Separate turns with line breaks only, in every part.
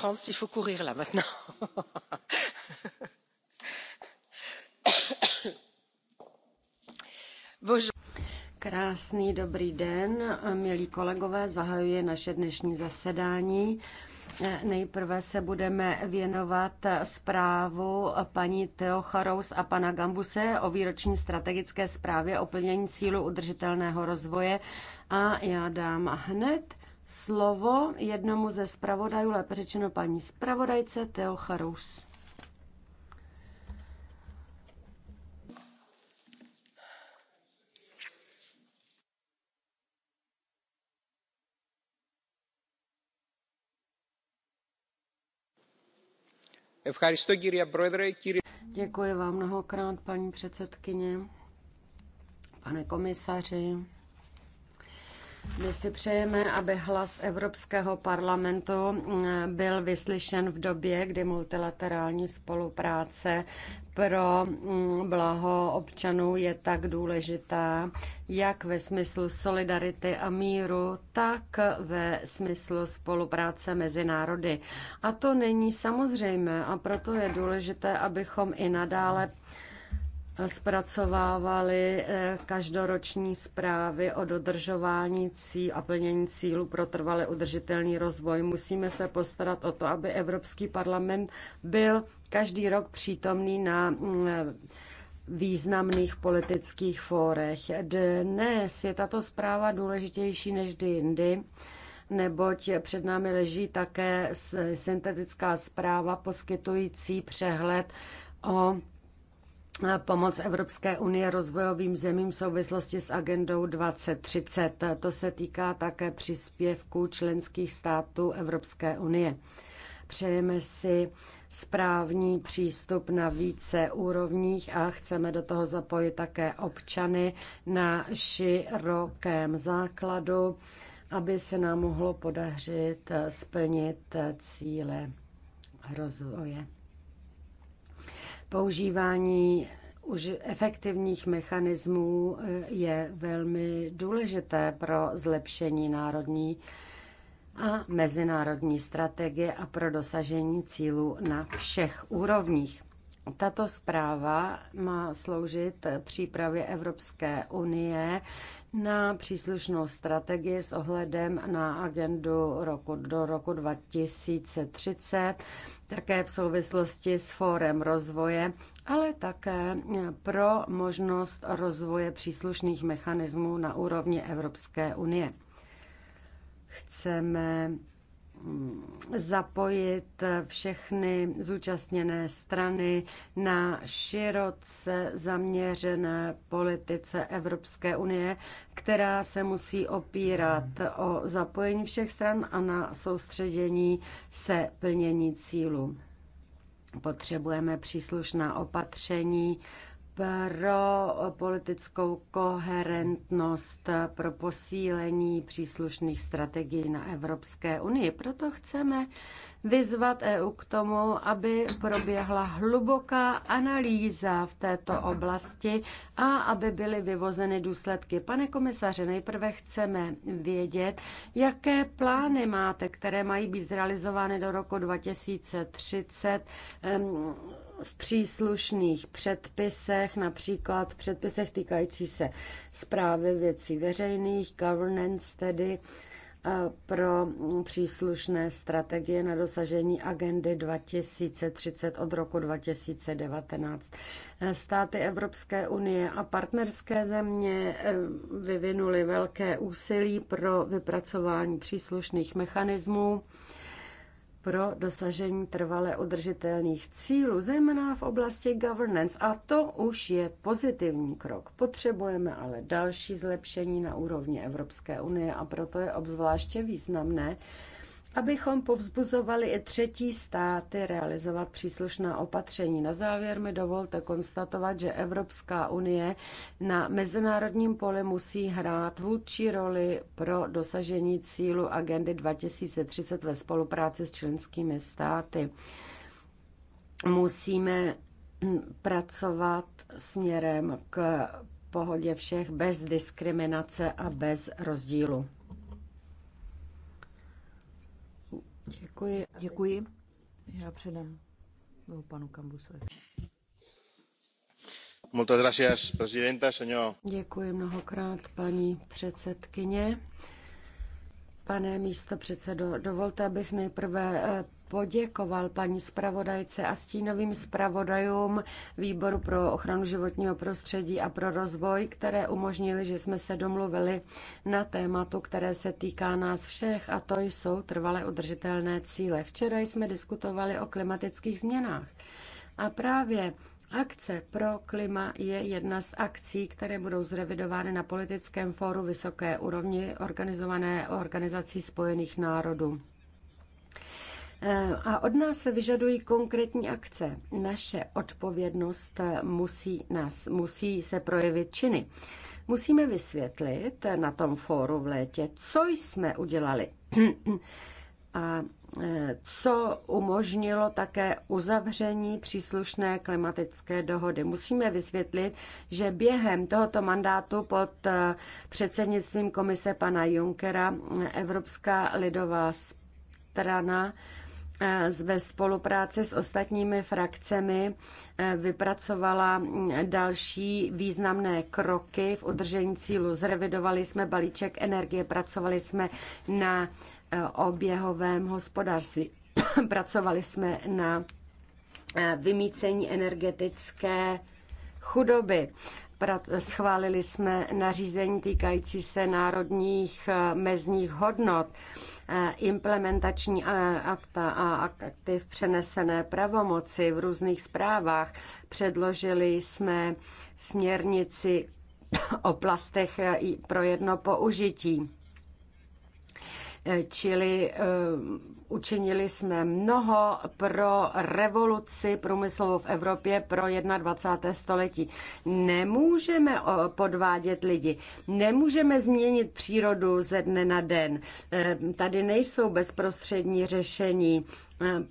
frans il faut courir là maintenant. Krásný dobrý den, milí kolegové, zahajuje naše dnešní zasedání. Nejprve se budeme věnovat zprávu paní Theocharous a pana Gambuse o výroční strategické zprávě o plnění cílu udržitelného rozvoje a já dám hned slovo jednomu ze zpravodajů, lépe řečeno paní zpravodajce Teo Charus. Děkuji vám mnohokrát, paní předsedkyně, pane komisaři. My si přejeme, aby hlas Evropského parlamentu mm, byl vyslyšen v době, kdy multilaterální spolupráce pro mm, blaho občanů je tak důležitá, jak ve smyslu solidarity a míru, tak ve smyslu spolupráce mezi národy. A to není samozřejmé a proto je důležité, abychom i nadále zpracovávali eh, každoroční zprávy o dodržování cí a plnění cílů pro trvale udržitelný rozvoj. Musíme se postarat o to, aby Evropský parlament byl každý rok přítomný na mm, významných politických fórech. Dnes je tato zpráva důležitější než kdy jindy, neboť před námi leží také syntetická zpráva poskytující přehled o pomoc Evropské unie rozvojovým zemím v souvislosti s agendou 2030. To se týká také příspěvků členských států Evropské unie. Přejeme si správní přístup na více úrovních a chceme do toho zapojit také občany na širokém základu, aby se nám mohlo podařit splnit cíle rozvoje. Používání už efektivních mechanismů eh, je velmi důležité pro zlepšení národní a mezinárodní strategie a pro dosažení cílů na všech úrovních. Tato zpráva má sloužit přípravě Evropské unie na příslušnou strategii s ohledem na agendu roku, do roku 2030, také v souvislosti s fórem rozvoje, ale také pro možnost rozvoje příslušných mechanismů na úrovni Evropské unie. Chceme zapojit všechny zúčastněné strany na široce zaměřené politice Evropské unie, která se musí opírat o zapojení všech stran a na soustředění se plnění cílu. Potřebujeme příslušná opatření pro politickou koherentnost, pro posílení příslušných strategií na Evropské unii. Proto chceme vyzvat EU k tomu, aby proběhla hluboká analýza v této oblasti a aby byly vyvozeny důsledky. Pane komisaře, nejprve chceme vědět, jaké plány máte, které mají být zrealizovány do roku 2030 v příslušných předpisech, například v předpisech týkající se zprávy věcí veřejných, governance tedy, pro příslušné strategie na dosažení agendy 2030 od roku 2019. Státy Evropské unie a partnerské země eh, vyvinuly velké úsilí pro vypracování příslušných mechanismů pro dosažení trvale udržitelných cílů, zejména v oblasti governance. A to už je pozitivní krok. Potřebujeme ale další zlepšení na úrovni Evropské unie a proto je obzvláště významné, abychom povzbuzovali i třetí státy realizovat příslušná opatření. Na závěr mi dovolte konstatovat, že Evropská unie na mezinárodním poli musí hrát vůdčí roli pro dosažení cílu agendy 2030 ve spolupráci s členskými státy. Musíme pracovat směrem k pohodě všech bez diskriminace a bez rozdílu.
Děkuji. Děkuji. Já předám panu Kambusovi.
Muchas gracias, presidenta, señor.
Děkuji mnohokrát, paní předsedkyně. Pane místo předsedo, dovolte, abych nejprve eh, poděkoval paní zpravodajce a stínovým zpravodajům Výboru pro ochranu životního prostředí a pro rozvoj, které umožnili, že jsme se domluvili na tématu, které se týká nás všech, a to jsou trvale udržitelné cíle. Včera jsme diskutovali o klimatických změnách. A právě Akce pro klima je jedna z akcí, které budou zrevidovány na politickém fóru vysoké úrovni organizované Organizací spojených národů. Eh, a od nás se vyžadují konkrétní akce. Naše odpovědnost eh, musí, nás, musí se projevit činy. Musíme vysvětlit eh, na tom fóru v létě, co jsme udělali. A co umožnilo také uzavření příslušné klimatické dohody. Musíme vysvětlit, že během tohoto mandátu pod předsednictvím komise pana Junckera Evropská lidová strana Eh, ve spolupráci s ostatními frakcemi eh, vypracovala mm, další významné kroky v udržení cílu. Zrevidovali jsme balíček energie, pracovali jsme na eh, oběhovém hospodářství, pracovali jsme na vymícení energetické chudoby. Schválili jsme nařízení týkající se národních mezních hodnot Eh, implementační eh, akta a aktiv přenesené pravomoci v různých zprávách. Předložili jsme směrnici o plastech eh, pro jedno použití. Eh, čili eh, učinili jsme mnoho pro revoluci průmyslovou v Evropě pro 21. století. Nemůžeme eh, podvádět lidi, nemůžeme změnit přírodu ze dne na den. Tady nejsou bezprostřední řešení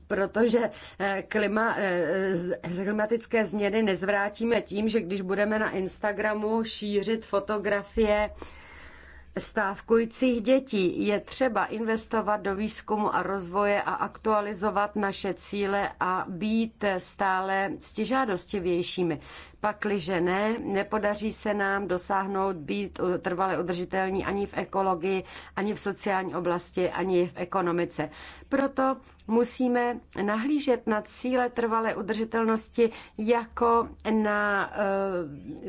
protože klima, klimatické změny nezvrátíme tím, že když budeme na Instagramu šířit fotografie stávkujících dětí. Je třeba investovat do výzkumu a rozvoje a aktualizovat naše cíle a být stále stěžádostivějšími. Pakliže ne, nepodaří se nám dosáhnout být trvale udržitelní ani v ekologii, ani v sociální oblasti, ani v ekonomice. Proto musíme nahlížet na cíle trvalé udržitelnosti jako na eh,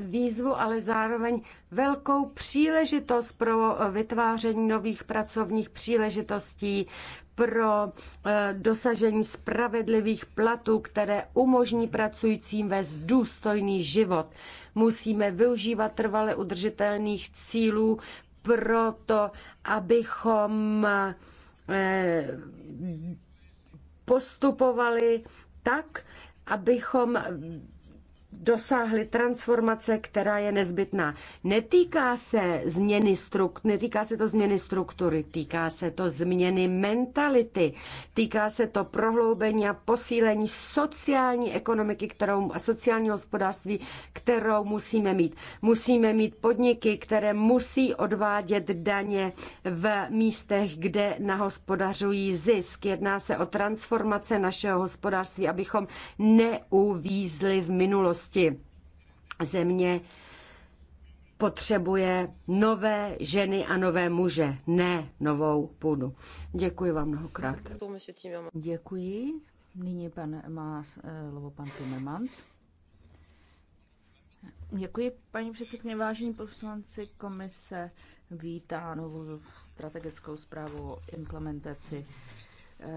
výzvu, ale zároveň velkou příležitost pro eh, vytváření nových pracovních příležitostí, pro eh, dosažení spravedlivých platů, které umožní pracujícím vést důstojný život. Musíme využívat trvale udržitelných cílů proto, abychom postupovali tak, abychom dosáhli transformace, která je nezbytná. Netýká se změny struk, netýká se to změny struktury, týká se to změny mentality, týká se to prohloubení a posílení sociální ekonomiky kterou, a sociálního hospodářství, kterou musíme mít. Musíme mít podniky, které musí odvádět daně v místech, kde nahospodařují zisk. Jedná se o transformace našeho hospodářství, abychom neuvízli v minulosti budoucnosti. Země potřebuje nové ženy a nové muže, ne novou půdu. Děkuji vám mnohokrát.
Děkuji. Nyní pan, má eh, slovo pan Timmermans. Děkuji, paní předsedkyně, vážení poslanci komise. Vítá novou strategickou zprávu o implementaci eh,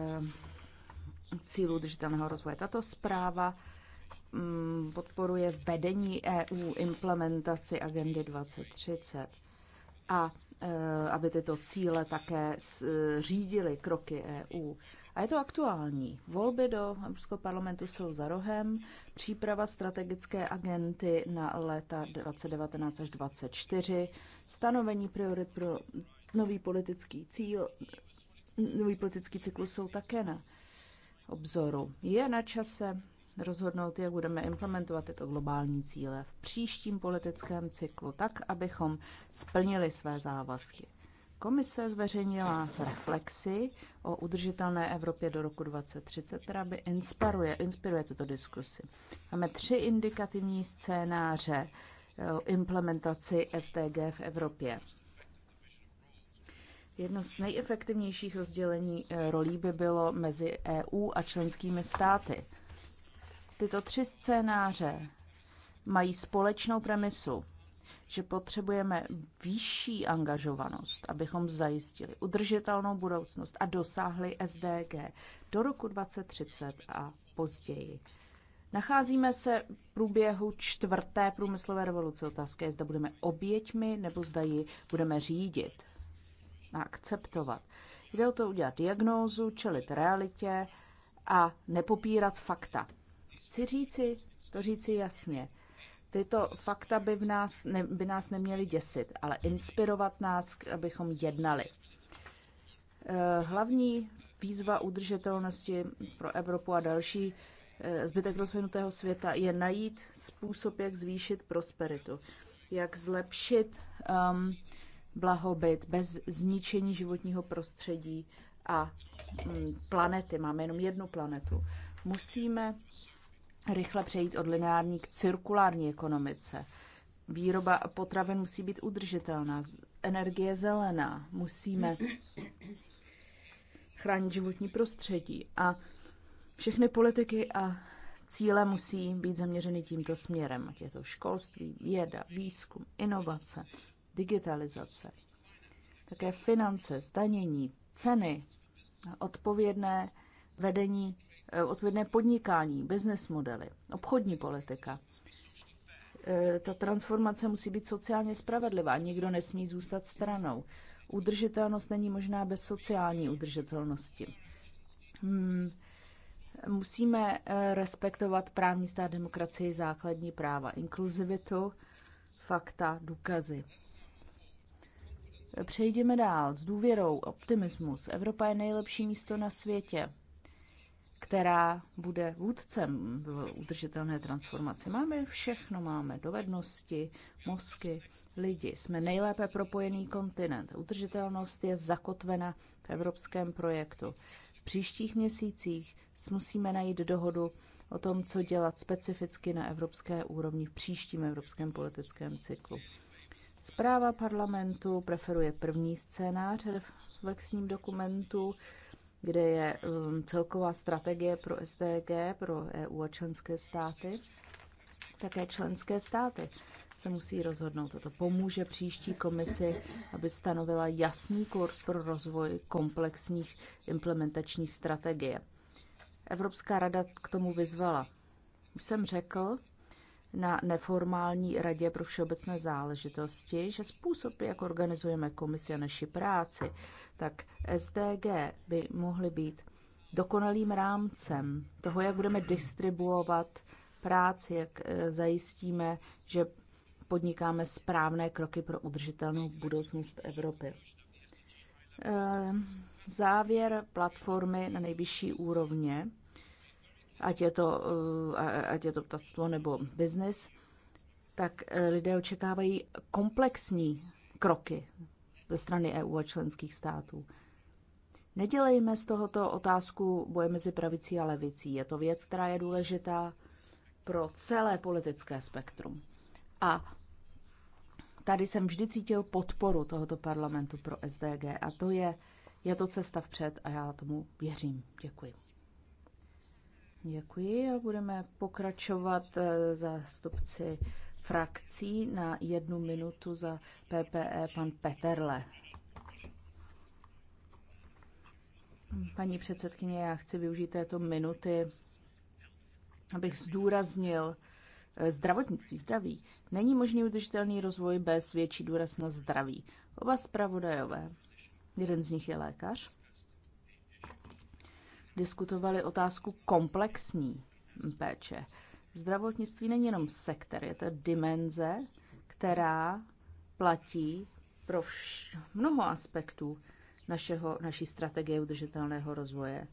cílů držitelného rozvoje. Tato zpráva Mm, podporuje vedení EU implementaci agendy 2030 a e, aby tyto cíle také e, řídily kroky EU. A je to aktuální. Volby do Evropského parlamentu jsou za rohem. Příprava strategické agenty na léta 2019 až 2024, stanovení priorit pro nový politický cíl, nový politický cyklus jsou také na obzoru. Je na čase rozhodnout, jak budeme implementovat tyto globální cíle v příštím politickém cyklu, tak, abychom splnili své závazky. Komise zveřejnila reflexy o udržitelné Evropě do roku 2030, která by inspiruje, inspiruje tuto diskusi. Máme tři indikativní scénáře o eh, implementaci SDG v Evropě. Jedno z nejefektivnějších rozdělení eh, rolí by bylo mezi EU a členskými státy. Tyto tři scénáře mají společnou premisu, že potřebujeme vyšší angažovanost, abychom zajistili udržitelnou budoucnost a dosáhli SDG do roku 2030 a později. Nacházíme se v průběhu čtvrté průmyslové revoluce. Otázka je, zda budeme oběťmi nebo zda ji budeme řídit a akceptovat. Jde o to udělat diagnózu, čelit realitě a nepopírat fakta chci říci, to říci jasně. Tyto fakta by, v nás, ne, by nás neměly děsit, ale inspirovat nás, abychom jednali. Eh, hlavní výzva udržitelnosti pro Evropu a další eh, zbytek rozvinutého světa je najít způsob, jak zvýšit prosperitu, jak zlepšit um, blahobyt bez zničení životního prostředí a um, planety. Máme jenom jednu planetu. Musíme rychle přejít od lineární k cirkulární ekonomice. Výroba potravin musí být udržitelná, energie zelená, musíme chránit životní prostředí a všechny politiky a cíle musí být zaměřeny tímto směrem, ať je to školství, věda, výzkum, inovace, digitalizace, také finance, zdanění, ceny, odpovědné vedení Eh, odpovědné podnikání, business modely, obchodní politika. Eh, ta transformace musí být sociálně spravedlivá, nikdo nesmí zůstat stranou. Udržitelnost není možná bez sociální udržitelnosti. Hmm. Musíme eh, respektovat právní stát, demokracii, základní práva, inkluzivitu, fakta, důkazy. Přejdeme dál s důvěrou, optimismus. Evropa je nejlepší místo na světě která bude vůdcem v udržitelné transformaci. Máme všechno, máme dovednosti, mozky, lidi. Jsme nejlépe propojený kontinent. Udržitelnost je zakotvena v evropském projektu. V příštích měsících musíme najít dohodu o tom, co dělat specificky na evropské úrovni v příštím evropském politickém cyklu. Zpráva parlamentu preferuje první scénář reflexním dokumentu, kde je um, celková strategie pro SDG, pro EU a členské státy. Také členské státy se musí rozhodnout. Toto pomůže příští komisi, aby stanovila jasný kurz pro rozvoj komplexních implementační strategie. Evropská rada k tomu vyzvala. Už jsem řekl, na neformální radě pro všeobecné záležitosti, že způsoby, jak organizujeme komisi a naši práci, tak SDG by mohly být dokonalým rámcem toho, jak budeme distribuovat práci, jak eh, zajistíme, že podnikáme správné kroky pro udržitelnou budoucnost Evropy. Eh, závěr platformy na nejvyšší úrovně ať je to, eh, ať je to ptactvo nebo biznis, tak eh, lidé očekávají komplexní kroky ze strany EU a členských států. Nedělejme z tohoto otázku boje mezi pravicí a levicí. Je to věc, která je důležitá pro celé politické spektrum. A tady jsem vždy cítil podporu tohoto parlamentu pro SDG a to je, je to cesta vpřed a já tomu věřím. Děkuji. Děkuji a budeme pokračovat eh, zástupci frakcí na jednu minutu za PPE pan Peterle. Paní předsedkyně, já chci využít této minuty, abych zdůraznil eh, zdravotnictví, zdraví. Není možný udržitelný rozvoj bez větší důraz na zdraví. Oba zpravodajové, jeden z nich je lékař, diskutovali otázku komplexní péče. Zdravotnictví není jenom sektor, je to dimenze, která platí pro vš- mnoho aspektů našeho, naší strategie udržitelného rozvoje.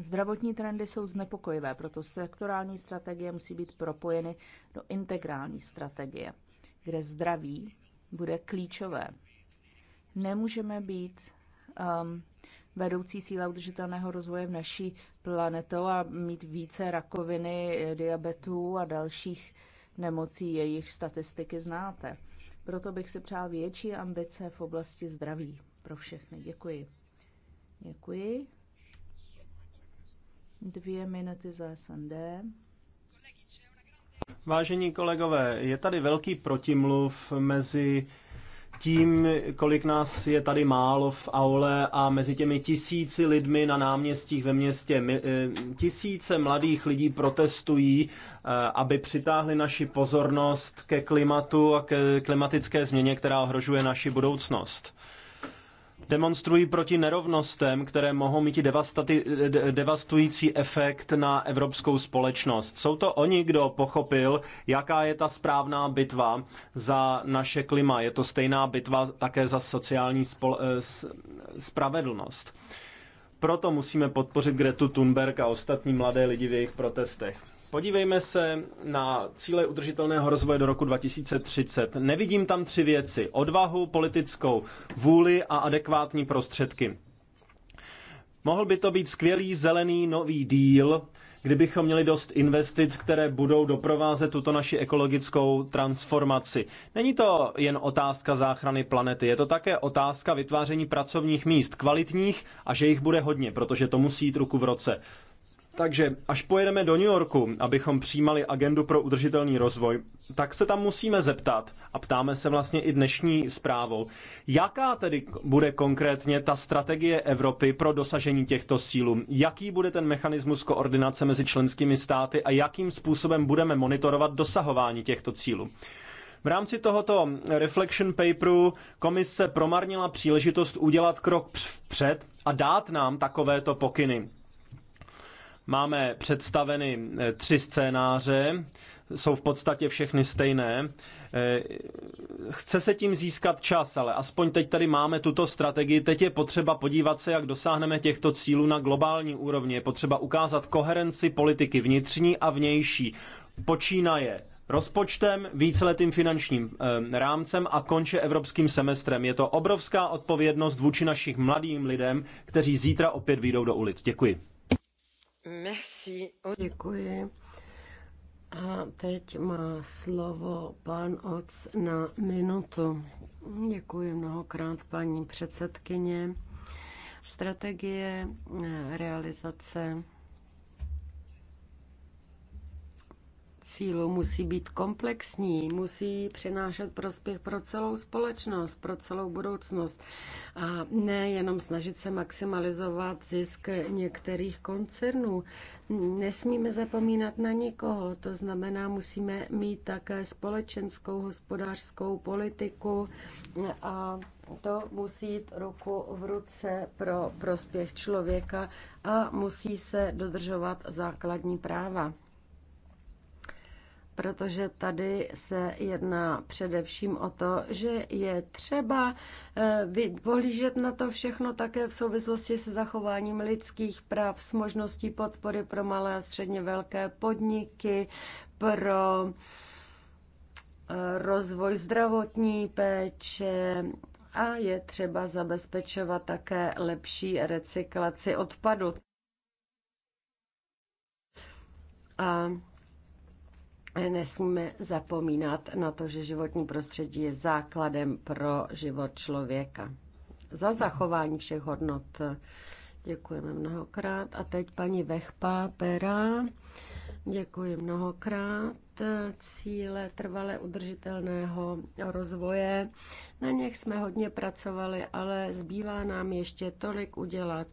Zdravotní trendy jsou znepokojivé, proto sektorální strategie musí být propojeny do integrální strategie, kde zdraví bude klíčové. Nemůžeme být um, vedoucí síla udržitelného rozvoje v naší planetou a mít více rakoviny, eh, diabetu a dalších nemocí, jejich statistiky znáte. Proto bych si přál větší ambice v oblasti zdraví pro všechny. Děkuji. Děkuji. Dvě minuty za SND.
Vážení kolegové, je tady velký protimluv mezi tím, kolik nás je tady málo v aule a mezi těmi tisíci lidmi na náměstích ve městě. Eh, tisíce mladých lidí protestují, eh, aby přitáhli naši pozornost ke klimatu a ke klimatické změně, která ohrožuje naši budoucnost demonstrují proti nerovnostem, které mohou mít devastující efekt na evropskou společnost. Jsou to oni, kdo pochopil, jaká je ta správná bitva za naše klima. Je to stejná bitva také za sociální eh, spravedlnost. Proto musíme podpořit Gretu Thunberg a ostatní mladé lidi v jejich protestech. Podívejme se na cíle udržitelného rozvoje do roku 2030. Nevidím tam tři věci. Odvahu, politickou vůli a adekvátní prostředky. Mohl by to být skvělý zelený nový díl, kdybychom měli dost investic, které budou doprovázet tuto naši ekologickou transformaci. Není to jen otázka záchrany planety, je to také otázka vytváření pracovních míst, kvalitních a že jich bude hodně, protože to musí jít ruku v roce. Takže až pojedeme do New Yorku, abychom přijímali agendu pro udržitelný rozvoj, tak se tam musíme zeptat, a ptáme se vlastně i dnešní zprávou, jaká tedy bude konkrétně ta strategie Evropy pro dosažení těchto sílů, jaký bude ten mechanismus koordinace mezi členskými státy a jakým způsobem budeme monitorovat dosahování těchto cílů. V rámci tohoto reflection paperu komise promarnila příležitost udělat krok před a dát nám takovéto pokyny Máme představeny eh, tři scénáře, jsou v podstatě všechny stejné. Eh, chce se tím získat čas, ale aspoň teď tady máme tuto strategii. Teď je potřeba podívat se, jak dosáhneme těchto cílů na globální úrovni. Je potřeba ukázat koherenci politiky vnitřní a vnější. Počínaje rozpočtem, víceletým finančním eh, rámcem a konče evropským semestrem. Je to obrovská odpovědnost vůči našich mladým lidem, kteří zítra opět výjdou do ulic. Děkuji.
Merci. Děkuji. A teď má slovo pan Oc na minutu. Děkuji mnohokrát, paní předsedkyně. Strategie eh, realizace cílů musí být komplexní, musí přinášet prospěch pro celou společnost, pro celou budoucnost a ne jenom snažit se maximalizovat zisk některých koncernů. Nesmíme zapomínat na nikoho, to znamená, musíme mít také společenskou hospodářskou politiku a to musí jít ruku v ruce pro prospěch člověka a musí se dodržovat základní práva protože tady se jedná především o to, že je třeba eh, pohlížet na to všechno také v souvislosti se zachováním lidských práv, s možností podpory pro malé a středně velké podniky, pro eh, rozvoj zdravotní péče, a je třeba zabezpečovat také lepší recyklaci odpadu. A nesmíme zapomínat na to, že životní prostředí je základem pro život člověka. Za zachování všech hodnot děkujeme mnohokrát. A teď paní Vechpa Pera Děkuji mnohokrát. Cíle trvale udržitelného rozvoje, na něch jsme hodně pracovali, ale zbývá nám ještě tolik udělat.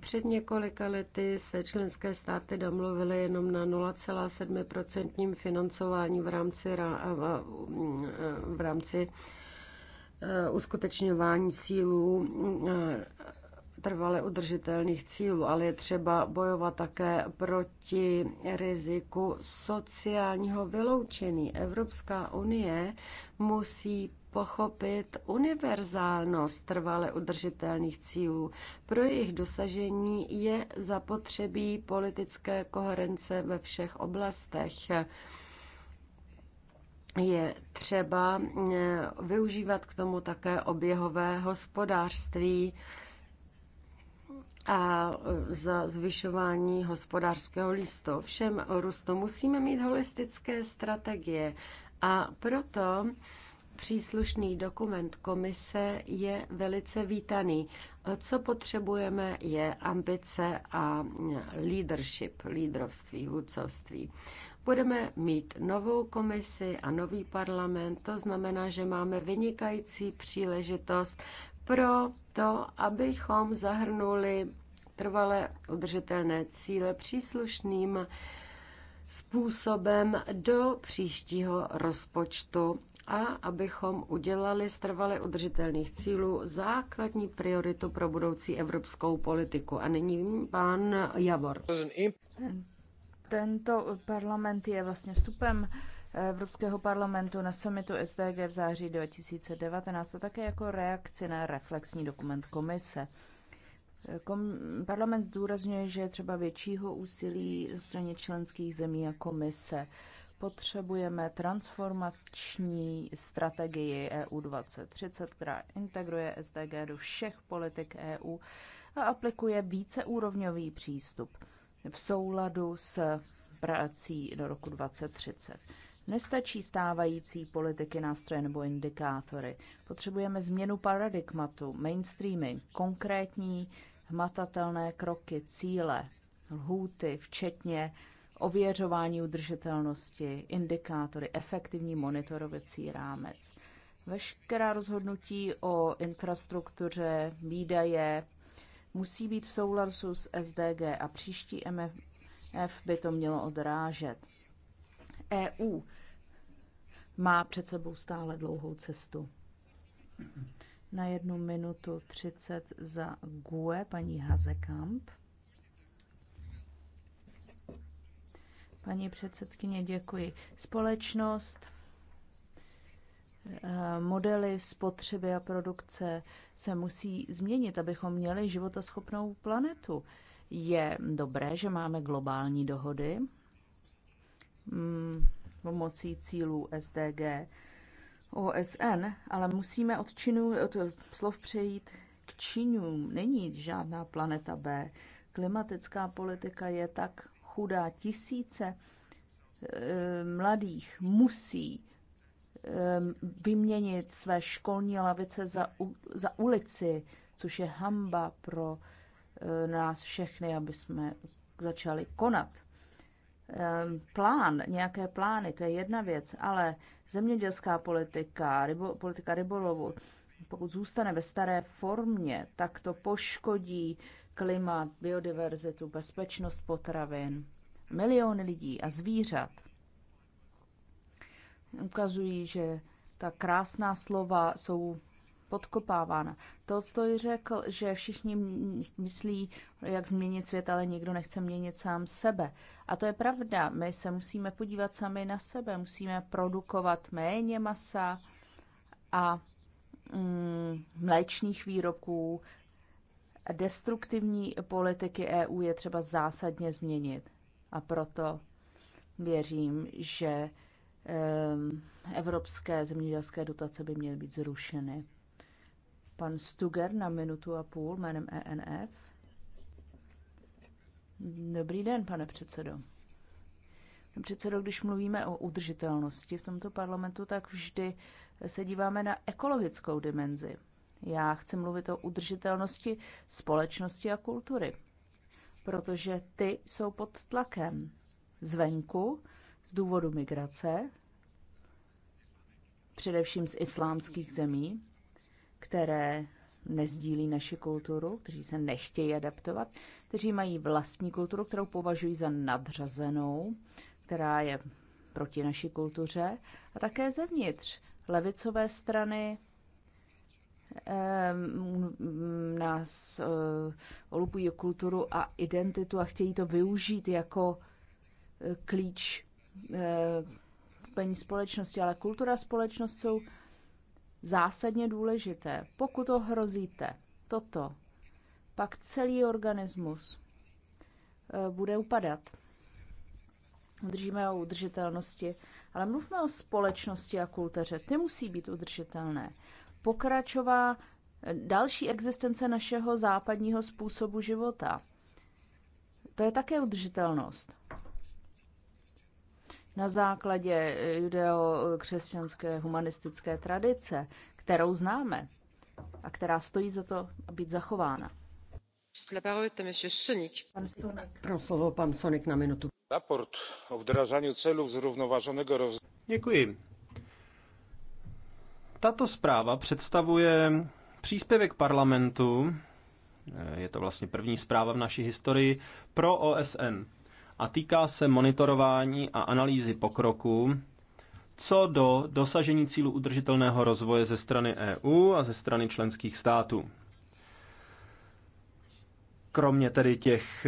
Před několika lety se členské státy domluvily jenom na 0,7% financování v rámci, v rámci e, uskutečňování sílů e, trvale udržitelných cílů, ale je třeba bojovat také proti riziku sociálního vyloučení. Evropská unie musí pochopit univerzálnost trvale udržitelných cílů. Pro jejich dosažení je zapotřebí politické koherence ve všech oblastech je třeba eh, využívat k tomu také oběhové hospodářství a za zvyšování hospodářského listu. Všem růstu musíme mít holistické strategie a proto příslušný dokument komise je velice vítaný. Co potřebujeme je ambice a leadership, lídrovství, vůdcovství. Budeme mít novou komisi a nový parlament, to znamená, že máme vynikající příležitost pro to, abychom zahrnuli trvalé udržitelné cíle příslušným způsobem do příštího rozpočtu a abychom udělali z trvale udržitelných cílů základní prioritu pro budoucí evropskou politiku. A nyní pan Javor.
Tento parlament je vlastně vstupem Evropského parlamentu na summitu SDG v září 2019 a také jako reakci na reflexní dokument komise. Kom, parlament zdůrazňuje, že je třeba většího úsilí ze strany členských zemí a komise. Potřebujeme transformační strategii EU 2030, která integruje SDG do všech politik EU a aplikuje víceúrovňový přístup v souladu s prací do roku 2030. Nestačí stávající politiky, nástroje nebo indikátory. Potřebujeme změnu paradigmatu, mainstreaming, konkrétní hmatatelné kroky, cíle, lhůty, včetně ověřování udržitelnosti, indikátory, efektivní monitorovací rámec. Veškerá rozhodnutí o infrastruktuře, výdaje musí být v souladu s SDG a příští MF by to mělo odrážet. EU má před sebou stále dlouhou cestu. Na jednu minutu třicet za GUE paní Hazekamp. Paní předsedkyně, děkuji. Společnost, eh, modely spotřeby a produkce se musí změnit, abychom měli životaschopnou planetu. Je dobré, že máme globální dohody. Hmm, pomocí cílů SDG OSN, ale musíme od, činů, od slov přejít k činům. Není žádná planeta B. Klimatická politika je tak chudá. Tisíce e, mladých musí e, vyměnit své školní lavice za, za ulici, což je hamba pro eh, nás všechny, aby jsme začali konat. Ehm, plán, nějaké plány, to je jedna věc, ale zemědělská politika, rybo, politika rybolovu, pokud zůstane ve staré formě, tak to poškodí klima, biodiverzitu, bezpečnost potravin, miliony lidí a zvířat. Ukazují, že ta krásná slova jsou podkopávána. To, jsi řekl, že všichni myslí, jak změnit svět, ale nikdo nechce měnit sám sebe. A to je pravda. My se musíme podívat sami na sebe, musíme produkovat méně masa a mm, mléčných výrobků. Destruktivní politiky EU je třeba zásadně změnit. A proto věřím, že evropské zemědělské dotace by měly být zrušeny. Pan Stuger na minutu a půl jménem ENF. Dobrý den, pane předsedo. Pane předsedo, když mluvíme o udržitelnosti v tomto parlamentu, tak vždy se díváme na ekologickou dimenzi. Já chci mluvit o udržitelnosti společnosti a kultury, protože ty jsou pod tlakem zvenku z důvodu migrace, především z islámských zemí, které nezdílí naši kulturu, kteří se nechtějí adaptovat, kteří mají vlastní kulturu, kterou považují za nadřazenou, která je proti naší kultuře a také zevnitř. Levicové strany eh, nás eh, olupují kulturu a identitu a chtějí to využít jako eh, klíč eh, společnosti, ale kultura a společnost jsou zásadně důležité. Pokud ohrozíte toto, pak celý organismus eh, bude upadat. Udržíme o udržitelnosti, ale mluvme o společnosti a kultuře. Ty musí být udržitelné. Pokračová eh, další existence našeho západního způsobu života. To je také udržitelnost na základě eh, judeo-křesťanské eh, humanistické tradice, kterou známe a která stojí za to být zachována. Pan Pro slovo pan Sonik
na minutu.
Raport o vdražání celů
zrovnovaženého rozvoje. Děkuji.
Tato zpráva představuje příspěvek parlamentu, eh, je to vlastně první zpráva v naší historii, pro OSN a týká se monitorování a analýzy pokroku co do dosažení cílu udržitelného rozvoje ze strany EU a ze strany členských států. Kromě tedy těch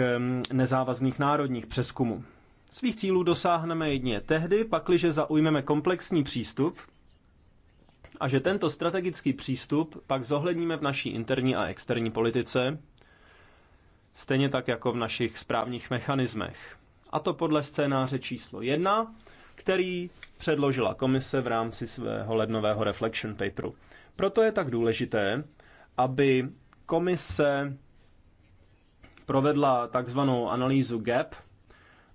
nezávazných národních přeskumů. Svých cílů dosáhneme jedině tehdy, pakliže zaujmeme komplexní přístup a že tento strategický přístup pak zohledníme v naší interní a externí politice, stejně tak jako v našich správních mechanismech a to podle scénáře číslo 1, který předložila komise v rámci svého lednového reflection paperu. Proto je tak důležité, aby komise provedla takzvanou analýzu GAP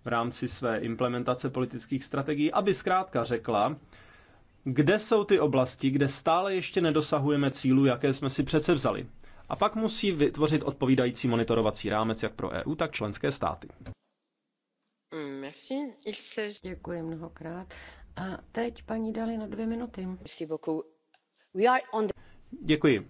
v rámci své implementace politických strategií, aby zkrátka řekla, kde jsou ty oblasti, kde stále ještě nedosahujeme cílu, jaké jsme si přece vzali. A pak musí vytvořit odpovídající monitorovací rámec jak pro EU, tak členské státy.
Děkuji mnohokrát. A teď paní Dali na dvě minuty.
Děkuji.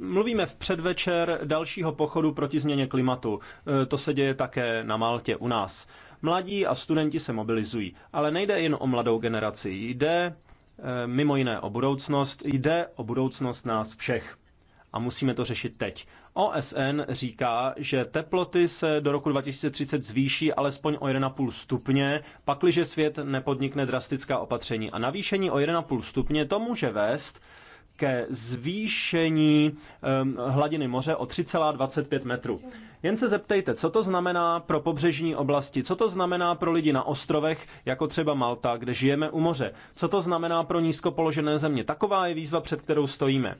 Mluvíme v předvečer dalšího pochodu proti změně klimatu. E, to se děje také na Maltě u nás. Mladí a studenti se mobilizují, ale nejde jen o mladou generaci, jde e, mimo jiné o budoucnost, jde o budoucnost nás všech a musíme to řešit teď. OSN říká, že teploty se do roku 2030 zvýší alespoň o 1,5 stupně, pakliže svět nepodnikne drastická opatření. A navýšení o 1,5 stupně to může vést ke zvýšení um, hladiny moře o 3,25 metru. Jen se zeptejte, co to znamená pro pobřežní oblasti, co to znamená pro lidi na ostrovech, jako třeba Malta, kde žijeme u moře, co to znamená pro nízko položené země. Taková je výzva, před kterou stojíme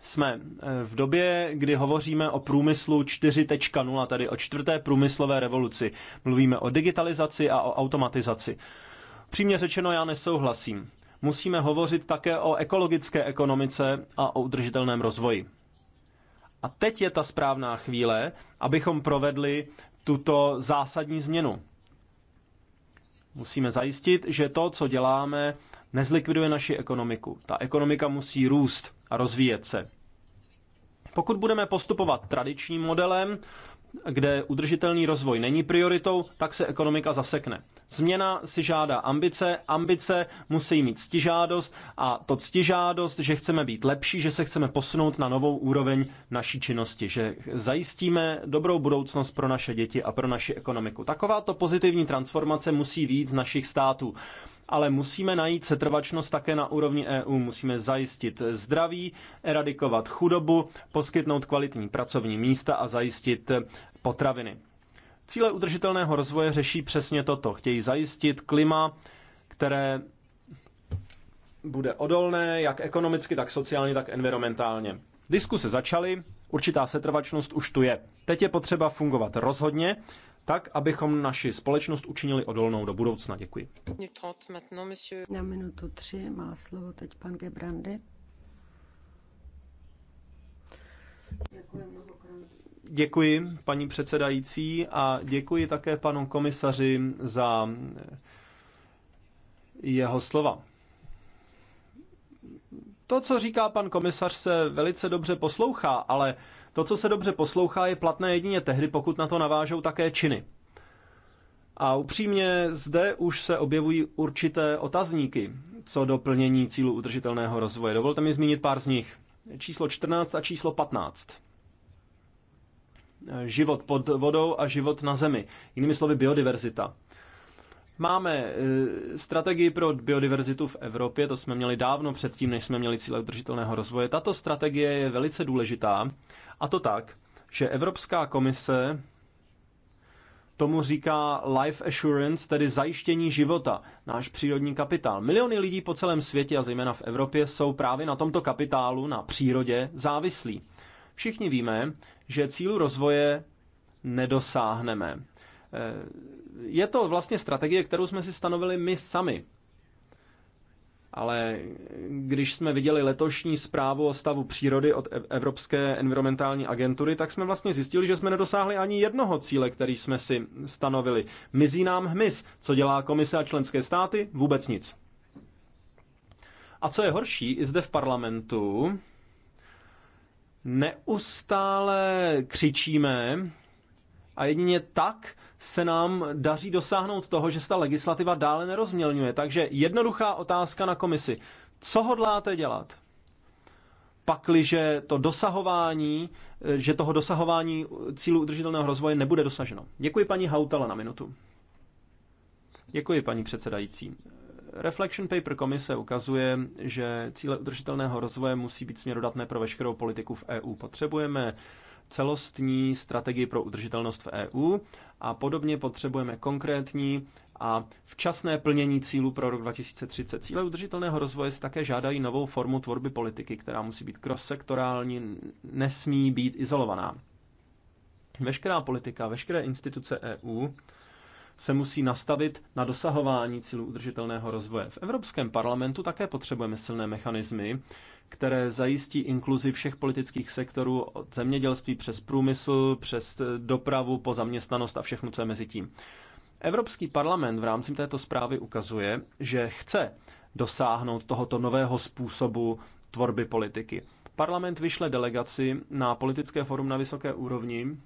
jsme eh, v době, kdy hovoříme o průmyslu 4.0, tedy o čtvrté průmyslové revoluci. Mluvíme o digitalizaci a o automatizaci. Přímě řečeno, já nesouhlasím. Musíme hovořit také o ekologické ekonomice a o udržitelném rozvoji. A teď je ta správná chvíle, abychom provedli tuto zásadní změnu. Musíme zajistit, že to, co děláme, nezlikviduje naši ekonomiku. Ta ekonomika musí růst a rozvíjet se. Pokud budeme postupovat tradičním modelem, kde udržitelný rozvoj není prioritou, tak se ekonomika zasekne. Změna si žádá ambice, ambice musí mít ctižádost a to ctižádost, že chceme být lepší, že se chceme posunout na novou úroveň naší činnosti, že zajistíme dobrou budoucnost pro naše děti a pro naši ekonomiku. Takováto pozitivní transformace musí víc z našich států ale musíme najít setrvačnost také na úrovni EU. Musíme zajistit zdraví, eradikovat chudobu, poskytnout kvalitní pracovní místa a zajistit potraviny. Cíle udržitelného rozvoje řeší přesně toto. Chtějí zajistit klima, které bude odolné jak ekonomicky, tak sociálně, tak environmentálně. Diskuse začaly, určitá setrvačnost už tu je. Teď je potřeba fungovat rozhodně tak abychom naši společnost učinili odolnou do budoucna. Děkuji.
Na minutu tři má slovo teď pan Gebrandy.
Děkuji paní předsedající, a děkuji také panu komisaři za jeho slova. To, co říká pan komisař, se velice dobře poslouchá, ale to, co se dobře poslouchá, je platné jedině tehdy, pokud na to navážou také činy. A upřímně zde už se objevují určité otazníky co doplnění cílu udržitelného rozvoje. Dovolte mi zmínit pár z nich. Číslo 14 a číslo 15. Život pod vodou a život na zemi. Jinými slovy biodiverzita. Máme e, strategii pro biodiverzitu v Evropě, to jsme měli dávno předtím, než jsme měli cíle udržitelného rozvoje. Tato strategie je velice důležitá a to tak, že Evropská komise tomu říká life assurance, tedy zajištění života, náš přírodní kapitál. Miliony lidí po celém světě a zejména v Evropě jsou právě na tomto kapitálu, na přírodě, závislí. Všichni víme, že cílu rozvoje nedosáhneme. Eh, je to vlastně strategie, kterou jsme si stanovili my sami. Ale když jsme viděli letošní zprávu o stavu přírody od e- Evropské environmentální agentury, tak jsme vlastně zjistili, že jsme nedosáhli ani jednoho cíle, který jsme si stanovili. Mizí nám hmyz. Co dělá komise a členské státy? Vůbec nic. A co je horší, i zde v parlamentu neustále křičíme, a jedině tak se nám daří dosáhnout toho, že se ta legislativa dále nerozmělňuje. Takže jednoduchá otázka na komisi. Co hodláte dělat? Pakliže to dosahování, že toho dosahování cílu udržitelného rozvoje nebude dosaženo. Děkuji paní Hautala na minutu. Děkuji paní předsedající. Reflection Paper komise ukazuje, že cíle udržitelného rozvoje musí být směrodatné pro veškerou politiku v EU. Potřebujeme celostní strategii pro udržitelnost v EU a podobně potřebujeme konkrétní a včasné plnění cílů pro rok 2030. Cíle udržitelného rozvoje si také žádají novou formu tvorby politiky, která musí být cross-sektorální, nesmí být izolovaná. Veškerá politika, veškeré instituce EU se musí nastavit na dosahování cílů udržitelného rozvoje. V Evropském parlamentu také potřebujeme silné mechanismy, které zajistí inkluzi všech politických sektorů od zemědělství přes průmysl, přes eh, dopravu, po zaměstnanost a všechno, co je mezi tím. Evropský parlament v rámci této zprávy ukazuje, že chce dosáhnout tohoto nového způsobu tvorby politiky. Parlament vyšle delegaci na politické forum na vysoké úrovni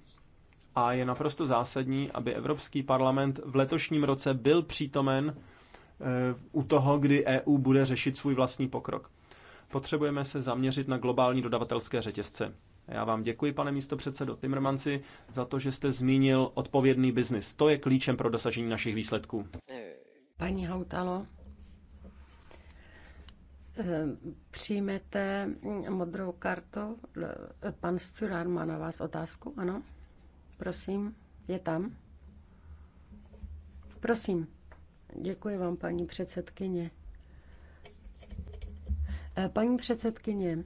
a je naprosto zásadní, aby Evropský parlament v letošním roce byl přítomen eh, u toho, kdy EU bude řešit svůj vlastní pokrok. Potřebujeme se zaměřit na globální dodavatelské řetězce. Já vám děkuji, pane předsedo Timmermansi, za to, že jste zmínil odpovědný biznis. To je klíčem pro dosažení našich výsledků.
Paní Hautalo, eh, přijmete modrou kartu. Pan Sturán má na vás otázku, ano? Prosím, je tam? Prosím. Děkuji vám, paní předsedkyně. Eh, paní předsedkyně,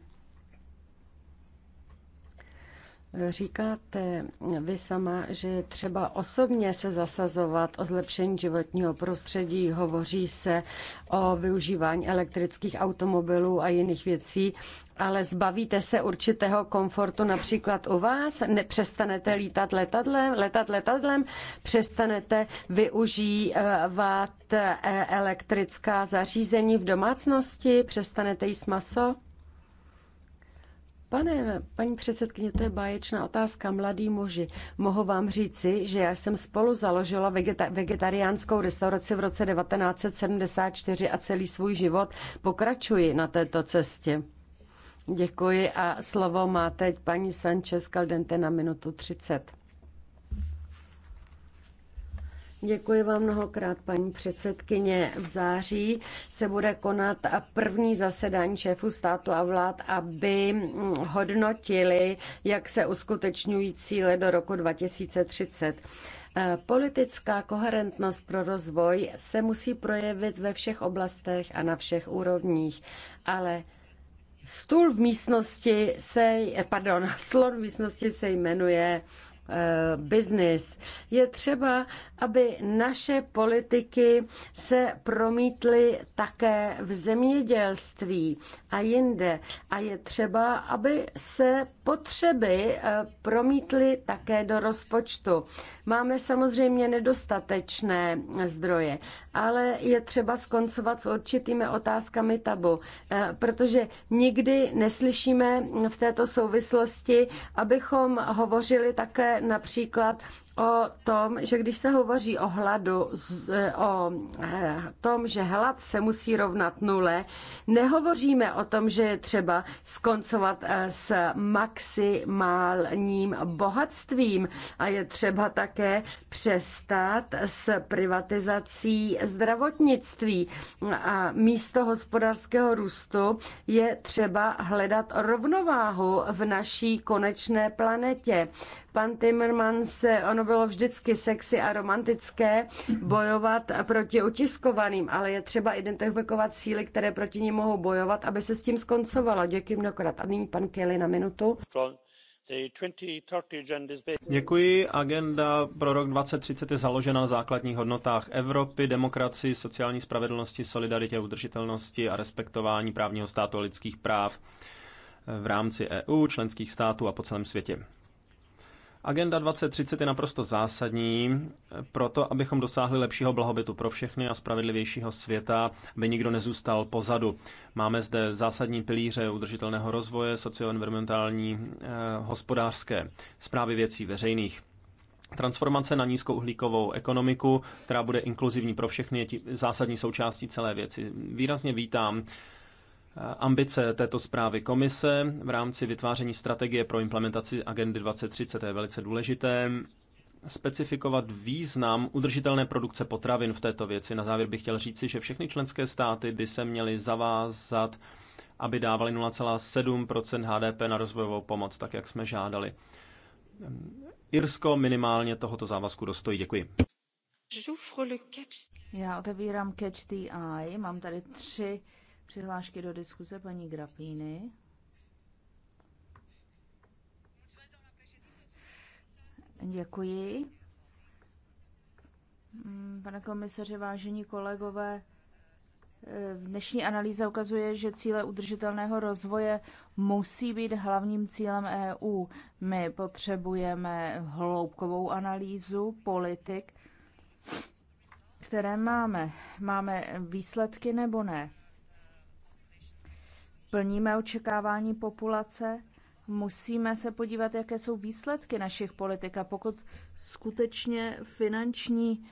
Říkáte vy sama, že je třeba osobně se zasazovat o zlepšení životního prostředí. Hovoří se o využívání elektrických automobilů a jiných věcí, ale zbavíte se určitého komfortu například u vás? Nepřestanete lítat letadlem, letat letadlem? Přestanete využívat eh, elektrická zařízení v domácnosti? Přestanete jíst maso? Pane, paní předsedkyně, to je báječná otázka. Mladí muži, mohu vám říci, že já jsem spolu založila vegeta- vegetariánskou restauraci v roce 1974 a celý svůj život pokračuji na této cestě. Děkuji a slovo má teď paní Sanchez Caldente na minutu 30. Děkuji vám mnohokrát, paní předsedkyně. V září se bude konat první zasedání šéfů státu a vlád, aby hodnotili, jak se uskutečňují cíle do roku 2030. Politická koherentnost pro rozvoj se musí projevit ve všech oblastech a na všech úrovních, ale stůl v místnosti se, pardon, slon v místnosti se jmenuje Eh, biznis. Je třeba, aby naše politiky se promítly také v zemědělství a jinde. A je třeba, aby se potřeby eh, promítly také do rozpočtu. Máme samozřejmě nedostatečné zdroje, ale je třeba skoncovat s určitými otázkami tabu, eh, protože nikdy neslyšíme v této souvislosti, abychom hovořili také například o tom, že když se hovoří o hladu, e, o e, tom, že hlad se musí rovnat nule, nehovoříme o tom, že je třeba skoncovat e, s maximálním bohatstvím a je třeba také přestat s privatizací zdravotnictví. A místo hospodářského růstu je třeba hledat rovnováhu v naší konečné planetě pan Timmermans, ono bylo vždycky sexy a romantické bojovat proti utiskovaným, ale je třeba identifikovat síly, které proti ní mohou bojovat, aby se s tím skoncovalo. Děkuji mnohokrát. A nyní pan Kelly na minutu.
Děkuji. Agenda pro rok 2030 je založena na základních hodnotách Evropy, demokracii, sociální spravedlnosti, solidaritě, udržitelnosti a respektování právního státu a lidských práv v rámci EU, členských států a po celém světě. Agenda 2030 je naprosto zásadní pro to, abychom dosáhli lepšího blahobytu pro všechny a spravedlivějšího světa, aby nikdo nezůstal pozadu. Máme zde zásadní pilíře udržitelného rozvoje, socioenvironmentální, eh, hospodářské, zprávy věcí veřejných. Transformace na nízkouhlíkovou ekonomiku, která bude inkluzivní pro všechny, je tí, zásadní součástí celé věci. Výrazně vítám eh, Eh, ambice této zprávy komise v rámci vytváření strategie pro implementaci agendy 2030 je velice důležité. Specifikovat význam udržitelné produkce potravin v této věci. Na závěr bych chtěl říci, že všechny členské státy by se měly zavázat, aby dávali 0,7 HDP na rozvojovou pomoc, tak jak jsme žádali. Irsko minimálně tohoto závazku dostojí. Děkuji.
Já otevírám Catch the Eye. Mám tady tři Přihlášky do diskuze paní Grapíny. Děkuji. Mm, pane komisaři, vážení kolegové, e, dnešní analýza ukazuje, že cíle udržitelného rozvoje musí být hlavním cílem EU. My potřebujeme hloubkovou analýzu politik, které máme. Máme výsledky nebo ne? plníme očekávání populace, musíme se podívat, jaké jsou výsledky našich politik a pokud skutečně finanční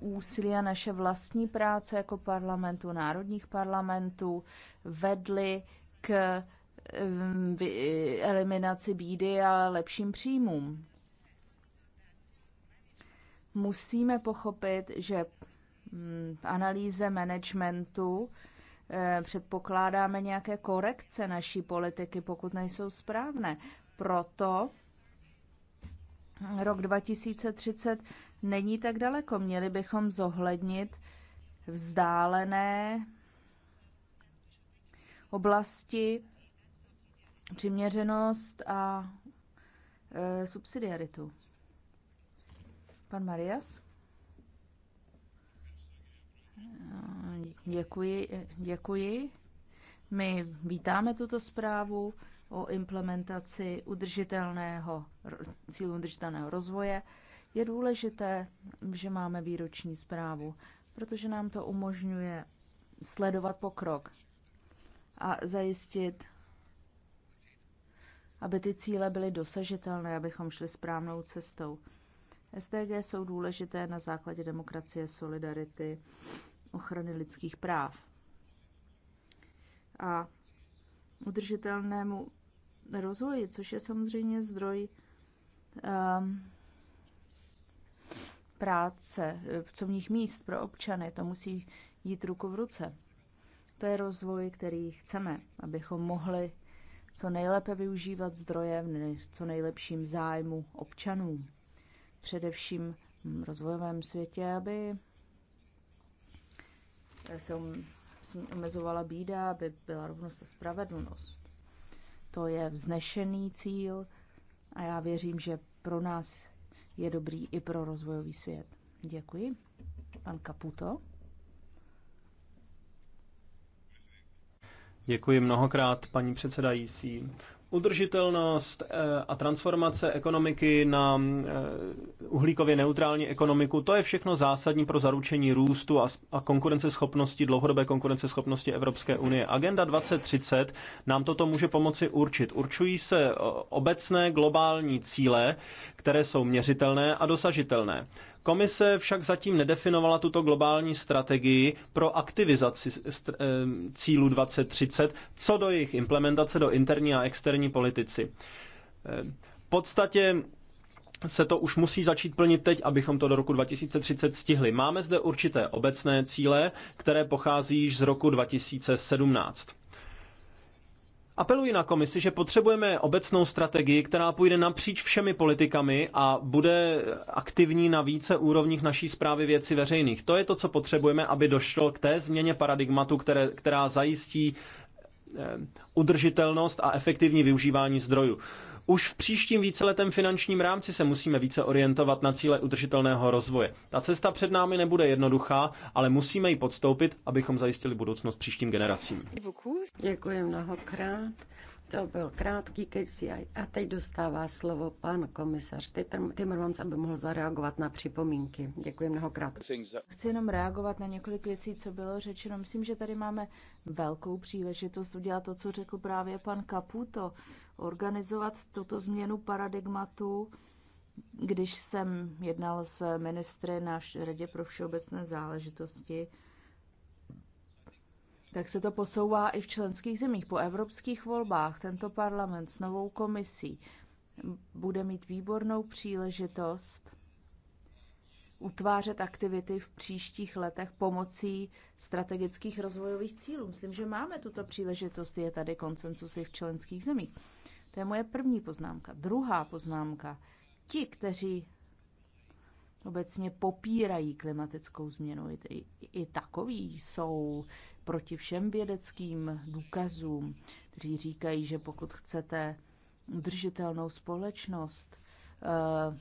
úsilí a naše vlastní práce jako parlamentu, národních parlamentů vedly k um, eliminaci bídy a lepším příjmům. Musíme pochopit, že v mm, analýze managementu Eh, předpokládáme nějaké korekce naší politiky, pokud nejsou správné. Proto rok 2030 není tak daleko. Měli bychom zohlednit vzdálené oblasti, přiměřenost a e, subsidiaritu. Pan Marias? Děkuji, děkuji. My vítáme tuto zprávu o implementaci udržitelného, cílu udržitelného rozvoje. Je důležité, že máme výroční zprávu, protože nám to umožňuje sledovat pokrok a zajistit, aby ty cíle byly dosažitelné, abychom šli správnou cestou. SDG jsou důležité na základě demokracie, solidarity, ochrany lidských práv. A udržitelnému rozvoji, což je samozřejmě zdroj um, práce, pracovních míst pro občany, to musí jít ruku v ruce. To je rozvoj, který chceme, abychom mohli co nejlépe využívat zdroje v co nejlepším zájmu občanů. Především v rozvojovém světě, aby se um, omezovala bída, aby byla rovnost a spravedlnost. To je vznešený cíl a já věřím, že pro nás je dobrý i pro rozvojový svět. Děkuji. Pan Kaputo.
Děkuji mnohokrát, paní předsedající. Udržitelnost eh, a transformace ekonomiky na eh, uhlíkově neutrální ekonomiku, to je všechno zásadní pro zaručení růstu a konkurenceschopnosti, dlouhodobé konkurenceschopnosti Evropské unie. Agenda 2030 nám toto může pomoci určit. Určují se eh, obecné globální cíle, které jsou měřitelné a dosažitelné. Komise však zatím nedefinovala tuto globální strategii pro aktivizaci eh, cílu 2030 co do jejich implementace do interní a externí politici. Eh, v podstatě se to už musí začít plnit teď, abychom to do roku 2030 stihli. Máme zde určité obecné cíle, které pochází již z roku 2017. Apeluji na komisi, že potřebujeme obecnou strategii, která půjde napříč všemi politikami a bude aktivní na více úrovních naší zprávy věcí veřejných. To je to, co potřebujeme, aby došlo k té změně paradigmatu, které, která zajistí eh, udržitelnost a efektivní využívání zdrojů. Už v příštím víceletém finančním rámci se musíme více orientovat na cíle udržitelného rozvoje. Ta cesta před námi nebude jednoduchá, ale musíme ji podstoupit, abychom zajistili budoucnost příštím generacím.
Děkuji mnohokrát. To byl krátký KCI. A teď dostává slovo pan komisař Timmermans, aby mohl zareagovat na připomínky. Děkuji mnohokrát.
Chci jenom reagovat na několik věcí, co bylo řečeno. Myslím, že tady máme velkou příležitost udělat to, co řekl právě pan Caputo organizovat tuto změnu paradigmatu. Když jsem jednal s ministry na Radě pro všeobecné záležitosti, tak se to posouvá i v členských zemích. Po evropských volbách tento parlament s novou komisí bude mít výbornou příležitost utvářet aktivity v příštích letech pomocí strategických rozvojových cílů. Myslím, že máme tuto příležitost, je tady koncensus i v členských zemích. To je moje první poznámka. Druhá poznámka. Ti, kteří obecně popírají klimatickou změnu, i, i takoví jsou proti všem vědeckým důkazům, kteří říkají, že pokud chcete udržitelnou společnost, eh,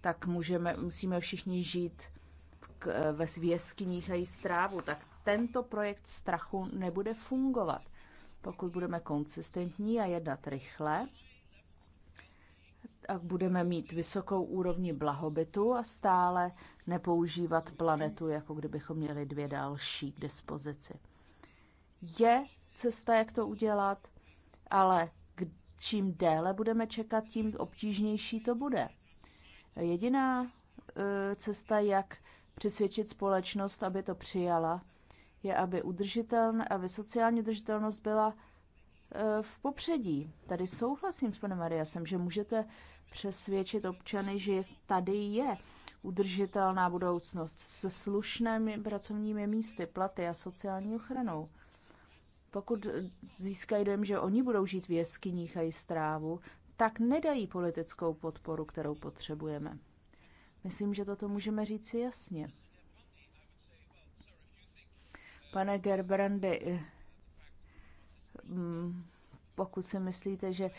tak můžeme, musíme všichni žít eh, ve svěskních a jí strávu, tak tento projekt strachu nebude fungovat pokud budeme konsistentní a jednat rychle, tak budeme mít vysokou úrovni blahobytu a stále nepoužívat planetu, jako kdybychom měli dvě další k dispozici. Je cesta, jak to udělat, ale čím déle budeme čekat, tím obtížnější to bude. Jediná e, cesta, jak přesvědčit společnost, aby to přijala, je, aby, udržitelné, aby sociální udržitelnost byla eh, v popředí. Tady souhlasím s panem Mariasem, že můžete přesvědčit občany, že tady je udržitelná budoucnost se slušnými pracovními místy, platy a sociální ochranou. Pokud získají dojem, že oni budou žít v jeskyních a jíst strávu, tak nedají politickou podporu, kterou potřebujeme. Myslím, že toto můžeme říci jasně. Pane Gerbrandy, mm, pokud si myslíte, že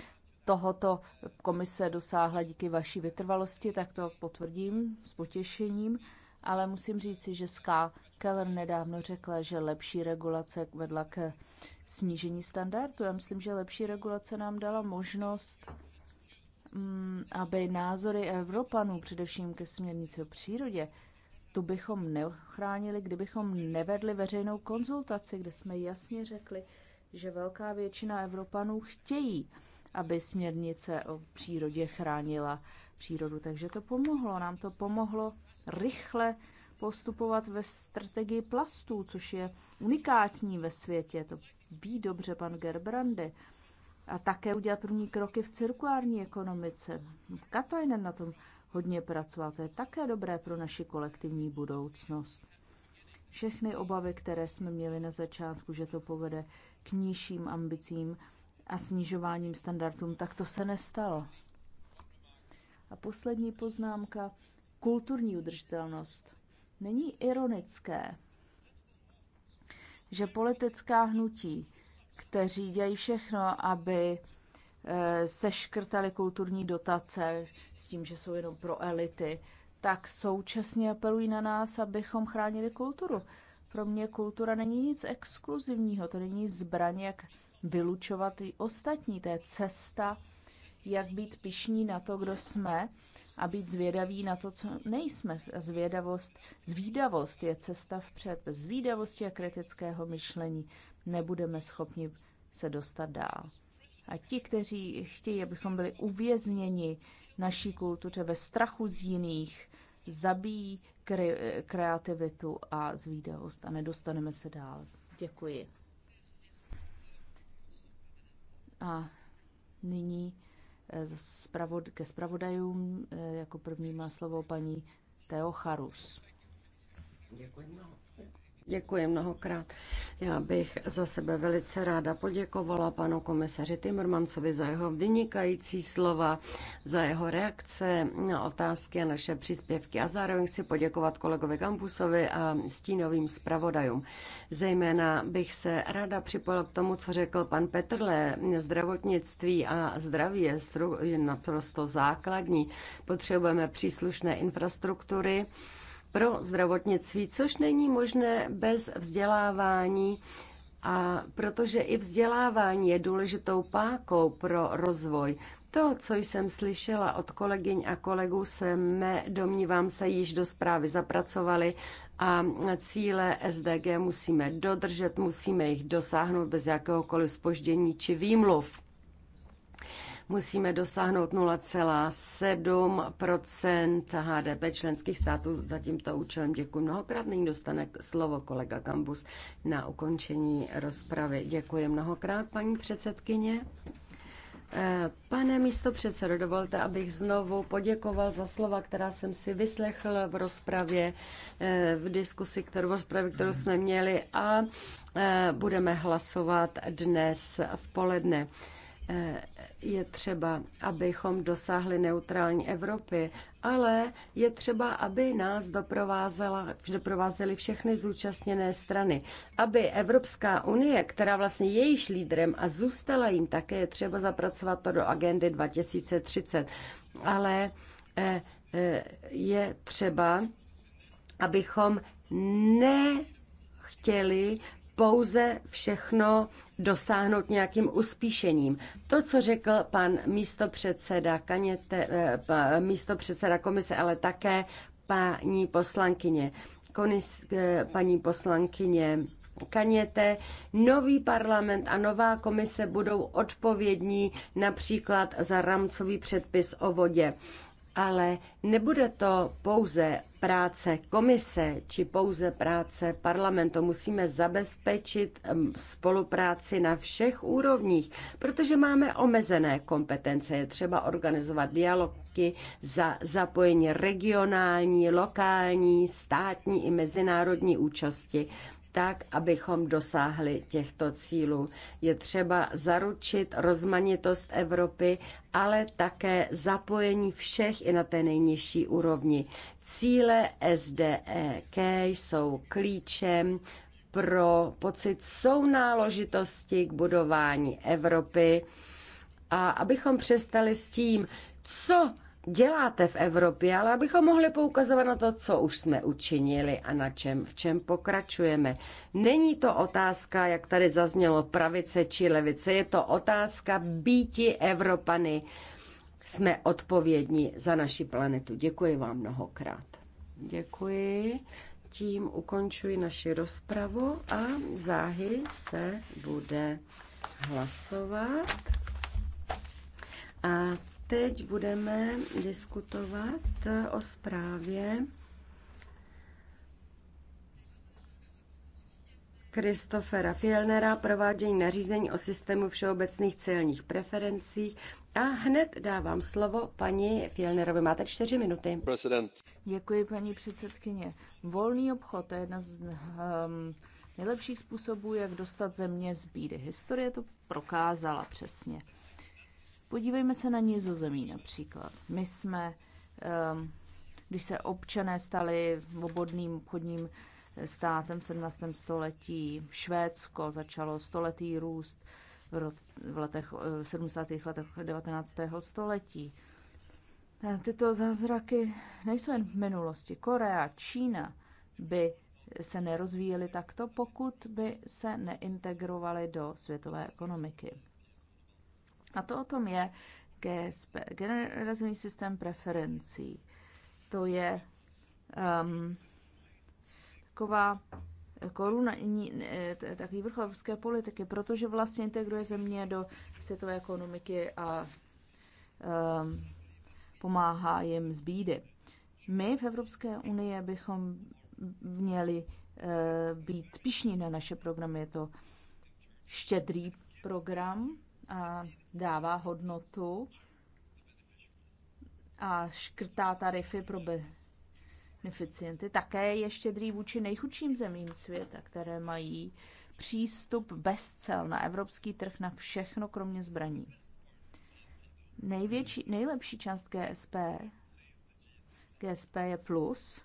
tohoto komise dosáhla díky vaší vytrvalosti, tak to potvrdím s potěšením. Ale musím říci, že ská Keller nedávno řekla, že lepší regulace vedla k snížení standardu. Já myslím, že lepší regulace nám dala možnost, mm, aby názory Evropanů, především ke směrnici o přírodě, tu bychom neochránili, kdybychom nevedli veřejnou konzultaci, kde jsme jasně řekli, že velká většina Evropanů chtějí, aby směrnice o přírodě chránila přírodu. Takže to pomohlo. Nám to pomohlo rychle postupovat ve strategii plastů, což je unikátní ve světě. To ví dobře pan Gerbrandy. A také udělat první kroky v cirkulární ekonomice. Katajnen na tom hodně pracovat. To je také dobré pro naši kolektivní budoucnost. Všechny obavy, které jsme měli na začátku, že to povede k nižším ambicím a snižováním standardům, tak to se nestalo. A poslední poznámka, kulturní udržitelnost. Není ironické, že politická hnutí, kteří dějí všechno, aby Eh, seškrtali kulturní dotace s tím, že jsou jenom pro elity, tak současně apelují na nás, abychom chránili kulturu. Pro mě kultura není nic exkluzivního, to není zbraň, jak vylučovat i ostatní. To je cesta, jak být pišní na to, kdo jsme a být zvědaví na to, co nejsme. Zvědavost, zvídavost je cesta vpřed. Bez zvídavosti a kritického myšlení nebudeme schopni se dostat dál. A ti, kteří chtějí, abychom byli uvězněni naší kultuře ve strachu z jiných, zabíjí kreativitu a zvídavost a nedostaneme se dál. Děkuji. A nyní eh, ke spravodajům eh, jako první má slovo paní Teo Charus.
Děkuji
Děkuji mnohokrát. Já bych za sebe velice ráda poděkovala panu komisaři Timmermansovi za jeho vynikající slova, za jeho reakce na otázky a naše příspěvky a zároveň chci poděkovat kolegovi Gambusovi a stínovým zpravodajům. Zejména bych se ráda připojila k tomu, co řekl pan Petrle. Zdravotnictví a zdraví je, je naprosto základní. Potřebujeme příslušné infrastruktury, pro zdravotnictví, což není možné bez vzdělávání, a protože i vzdělávání je důležitou pákou pro rozvoj. To, co jsem slyšela od kolegyň a kolegů, se jsme, domnívám se, již do zprávy zapracovali a cíle SDG musíme dodržet, musíme jich dosáhnout bez jakéhokoliv spoždění či výmluv musíme dosáhnout 0,7 HDP členských států za tímto účelem. Děkuji mnohokrát. Nyní dostane slovo kolega Gambus na ukončení rozpravy. Děkuji mnohokrát, paní předsedkyně. Eh, Pane místo předsedo, dovolte, abych znovu poděkoval za slova, která jsem si vyslechl v rozpravě, eh, v diskusi, kterou, v rozpravě, kterou jsme měli a eh, budeme hlasovat dnes v poledne. Eh, je třeba, abychom dosáhli neutrální Evropy, ale je třeba, aby nás doprovázela, doprovázely všechny zúčastněné strany. Aby Evropská unie, která vlastně je již lídrem a zůstala jim také, je třeba zapracovat to do agendy 2030. Ale eh, eh, je třeba, abychom nechtěli pouze všechno dosáhnout nějakým uspíšením. To, co řekl pan místopředseda, Kaněte, eh, místopředseda komise, ale také paní poslankyně, konis, eh, paní poslankyně Kaněte, nový parlament a nová komise budou odpovědní například za rámcový předpis o vodě ale nebude to pouze práce komise či pouze práce parlamentu. Musíme zabezpečit spolupráci na všech úrovních, protože máme omezené kompetence. Je třeba organizovat dialogy za zapojení regionální, lokální, státní i mezinárodní účasti tak, abychom dosáhli těchto cílů. Je třeba zaručit rozmanitost Evropy, ale také zapojení všech i na té nejnižší úrovni. Cíle SDEK jsou klíčem pro pocit sounáložitosti k budování Evropy a abychom přestali s tím, co děláte v Evropě, ale abychom mohli poukazovat na to, co už jsme učinili a na čem, v čem pokračujeme. Není to otázka, jak tady zaznělo, pravice či levice, je to otázka býti Evropany. Jsme odpovědní za naši planetu. Děkuji vám mnohokrát. Děkuji. Tím ukončuji naši rozpravu a záhy se bude hlasovat. A Teď budeme diskutovat o zprávě Kristofera Fielnera provádění nařízení o systému všeobecných celních preferencí. A hned dávám slovo paní Fielnerovi. Máte čtyři minuty. President.
Děkuji, paní předsedkyně. Volný obchod je jedna z um, nejlepších způsobů, jak dostat země z bídy. Historie to prokázala přesně. Podívejme se na Nizozemí například. My jsme, ehm, když se občané stali obodným obchodním státem v 17. století, Švédsko začalo stoletý růst v letech, eh, v 70. letech 19. století. Eh, tyto zázraky nejsou jen v minulosti. Korea, Čína by se nerozvíjely takto, pokud by se neintegrovaly do světové ekonomiky. A to o tom je GSP, generální systém preferencí. To je um, taková koruna, takový vrchol evropské politiky, protože vlastně integruje země do světové ekonomiky a um, pomáhá jim z bídy. My v Evropské unii bychom měli uh, být pišní na naše programy. Je to štědrý program a dává hodnotu a škrtá tarify pro beneficienty. Také je štědrý vůči nejchudším zemím světa, které mají přístup bez cel na evropský trh na všechno, kromě zbraní. Největší, nejlepší část GSP, GSP je plus,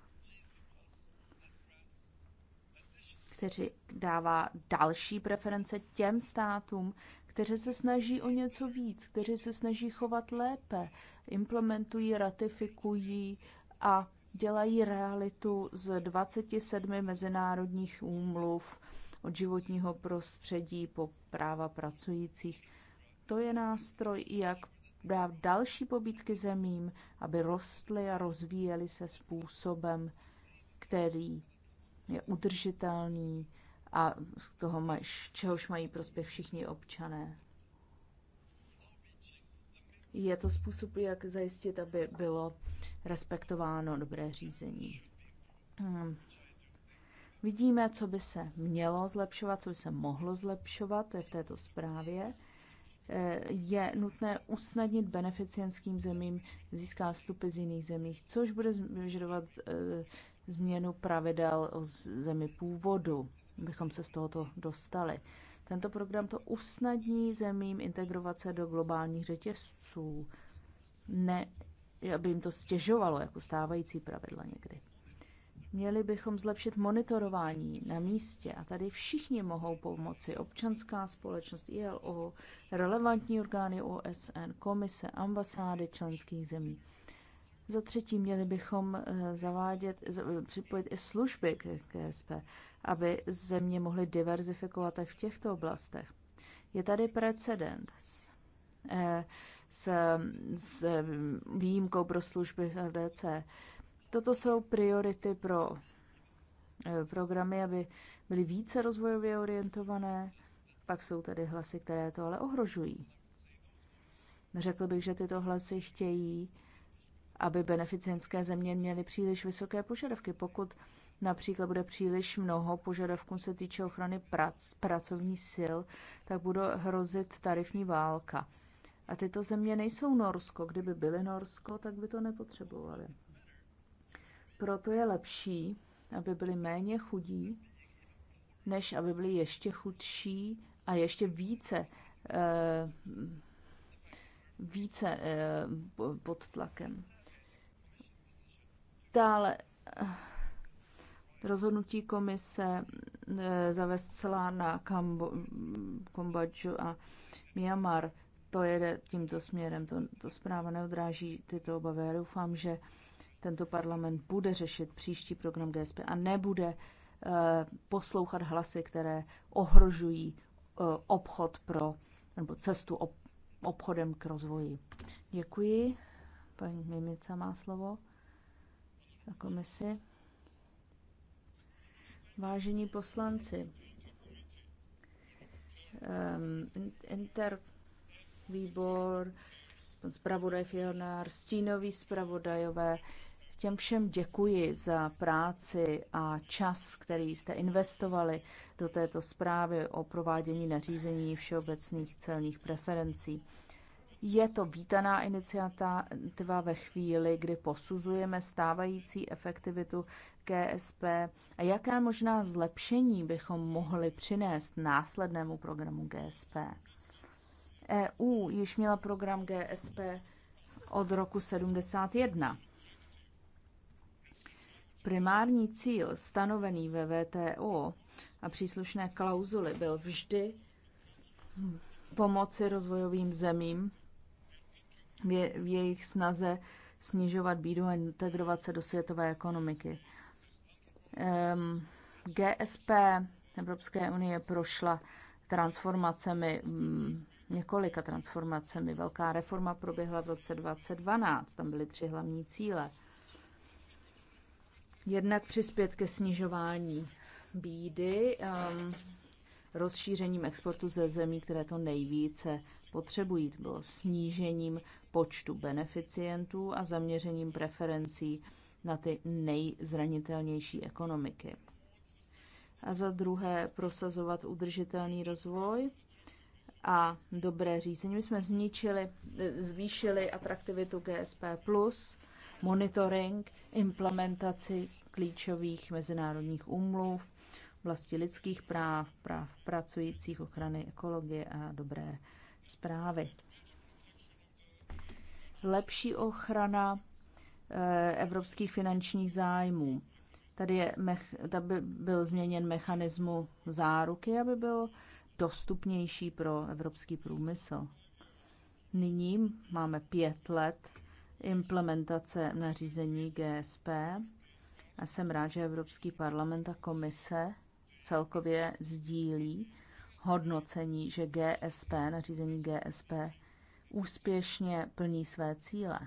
který dává další preference těm státům, kteří se snaží o něco víc, kteří se snaží chovat lépe, implementují, ratifikují a dělají realitu z 27 mezinárodních úmluv od životního prostředí po práva pracujících. To je nástroj, jak dát další pobídky zemím, aby rostly a rozvíjely se způsobem, který je udržitelný, a z toho, maj, čehož mají prospěch všichni občané. Je to způsob, jak zajistit, aby bylo respektováno dobré řízení. Hmm. Vidíme, co by se mělo zlepšovat, co by se mohlo zlepšovat, v této zprávě. Eh, je nutné usnadnit beneficientským zemím získat vstupy z jiných zemí. což bude vyžadovat eh, změnu pravidel o zemi původu bychom se z tohoto dostali. Tento program to usnadní zemím integrovat se do globálních řetězců, ne, aby jim to stěžovalo, jako stávající pravidla někdy. Měli bychom zlepšit monitorování na místě a tady všichni mohou pomoci. Občanská společnost, ILO, relevantní orgány OSN, komise, ambasády členských zemí. Za třetí, měli bychom eh, zavádět, připojit i služby k KSP aby země mohly diverzifikovat i v těchto oblastech. Je tady precedent s, eh, s výjimkou pro služby FDC. Toto jsou priority pro eh, programy, aby byly více rozvojově orientované, pak jsou tady hlasy, které to ale ohrožují. Řekl bych, že tyto hlasy chtějí, aby beneficientské země měly příliš vysoké požadavky. Pokud například bude příliš mnoho požadavků se týče ochrany prac, pracovní sil, tak bude hrozit tarifní válka. A tyto země nejsou Norsko. Kdyby byly Norsko, tak by to nepotřebovali. Proto je lepší, aby byli méně chudí, než aby byli ještě chudší a ještě více, eh, více eh, pod tlakem. Dále eh, Rozhodnutí komise eh, zavést celá na Kambo, Kambodžu a Myanmar, to jede tímto směrem. To, to zpráva neodráží tyto obavy. Já doufám, že tento parlament bude řešit příští program GSP a nebude eh, poslouchat hlasy, které ohrožují eh, obchod pro, nebo cestu ob, obchodem k rozvoji. Děkuji. Paní Mimica má slovo na komisi. Vážení poslanci, ehm, inter výbor, zpravodaj Fionár, stínový zpravodajové, těm všem děkuji za práci a čas, který jste investovali do této zprávy o provádění nařízení všeobecných celních preferencí. Je to vítaná iniciativa ve chvíli, kdy posuzujeme stávající efektivitu GSP a jaké možná zlepšení bychom mohli přinést následnému programu GSP. EU již měla program GSP od roku 71. Primární cíl stanovený ve VTO a příslušné klauzuly byl vždy pomoci rozvojovým zemím v jejich snaze snižovat bídu a integrovat se do světové ekonomiky. Um, GSP Evropské unie prošla transformacemi, několika transformacemi. Velká reforma proběhla v roce 2012, tam byly tři hlavní cíle. Jednak přispět ke snižování bídy um, rozšířením exportu ze zemí, které to nejvíce potřebují. To bylo snížením počtu beneficientů a zaměřením preferencí na ty nejzranitelnější ekonomiky. A za druhé prosazovat udržitelný rozvoj a dobré řízení. My jsme zničili, zvýšili atraktivitu GSP+, monitoring, implementaci klíčových mezinárodních úmluv, vlasti lidských práv, práv pracujících, ochrany ekologie a dobré zprávy. Lepší ochrana Eh, evropských finančních zájmů. Tady je, by byl změněn mechanismu záruky, aby byl dostupnější pro evropský průmysl. Nyní máme pět let implementace nařízení GSP a jsem rád, že Evropský parlament a komise celkově sdílí hodnocení, že GSP, nařízení GSP, úspěšně plní své cíle.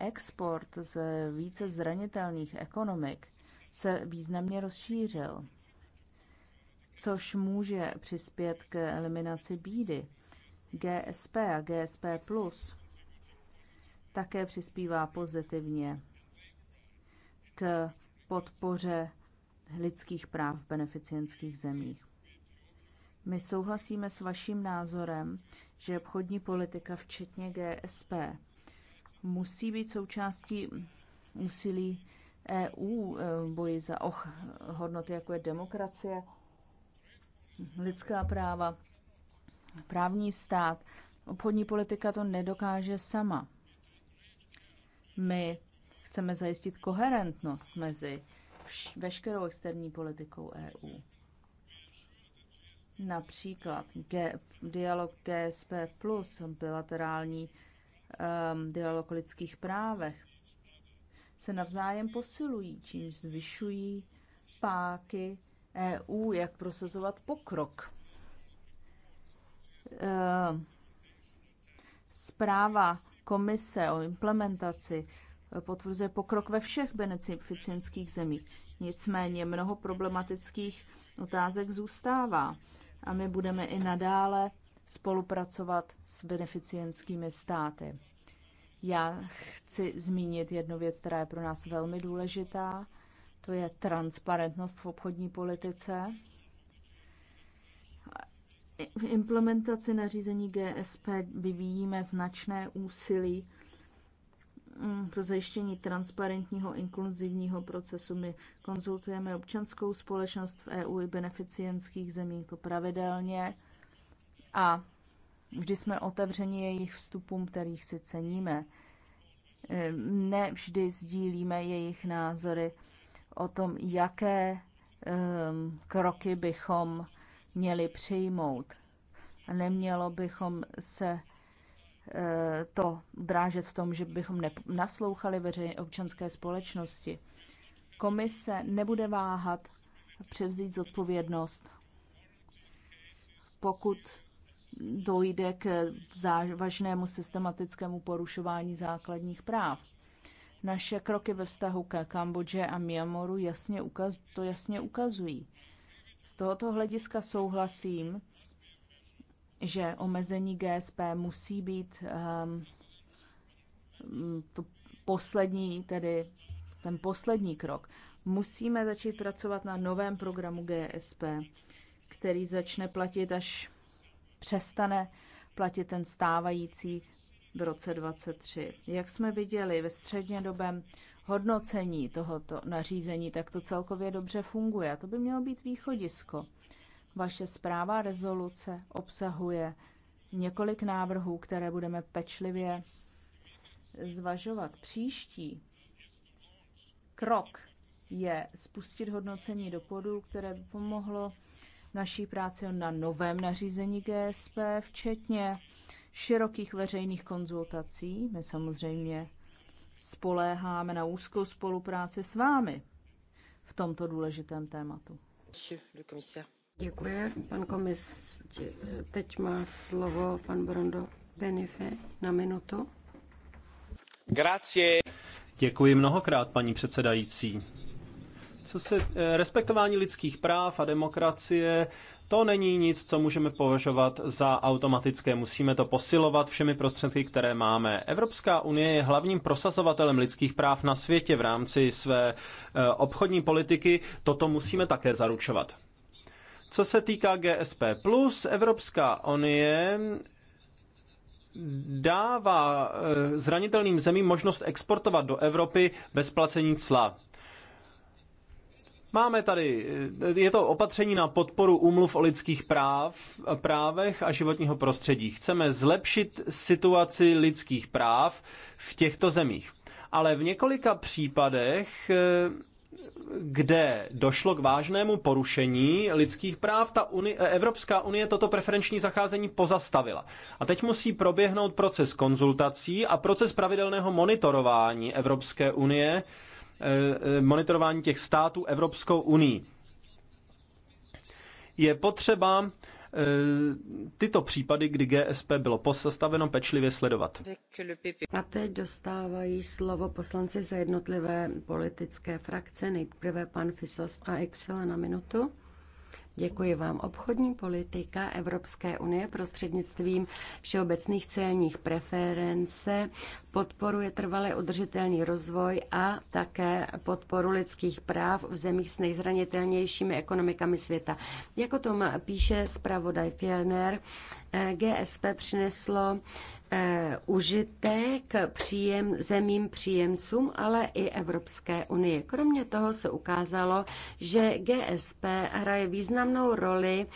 Export z více zranitelných ekonomik se významně rozšířil, což může přispět k eliminaci bídy. GSP a GSP Plus také přispívá pozitivně k podpoře lidských práv v beneficientských zemích. My souhlasíme s vaším názorem, že obchodní politika, včetně GSP, musí být součástí úsilí EU eh, boji za och, hodnoty, jako je demokracie, lidská práva, právní stát. Obchodní politika to nedokáže sama. My chceme zajistit koherentnost mezi veškerou externí politikou EU. Například G, dialog GSP plus bilaterální um, dialog o lidských právech, se navzájem posilují, čímž zvyšují páky EU, jak prosazovat pokrok. Um, zpráva komise o implementaci potvrzuje pokrok ve všech beneficinských zemích. Nicméně mnoho problematických otázek zůstává a my budeme i nadále spolupracovat s beneficientskými státy. Já chci zmínit jednu věc, která je pro nás velmi důležitá, to je transparentnost v obchodní politice. V implementaci nařízení GSP vyvíjíme značné úsilí mm, pro zajištění transparentního inkluzivního procesu. My konzultujeme občanskou společnost v EU i beneficientských zemích to pravidelně a vždy jsme otevřeni jejich vstupům, kterých si ceníme. Ne vždy sdílíme jejich názory o tom, jaké ehm, kroky bychom měli přijmout. Nemělo bychom se eh, to drážet v tom, že bychom naslouchali veřejné občanské společnosti. Komise nebude váhat převzít zodpovědnost, pokud dojde k závažnému systematickému porušování základních práv. Naše kroky ve vztahu ke Kambodži a Myanmaru jasně ukaz, to jasně ukazují. Z tohoto hlediska souhlasím, že omezení GSP musí být um, to poslední, tedy ten poslední krok. Musíme začít pracovat na novém programu GSP, který začne platit až přestane platit ten stávající v roce 23. Jak jsme viděli ve střednědobém hodnocení tohoto nařízení, tak to celkově dobře funguje. A to by mělo být východisko. Vaše zpráva rezoluce obsahuje několik návrhů, které budeme pečlivě zvažovat. Příští krok je spustit hodnocení do podu, které by pomohlo naší práci na novém nařízení GSP, včetně širokých veřejných konzultací. My samozřejmě spoléháme na úzkou spolupráci s vámi v tomto důležitém tématu. Děkuji, pan komis. Teď
má slovo pan Brondo Benife na minutu.
Grazie. Děkuji mnohokrát, paní předsedající. Co se eh, respektování lidských práv a demokracie, to není nic, co můžeme považovat za automatické. Musíme to posilovat všemi prostředky, které máme. Evropská unie je hlavním prosazovatelem lidských práv na světě v rámci své eh, obchodní politiky. Toto musíme také zaručovat. Co se týká GSP, Evropská unie dává eh, zranitelným zemím možnost exportovat do Evropy bez placení cla. Máme tady, eh, je to opatření na podporu úmluv o lidských práv, právech a životního prostředí. Chceme zlepšit situaci lidských práv v těchto zemích. Ale v několika případech eh, kde došlo k vážnému porušení lidských práv, ta uni- eh, Evropská unie toto preferenční zacházení pozastavila. A teď musí proběhnout proces konzultací a proces pravidelného monitorování Evropské unie Eh, eh, monitorování těch států Evropskou unii. Je potřeba eh, tyto případy, kdy GSP bylo pozastaveno, pečlivě sledovat.
A teď dostávají slovo poslanci za jednotlivé politické frakce. Nejprve pan Fisas a Excel na minutu. Děkuji vám. Obchodní politika Evropské unie prostřednictvím všeobecných celních preference podporuje trvalý udržitelný rozvoj a také podporu lidských práv v zemích s nejzranitelnějšími ekonomikami světa. Jako to píše zpravodaj Fjellner, eh, GSP přineslo Eh, užitek příjem, zemím příjemcům, ale i Evropské unie. Kromě toho se ukázalo, že GSP hraje významnou roli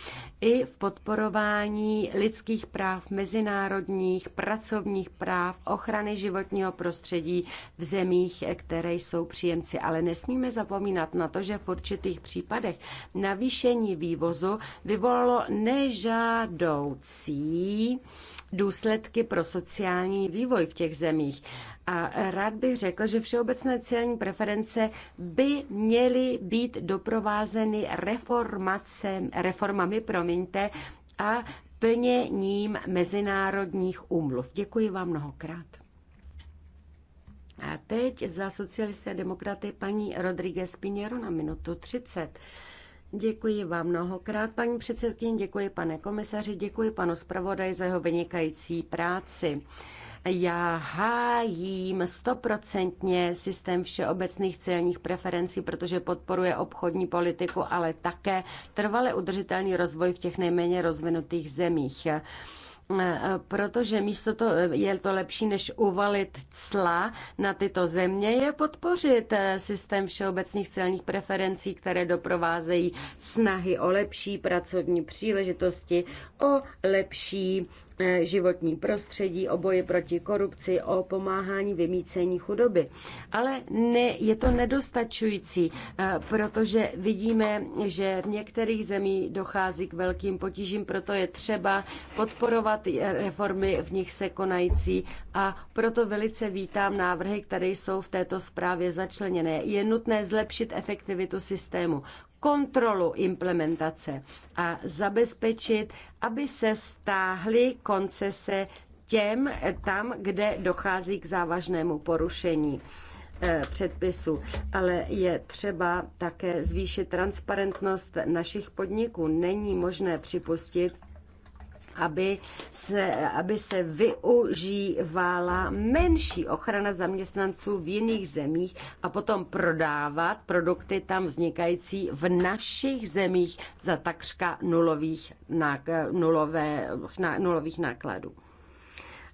i v podporování lidských práv, mezinárodních, pracovních práv, ochrany životního prostředí v zemích, které jsou příjemci. Ale nesmíme zapomínat na to, že v určitých případech navýšení vývozu vyvolalo nežádoucí důsledky pro sociální vývoj v těch zemích. A rád bych řekl, že všeobecné celní preference by měly být doprovázeny reformami, promiňte, a plněním mezinárodních úmluv. Děkuji vám mnohokrát. A teď za socialisté demokraty paní Rodríguez Piněro na minutu 30. Děkuji vám mnohokrát, paní předsedkyně, děkuji pane komisaři, děkuji panu zpravodaj za jeho vynikající práci. Já hájím stoprocentně systém všeobecných celních preferencí, protože podporuje obchodní politiku, ale také trvale udržitelný rozvoj v těch nejméně rozvinutých zemích protože místo to je to lepší, než uvalit cla na tyto země, je podpořit eh, systém všeobecných celních preferencí, které doprovázejí snahy o lepší pracovní příležitosti, o lepší Eh, životní prostředí, o boji proti korupci, o pomáhání vymícení chudoby. Ale ne, je to nedostačující, eh, protože vidíme, že v některých zemích dochází k velkým potížím, proto je třeba podporovat reformy v nich se konající a proto velice vítám návrhy, které jsou v této zprávě začleněné. Je nutné zlepšit efektivitu systému kontrolu implementace a zabezpečit, aby se stáhly koncese těm tam, kde dochází k závažnému porušení eh, předpisu, ale je třeba také zvýšit transparentnost našich podniků. Není možné připustit, aby se, aby se využívala menší ochrana zaměstnanců v jiných zemích a potom prodávat produkty tam vznikající v našich zemích za takřka nulových, nák, nulové, ná, nulových nákladů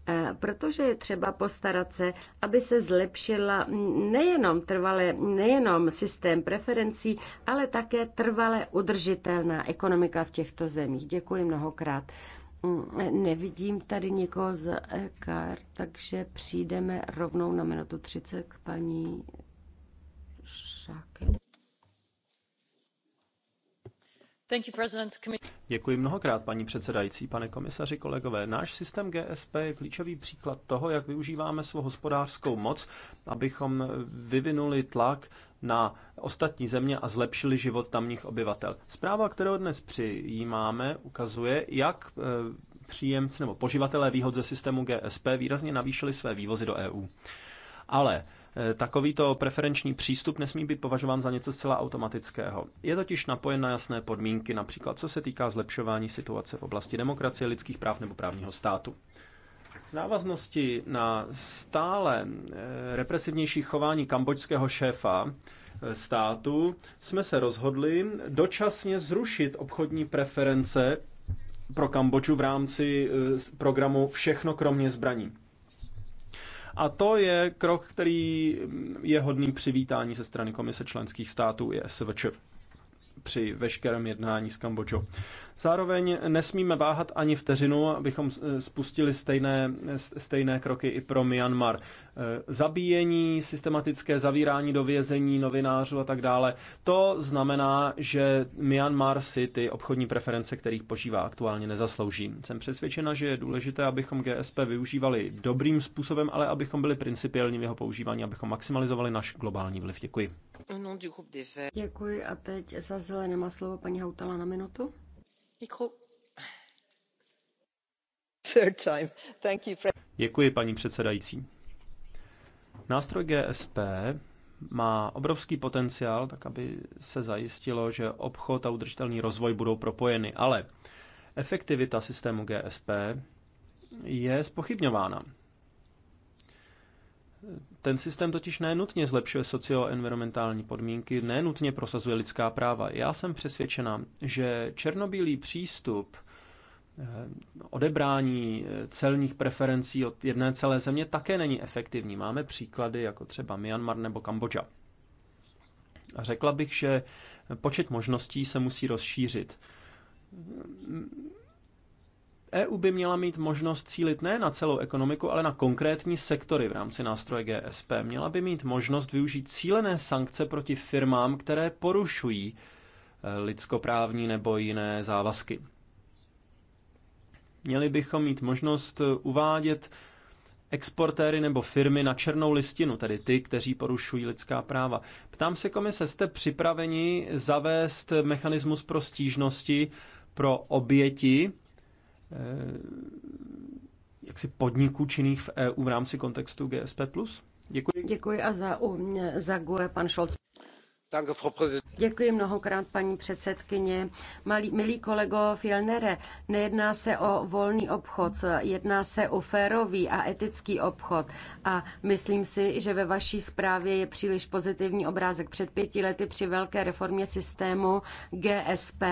e, protože je třeba postarat se, aby se zlepšila nejenom trvalé nejenom systém preferencí, ale také trvale udržitelná ekonomika v těchto zemích. Děkuji mnohokrát. Mm, nevidím tady nikoho z Ekar, takže přijdeme rovnou na minutu 30 k paní Šáke.
Děkuji mnohokrát, paní předsedající, pane komisaři, kolegové. Náš systém GSP je klíčový příklad toho, jak využíváme svou hospodářskou moc, abychom vyvinuli tlak na ostatní země a zlepšili život tamních obyvatel. Zpráva, kterou dnes přijímáme, ukazuje, jak e, příjemci nebo poživatelé výhod ze systému GSP výrazně navýšili své vývozy do EU. Ale e, Takovýto preferenční přístup nesmí být považován za něco zcela automatického. Je totiž napojen na jasné podmínky, například co se týká zlepšování situace v oblasti demokracie, lidských práv nebo právního státu návaznosti na stále eh, represivnější chování kambočského šéfa eh, státu jsme se rozhodli dočasně zrušit obchodní preference pro Kambodžu v rámci eh, programu Všechno kromě zbraní. A to je krok, který mm, je hodný přivítání ze strany Komise členských států i SVČ při veškerém jednání s Kambodžou. Zároveň nesmíme váhat ani vteřinu, abychom e, spustili stejné, stejné kroky i pro Myanmar. E, zabíjení, systematické zavírání do vězení novinářů a tak dále, to znamená, že Myanmar si ty obchodní preference, kterých požívá aktuálně, nezaslouží. Jsem přesvědčena, že je důležité, abychom GSP využívali dobrým způsobem, ale abychom byli principiální v jeho používání, abychom maximalizovali náš globální vliv. Děkuji.
Děkuji a teď za zelené má slovo paní Hautala na minutu.
Děkuji, paní předsedající. Nástroj GSP má obrovský potenciál, tak aby se zajistilo, že obchod a udržitelný rozvoj budou propojeny, ale efektivita systému GSP je spochybňována. Ten systém totiž nenutně zlepšuje socioenvironmentální podmínky, nenutně prosazuje lidská práva. Já jsem přesvědčená, že černobílý přístup eh, odebrání eh, celních preferencí od jedné celé země také není efektivní. Máme příklady jako třeba Myanmar nebo Kambodža. A řekla bych, že počet možností se musí rozšířit. EU by měla mít možnost cílit ne na celou ekonomiku, ale na konkrétní sektory v rámci nástroje GSP. Měla by mít možnost využít cílené sankce proti firmám, které porušují e, lidskoprávní nebo jiné závazky. Měli bychom mít možnost uvádět exportéry nebo firmy na černou listinu, tedy ty, kteří porušují lidská práva. Ptám se komise, jste připraveni zavést mechanismus pro stížnosti pro oběti Eh, jaksi podniků činných v EU v rámci kontextu GSP+. Děkuji.
Děkuji a za, za GUE pan Šolc. Děkuji mnohokrát, paní předsedkyně. Malí, milí kolego Fjellnere, nejedná se o volný obchod, jedná se o férový a etický obchod. A myslím si, že ve vaší zprávě je příliš pozitivní obrázek. Před pěti lety při velké reformě systému GSP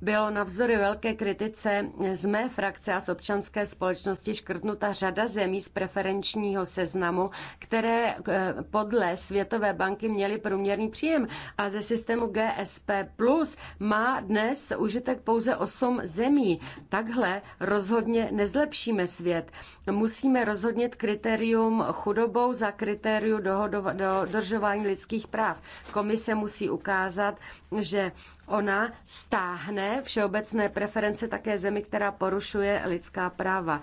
bylo navzdory velké kritice z mé frakce a z občanské společnosti škrtnuta řada zemí z preferenčního seznamu, které eh, podle Světové banky měly průměrný příjem a ze systému GSP Plus má dnes užitek pouze 8 zemí. Takhle rozhodně nezlepšíme svět. Musíme rozhodnit kritérium chudobou za kritériu dohodova, do, dodržování lidských práv. Komise musí ukázat, že Ona stáhne všeobecné preference také zemi, která porušuje lidská práva.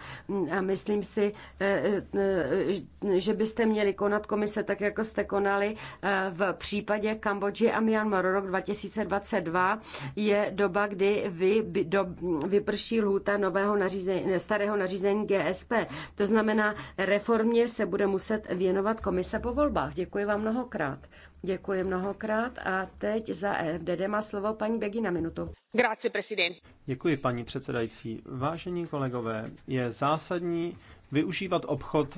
A myslím si, eh, eh, že byste měli konat komise tak, jako jste konali eh, v případě Kambodži a Myanmar. Rok 2022 je doba, kdy vy, do, vyprší lhůta nového nařízení, starého nařízení GSP. To znamená, reformě se bude muset věnovat komise po volbách. Děkuji vám mnohokrát. Děkuji mnohokrát a teď za EFDD má slovo paní Begi na minutu. Grazie,
president.
Děkuji, paní předsedající. Vážení kolegové, je zásadní využívat obchod,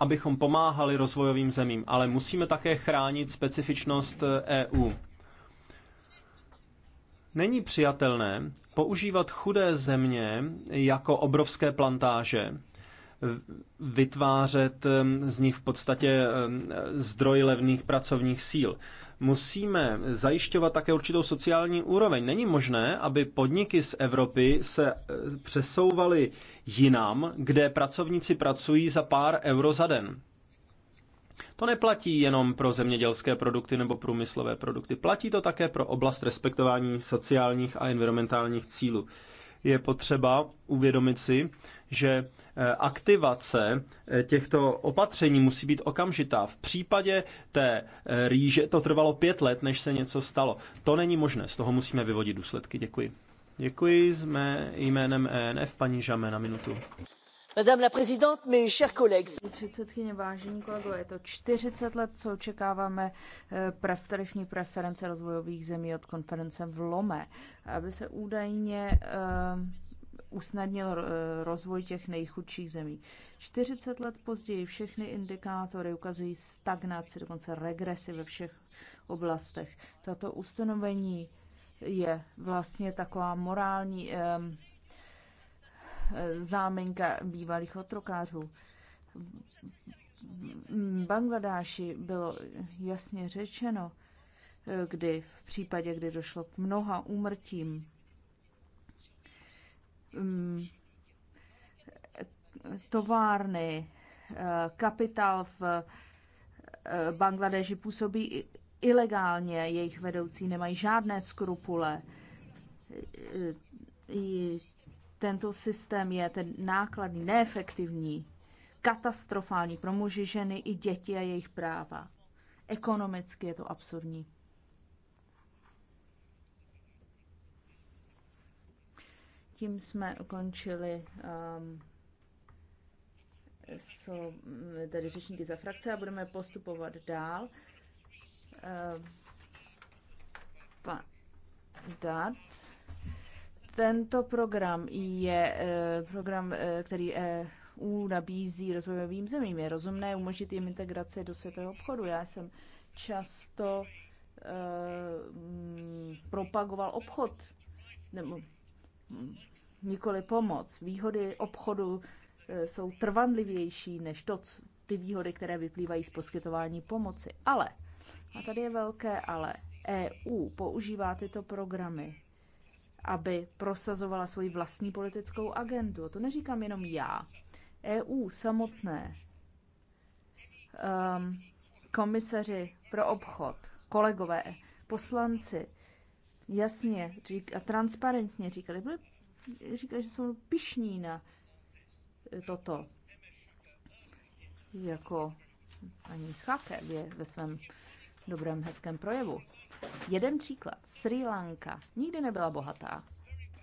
abychom pomáhali rozvojovým zemím, ale musíme také chránit specifičnost EU. Eh, e Není přijatelné používat chudé země jako obrovské plantáže, vytvářet z nich v podstatě zdroj levných pracovních síl. Musíme zajišťovat také určitou sociální úroveň. Není možné, aby podniky z Evropy se eh, přesouvaly jinam, kde pracovníci pracují za pár euro za den. To neplatí jenom pro zemědělské produkty nebo průmyslové produkty, platí to také pro oblast respektování sociálních a environmentálních cílů je potřeba uvědomit si, že e, aktivace e, těchto opatření musí být okamžitá. V případě té e, rýže to trvalo pět let, než se něco stalo. To není možné, z toho musíme vyvodit důsledky. Děkuji. Děkuji, jsme jménem ENF paní Žame na minutu.
Madame la présidente, mes chers collègues. Předsedkyně, vážení kolegové, je to 40 let, co očekáváme eh, tarifní preference rozvojových zemí od konference v Lome, aby se údajně eh, usnadnil eh, rozvoj těch nejchudších zemí. 40 let později všechny indikátory ukazují stagnaci, dokonce regresi ve všech oblastech. Tato ustanovení je vlastně taková morální záminka bývalých otrokářů. V Bangladáši bylo jasně řečeno, kdy v případě, kdy došlo k mnoha úmrtím, mm, továrny, eh, kapitál v eh, Bangladeži působí ilegálně, jejich vedoucí nemají žádné skrupule. Eh, tento systém je ten nákladný, neefektivní, katastrofální pro muži, ženy i děti a jejich práva. Ekonomicky je to absurdní. Tím jsme ukončili um, so, mm, tady řečníky za frakce a budeme postupovat dál. Um, pan Dat tento program je eh, program, eh, který EU eh, nabízí rozvojovým zemím. Je rozumné umožnit jim integraci do světového obchodu. Já jsem často propagoval obchod, nebo hm, nikoli pomoc. Výhody obchodu jsou trvanlivější než to, ty výhody, které vyplývají z poskytování pomoci. Ale, a tady je velké ale, EU používá tyto programy aby prosazovala svoji vlastní politickou agendu. To neříkám jenom já. EU samotné, um, komisaři pro obchod, kolegové, poslanci, jasně řík, a transparentně říkali, byli, říkali, že jsou pišní na toto. Jako ani Schake je ve svém dobrém, hezkém projevu. Jeden příklad. Sri Lanka nikdy nebyla bohatá.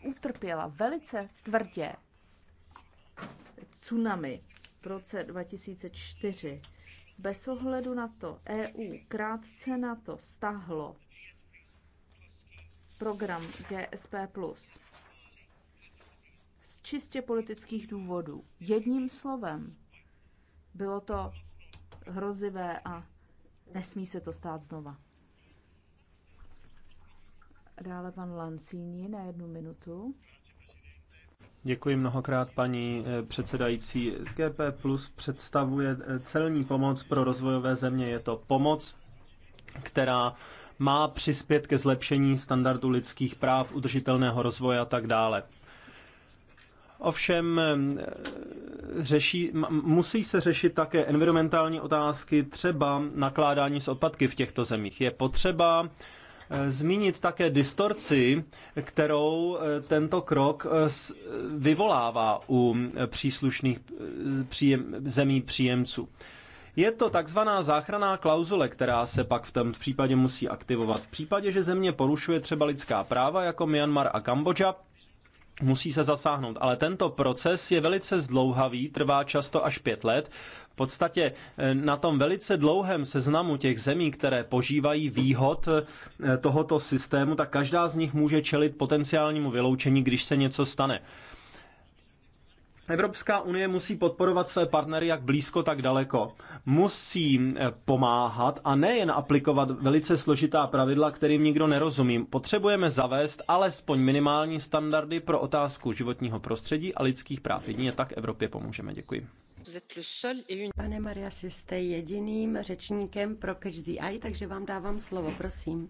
Utrpěla velice tvrdě tsunami v roce 2004. Bez ohledu na to EU krátce na to stahlo program GSP+. Z čistě politických důvodů. Jedním slovem. Bylo to hrozivé a Nesmí se to stát znova. Dále pan Lancini na jednu minutu.
Děkuji mnohokrát, paní eh, předsedající. SGP Plus představuje eh, celní pomoc pro rozvojové země. Je to pomoc, která má přispět ke zlepšení standardu lidských práv, udržitelného rozvoje a tak dále. Ovšem eh, řeší, musí se řešit také environmentální otázky, třeba nakládání s odpadky v těchto zemích. Je potřeba eh, zmínit také distorci, kterou eh, tento krok vyvolává u příslušných příjem, zemí příjemců. Je to takzvaná záchraná klauzule, která se pak v tom případě musí aktivovat. V případě, že země porušuje třeba lidská práva jako Myanmar a Kambodža, musí se zasáhnout. Ale tento proces je velice zdlouhavý, trvá často až pět let. V podstatě eh, na tom velice dlouhém seznamu těch zemí, které požívají výhod eh, tohoto systému, tak každá z nich může čelit potenciálnímu vyloučení, když se něco stane. Evropská unie musí podporovat své partnery jak blízko, tak daleko. Musí eh, pomáhat a nejen aplikovat velice složitá pravidla, kterým nikdo nerozumí. Potřebujeme zavést alespoň minimální standardy pro otázku životního prostředí a lidských práv. Jedině tak Evropě pomůžeme. Děkuji.
Pane Maria, jste jediným řečníkem pro Catch the Eye, takže vám dávám slovo, prosím.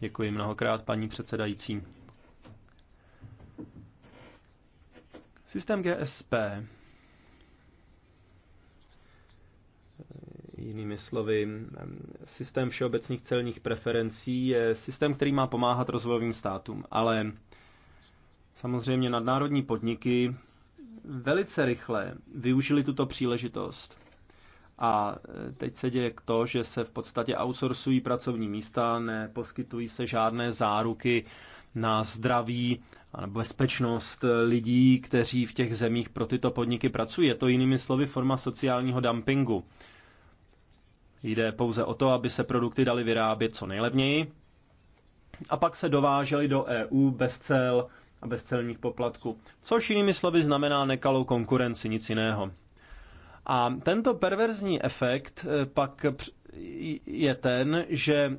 Děkuji mnohokrát, paní předsedající. Systém GSP, jinými slovy, systém všeobecných celních preferencí je systém, který má pomáhat rozvojovým státům, ale samozřejmě nadnárodní podniky velice rychle využili tuto příležitost. A e, teď se děje to, že se v podstatě outsourcují pracovní místa, neposkytují se žádné záruky na zdraví bezpečnost eh, lidí, kteří v těch zemích pro tyto podniky pracují. Je to jinými slovy forma sociálního dumpingu. Jde pouze o to, aby se produkty daly vyrábět co nejlevněji a pak se dovážely do EU bez cel a bez celních poplatků, což jinými slovy znamená nekalou konkurenci, nic jiného. A tento perverzní efekt eh, pak je ten, že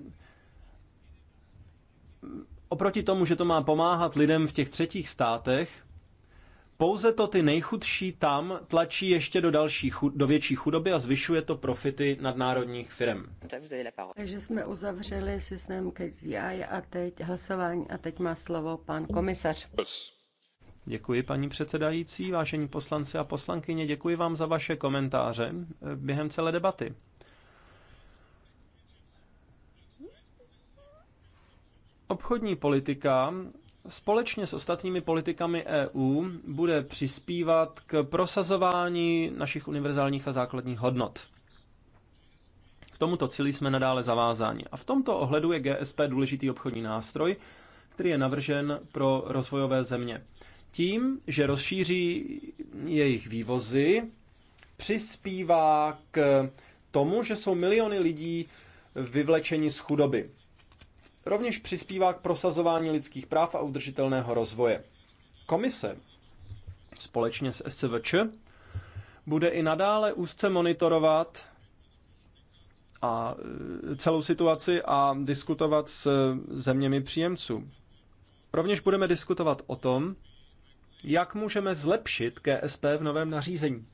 oproti tomu, že to má pomáhat lidem v těch třetích státech, pouze to ty nejchudší tam tlačí ještě do, další, do větší chudoby a zvyšuje to profity nadnárodních firm.
Takže jsme uzavřeli systém KZI a teď hlasování a teď má slovo pan komisař.
Děkuji, paní předsedající, vážení poslanci a poslankyně, děkuji vám za vaše komentáře během celé debaty. Obchodní politika společně s ostatními politikami EU bude přispívat k prosazování našich univerzálních a základních hodnot. K tomuto cíli jsme nadále zavázáni. A v tomto ohledu je GSP důležitý obchodní nástroj, který je navržen pro rozvojové země. Tím, že rozšíří jejich vývozy, přispívá k tomu, že jsou miliony lidí vyvlečeni z chudoby. Rovněž přispívá k prosazování lidských práv a udržitelného rozvoje. Komise společně s SCVČ bude i nadále úzce monitorovat a e, celou situaci a diskutovat s zeměmi příjemců. Rovněž budeme diskutovat o tom, jak můžeme zlepšit KSP v novém nařízení.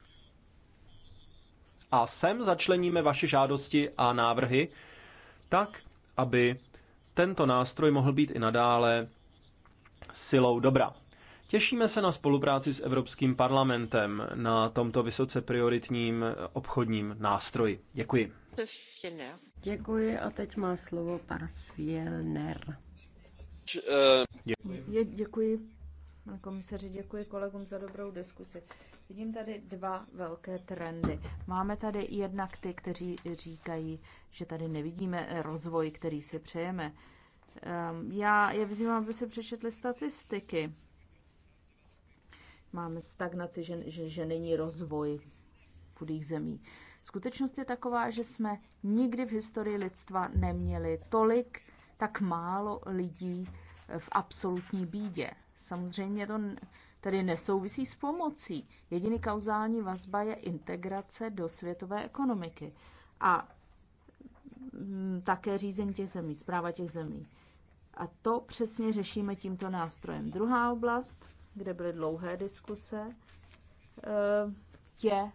A sem začleníme vaše žádosti a návrhy tak, aby tento nástroj mohl být i nadále silou dobra. Těšíme se na spolupráci s Evropským parlamentem na tomto vysoce prioritním obchodním nástroji. Děkuji.
Děkuji a teď má slovo pan Fjellner.
Děkuji.
Děkuji, pane komisaři, děkuji kolegům za dobrou diskusi. Vidím tady dva velké trendy. Máme tady jednak ty, kteří říkají, že tady nevidíme rozvoj, který si přejeme. Ehm, já je vyzývám, aby se přečetli statistiky. Máme stagnaci, že, že, že není rozvoj chudých zemí. Skutečnost je taková, že jsme nikdy v historii lidstva neměli tolik, tak málo lidí v absolutní bídě. Samozřejmě to tedy nesouvisí s pomocí. Jediný kauzální vazba je integrace do světové ekonomiky a mm, také řízení těch zemí, zpráva těch zemí. A to přesně řešíme tímto nástrojem. Druhá oblast, kde byly dlouhé diskuse, e, je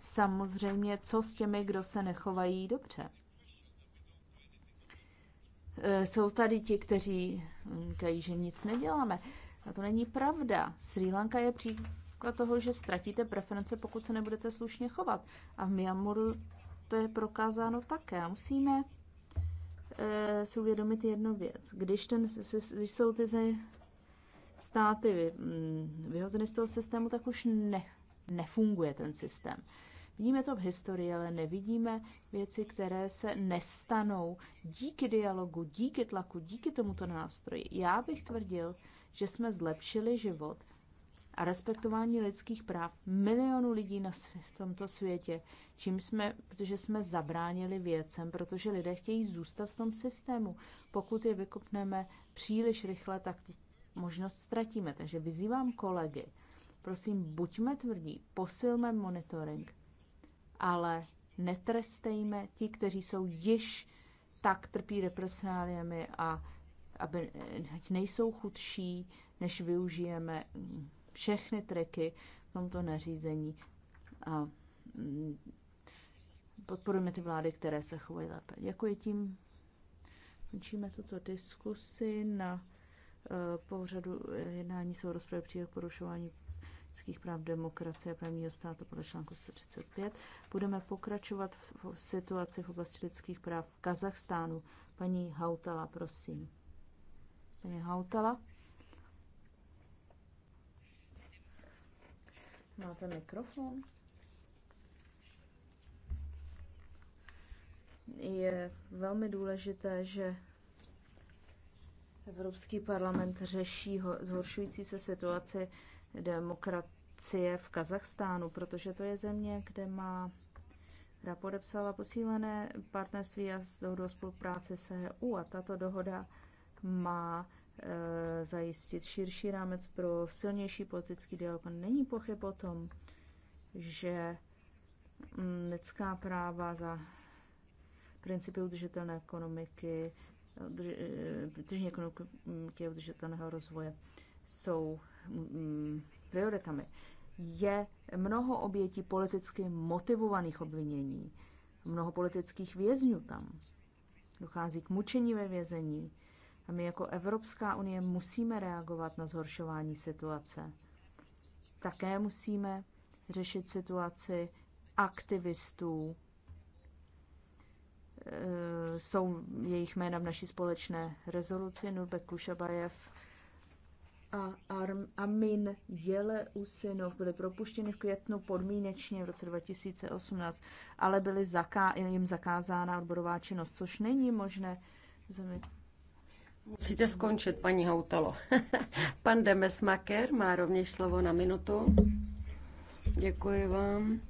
samozřejmě, co s těmi, kdo se nechovají dobře. E, jsou tady ti, kteří říkají, že nic neděláme. A to není pravda. Sri Lanka je příklad toho, že ztratíte preference, pokud se nebudete slušně chovat. A v Myanmaru to je prokázáno také. A musíme e, si uvědomit jednu věc. Když, ten, když jsou ty státy mm, vyhozeny z toho systému, tak už ne, nefunguje ten systém. Vidíme to v historii, ale nevidíme věci, které se nestanou díky dialogu, díky tlaku, díky tomuto nástroji. Já bych tvrdil, že jsme zlepšili život a respektování lidských práv milionů lidí na svě- v tomto světě, čím jsme, protože jsme zabránili věcem, protože lidé chtějí zůstat v tom systému. Pokud je vykopneme příliš rychle, tak tu možnost ztratíme. Takže vyzývám kolegy, prosím, buďme tvrdí, posilme monitoring, ale netrestejme ti, kteří jsou již tak trpí represáliemi a aby nejsou chudší, než využijeme všechny triky v tomto nařízení a mm, podporujeme ty vlády, které se chovají lépe. Děkuji tím. Končíme tuto diskusi na eh, pořadu eh, jednání o rozpravě při porušování lidských práv, demokracie a právního státu podle článku 135. Budeme pokračovat v situaci v oblasti lidských práv v Kazachstánu. Paní Hautala, prosím. Hautala. Máte mikrofon? Je velmi důležité, že Evropský parlament řeší zhoršující se situaci demokracie v Kazachstánu, protože to je země, kde má která podepsala posílené partnerství a dohodu o spolupráci s EU a tato dohoda má eh, zajistit širší rámec pro silnější politický dialog. Není pochyb o tom, že mm, lidská práva za principy udržitelné ekonomiky, eh, tržní ekonomiky udržitelného rozvoje jsou mm, prioritami. Je mnoho obětí politicky motivovaných obvinění, mnoho politických vězňů tam. Dochází k mučení ve vězení, a my jako Evropská unie musíme reagovat na zhoršování situace. Také musíme řešit situaci aktivistů, e, jsou jejich jména v naší společné rezoluci, Nurbek Kušabajev a Amin Jele Usinov byly propuštěny v květnu podmínečně v roce 2018, ale byly zaká, jim zakázána odborová činnost, což není možné zemi.
Musíte skončit, paní Houtalo.
Pan Demesmaker má
rovněž slovo na minutu. Děkuji vám.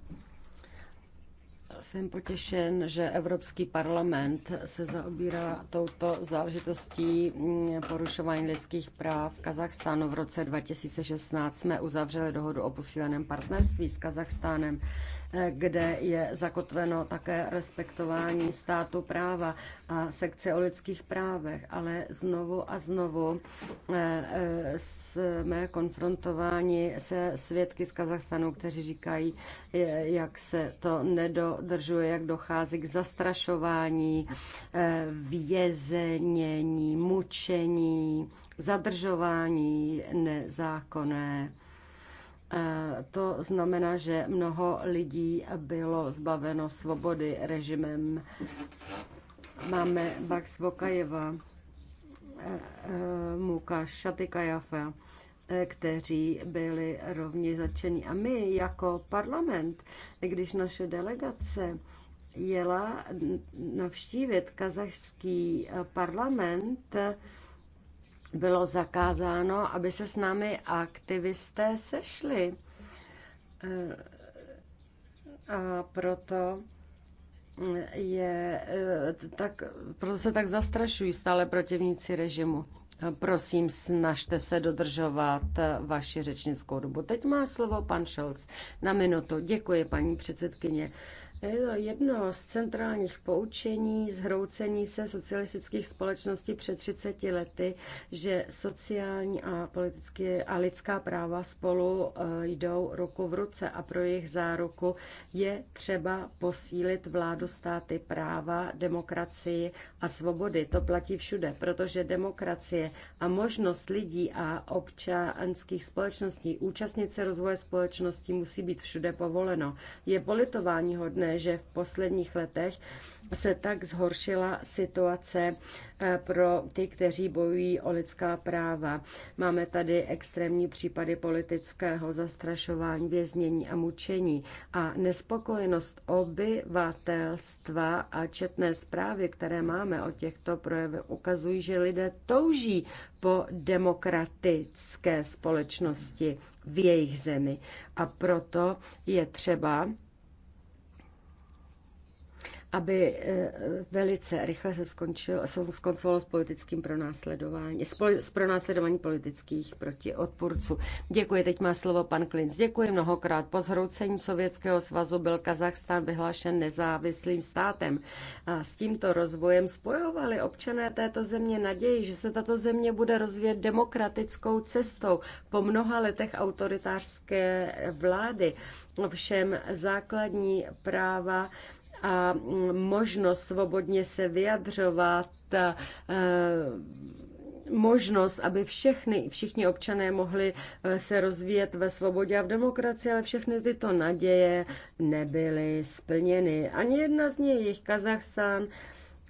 Jsem potěšen, že Evropský parlament se zaobírá touto záležitostí mm, porušování lidských práv v Kazachstánu. V roce 2016 jsme uzavřeli dohodu o posíleném partnerství s Kazachstánem kde je zakotveno také respektování státu práva a sekce o lidských právech, ale znovu a znovu eh, eh, jsme konfrontováni se svědky z Kazachstanu, kteří říkají, eh, jak se to nedodržuje, jak dochází k zastrašování, vězenění, mučení, zadržování nezákonné to znamená, že mnoho lidí bylo zbaveno svobody režimem. Máme Bax Vokajeva, e, e, Muka Šatykajafa, e, kteří byli rovněž začeni. A my jako parlament, když naše delegace jela navštívit kazachský parlament, bylo zakázáno, aby se s námi aktivisté sešli. Eh, a proto je eh, tak, proto se tak zastrašují stále protivníci režimu. Eh, prosím, snažte se dodržovat vaši řečnickou dobu. Teď má slovo pan Šelc na minutu. Děkuji, paní předsedkyně. Jedno z centrálních poučení zhroucení se socialistických společností před 30 lety, že sociální a politické a lidská práva spolu eh, jdou ruku v ruce a pro jejich záruku je třeba posílit vládu státy práva, demokracii a svobody. To platí všude, protože demokracie a možnost lidí a občanských společností účastnit se rozvoje společnosti musí být všude povoleno. Je politování hodné, že v posledních letech se tak zhoršila situace eh, pro ty, kteří bojují o lidská práva. Máme tady extrémní případy politického zastrašování, věznění a mučení a nespokojenost obyvatelstva a četné zprávy, které máme o těchto projevech, ukazují, že lidé touží po demokratické společnosti v jejich zemi. A proto je třeba aby eh, velice rychle se skončil, skoncoval s politickým pronásledování, s pronásledování politických odpůrců. Děkuji, teď má slovo pan Klinc. Děkuji mnohokrát. Po zhroucení Sovětského svazu byl Kazachstán vyhlášen nezávislým státem. A s tímto rozvojem spojovali občané této země naději, že se tato země bude rozvíjet demokratickou cestou po mnoha letech autoritářské vlády. Ovšem základní práva a mm, možnost svobodně se vyjadřovat, e, možnost, aby všechny, všichni občané mohli e, se rozvíjet ve svobodě a v demokracii, ale všechny tyto naděje nebyly splněny. Ani jedna z nich, Kazachstán,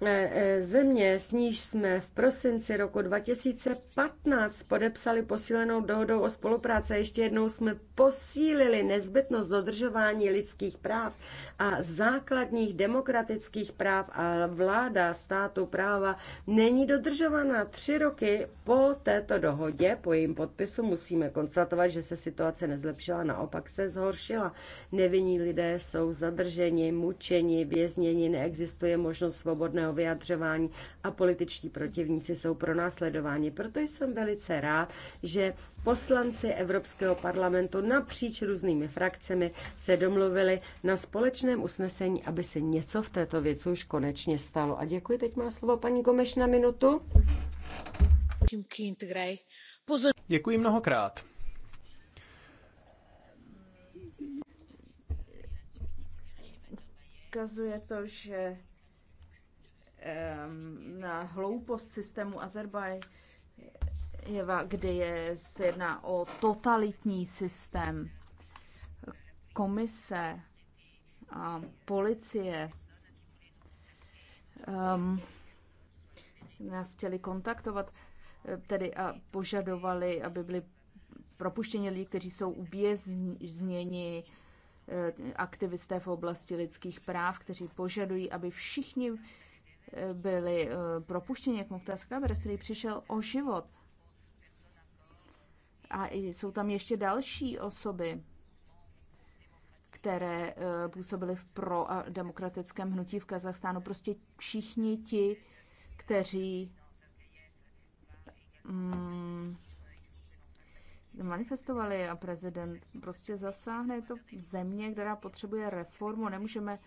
Eh, eh, země, s níž jsme v prosinci roku 2015 podepsali posílenou dohodou o spolupráci, ještě jednou jsme posílili nezbytnost dodržování lidských práv a základních demokratických práv a vláda státu práva není dodržována. Tři roky po této dohodě, po jejím podpisu, musíme konstatovat, že se situace nezlepšila, naopak se zhoršila. Nevinní lidé jsou zadrženi, mučeni, vězněni, neexistuje možnost svobodného svobodného vyjadřování a političtí protivníci jsou pro pronásledováni. Proto jsem velice rád, že poslanci Evropského parlamentu napříč různými frakcemi se domluvili na společném usnesení, aby se něco v této věci už konečně stalo. A děkuji, teď má slovo paní Gomeš na minutu.
Děkuji mnohokrát.
ukazuje to, že na hloupost systému Azerbajeva, kdy je, se jedná o totalitní systém. Komise a policie um, nás chtěli kontaktovat, tedy a požadovali, aby byli propuštěni lidi, kteří jsou uvězněni, eh, aktivisté v oblasti lidských práv, kteří požadují, aby všichni byli eh, propuštěni, jak Mukhtar Skaber, který přišel o život. A jsou tam ještě další osoby, které eh, působily v pro demokratickém hnutí v Kazachstánu. Prostě všichni ti, kteří mm, manifestovali a prezident prostě zasáhne. Je to země, která potřebuje reformu. Nemůžeme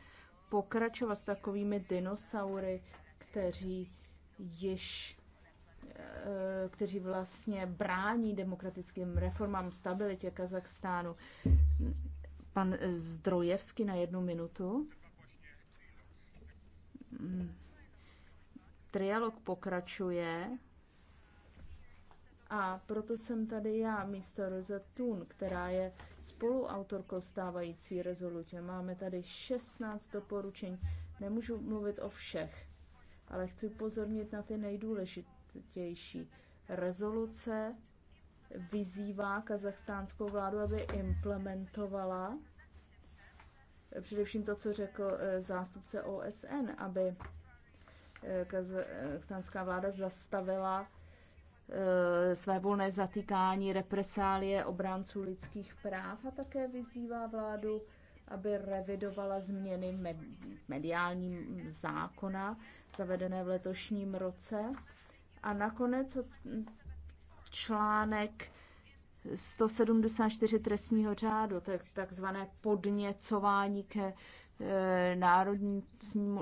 pokračovat s takovými dinosaury, kteří již eh, kteří vlastně brání demokratickým reformám, stabilitě Kazachstánu. Pan Zdrojevský na jednu minutu. Hmm. Trialog pokračuje. A proto jsem tady já, místo Rosette Thun, která je spoluautorkou stávající rezolutě. Máme tady 16 doporučení. Nemůžu mluvit o všech, ale chci upozornit na ty nejdůležitější. Rezoluce vyzývá kazachstánskou vládu, aby implementovala především to, co řekl eh, zástupce OSN, aby eh, eh, kazachstánská vláda zastavila Eh, své volné zatýkání, represálie obránců lidských práv a také vyzývá vládu, aby revidovala změny mediální zákona zavedené v letošním roce. A nakonec článek 174 trestního řádu, tak, takzvané podněcování ke eh, národnímu,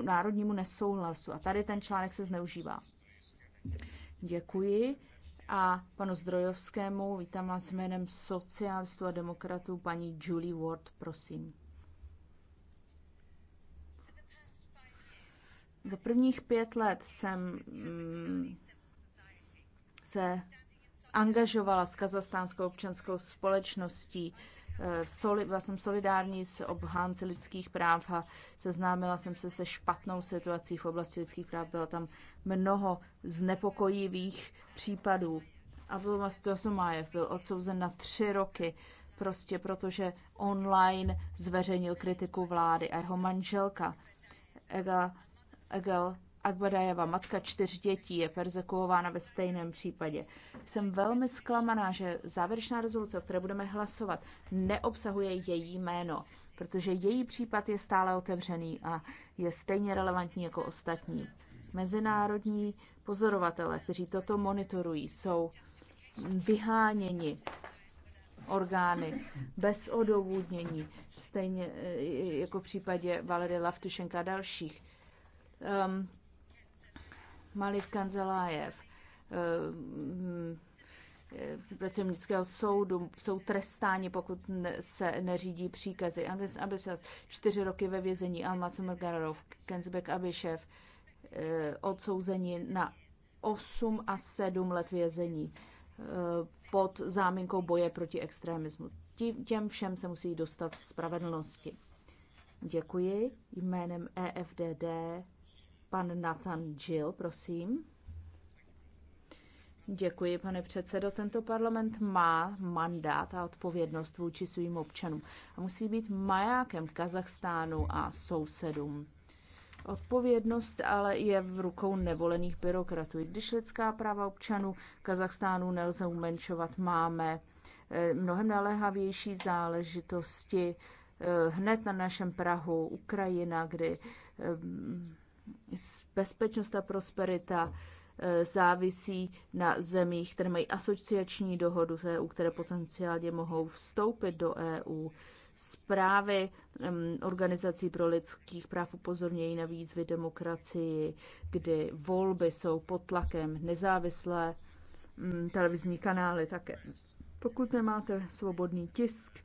národnímu nesouhlasu. A tady ten článek se zneužívá. Děkuji a panu Zdrojovskému. Vítám vás jménem socialistů a demokratů, paní Julie Ward, prosím. Za prvních pět let jsem mm, se angažovala s kazastánskou občanskou společností byla jsem solidární s obhánci lidských práv a seznámila jsem se se špatnou situací v oblasti lidských práv. Bylo tam mnoho znepokojivých případů. A Abdul vlastně, Somájev byl odsouzen na tři roky, prostě protože online zveřejnil kritiku vlády a jeho manželka Ega, Egel Akbadajeva, matka čtyř dětí, je persekuována ve stejném případě. Jsem velmi zklamaná, že závěrečná rezoluce, o které budeme hlasovat, neobsahuje její jméno, protože její případ je stále otevřený a je stejně relevantní jako ostatní. Mezinárodní pozorovatele, kteří toto monitorují, jsou vyháněni orgány bez odůvodnění, stejně eh, jako v případě Valery Laftušenka a dalších. Um, Malik Kanzelájev, eh, eh, pracovnického soudu, jsou trestáni, pokud se neřídí příkazy. Andres Abisat, čtyři roky ve vězení, Almaco Mergarov, Kenzbek Abišev, eh, odsouzení na 8 a 7 let vězení pod záminkou boje proti extremismu. Těm všem se musí dostat spravedlnosti. Děkuji jménem EFDD Pan Nathan Jill, prosím. Děkuji, pane předsedo. Tento parlament má mandát a odpovědnost vůči svým občanům a musí být majákem Kazachstánu a sousedům. Odpovědnost ale je v rukou nevolených byrokratů. I když lidská práva občanů Kazachstánu nelze umenšovat, máme eh, mnohem naléhavější záležitosti eh, hned na našem Prahu, Ukrajina, kdy eh, bezpečnost a prosperita e, závisí na zemích, které mají asociační dohodu s EU, které potenciálně mohou vstoupit do EU. Zprávy organizací pro lidských práv upozornějí na výzvy demokracii, kdy volby jsou pod tlakem nezávislé mm, televizní kanály také. Pokud nemáte svobodný tisk,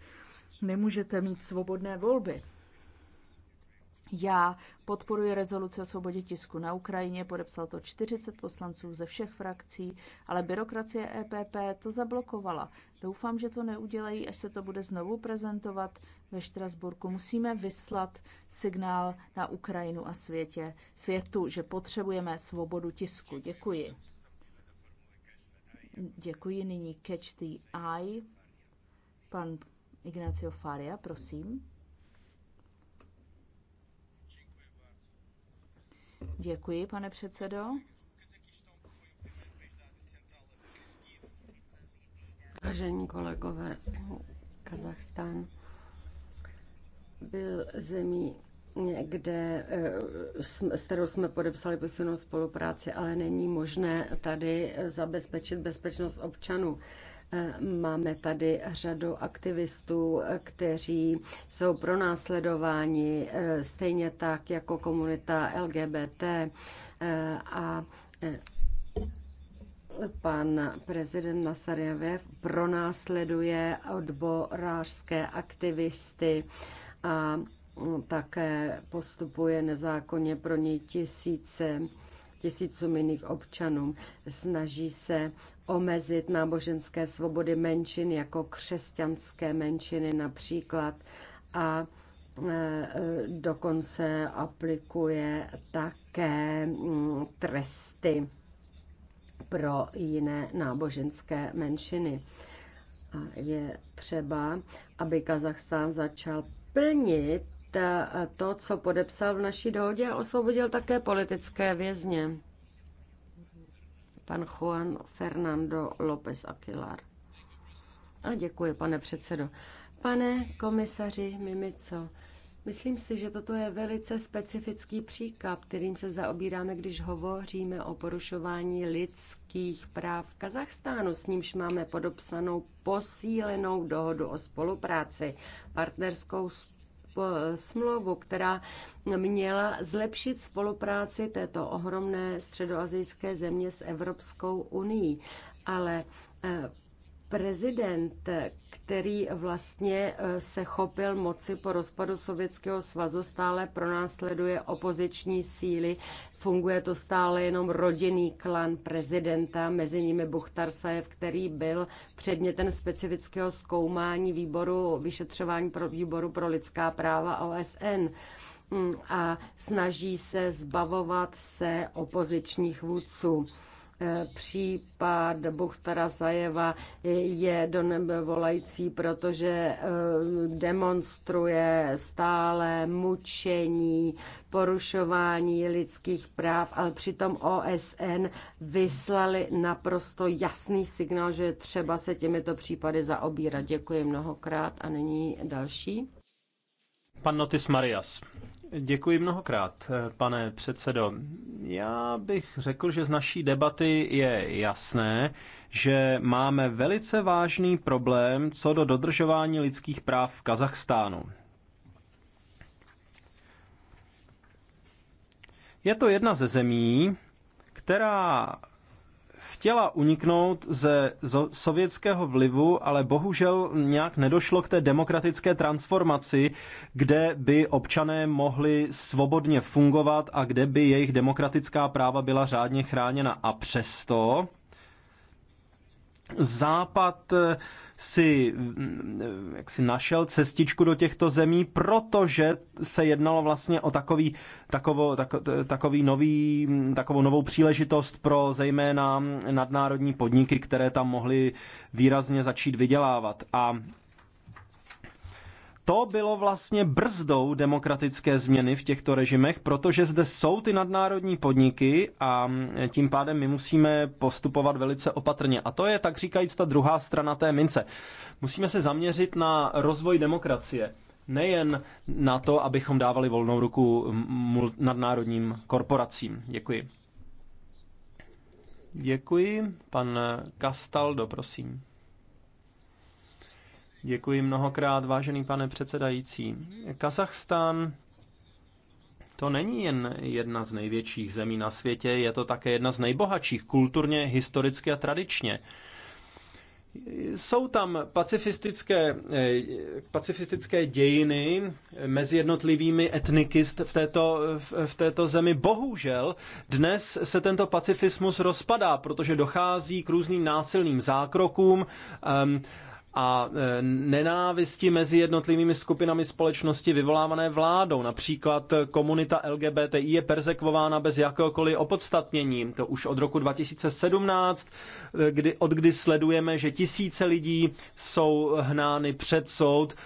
nemůžete mít svobodné volby. Já podporuji rezoluci o svobodě tisku na Ukrajině, podepsal to 40 poslanců ze všech frakcí, ale byrokracie EPP to zablokovala. Doufám, že to neudělají, až se to bude znovu prezentovat ve Štrasburku. Musíme vyslat signál na Ukrajinu a světě, světu, že potřebujeme svobodu tisku. Děkuji. Děkuji nyní Catch the Eye. Pan Ignacio Faria, prosím. Děkuji, pane předsedo. Vážení kolegové,
Kazachstán byl zemí, kde, eh, s kterou jsme podepsali posilnou spolupráci, ale není možné tady zabezpečit bezpečnost občanů. Máme tady řadu aktivistů, kteří jsou pronásledováni eh, stejně tak jako komunita LGBT eh, a eh, pan prezident Nasarjev pronásleduje odborářské aktivisty a mm, také postupuje nezákonně pro něj tisíce tisícům jiných občanům. Snaží se omezit náboženské svobody menšin jako křesťanské menšiny například a e, dokonce aplikuje také mm, tresty pro jiné náboženské menšiny. A je třeba, aby Kazachstán začal plnit Eh, to, co podepsal v naší dohodě a osvobodil také politické vězně. Pan Juan Fernando López Aquilar. A děkuji, pane předsedo. Pane komisaři Mimico, myslím si, že toto je velice specifický příklad, kterým se zaobíráme, když hovoříme o porušování lidských práv v Kazachstánu, s nímž máme podopsanou posílenou dohodu o spolupráci, partnerskou spolupráci smlouvu, která měla zlepšit spolupráci této ohromné středoazijské země s Evropskou unii. Ale eh, prezident, který vlastně eh, se chopil moci po rozpadu Sovětského svazu, stále pronásleduje opoziční síly. Funguje to stále jenom rodinný klan prezidenta, mezi nimi Buchtar Sajev, který byl předmětem specifického zkoumání výboru, vyšetřování pro výboru pro lidská práva OSN mm, a snaží se zbavovat se opozičních vůdců. Eh, případ Zajeva je do nebe volající, protože eh, demonstruje stále mučení, porušování lidských práv, ale přitom OSN vyslali naprosto jasný signál, že třeba se těmito případy zaobírat. Děkuji mnohokrát a nyní další.
Pan Notis Marias. Děkuji mnohokrát, pane předsedo. Já bych řekl, že z naší debaty je jasné, že máme velice vážný problém co do dodržování lidských práv v Kazachstánu. Je to jedna ze zemí, která chtěla uniknout ze sovětského vlivu, ale bohužel nějak nedošlo k té demokratické transformaci, kde by občané mohli svobodně fungovat a kde by jejich demokratická práva byla řádně chráněna. A přesto Západ si, mm, jak si našel cestičku do těchto zemí, protože se jednalo vlastně o takový, takovo, tak, takový nový, takovou novou příležitost pro zejména nadnárodní podniky, které tam mohly výrazně začít vydělávat. A to bylo vlastně brzdou demokratické změny v těchto režimech, protože zde jsou ty nadnárodní podniky a tím pádem my musíme postupovat velice opatrně. A to je, tak říkajíc, ta druhá strana té mince. Musíme se zaměřit na rozvoj demokracie. Nejen na to, abychom dávali volnou ruku nadnárodním korporacím. Děkuji. Děkuji. Pan Kastaldo, prosím. Děkuji mnohokrát, vážený pane předsedající. Kazachstán to není jen jedna z největších zemí na světě, je to také jedna z nejbohatších kulturně, historicky a tradičně. Jsou tam pacifistické, eh, pacifistické dějiny mezi jednotlivými etniky v této, v této zemi. Bohužel dnes se tento pacifismus rozpadá, protože dochází k různým násilným zákrokům. Um, a e, nenávisti mezi jednotlivými skupinami společnosti vyvolávané vládou. Například komunita LGBTI je persekvována bez jakéhokoliv opodstatnění. To už od roku 2017, e, kdy, od kdy sledujeme, že tisíce lidí jsou hnány před soud e,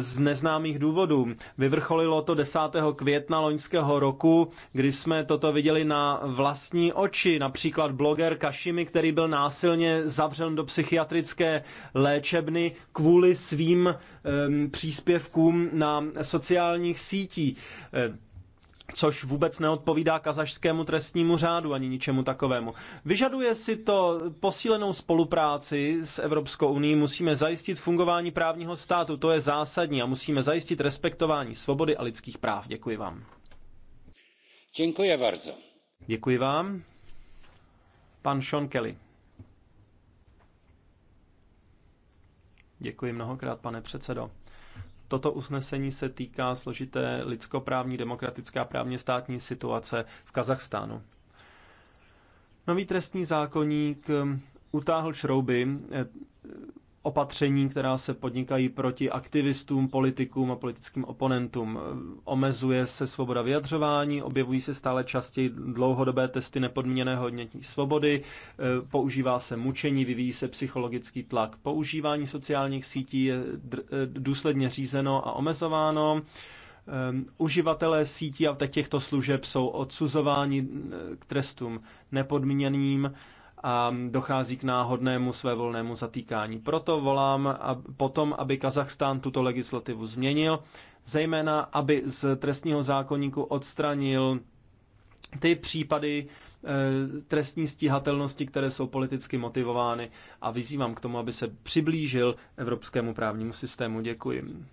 z neznámých důvodů. Vyvrcholilo to 10. května loňského roku, kdy jsme toto viděli na vlastní oči. Například bloger Kašimi, který byl násilně zavřen do psychiatrické léče léčebny kvůli svým příspěvkům na sociálních sítí eh, což vůbec neodpovídá kazašskému trestnímu řádu ani ničemu takovému. Vyžaduje si to posílenou spolupráci s Evropskou unii, musíme zajistit fungování právního státu, to je zásadní a musíme zajistit respektování svobody a lidských práv. Děkuji vám. Děkuji Děkuji vám. Pan Sean Kelly. Děkuji mnohokrát, pane předsedo. Toto usnesení se týká složité lidskoprávní, demokratická a právně státní situace v Kazachstánu. Nový trestní zákoník um, utáhl šrouby eh, opatření, která se podnikají proti aktivistům, politikům a politickým oponentům. Omezuje se svoboda vyjadřování, objevují se stále častěji dlouhodobé testy nepodmíněného odnětí svobody, e, používá se mučení, vyvíjí se psychologický tlak. Používání sociálních sítí je e, důsledně řízeno a omezováno. E, uživatelé sítí a těchto služeb jsou odsuzováni k trestům nepodmíněným a dochází k náhodnému svévolnému zatýkání. Proto volám a potom, aby Kazachstán tuto legislativu změnil, zejména aby z trestního zákonníku odstranil ty případy e, trestní stíhatelnosti, které jsou politicky motivovány a vyzývám k tomu, aby se přiblížil evropskému právnímu systému. Děkuji.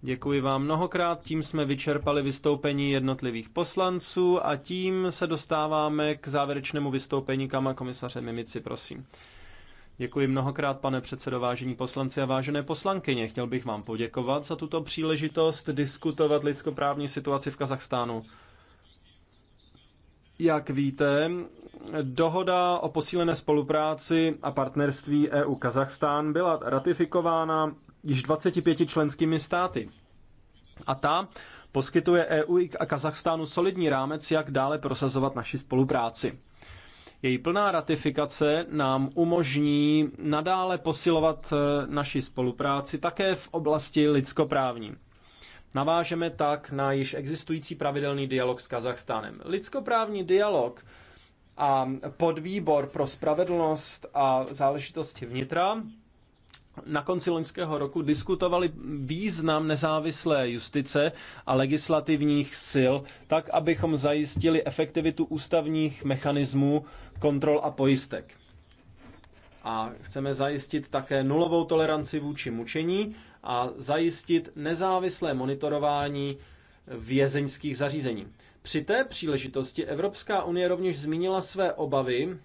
Děkuji vám mnohokrát, tím jsme vyčerpali vystoupení jednotlivých poslanců a tím se dostáváme k závěrečnému vystoupení kama komisaře Mimici, prosím. Děkuji mnohokrát, pane předsedo, vážení poslanci a vážené poslankyně. Chtěl bych vám poděkovat za tuto příležitost diskutovat lidskoprávní situaci v Kazachstánu. Jak víte, dohoda o posílené spolupráci a partnerství EU-Kazachstán byla ratifikována již 25 členskými státy. A ta poskytuje EU a Kazachstánu solidní rámec, jak dále prosazovat naši spolupráci. Její plná ratifikace nám umožní nadále posilovat e, naši spolupráci také v oblasti lidskoprávní. Navážeme tak na již existující pravidelný dialog s Kazachstánem. Lidskoprávní dialog a podvýbor pro spravedlnost a záležitosti vnitra na konci loňského roku diskutovali význam nezávislé justice a legislativních sil, tak abychom zajistili efektivitu ústavních mechanismů kontrol a pojistek. A chceme zajistit také nulovou toleranci vůči mučení a zajistit nezávislé monitorování vězeňských zařízení. Při té příležitosti Evropská unie rovněž zmínila své obavy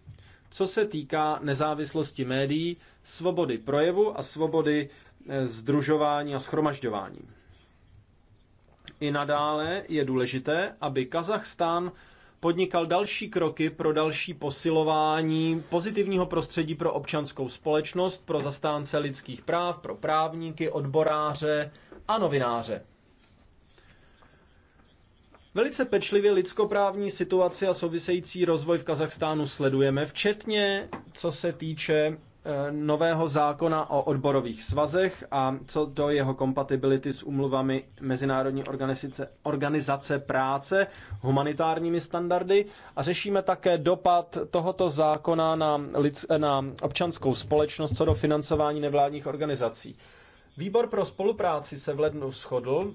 co se týká nezávislosti médií, svobody projevu a svobody združování eh, a schromažďování. I nadále je důležité, aby Kazachstán podnikal další kroky pro další posilování pozitivního prostředí pro občanskou společnost, pro zastánce lidských práv, pro právníky, odboráře a novináře. Velice pečlivě lidskoprávní situaci a související rozvoj v Kazachstánu sledujeme, včetně co se týče eh, nového zákona o odborových svazech a co do jeho kompatibility s umluvami Mezinárodní organizace, organizace práce, humanitárními standardy a řešíme také dopad tohoto zákona na, lid, na občanskou společnost co do financování nevládních organizací. Výbor pro spolupráci se v lednu shodl,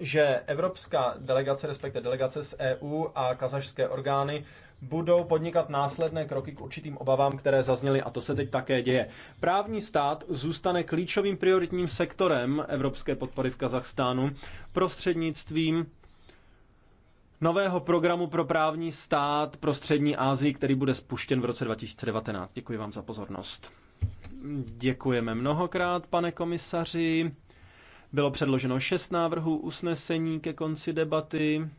že evropská delegace, respektive delegace z EU a kazašské orgány budou podnikat následné kroky k určitým obavám, které zazněly a to se teď také děje. Právní stát zůstane klíčovým prioritním sektorem evropské podpory v Kazachstánu prostřednictvím nového programu pro právní stát pro střední Asii, který bude spuštěn v roce 2019. Děkuji vám za pozornost. Děkujeme mnohokrát, pane komisaři. Bylo předloženo šest návrhů usnesení ke konci debaty.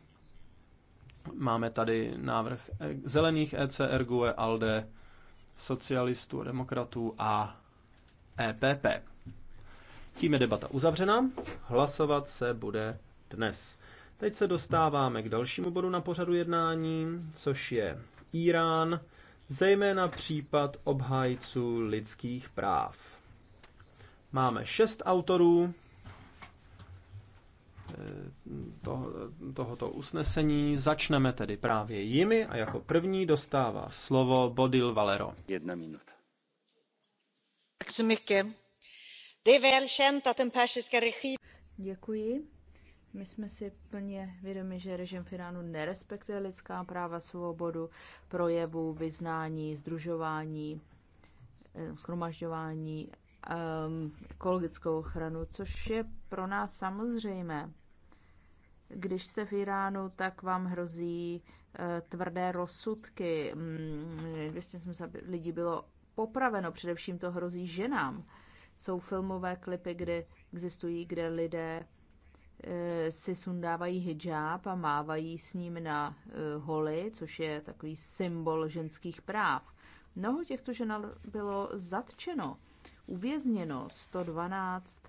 Máme tady návrh e- zelených ECR, GUE, ALDE, socialistů demokratů a EPP. Tím je debata uzavřena. Hlasovat se bude dnes. Teď se dostáváme k dalšímu bodu na pořadu jednání, což je Irán, zejména případ obhájců lidských práv. Máme šest autorů, to, tohoto usnesení. Začneme tedy právě jimi a jako první dostává slovo Bodil Valero. Jedna minuta.
Děkuji. My jsme si plně vědomi, že režim v Iránu nerespektuje lidská práva, svobodu projevu, vyznání, združování, eh, schromažďování, ehm, ekologickou ochranu, což je pro nás samozřejmé. Když jste v Iránu, tak vám hrozí eh, tvrdé rozsudky. 270 mm, lidí bylo popraveno, především to hrozí ženám. Jsou filmové klipy, kde existují, kde lidé eh, si sundávají hijab a mávají s ním na eh, holi, což je takový symbol ženských práv. Mnoho těchto žen bylo zatčeno, uvězněno. 112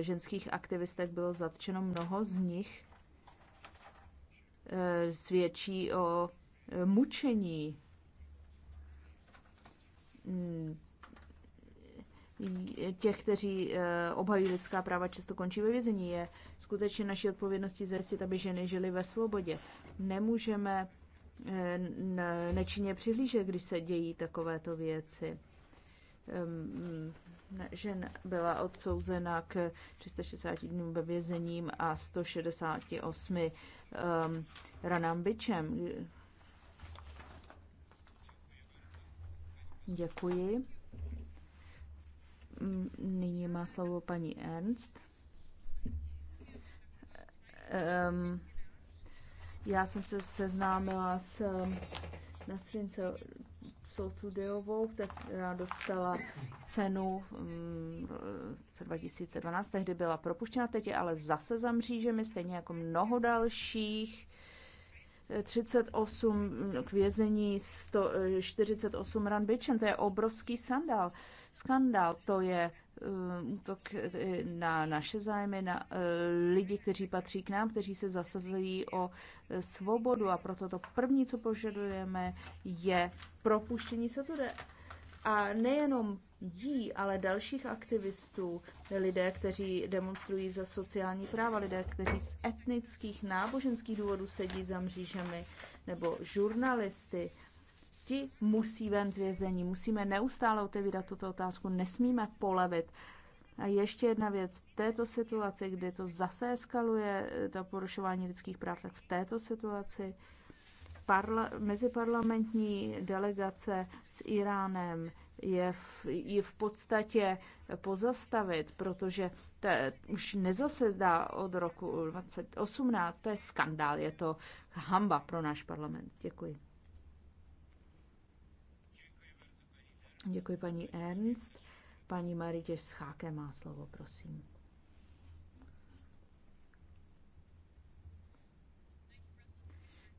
ženských aktivistek bylo zatčeno, mnoho z nich Eh, svědčí o eh, mučení. Hmm. Těch, kteří eh, obhajují lidská práva, často končí ve vězení. Je skutečně naší odpovědností zajistit, aby ženy žily ve svobodě. Nemůžeme nečinně přihlížet, když se dějí takovéto věci žen byla odsouzena k 360 dnům ve vězením a 168 ranám byčem. Děkuji. Nyní má slovo paní Ernst. Um, já jsem se seznámila s Nasrin Sotudeovou, která dostala cenu mm, v 2012, tehdy byla propuštěna, teď je ale zase za mřížemi, stejně jako mnoho dalších. 38 mm, k vězení, 148 eh, ran byčen, to je obrovský sandál skandál. To je eh, útok eh, na naše zájmy, na eh, lidi, kteří patří k nám, kteří se zasazují o svobodu a proto to první, co požadujeme, je propuštění se tude A nejenom jí, ale dalších aktivistů, lidé, kteří demonstrují za sociální práva, lidé, kteří z etnických, náboženských důvodů sedí za mřížemi, nebo žurnalisty, ti musí ven z vězení. Musíme neustále otevírat tuto otázku, nesmíme polevit. A ještě jedna věc, v této situaci, kdy to zase eskaluje, eh, to porušování lidských práv, tak v této situaci parla, meziparlamentní delegace s Iránem je v, je v podstatě pozastavit, protože ta, už nezasedá od roku 2018. To je skandál, je to hamba pro náš parlament. Děkuji. Děkuji paní Ernst. Paní Maritě Scháke má slovo, prosím.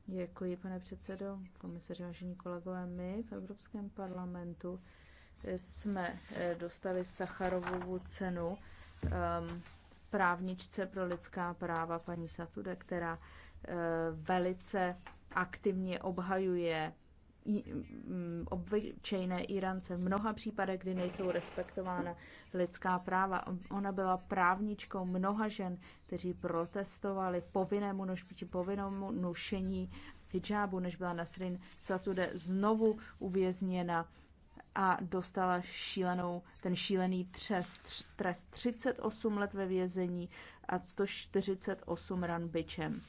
Děkuji, pane předsedo, komisaři, vážení kolegové. My v Evropském parlamentu jsme eh, dostali Sacharovovu cenu um, právničce pro lidská práva paní Satude, která uh, velice aktivně obhajuje Mm, obyčejné Irance v mnoha případech, kdy nejsou respektována lidská práva. Ona byla právničkou mnoha žen, kteří protestovali povinnému nošpiči, povinnému nošení hijabu, než byla Nasrin Satude znovu uvězněna a dostala šílenou, ten šílený trest, trest 38 let ve vězení a 148 ran byčem.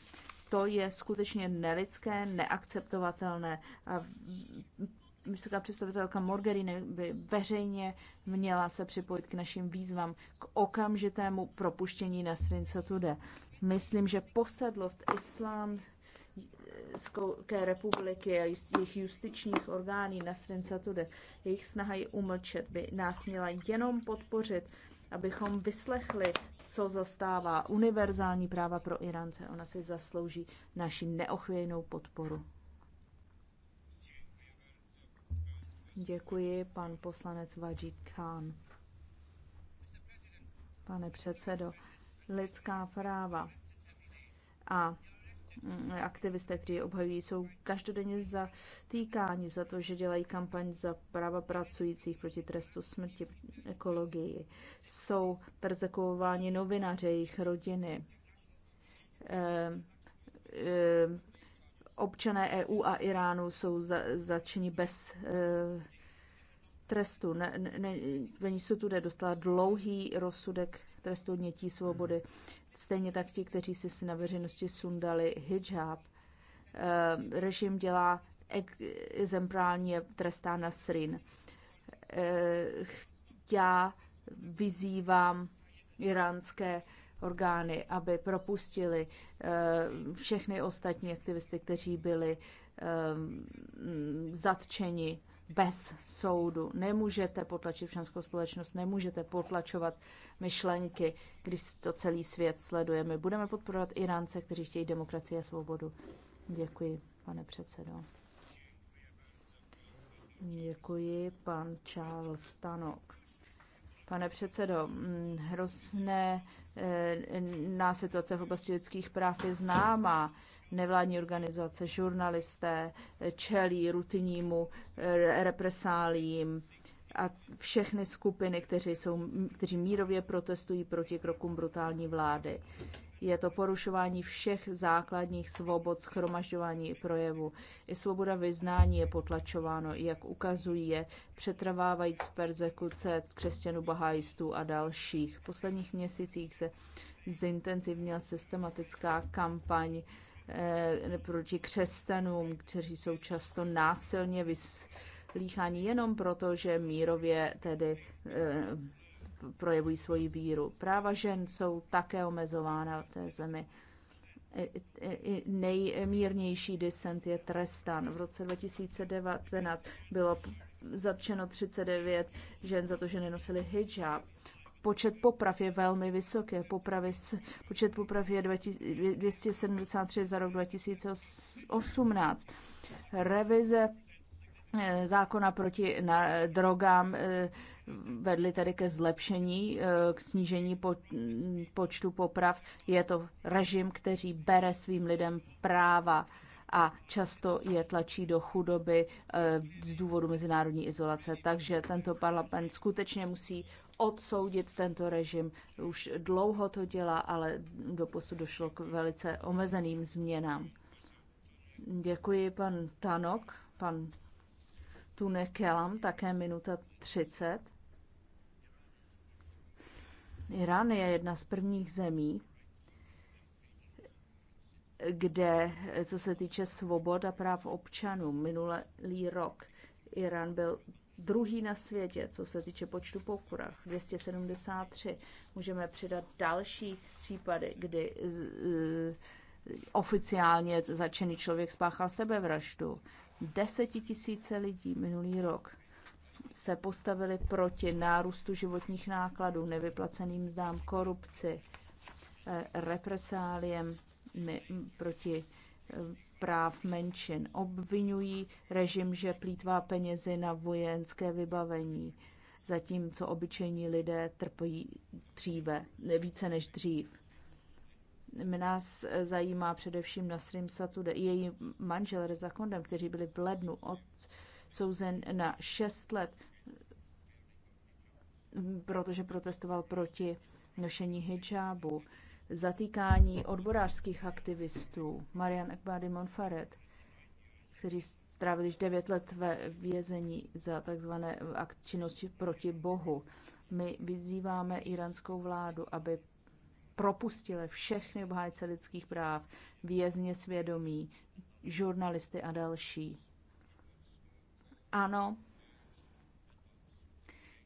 To je skutečně nelidské, neakceptovatelné. A vysoká představitelka Morgerine by veřejně měla se připojit k našim výzvám k okamžitému propuštění Nasrin Sotude. Myslím, že posedlost islám České republiky a jejich justičních orgánů na Srinca Tude. Jejich snaha ji umlčet by nás měla jenom podpořit abychom vyslechli, co zastává univerzální práva pro Irance. Ona si zaslouží naši neochvějnou podporu. Děkuji, pan poslanec Vajid Khan. Pane předsedo, lidská práva a Mm, aktivisté, kteří obhajují, jsou každodenně zatýkáni za to, že dělají kampaň za práva pracujících proti trestu smrti, ekologii. Jsou persekuováni novináři, jejich rodiny. Ehm, ehm, e, e, občané EU a Iránu jsou za, začeni bez e, trestu. Ne, ne, ne, Venisu dostala dlouhý rozsudek trestu odnětí svobody Stejně tak ti, kteří si, na veřejnosti sundali hijab. Ehm, režim dělá exemplárně trestá srin. Ehm, já vyzývám iránské orgány, aby propustili ehm, všechny ostatní aktivisty, kteří byli zatčeni bez soudu. Nemůžete potlačit všanskou společnost, nemůžete potlačovat myšlenky, když to celý svět sleduje. My budeme podporovat Iránce, kteří chtějí demokracii a svobodu. Děkuji, pane předsedo. Děkuji, pan Charles Stanok. Pane předsedo, mm, hrozné eh, na situace v oblasti lidských práv je známá nevládní organizace, žurnalisté čelí rutinnímu represálím a všechny skupiny, kteří, jsou, kteří mírově protestují proti krokům brutální vlády. Je to porušování všech základních svobod schromažďování i projevu. I svoboda vyznání je potlačováno, jak ukazují je přetrvávající persekuce křesťanů, bahajistů a dalších. V posledních měsících se zintenzivnila systematická kampaň Eh, proti křesťanům, kteří jsou často násilně vyslýcháni jenom proto, že mírově tedy eh, projevují svoji víru. Práva žen jsou také omezována v té zemi. Nejmírnější disent je trestan. V roce 2019 bylo zatčeno 39 žen za to, že nenosili hijab Počet poprav je velmi vysoký, Popravy, počet poprav je 273 za rok 2018. Revize eh, zákona proti na, drogám eh, vedly tedy ke zlepšení, eh, k snížení po, počtu poprav. Je to režim, který bere svým lidem práva a často je tlačí do chudoby z důvodu mezinárodní izolace. Takže tento parlament skutečně musí odsoudit tento režim. Už dlouho to dělá, ale do posud došlo k velice omezeným změnám. Děkuji pan Tanok, pan Tune Kelam, také minuta 30. Irán je jedna z prvních zemí, kde, co se týče svobod a práv občanů, minulý rok Irán byl druhý na světě, co se týče počtu pokurach, 273. Můžeme přidat další případy, kdy e, e, oficiálně začený člověk spáchal sebevraždu. Desetitisíce lidí minulý rok se postavili proti nárůstu životních nákladů, nevyplaceným zdám, korupci, e, represáliem proti práv menšin. Obvinují režim, že plítvá penězi na vojenské vybavení, zatímco obyčejní lidé trpí dříve, více než dřív. Mě nás zajímá především Nasrim Satude i její manžel Reza Kondem, kteří byli v lednu odsouzen na 6 let, protože protestoval proti nošení hijabu zatýkání odborářských aktivistů Marian Ekbady Monfaret, kteří strávili 9 let ve vězení za tzv. činnosti proti Bohu. My vyzýváme iránskou vládu, aby propustili všechny obhájce lidských práv, vězně svědomí, žurnalisty a další. Ano,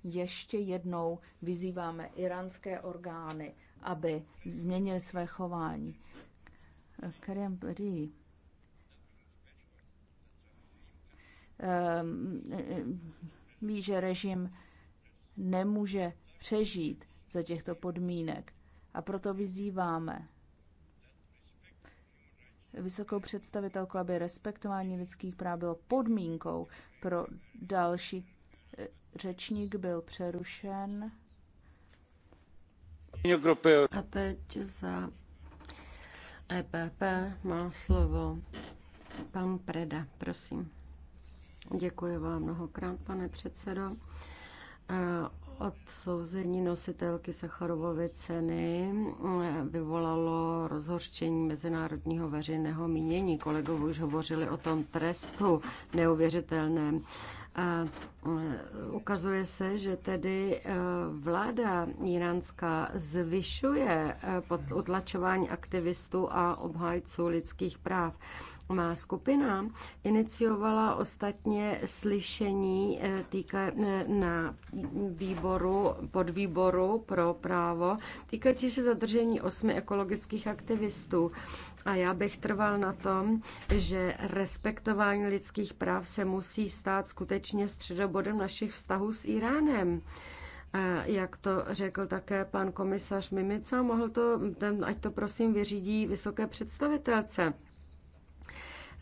ještě jednou vyzýváme iránské orgány, aby změnili své chování. Kerem Bree ehm, e, ví, že režim nemůže přežít za těchto podmínek. A proto vyzýváme vysokou představitelku, aby respektování lidských práv bylo podmínkou pro další. E, řečník byl přerušen. A teď za EPP má slovo
pan Preda, prosím. Děkuji vám mnohokrát, pane předsedo. E, Od souzení nositelky Sacharovovy ceny e, vyvolalo rozhorčení mezinárodního veřejného mínění. Kolegové už hovořili o tom trestu neuvěřitelném. Eh, ukazuje se, že tedy eh, vláda iránská zvyšuje eh, utlačování aktivistů a obhájců lidských práv. Má skupina iniciovala ostatně slyšení eh, týka, eh, na výboru, podvýboru pro právo týkající se zadržení osmi ekologických aktivistů. A já bych trval na tom, že respektování lidských práv se musí stát skutečně středobodem našich vztahů s Iránem jak to řekl také pan komisař Mimica, mohl to, ten, ať to prosím vyřídí vysoké představitelce.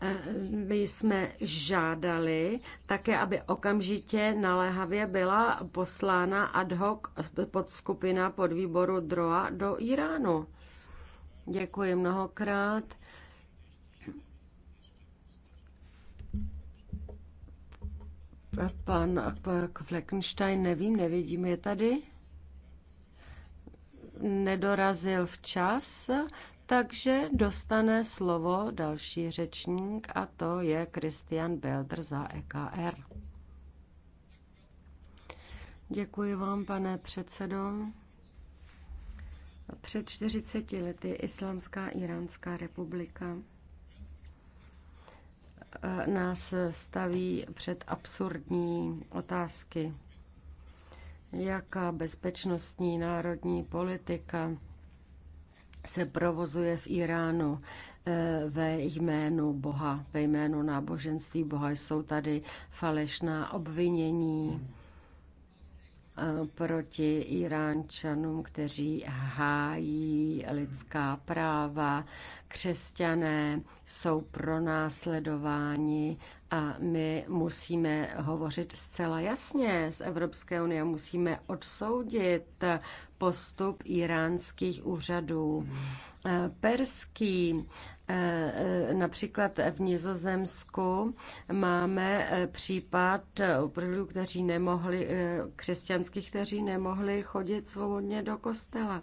Eh, my jsme žádali také, aby okamžitě naléhavě byla poslána ad hoc podskupina výboru DROA do Iránu. Děkuji mnohokrát. Pan Fleckenstein, nevím, nevidím, je tady. Nedorazil včas, takže dostane slovo další řečník a to je Christian Belder za EKR. Děkuji vám, pane předsedo. Před 40 lety Islámská Iránská republika eh, nás staví před absurdní otázky. Jaká bezpečnostní národní politika se provozuje v Iránu eh, ve jménu Boha, ve jménu náboženství Boha. Jsou tady falešná obvinění eh, proti Iránčanům, kteří hájí lidská práva. Křesťané jsou pronásledováni a my musíme hovořit zcela jasně z Evropské unie, musíme odsoudit postup iránských úřadů. Perský eh, eh, Například v Nizozemsku máme eh, případ uprchlíků, kteří nemohli, křesťanských, kteří nemohli chodit svobodně do kostela.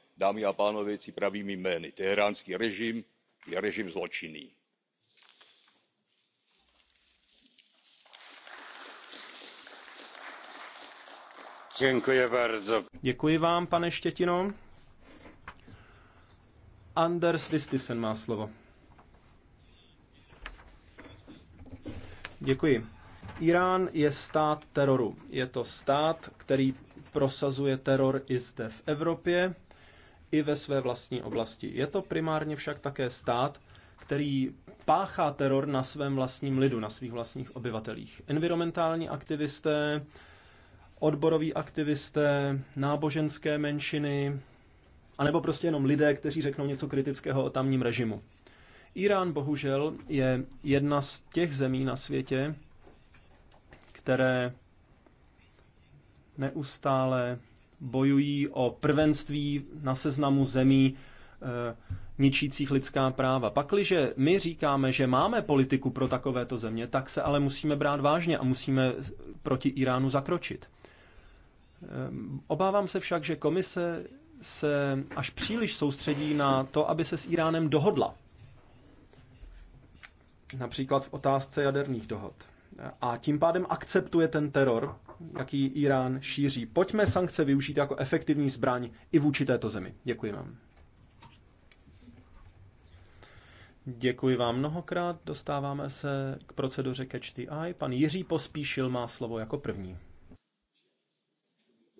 dámy a pánové věci pravými jmény teheránský režim je režim zločinný.
Děkuji, vám, pane Štětino. Anders Vistisen má slovo. Děkuji. Irán je stát teroru. Je to stát, který prosazuje teror i zde v Evropě i ve své vlastní oblasti. Je to primárně však také stát, který páchá teror na svém vlastním lidu, na svých vlastních obyvatelích. Environmentální aktivisté, odboroví aktivisté, náboženské menšiny, anebo prostě jenom lidé, kteří řeknou něco kritického o tamním režimu. Irán bohužel je jedna z těch zemí na světě, které neustále bojují o prvenství na seznamu zemí e, ničících lidská práva. Pakliže my říkáme, že máme politiku pro takovéto země, tak se ale musíme brát vážně a musíme proti Iránu zakročit. E, obávám se však, že komise se až příliš soustředí na to, aby se s Iránem dohodla. Například v otázce jaderných dohod a tím pádem akceptuje ten teror, jaký Irán šíří. Pojďme sankce využít jako efektivní zbraň i vůči této zemi. Děkuji vám. Děkuji vám mnohokrát. Dostáváme se k proceduře Catch the Eye. Pan Jiří Pospíšil má slovo jako první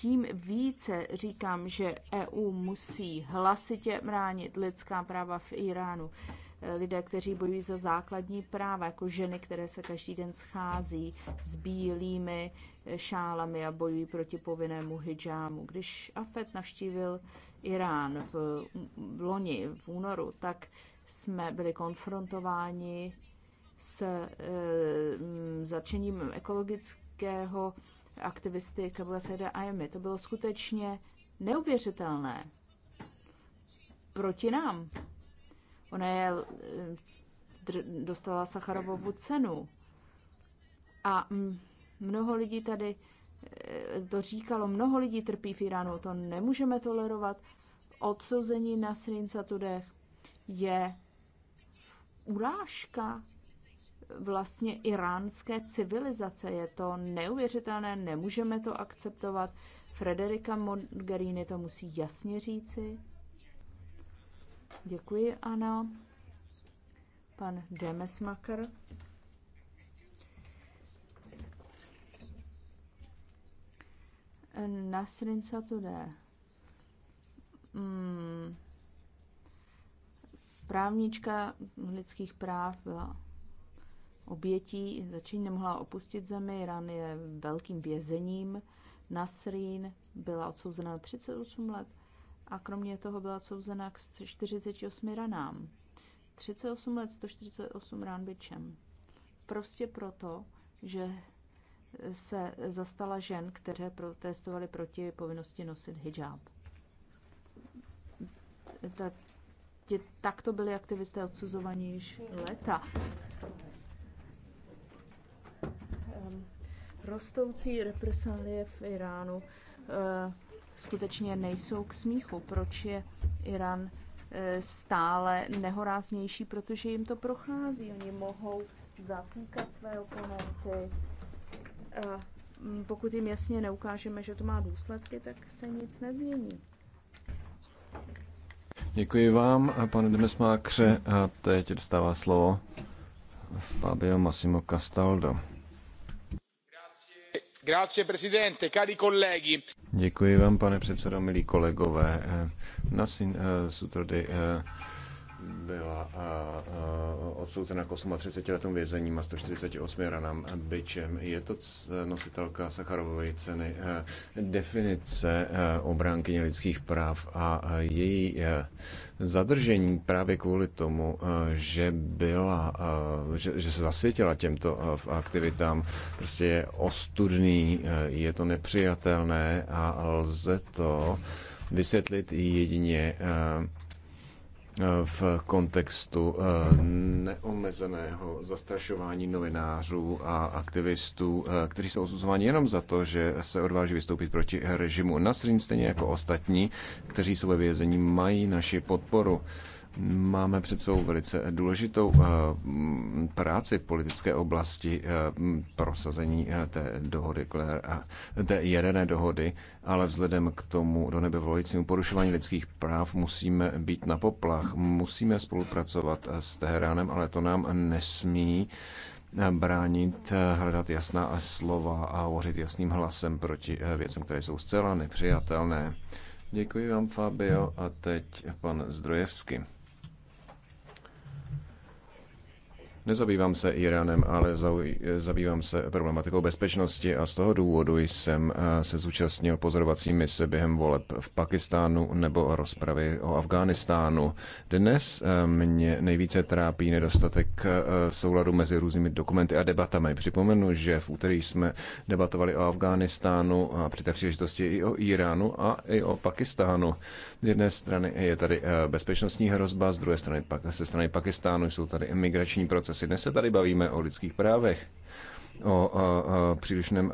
Tím více říkám, že EU musí hlasitě bránit lidská práva v Iránu. Eh, lidé, kteří bojují za základní práva, jako ženy, které se každý den schází s bílými eh, šálami a bojují proti povinnému hijámu. Když Afet navštívil Irán v loni, v únoru, tak jsme byli konfrontováni s e, eh, začením ekologického aktivisty Kabula Saida Ayemi. To bylo skutečně neuvěřitelné. Proti nám. Ona je, eh, dostala Sacharovovu cenu. A mnoho lidí tady eh, to říkalo, mnoho lidí trpí v Iránu, to nemůžeme tolerovat. Odsouzení na Srin Satudech je urážka vlastně iránské civilizace. Je to neuvěřitelné, nemůžeme to akceptovat. Frederika Mogherini to musí jasně říci. Děkuji, Ana. Pan Demesmaker. Nasrin Satudé. Hmm. Právnička lidských práv byla obětí začín nemohla opustit zemi, Irán je velkým vězením, Nasrin byla odsouzena na 38 let a kromě toho byla odsouzena k 48 ranám. 38 let, 148 rán byčem. Prostě proto, že se zastala žen, které protestovaly proti povinnosti nosit hijab. Tak to takto byli aktivisté odsuzovaní již leta. Rostoucí represálie v Iránu eh, skutečně nejsou k smíchu. Proč je Irán eh, stále nehoráznější, protože jim to prochází. Oni mohou zatýkat své oponenty. Mm, pokud jim jasně neukážeme, že to má důsledky, tak se nic nezmění.
Děkuji vám, pane Demesmákře. A teď dostává slovo Fabio Massimo Castaldo. Děkuji vám, pane předsedo, milí kolegové. Eh, Nasin eh, Sutrody eh, byla odsouzena k 38 letům vězením a 148 ranám byčem. Je to nositelka Sacharovovy ceny definice obránkyně lidských práv a její zadržení právě kvůli tomu, že byla, že, že se zasvětila těmto aktivitám, prostě je ostudný, je to nepřijatelné a lze to vysvětlit jedině v kontextu eh, neomezeného zastrašování novinářů a aktivistů, eh, kteří jsou osuzováni jenom za to, že se odváží vystoupit proti režimu. Nasrin stejně jako ostatní, kteří jsou ve vězení, mají naši podporu. Máme před sebou velice důležitou eh, práci v politické oblasti eh, prosazení eh, té dohody, té jedené dohody, ale vzhledem k tomu do nebe volajícímu porušování lidských práv musíme být na poplach, musíme spolupracovat s Teheránem, ale to nám nesmí bránit, hledat jasná slova a hovořit jasným hlasem proti věcem, které jsou zcela nepřijatelné. Děkuji vám, Fabio, a teď pan Zdrojevský. Nezabývám se Iránem, ale zabývám se problematikou bezpečnosti a z toho důvodu jsem eh, se zúčastnil pozorovací mise během voleb v Pakistánu nebo rozpravy o Afghánistánu. Dnes eh, mě nejvíce trápí nedostatek eh, souladu mezi různými dokumenty a debatami. Připomenu, že v úterý jsme debatovali o Afghánistánu a při té příležitosti i o Iránu a i o Pakistánu. Z jedné strany je tady bezpečnostní hrozba, z druhé strany pak, se strany Pakistánu jsou tady imigrační procesy procesy. Dnes se tady bavíme o lidských právech o přílišném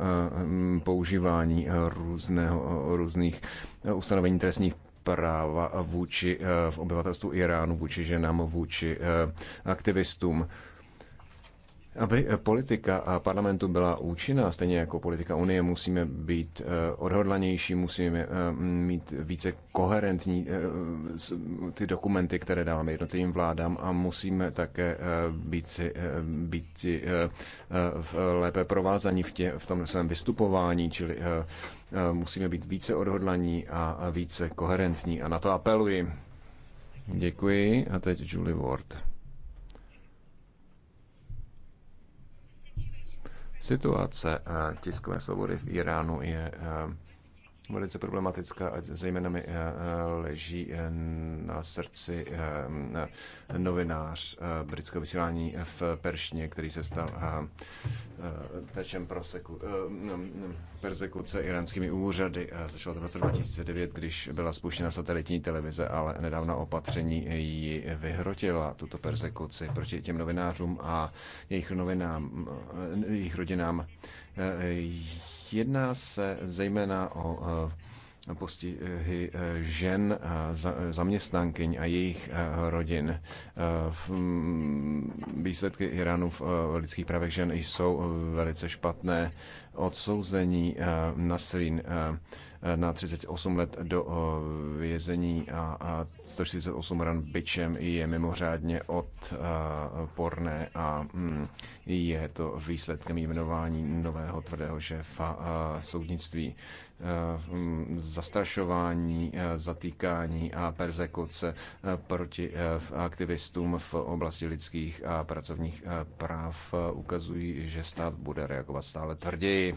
používání různého, různých e, ustanovení trestních práva vůči e, v obyvatelstvu Iránu, vůči ženám, vůči e, aktivistům. Aby politika parlamentu byla účinná, stejně jako politika Unie, musíme být eh, odhodlanější, musíme eh, mít více koherentní eh, ty dokumenty, které dáváme jednotlivým vládám a musíme také být, si, být lépe provázaní v, tě, v tom svém vystupování, čili musíme být více odhodlaní a více koherentní. A na to apeluji. Děkuji. A teď Julie Ward. Situace eh, tiskové svobody v Iránu je eh, velice problematická a zejména mi eh, eh, leží eh, na srdci novinář britského vysílání v Peršně, který se stal tečem proseku, mm, mm, persekuce iránskými úřady. Začalo to v roce 2009, když byla spuštěna satelitní televize, ale nedávna opatření ji vyhrotila, tuto persekuci proti těm novinářům a jejich novinám, jejich rodinám Jedná se zejména o eh, postihy eh, žen, eh, zaměstnankyň a jejich rodin. Mm, výsledky Iránu v lidských právech žen jsou velice špatné odsouzení eh, Nasrin eh, na 38 let do eh, vězení a 148 ran byčem je mimořádně odporné a hm, je to výsledkem jmenování nového tvrdého šéfa soudnictví hm, zastrašování, zatýkání a persekuce proti aktivistům v oblasti lidských a pracovních práv ukazují, že stát bude reagovat stále tvrději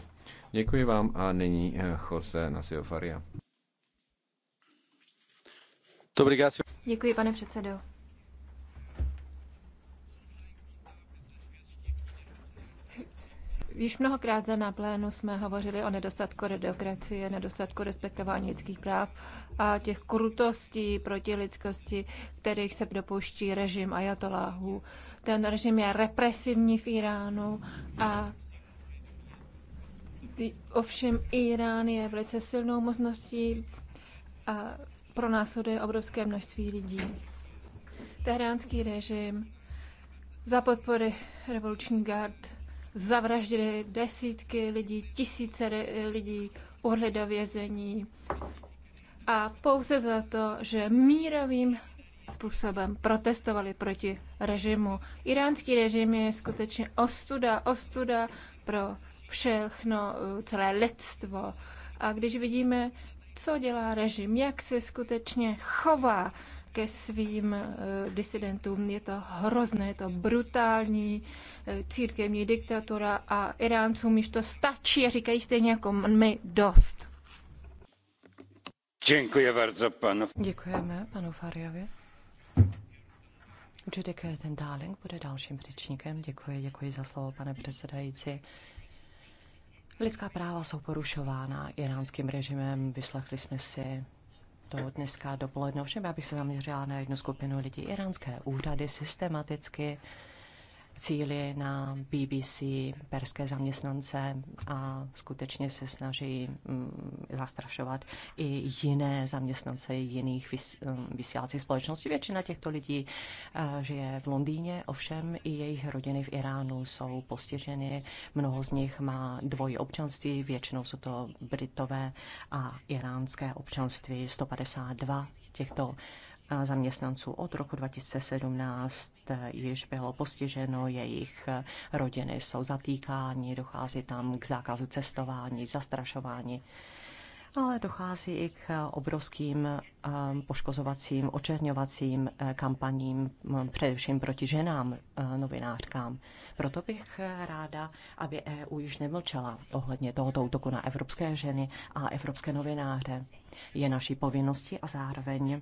Děkuji vám a nyní eh, Jose Nasiofaria.
Děkuji, pane předsedo. Již mnohokrát za na plénu jsme hovořili o nedostatku demokracie, nedostatku respektování lidských práv a těch krutostí proti lidskosti, kterých se dopouští režim ajatoláhů. Ten režim je represivní v Iránu a Ovšem Irán je velice silnou možností a pronásleduje obrovské množství lidí. Tehránský režim za podpory revoluční gard zavraždili desítky lidí, tisíce lidí, uhly do vězení a pouze za to, že mírovým způsobem protestovali proti režimu. Iránský režim je skutečně ostuda, ostuda pro všechno, eh, celé lidstvo. A když vidíme, co dělá režim, jak se skutečně chová ke svým eh, disidentům, je to hrozné, je to brutální, eh, církevní diktatura a Iráncům již to stačí a říkají stejně jako my dost.
Děkuji bardzo panu.
Děkujeme panu
Fariovi. Judy Kirsten bude dalším řečníkem. Děkuji, děkuji za slovo, pane předsedající. Lidská práva jsou porušována iránským režimem. Vyslechli jsme si to dneska dopoledne. Všem, abych se zaměřila na jednu skupinu lidí. Iránské úřady systematicky cíli na BBC perské zaměstnance a skutečně se snaží mm, zastrašovat i jiné zaměstnance jiných mm, vysílacích společností. Většina těchto lidí eh, žije v Londýně, ovšem i jejich rodiny v Iránu jsou postiženy. Mnoho z nich má dvojí občanství, většinou jsou to Britové a iránské občanství. 152 těchto zaměstnanců od roku 2017 již bylo postiženo, jejich rodiny jsou zatýkáni, dochází tam k zákazu cestování, zastrašování ale dochází i k obrovským um, poškozovacím, očerňovacím uh, kampaním, um, především proti ženám, uh, novinářkám. Proto bych uh, ráda, aby EU již nemlčela ohledně tohoto útoku na evropské ženy a evropské novináře. Je naší povinností a zároveň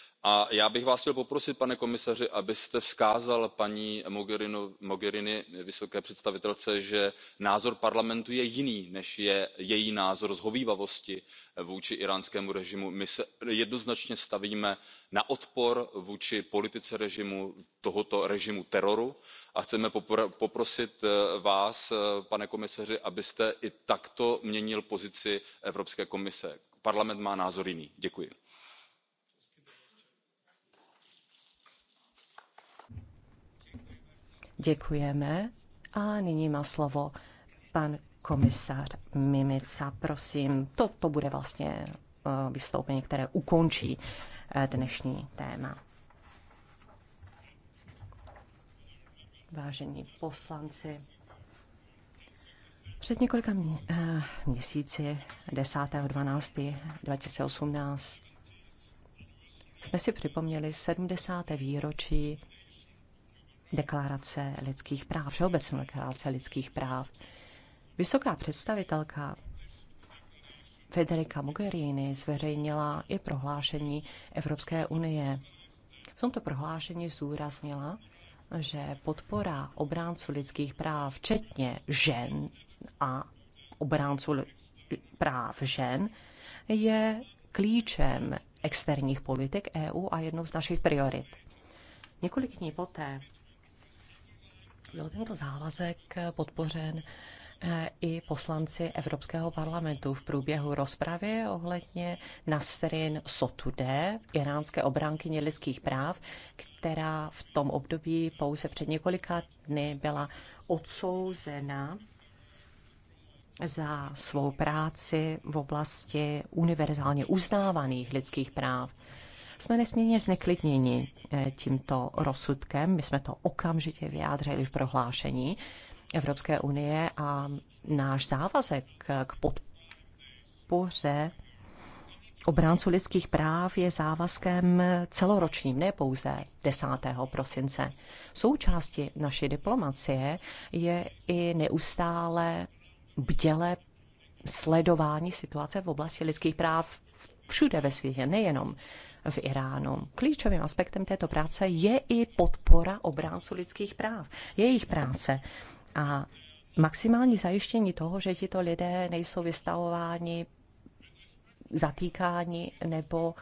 a já bych vás chtěl poprosit pane komisaři abyste vzkázal paní vysoké představitelce že názor parlamentu je jiný než je její názor shovívavosti vůči íránskému režimu. my se jednoznačně stavíme na odpor vůči politice režimu, tohoto režimu teroru a chceme poprosit eh, vás eh, pane komisaři abyste i takto měnil pozici evropské komise. parlament má názor jiný. děkuji.
Děkujeme. A nyní má slovo pan komisař Mimica. Prosím, to, to bude vlastně eh, vystoupení, které ukončí eh, dnešní téma. Vážení poslanci, před několika eh, měsíci, 10. 12. 2018 jsme si připomněli 70. výročí deklarace lidských práv, všeobecné deklarace lidských práv. Vysoká představitelka Federica Mogherini zveřejnila i prohlášení Evropské unie. V tomto prohlášení zúraznila, že podpora obránců lidských práv, včetně žen a obránců práv žen, je klíčem externích politik EU a jednou z našich priorit. Několik dní poté, byl tento závazek podpořen eh, i poslanci Evropského parlamentu v průběhu rozpravy ohledně Nasrin Sotude, iránské obránkyně lidských práv, která v tom období pouze před několika dny byla odsouzena za svou práci v oblasti univerzálně uznávaných lidských práv jsme nesmírně zneklidněni eh, tímto rozsudkem. My jsme to okamžitě vyjádřili v prohlášení Evropské unie a náš závazek k podpoře obránců lidských práv je závazkem celoročním, ne pouze 10. prosince. Součástí naší diplomacie je i neustále bdělé sledování situace v oblasti lidských práv všude ve světě, nejenom v Iránu. Klíčovým aspektem této práce je i podpora obránců lidských práv, jejich práce. A maximální zajištění toho, že tito lidé nejsou vystavováni, zatýkáni nebo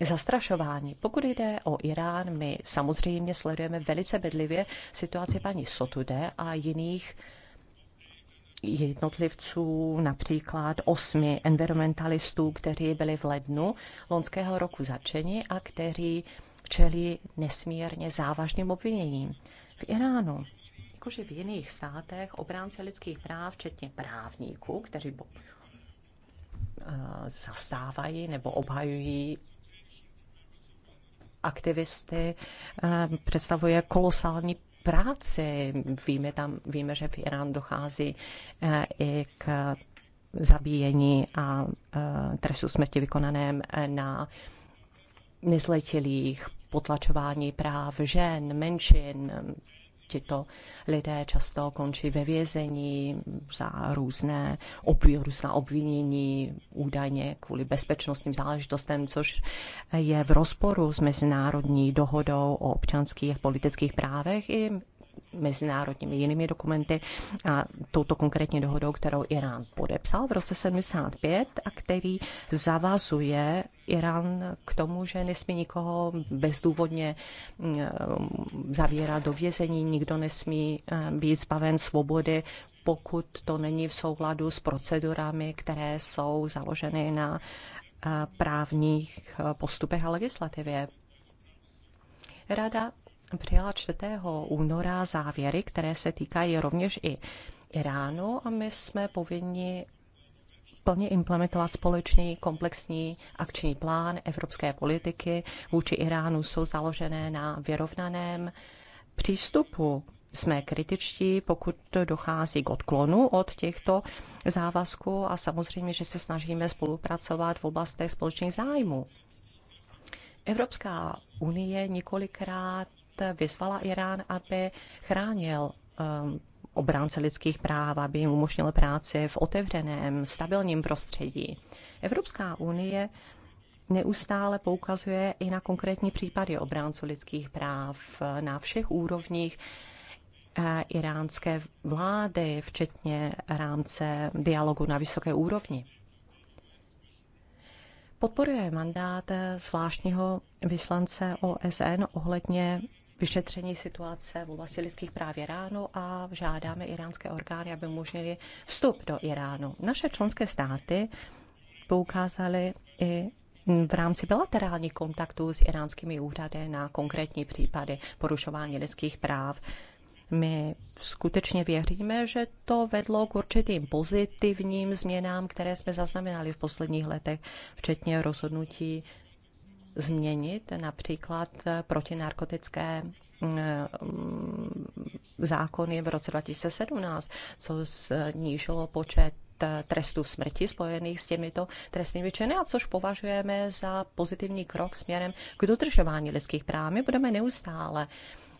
zastrašování. Pokud jde o Irán, my samozřejmě sledujeme velice bedlivě situaci paní Sotude a jiných jednotlivců, například osmi environmentalistů, kteří byli v lednu loňského roku začeni a kteří čelí nesmírně závažným obviněním. V Iránu, jakože v jiných státech, obránce lidských práv, včetně právníků, kteří eh, zastávají nebo obhajují aktivisty, eh, představuje kolosální práci. Víme, tam, víme že v Iránu dochází eh, i k zabíjení a eh, trestu smrti vykonaném eh, na nezletilých, potlačování práv žen, menšin, Tito lidé často končí ve vězení za různé obvě, různá obvinění, údajně kvůli bezpečnostním záležitostem, což je v rozporu s mezinárodní dohodou o občanských politických právech i mezinárodními jinými dokumenty a touto konkrétní dohodou, kterou Irán podepsal v roce 75 a který zavazuje Irán k tomu, že nesmí nikoho bezdůvodně mm, eh, zavírat do vězení, nikdo nesmí eh, být zbaven svobody, pokud to není v souladu s procedurami, které jsou založeny na eh, právních postupech a legislativě. Rada přijala 4. února závěry, které se týkají rovněž i Iránu a my jsme povinni plně implementovat společný komplexní akční plán evropské politiky vůči Iránu jsou založené na vyrovnaném přístupu. Jsme kritičtí, pokud dochází k odklonu od těchto závazků a samozřejmě, že se snažíme spolupracovat v oblastech společných zájmů. Evropská unie několikrát vyzvala Irán, aby chránil um, obránce lidských práv, aby jim umožnil práci v otevřeném, stabilním prostředí. Evropská unie neustále poukazuje i na konkrétní případy obránců lidských práv na všech úrovních eh, iránské vlády, včetně rámce dialogu na vysoké úrovni. Podporuje mandát eh, zvláštního vyslance OSN ohledně vyšetření situace v oblasti lidských práv Iránu a žádáme iránské orgány, aby umožnili vstup do Iránu. Naše členské státy poukázaly i v rámci bilaterálních kontaktů s iránskými úřady na konkrétní případy porušování lidských práv. My skutečně věříme, že to vedlo k určitým pozitivním změnám, které jsme zaznamenali v posledních letech, včetně rozhodnutí změnit například eh, protinarkotické mm, zákony v roce 2017, co snížilo počet eh, trestu smrti spojených s těmito trestnými činy, a což považujeme za pozitivní krok směrem k dodržování lidských práv. My budeme neustále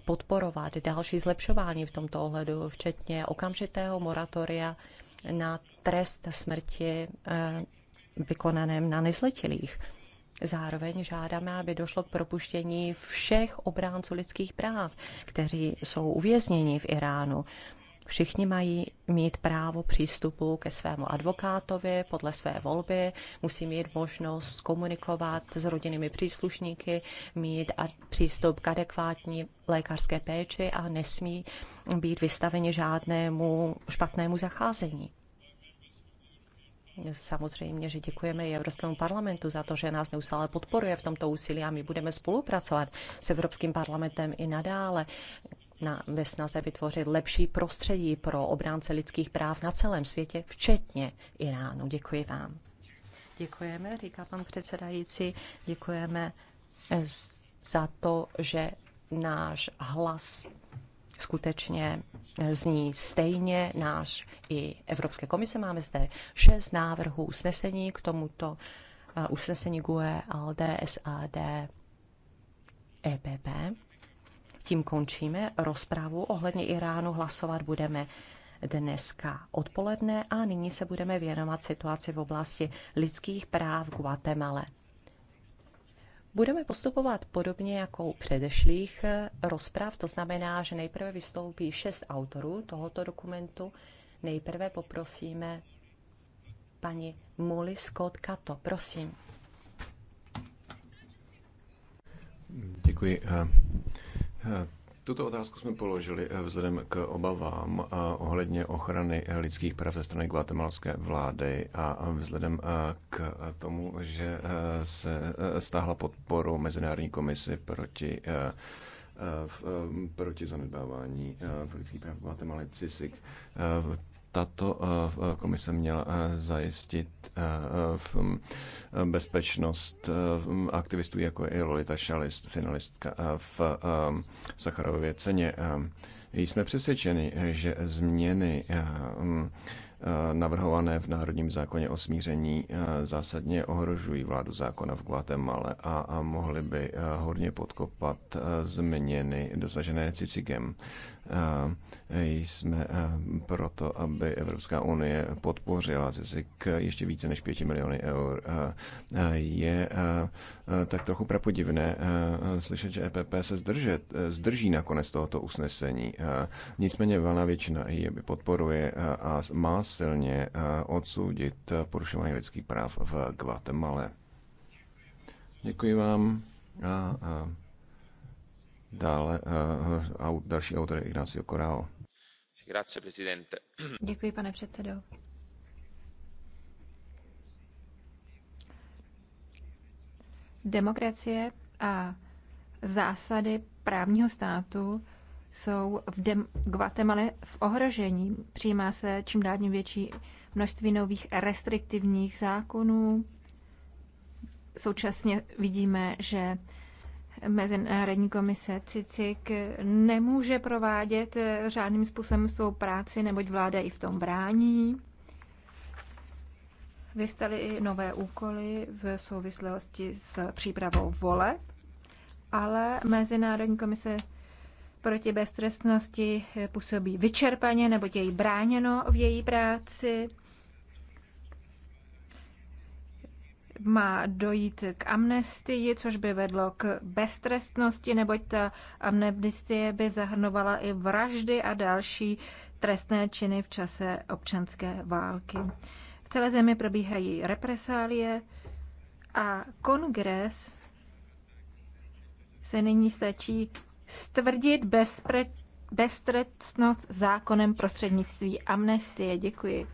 podporovat další zlepšování v tomto ohledu, včetně okamžitého moratoria na trest smrti eh, vykonaném na nezletilých. Zároveň žádáme, aby došlo k propuštění všech obránců lidských práv, kteří jsou uvězněni v Iránu. Všichni mají mít právo přístupu ke svému advokátovi podle své volby, musí mít možnost komunikovat s rodinnými příslušníky, mít přístup k adekvátní lékařské péči a nesmí být vystaveni žádnému špatnému zacházení. Samozřejmě, že děkujeme i Evropskému parlamentu za to, že nás neustále podporuje v tomto úsilí a my budeme spolupracovat s Evropským parlamentem i nadále na, ve snaze vytvořit lepší prostředí pro obránce lidských práv na celém světě, včetně Iránu. Děkuji vám. Děkujeme, říká pan předsedající. Děkujeme eh, za to, že náš hlas skutečně zní stejně náš i Evropské komise. Máme zde šest návrhů usnesení k tomuto eh, usnesení GUE, ALDE, SAD, EPP. Tím končíme rozpravu. Ohledně Iránu hlasovat budeme dneska odpoledne a nyní se budeme věnovat situaci v oblasti lidských práv v Guatemala. Budeme postupovat podobně jako u předešlých eh, rozprav, to znamená, že nejprve vystoupí šest autorů tohoto dokumentu. Nejprve poprosíme paní Molly Scott Kato. Prosím.
Děkuji. Eh, eh, tuto otázku jsme položili eh, vzhledem k obavám eh, ohledně ochrany eh, lidských práv ze strany guatemalské vlády a vzhledem k tomu, že se stáhla podporu Mezinárodní komisi proti proti zanedbávání lidských práv v Guatemala CISIC tato eh, eh, komise měla eh, zajistit bezpečnost aktivistů, jako je Lolita Šalist, finalistka v Sacharově ceně. Jsme přesvědčeni, že změny navrhované v Národním zákoně o smíření zásadně ohrožují vládu zákona v Guatemala a mohly by hodně podkopat změny dosažené Cicigem. Eh, jsme eh, proto, aby Evropská unie podpořila zisk ještě více než 5 miliony eur. Eh, je tak trochu prapodivné slyšet, že EPP se zdržet, zdrží nakonec tohoto usnesení. Nicméně velná většina je podporuje a má silně odsoudit porušování lidských práv v Guatemala. Děkuji vám. A, a Dále uh, další autor je Ignacio Corao.
Děkuji, pane
předsedo. Demokracie a zásady právního státu jsou v Dem- Guatemala v ohrožení. Přijímá se čím dál větší množství nových restriktivních zákonů. Současně vidíme, že Mezinárodní komise CICIK nemůže provádět žádným eh, způsobem svou práci, neboť vláda i v tom brání. Vystaly i nové úkoly v souvislosti s přípravou voleb, ale Mezinárodní komise proti beztrestnosti eh, působí vyčerpaně, nebo je jí bráněno v její práci. má dojít k amnestii, což by vedlo k beztrestnosti, neboť ta amnestie by zahrnovala i vraždy a další trestné činy v čase občanské války. V celé zemi probíhají represálie a kongres se nyní stačí stvrdit bezpre, beztrestnost zákonem prostřednictví amnestie. Děkuji.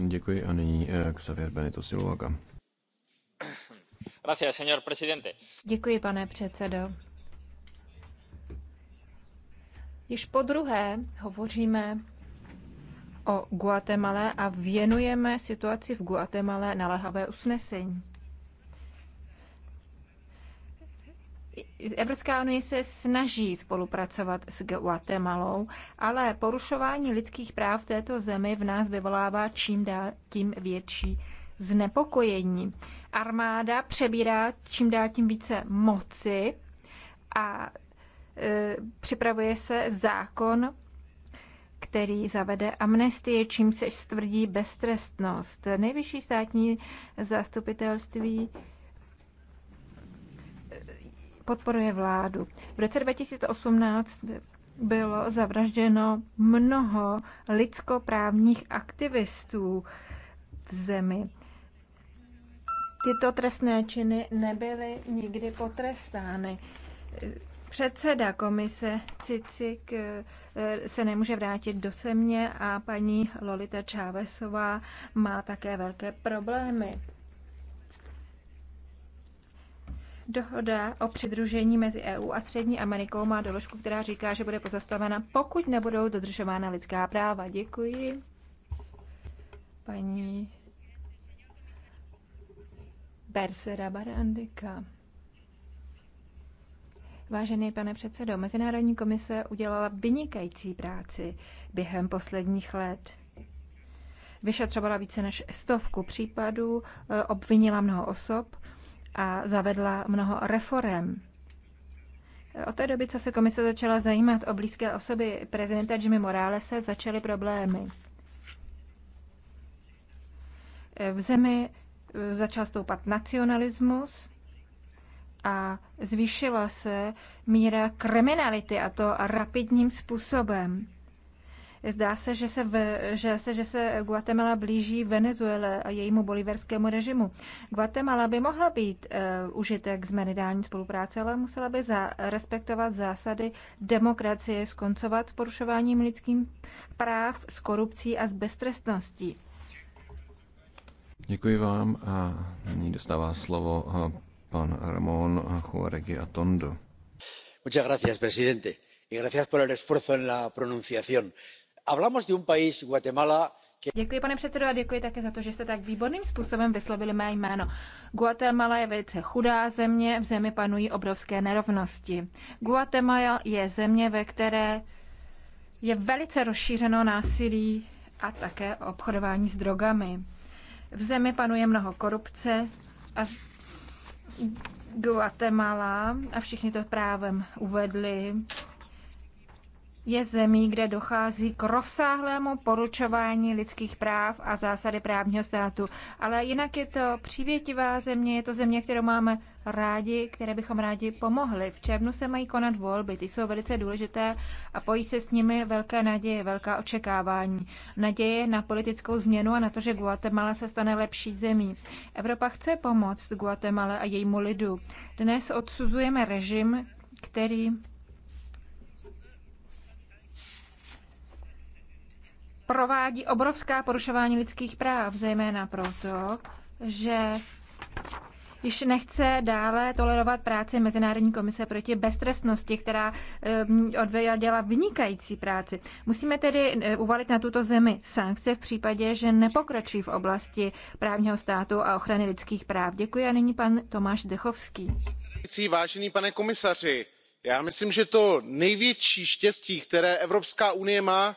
Děkuji a nyní eh, Xavier Benito Siluaga.
Děkuji, pane předsedo. Již po druhé hovoříme o Guatemala a věnujeme situaci v Guatemala naléhavé usnesení. Evropská unie se snaží spolupracovat s Guatemalou, ale porušování lidských práv v této zemi v nás vyvolává čím dál tím větší znepokojení. Armáda přebírá čím dál tím více moci a e, připravuje se zákon, který zavede amnestie, čím se stvrdí beztrestnost. Nejvyšší státní zastupitelství podporuje vládu. V roce 2018 bylo zavražděno mnoho lidskoprávních aktivistů v zemi. Tyto trestné činy nebyly nikdy potrestány. Předseda komise Cicik eh, se nemůže vrátit do semě a paní Lolita Čávesová má také velké problémy. Dohoda o přidružení mezi EU a Střední Amerikou má doložku, která říká, že bude pozastavena, pokud nebudou dodržována lidská práva. Děkuji. Paní Bersera Barandika. Vážený pane předsedo, Mezinárodní komise udělala vynikající práci během posledních let. Vyšetřovala více než stovku případů, eh, obvinila mnoho osob, a zavedla mnoho reform. Od té doby, co se komise začala zajímat o blízké osoby prezidenta Jimmy Moralese, začaly problémy. V zemi eh, začal stoupat nacionalismus a zvýšila se míra kriminality, a to rapidním způsobem. Zdá se, že se, v, že se, že se Guatemala blíží Venezuele a jejímu boliverskému režimu. Guatemala by mohla být uh, užitek z meridální spolupráce, ale musela by za, respektovat zásady demokracie, skoncovat s porušováním lidských práv, s korupcí a s beztrestností.
Děkuji vám a nyní dostává slovo eh, pan Ramón Juaregui Atondo.
Muchas gracias, presidente. Y gracias por el esfuerzo en la pronunciación Děkuji, pane předsedo, a
děkuji také za to, že jste tak výborným způsobem vyslovili mé jméno. Guatemala je velice chudá země, v zemi panují obrovské nerovnosti. Guatemala je země, ve které je velice rozšířeno násilí a také obchodování s drogami. V zemi panuje mnoho korupce a Guatemala, a všichni to právem uvedli, je zemí, kde dochází k rozsáhlému poručování lidských práv a zásady právního státu. Ale jinak je to přívětivá země, je to země, kterou máme rádi, které bychom rádi pomohli. V červnu se mají konat volby, ty jsou velice důležité a pojí se s nimi velké naděje, velká očekávání. Naděje na politickou změnu a na to, že Guatemala se stane lepší zemí. Evropa chce pomoct Guatemala a jejímu lidu. Dnes odsuzujeme režim, který provádí obrovská porušování lidských práv, zejména proto, že již nechce dále tolerovat práci Mezinárodní komise proti beztrestnosti, která eh, odvěděla vynikající práci. Musíme tedy eh, uvalit na tuto zemi sankce v případě, že nepokročí v oblasti právního státu a ochrany lidských práv. Děkuji a nyní pan Tomáš Dechovský.
Vážený pane komisaři, já myslím, že to největší štěstí, které Evropská unie má,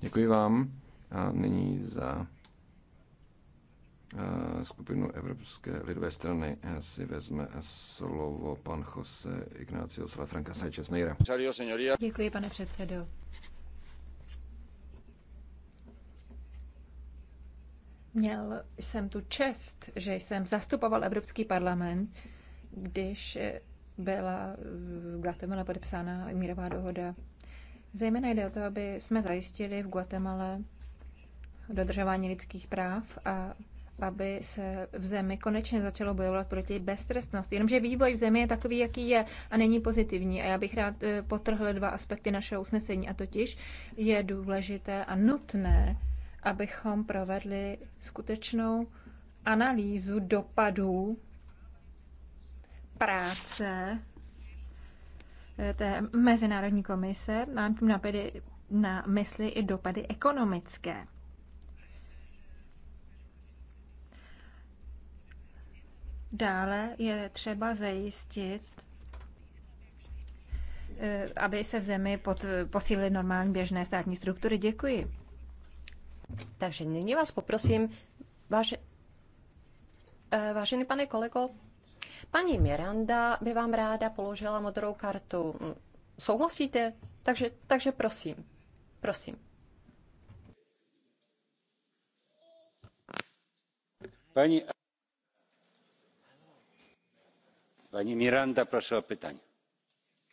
Děkuji vám. A nyní za skupinu Evropské lidové strany si vezme slovo pan Jose Ignacio Salafranca Sánchez Neira.
Děkuji, pane předsedo. Měl jsem tu čest, že jsem zastupoval Evropský parlament, když byla v Guatemala podepsána mírová dohoda Zejména jde o to, aby jsme zajistili v Guatemala dodržování lidských práv a aby se v zemi konečně začalo bojovat proti beztrestnosti. Jenomže vývoj v zemi je takový, jaký je a není pozitivní. A já bych rád eh, potrhl dva aspekty našeho usnesení. A totiž je důležité a nutné, abychom provedli skutečnou analýzu dopadů práce Eh, té Mezinárodní komise. Mám tím napady, na mysli i dopady ekonomické. Dále je třeba zajistit, eh, aby se v zemi pod, posílily normální běžné státní struktury. Děkuji. Takže nyní vás poprosím, váže,
eh, vážený pane kolego, Paní Miranda by vám ráda položila modrou kartu. Mm, souhlasíte? Takže, takže prosím. Prosím.
Paní, paní Miranda, prosím o pytání.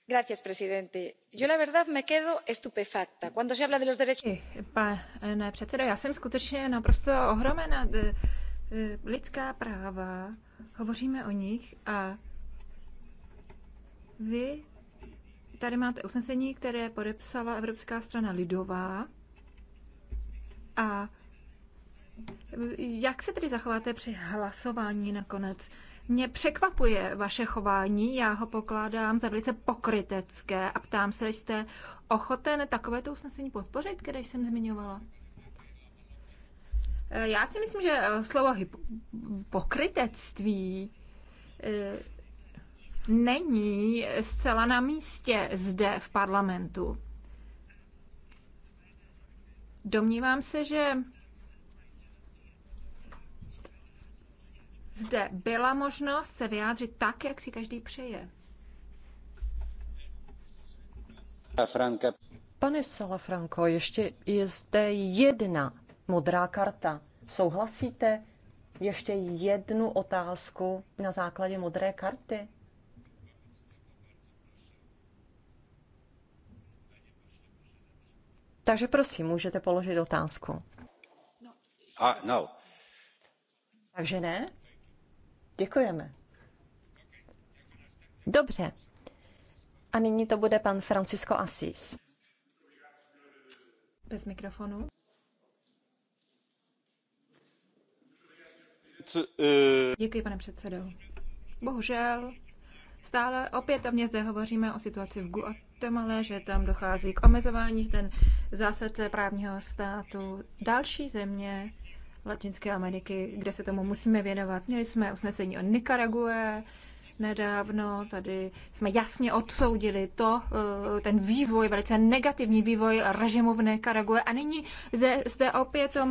Gracias, presidente yo la verdad me quedo estupefacta cuando se habla de los derechos. Eh, pane eh, předsedo já jsem skutečně naprosto ohromena eh, Eh, lidská práva, hovoříme o nich a vy tady máte usnesení, které podepsala Evropská strana lidová a jak se tedy zachováte při hlasování nakonec? Mě překvapuje vaše chování, já ho pokládám za velice pokrytecké a ptám se, jste ochoten takovéto usnesení podpořit, které jsem zmiňovala? Eh, já si myslím, že eh, slovo pokrytectví eh, není zcela na místě zde v parlamentu. Domnívám se, že zde byla možnost se vyjádřit tak, jak si každý přeje.
Pane Salafranco, ještě je zde jedna modrá karta. Souhlasíte? Ještě jednu otázku na základě modré karty. Takže prosím, můžete položit otázku. A, no. Takže ne? Děkujeme. Dobře. A nyní to bude pan Francisco Assis. Bez mikrofonu.
Eh,
Děkuji, pane předsedo. Bohužel, stále opětovně zde hovoříme o situaci v Guatemala, že tam dochází k omezování ten zásad právního státu. Další země Latinské Ameriky, kde se tomu musíme věnovat. Měli jsme usnesení o Nikarague, nedávno. Tady jsme jasně odsoudili to, eh, ten vývoj, velice negativní vývoj režimu v Nekarague. A nyní zde, zde opět to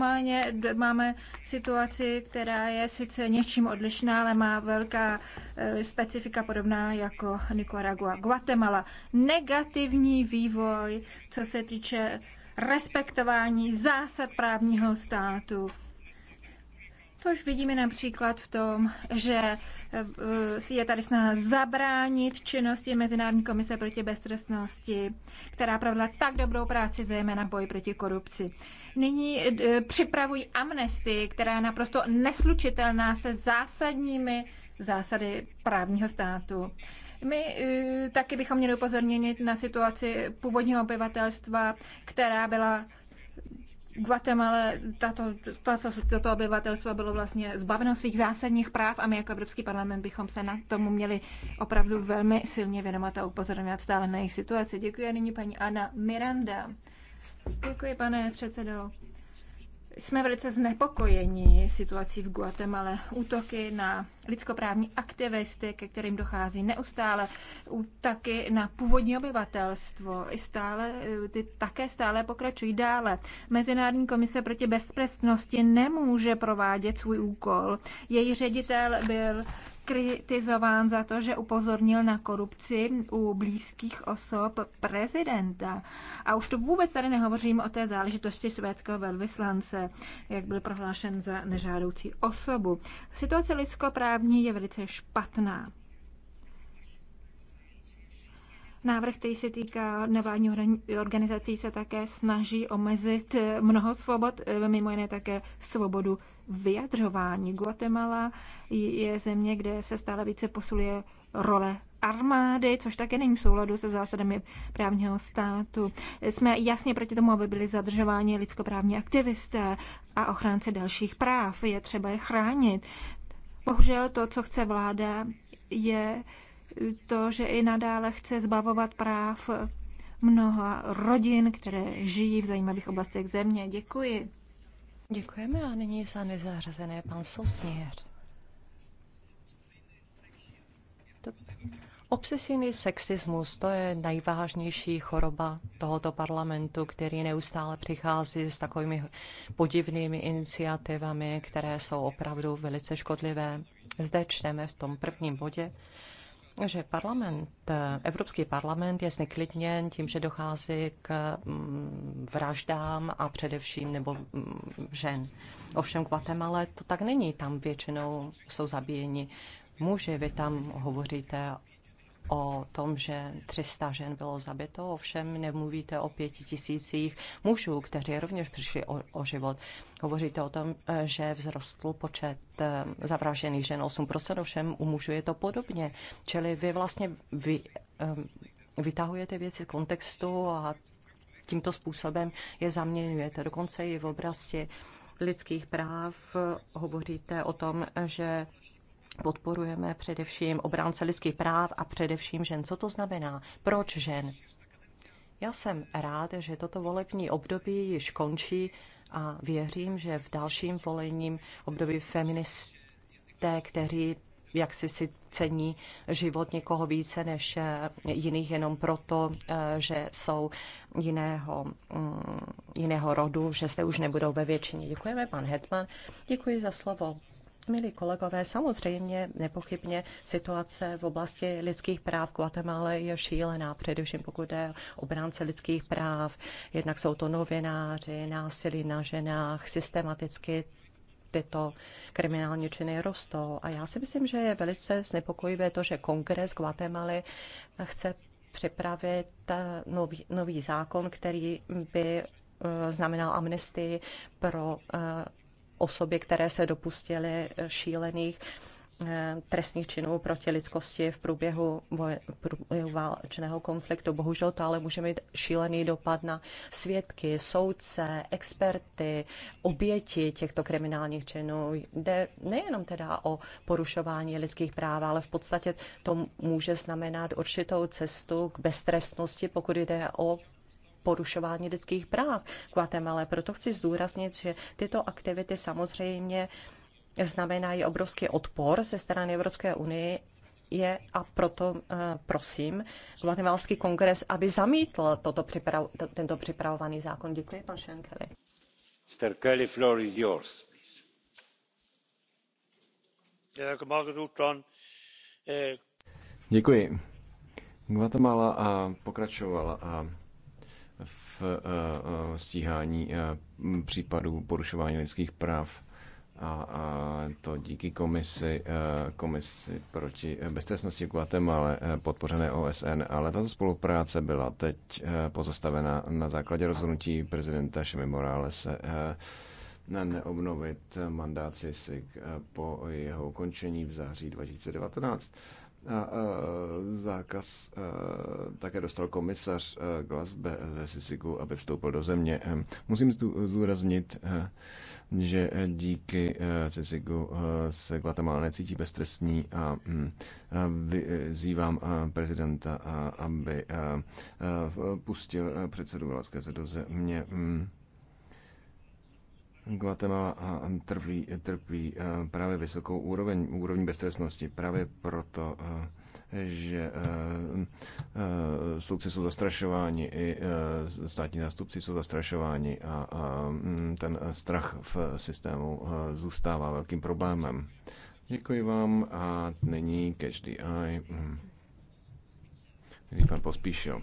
máme situaci, která je sice něčím odlišná, ale má velká eh, specifika podobná jako Nicaragua. Guatemala. Negativní vývoj, co se týče respektování zásad právního státu což vidíme například v tom, že eh, je tady snaha zabránit činnosti Mezinárodní komise proti beztrestnosti, která provedla tak dobrou práci, zejména v boji proti korupci. Nyní eh, připravují amnestii, která je naprosto neslučitelná se zásadními zásady právního státu. My eh, taky bychom měli upozornit na situaci původního obyvatelstva, která byla Guatemala, tato, tato, toto obyvatelstvo bylo vlastně zbaveno svých zásadních práv a my jako Evropský parlament bychom se na tomu měli opravdu velmi silně věnovat a upozorňovat stále na jejich situaci. Děkuji a nyní paní Ana Miranda. Děkuji, pane předsedo jsme velice znepokojeni situací v Guatemala. Útoky na lidskoprávní aktivisty, ke kterým dochází neustále, útoky na původní obyvatelstvo, i stále, ty také stále pokračují dále. Mezinárodní komise proti bezprestnosti nemůže provádět svůj úkol. Její ředitel byl kritizován za to, že upozornil na korupci u blízkých osob prezidenta. A už to vůbec tady nehovořím o té záležitosti švédského velvyslance, jak byl prohlášen za nežádoucí osobu. Situace lidskoprávní je velice špatná. Návrh, který se týká nevládní organizací, se také snaží omezit mnoho svobod, eh, mimo jiné také svobodu vyjadřování. Guatemala je země, kde se stále více posiluje role armády, což také není v souladu se zásadami právního státu. Jsme jasně proti tomu, aby byli zadržováni lidskoprávní aktivisté a ochránci dalších práv. Je třeba je chránit. Bohužel to, co chce vláda, je to, že i nadále chce zbavovat práv mnoha rodin, které žijí v zajímavých oblastech země. Děkuji. Děkujeme a nyní za nezařazené pan Sosněř.
Obsesivní sexismus, to je nejvážnější choroba tohoto parlamentu, který neustále přichází s takovými podivnými iniciativami, které jsou opravdu velice škodlivé. Zde čteme v tom prvním bodě, že parlament, Evropský parlament je zneklidněn tím, že dochází k mm, vraždám a především nebo mm, žen. Ovšem Guatemala to tak není, tam většinou jsou zabíjeni muži. Vy tam hovoříte o tom, že 300 žen bylo zabito, ovšem nemluvíte o pěti tisících mužů, kteří rovněž přišli o, o život. Hovoříte o tom, eh, že vzrostl počet eh, zavražených žen 8%, ovšem u mužů je to podobně. Čili vy vlastně vy, eh, vytahujete věci z kontextu a tímto způsobem je zaměňujete. Dokonce i v oblasti lidských práv hovoříte o tom, že podporujeme především obránce lidských práv a především žen. Co to znamená? Proč žen? Já jsem rád, že toto volební období již končí a věřím, že v dalším volením období feministé, kteří jak si si cení život někoho více než eh, jiných jenom proto, eh, že jsou jiného, mm, jiného rodu, že se už nebudou ve většině. Děkujeme, pan Hetman. Děkuji za slovo. Milí kolegové, samozřejmě nepochybně situace v oblasti lidských práv v Guatemala je šílená, především pokud je obránce lidských práv. Jednak jsou to novináři, násilí na ženách, systematicky tyto kriminální činy rostou. A já si myslím, že je velice znepokojivé to, že kongres Guatemaly chce připravit eh, nový, nový zákon, který by eh, znamenal amnestii pro eh, osoby, které se dopustily eh, šílených eh, trestných činů proti lidskosti v průběhu, voje, průběhu válečného konfliktu. Bohužel to ale může mít šílený dopad na svědky, soudce, experty, oběti těchto kriminálních činů. Jde nejenom teda o porušování lidských práv, ale v podstatě to může znamenat určitou cestu k beztrestnosti, pokud jde o porušování lidských práv v Guatemala. Proto chci zdůraznit, že tyto aktivity samozřejmě znamenají obrovský odpor ze strany Evropské unie je a proto eh, prosím Guatemalský kongres, aby zamítl toto připravo, tento připravovaný zákon. Děkuji, pan Schenkeli.
Mr. Kelly, floor is yours, please. Eh,
Děkuji. Guatemala a eh, pokračovala a v eh, eh, stíhání eh, případů porušování lidských práv a, to díky komisi, komisi proti beztresnosti v Guatemala podpořené OSN, ale tato spolupráce byla teď pozastavena na základě rozhodnutí prezidenta Šemi Moralese neobnovit mandát CISIC po jeho ukončení v září 2019. A zákaz také dostal komisař Glasbe ze Sisiku, aby vstoupil do země. Musím zdůraznit, že díky Sisiku se Guatemala necítí beztrestní a mm, vyzývám prezidenta, aby pustil předsedu Velázquez do země. Mm. Guatemala trpí, trpí eh, právě vysokou úroveň, úroveň beztrestnosti, právě proto, eh, že eh, soudci jsou zastrašováni, i státní zástupci jsou zastrašováni a mm, ten strach v systému zůstává velkým problémem. Děkuji vám a nyní Catch the Eye. Hmm. Pan Pospíšil.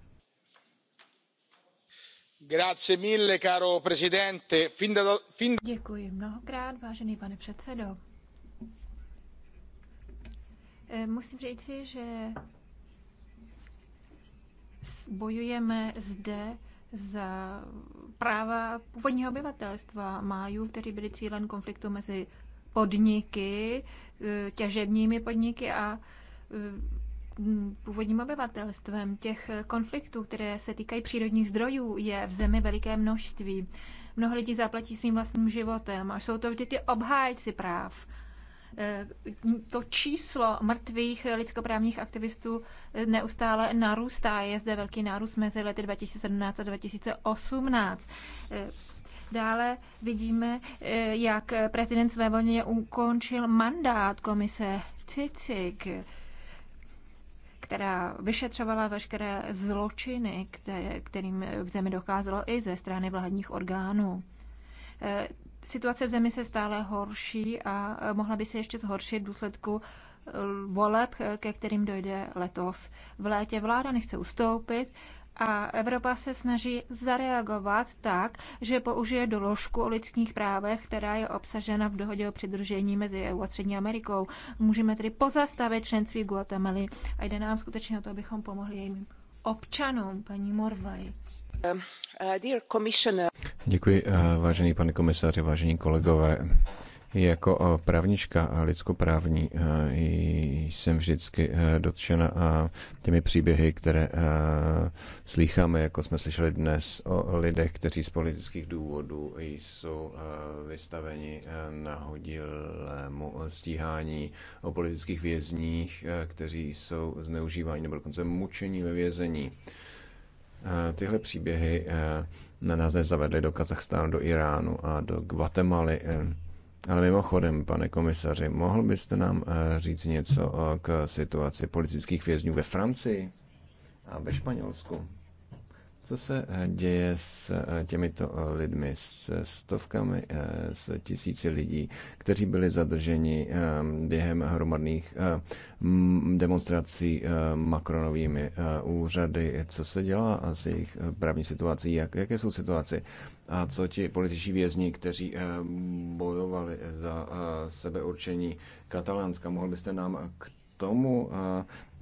Děkuji mnohokrát, vážený pane předsedo. Eh, musím říci, že bojujeme zde za práva původního obyvatelstva Májů, kteří byli cílem konfliktu mezi podniky, eh, těžebními podniky a eh, původním obyvatelstvem. Těch konfliktů, které se týkají přírodních zdrojů, je v zemi veliké množství. Mnoho lidí zaplatí svým vlastním životem a jsou to vždy ty obhájci práv. E, to číslo mrtvých lidskoprávních aktivistů e, neustále narůstá. Je zde velký nárůst mezi lety 2017 a 2018. E, dále vidíme, jak prezident svévolně ukončil mandát komise CICIG která vyšetřovala veškeré zločiny, které, kterým v zemi dokázalo i ze strany vládních orgánů. E, situace v zemi se stále horší a mohla by se ještě zhoršit v důsledku e, voleb, ke kterým dojde letos. V létě vláda nechce ustoupit, a Evropa se snaží zareagovat tak, že použije doložku o lidských právech, která je obsažena v dohodě o přidružení mezi EU a Střední Amerikou. Můžeme tedy pozastavit členství Guatemaly a jde nám skutečně o to, abychom pomohli jejím občanům, paní Morvaj.
Děkuji, eh, vážený pane komisaři, vážení kolegové. Jako eh, právnička a lidskoprávní eh, jsem vždycky eh, dotčena těmi příběhy, které slýcháme, jako jsme slyšeli dnes o lidech, kteří z politických důvodů jsou vystaveni hodilému stíhání, o politických vězních, kteří jsou zneužíváni nebo dokonce mučení ve vězení. Tyhle příběhy na nás nezavedly do Kazachstánu, do Iránu a do Guatemaly. Ale mimochodem, pane komisaři, mohl byste nám eh, říct něco eh, k situaci politických vězňů ve Francii a ve Španělsku? Co se eh, děje s eh, těmito eh, lidmi, s stovkami, s tisíci lidí, kteří byli zadrženi během hromadných demonstrací Macronovými úřady? Co se dělá s jejich právní situací? Jak, jaké jsou situace? A co ti političní vězni, kteří bojovali za sebeurčení Katalánska? Mohl byste nám k tomu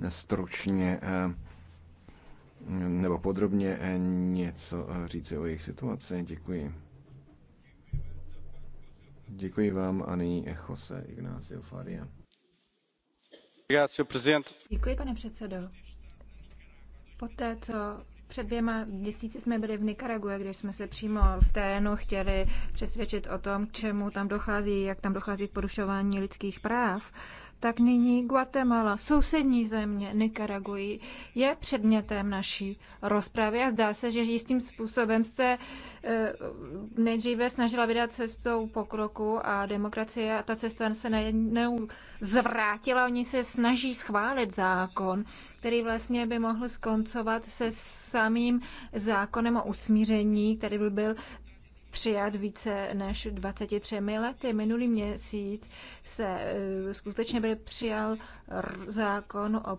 stručně nebo podrobně něco říci o jejich situaci. Děkuji. Děkuji vám a nyní Jose Ignacio Faria.
Děkuji, pane předsedo. Poté, co před dvěma měsíci jsme byli v Nikaragu, když jsme se přímo v terénu chtěli přesvědčit o tom, k čemu tam dochází, jak tam dochází k porušování lidských práv tak nyní Guatemala, sousední země Nikaraguji, je předmětem naší rozpravy a zdá se, že jistým způsobem se eh, nejdříve snažila vydat cestou pokroku a demokracie a ta cesta se najednou zvrátila. Oni se snaží schválit zákon, který vlastně by mohl skoncovat se samým zákonem o usmíření, který by byl přijat více než 23 lety. Minulý měsíc se eh, skutečně byl přijal zákon o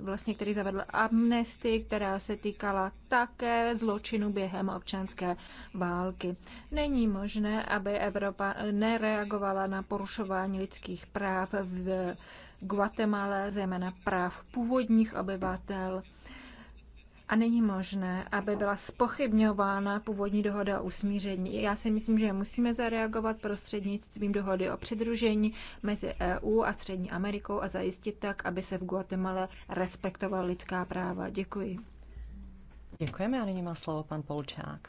vlastně, který zavedl amnesty, která se týkala také zločinu během občanské války. Není možné, aby Evropa nereagovala na porušování lidských práv v Guatemala, zejména práv původních obyvatel a není možné, aby byla spochybňována původní dohoda o usmíření. Já si myslím, že musíme zareagovat prostřednictvím dohody o přidružení mezi EU a Střední Amerikou a zajistit tak, aby se v Guatemala respektovala lidská práva. Děkuji. Děkujeme a nyní má slovo pan Polčák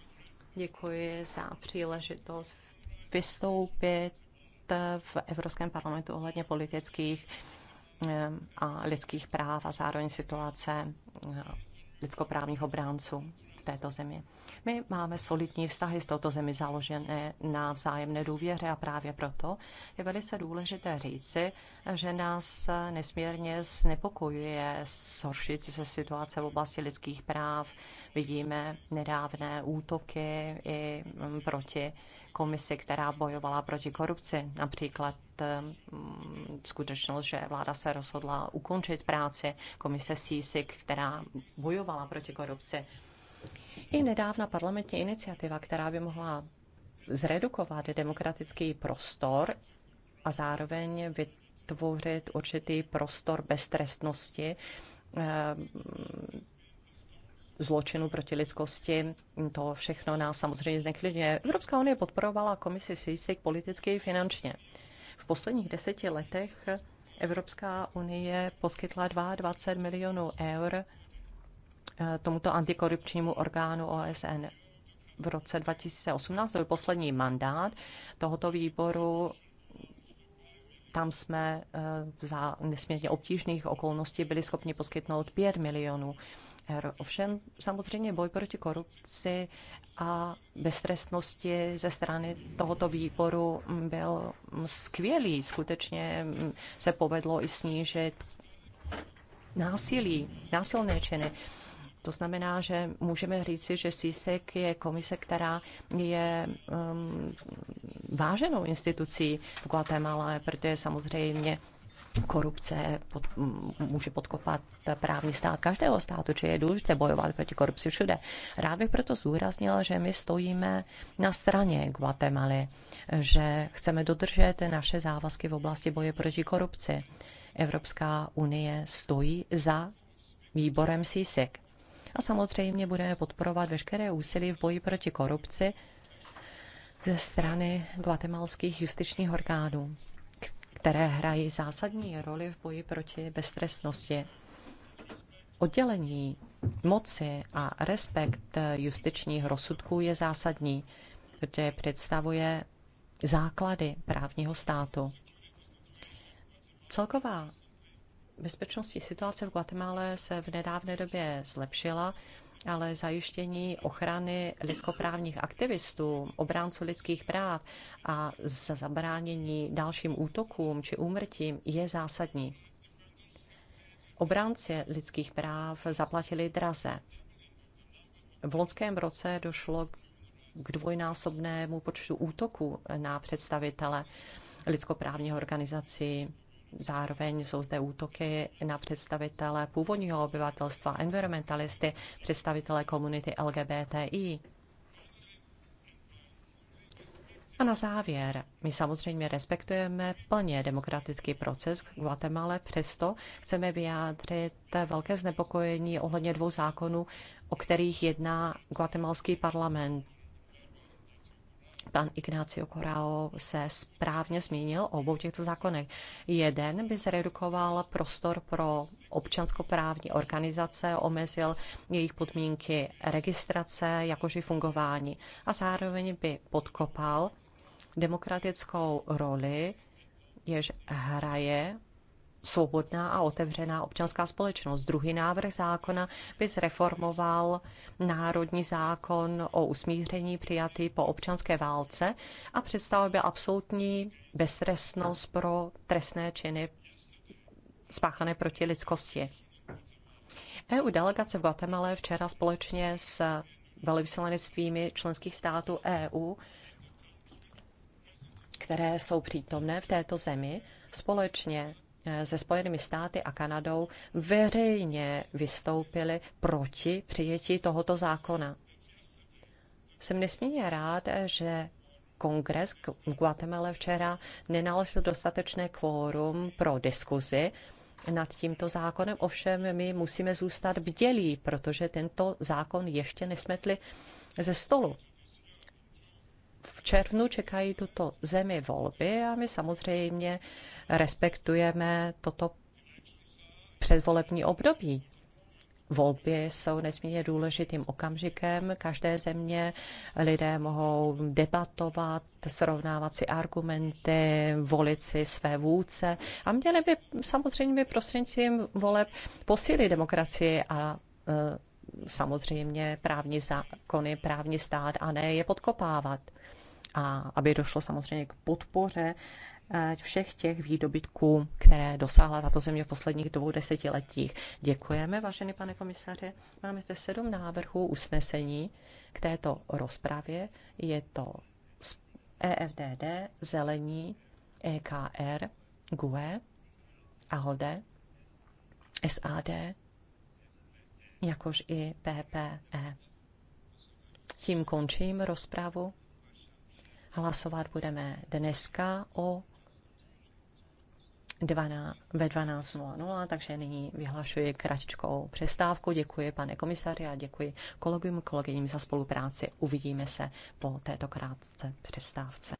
Děkuji za příležitost vystoupit v Evropském parlamentu ohledně politických a lidských práv a zároveň situace lidskoprávních obránců v této zemi. My máme solidní vztahy s touto zemi založené na vzájemné důvěře a právě proto je velice důležité říci, že nás nesmírně znepokojuje zhoršit se situace v oblasti lidských práv. Vidíme nedávné útoky i mm, proti komisi, která bojovala proti korupci. Například mm, skutečnost, že vláda se rozhodla ukončit práci komise SISIK, která bojovala proti korupci. I nedávna parlamentní iniciativa, která by mohla zredukovat demokratický prostor a zároveň vytvořit určitý prostor beztrestnosti, eh, zločinu proti lidskosti. To všechno nás samozřejmě zneklidňuje. Evropská unie podporovala komisi SISIC politicky i finančně. V posledních deseti letech Evropská unie poskytla 22 milionů eur Eh, tomuto antikorupčnímu orgánu OSN. V roce 2018 to byl poslední mandát tohoto výboru. Tam jsme eh, za nesmírně obtížných okolností byli schopni poskytnout 5 milionů her. Ovšem samozřejmě boj proti korupci a beztrestnosti ze strany tohoto výboru mm, byl mm, skvělý. Skutečně mm, se povedlo i snížit násilí, násilné činy. To znamená, že můžeme říci, že CISEC e je komise, která je um, váženou institucí v Guatemala, protože samozřejmě korupce pod, může podkopat právní stát každého státu, či je důležité bojovat proti korupci všude. Rád bych proto zúraznila, že my stojíme na straně Guatemaly, že chceme dodržet naše závazky v oblasti boje proti korupci. Evropská unie stojí za výborem SISEK a samozřejmě budeme podporovat veškeré úsilí v boji proti korupci ze strany guatemalských justičních orgánů, které hrají zásadní roli v boji proti beztrestnosti. Oddělení moci a respekt justičních rozsudků je zásadní, protože představuje základy právního státu. Celková bezpečnostní situace v Guatemala se v nedávné době zlepšila, ale zajištění ochrany lidskoprávních aktivistů, obránců lidských práv a za zabránění dalším útokům či úmrtím je zásadní. Obránci lidských práv zaplatili draze. V loňském roce došlo k dvojnásobnému počtu útoků na představitele lidskoprávních organizací, Zároveň jsou zde útoky na představitele původního obyvatelstva, environmentalisty, představitele komunity LGBTI. A na závěr, my samozřejmě respektujeme plně demokratický proces v Guatemala, přesto chceme vyjádřit velké znepokojení ohledně dvou zákonů, o kterých jedná guatemalský parlament. Pan Ignacio Corao se správně zmínil o obou těchto zákonech. Jeden by zredukoval prostor pro občanskoprávní organizace, omezil jejich podmínky registrace, jakož i fungování. A zároveň by podkopal demokratickou roli, jež hraje svobodná a otevřená občanská společnost. Druhý návrh zákona by zreformoval národní zákon o usmíření přijatý po občanské válce a představil by absolutní beztrestnost pro trestné činy spáchané proti lidskosti. EU delegace v Guatemala včera společně s velvyslanectvími členských států EU které jsou přítomné v této zemi, společně Eh, se Spojenými státy a Kanadou veřejně vystoupili proti přijetí tohoto zákona. Jsem nesmírně rád, eh, že kongres v Guatemala včera nenalezl dostatečné kvórum pro diskuzi nad tímto zákonem. Ovšem my musíme zůstat bdělí, protože tento zákon ještě nesmetli ze stolu. V červnu čekají tuto zemi volby a my samozřejmě respektujeme toto předvolební období. Volby jsou nesmírně důležitým okamžikem každé země. Lidé mohou debatovat, srovnávat si argumenty, volit si své vůdce a měli by samozřejmě prostřednictvím voleb posílit demokracii a e, samozřejmě právní zákony, právní stát a ne je podkopávat. A aby došlo samozřejmě k podpoře Eh, všech těch výdobytků, které dosáhla tato země v posledních dvou desetiletích. Děkujeme, vážený pane komisaři. Máme zde sedm návrhů usnesení k této rozpravě. Je to EFDD, Zelení, EKR, GUE, ALDE, SAD, jakož i PPE. Tím končím rozpravu. Hlasovat budeme dneska o ve 12.00, takže nyní vyhlašuji kratičkou přestávku. Děkuji, pane komisaři, a děkuji kolegům, kolegyním za spolupráci. Uvidíme se po této krátce
přestávce.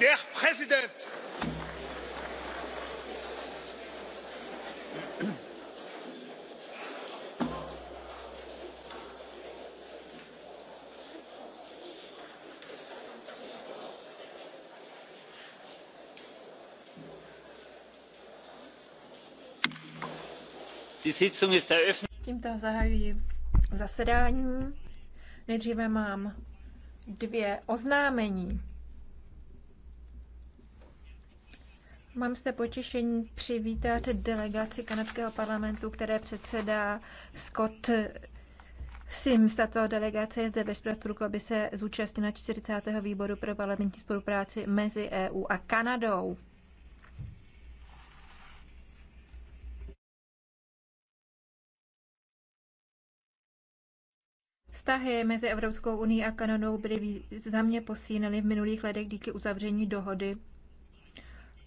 der Präsident!
Tímto zahajuji zasedání. Nejdříve mám dvě oznámení. Mám se potěšení přivítat delegaci kanadského parlamentu, které předsedá Scott Sims, tato delegace je zde ve Štrasburku, aby se zúčastnila 40. výboru pro parlamentní spolupráci mezi EU a Kanadou. Vztahy mezi Evropskou unii a Kanadou byly významně posíleny v minulých letech díky uzavření dohody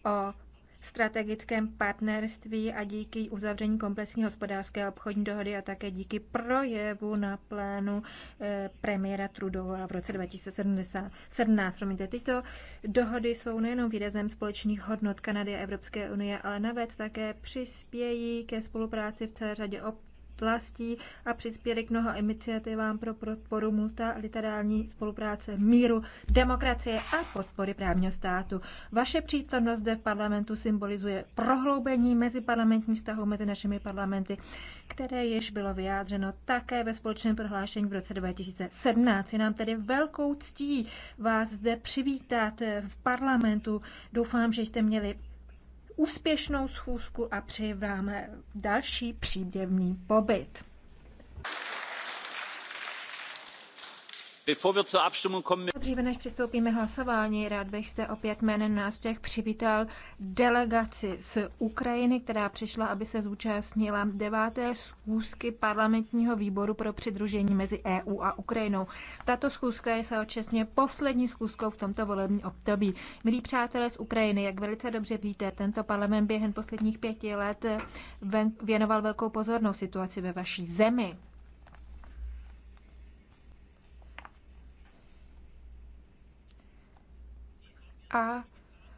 o strategickém partnerství a díky uzavření komplexní hospodářské a obchodní dohody a také díky projevu na plénu eh, premiéra Trudova v roce 2017. Promiňte, tyto dohody jsou nejenom výrazem společných hodnot Kanady a Evropské unie, ale navíc také přispějí ke spolupráci v celé řadě oblastí a přispěli k mnoha iniciativám pro podporu multilaterální spolupráce míru, demokracie a podpory právního státu. Vaše přítomnost zde v parlamentu symbolizuje prohloubení meziparlamentních vztahů mezi našimi parlamenty, které již bylo vyjádřeno také ve společném prohlášení v roce 2017. Je nám tedy velkou ctí vás zde přivítat v parlamentu. Doufám, že jste měli úspěšnou schůzku a přeji vám další příjemný pobyt. Dříve než přistoupíme hlasování, rád bych zde opět jménem nás těch přivítal delegaci z Ukrajiny, která přišla, aby se zúčastnila deváté schůzky parlamentního výboru pro přidružení mezi EU a Ukrajinou. Tato schůzka je současně poslední schůzkou v tomto volební období. Milí přátelé z Ukrajiny, jak velice dobře víte, tento parlament během posledních pěti let věnoval velkou pozornost situaci ve vaší zemi. a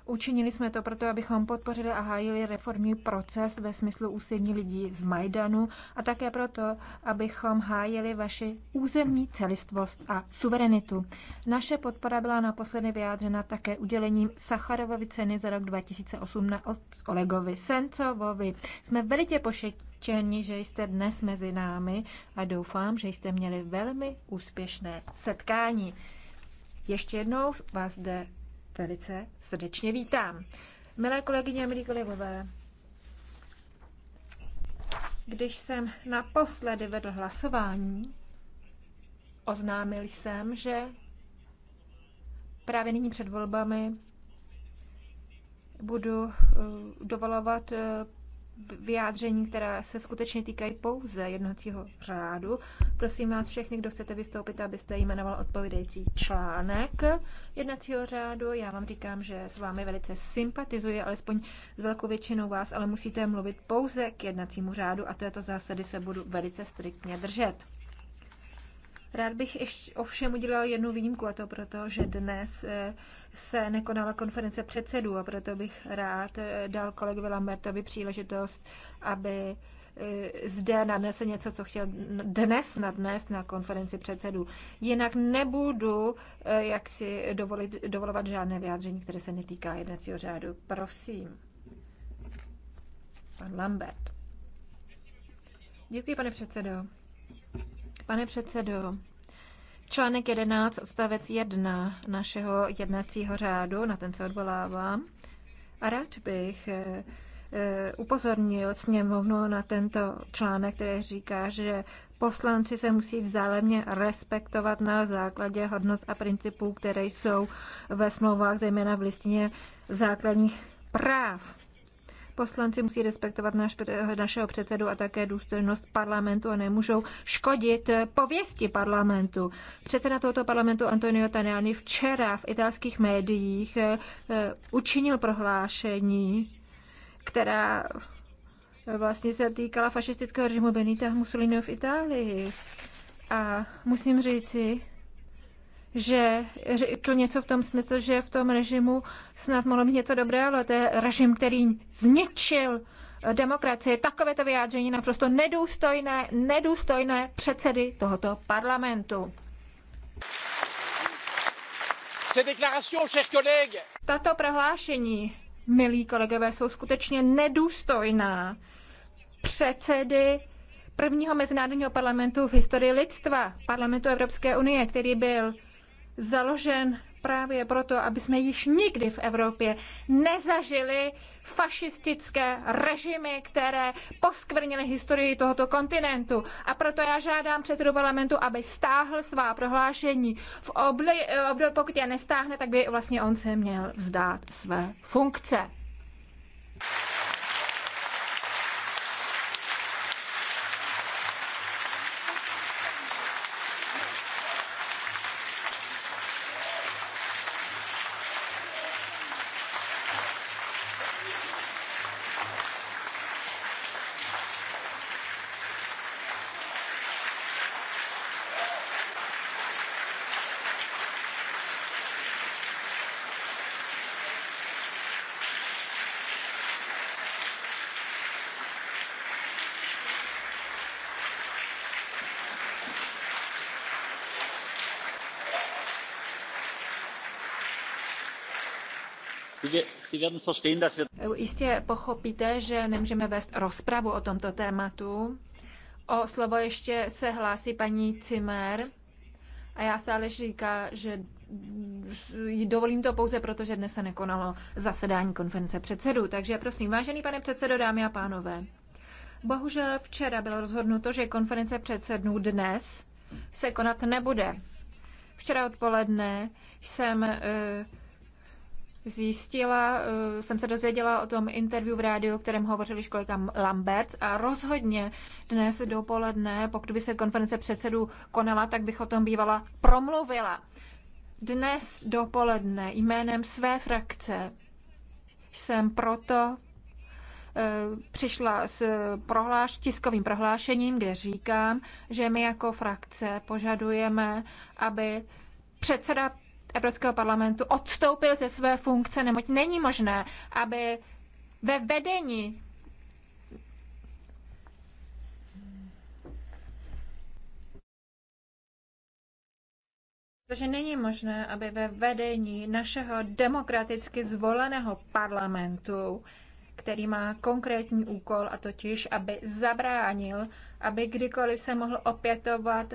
učinili jsme to proto, abychom podpořili a hájili reformní proces ve smyslu úsední lidí z Majdanu a také proto, abychom hájili vaši územní celistvost a suverenitu. Naše podpora byla naposledy vyjádřena také udělením Sacharovovy ceny za rok 2018 od Olegovi Sencovovi. Jsme velice pošetěni, že jste dnes mezi námi a doufám, že jste měli velmi úspěšné setkání. Ještě jednou vás zde velice srdečně vítám. Milé kolegyně a milí kolegové, když jsem naposledy vedl hlasování, oznámil jsem, že právě nyní před volbami budu eh, dovolovat eh, vyjádření, která se skutečně týkají pouze jednacího řádu. Prosím vás všechny, kdo chcete vystoupit, abyste jmenoval odpovídající článek jednacího řádu. Já vám říkám, že s vámi velice sympatizuji, alespoň s velkou většinou vás, ale musíte mluvit pouze k jednacímu řádu a této zásady se budu velice striktně držet. Rád bych ještě ovšem udělal jednu výjimku, a to proto, že dnes eh, se nekonala konference předsedů a proto bych rád eh, dal kolegovi Lambertovi příležitost, aby eh, zde nadnese něco, co chtěl dnes nadnést na konferenci předsedů. Jinak nebudu jak si dovolit, dovolovat žádné vyjádření, které se netýká jednacího řádu. Prosím. Pan Lambert. Děkuji, pane předsedo. Pane předsedo, článek 11 odstavec 1 našeho jednacího řádu, na ten se odvolávám, a rád bych eh, eh, upozornil sněmovnu na tento článek, který říká, že poslanci se musí vzájemně respektovat na základě hodnot a principů, které jsou ve smlouvách, zejména v listině základních práv. Poslanci musí respektovat naš, našeho předsedu a také důstojnost parlamentu a nemůžou škodit pověsti parlamentu. Předseda tohoto parlamentu Antonio Tajani včera v italských médiích eh, učinil prohlášení, která vlastně se týkala fašistického režimu Benita Mussoliniho v Itálii. A musím říci, že řekl něco v tom smyslu, že v tom režimu snad mohlo být něco dobré, ale to je režim, který zničil demokracie. Takovéto vyjádření naprosto nedůstojné, nedůstojné předsedy tohoto parlamentu. Tato prohlášení, milí kolegové, jsou skutečně nedůstojná předsedy prvního mezinárodního parlamentu v historii lidstva, parlamentu Evropské unie, který byl založen právě proto, aby jsme již nikdy v Evropě nezažili fašistické režimy, které poskvrnily historii tohoto kontinentu. A proto já žádám předsedu parlamentu, aby stáhl svá prohlášení. V obli, období, pokud je nestáhne, tak by vlastně on se měl vzdát své funkce.
Eh,
jistě pochopíte, že nemůžeme vést rozpravu o tomto tématu. O slovo ještě se hlásí paní Cimer. A já se ale říká, že dovolím to pouze proto, že dnes se nekonalo zasedání konference předsedů. Takže prosím, vážený pane předsedo, dámy a pánové. Bohužel včera bylo rozhodnuto, že konference předsedů dnes se konat nebude. Včera odpoledne jsem eh, zjistila, eh, jsem se dozvěděla o tom interview v rádiu, kterém hovořil školika Lambert a rozhodně dnes dopoledne, pokud by se konference předsedů konala, tak bych o tom bývala promluvila. Dnes dopoledne jménem své frakce jsem proto eh, přišla s prohláš, tiskovým prohlášením, kde říkám, že my jako frakce požadujeme, aby předseda Evropského parlamentu odstoupil ze své funkce, neboť není možné, aby ve vedení Protože není možné, aby ve vedení našeho demokraticky zvoleného parlamentu, který má konkrétní úkol, a totiž, aby zabránil, aby kdykoliv se mohl opětovat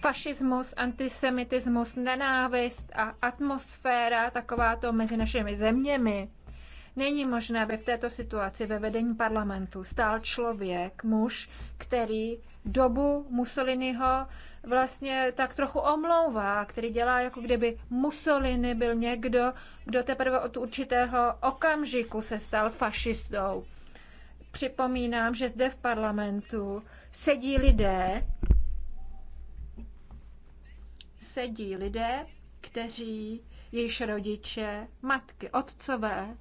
fašismus, antisemitismus, nenávist a atmosféra takováto mezi našimi zeměmi. Není možné, aby v této situaci ve vedení parlamentu stál člověk, muž, který dobu Mussoliniho vlastně tak trochu omlouvá, který dělá, jako kdyby Mussolini byl někdo, kdo teprve od určitého okamžiku se stal fašistou. Připomínám, že zde v parlamentu sedí lidé, sedí lidé, kteří, jejich rodiče, matky, otcové,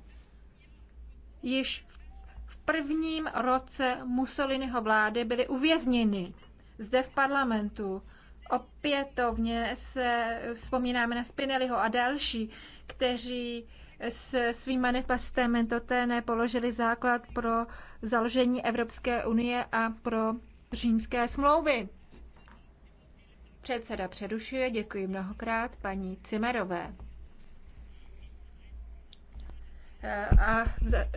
již v prvním roce Mussoliniho vlády byli uvězněni zde v parlamentu. Opětovně se vzpomínáme na Spinelliho a další, kteří s svým manifestem Mentotene položili základ pro založení Evropské unie a pro římské smlouvy. Předseda přerušuje, děkuji mnohokrát paní Cimerové. Eh, a vza, eh,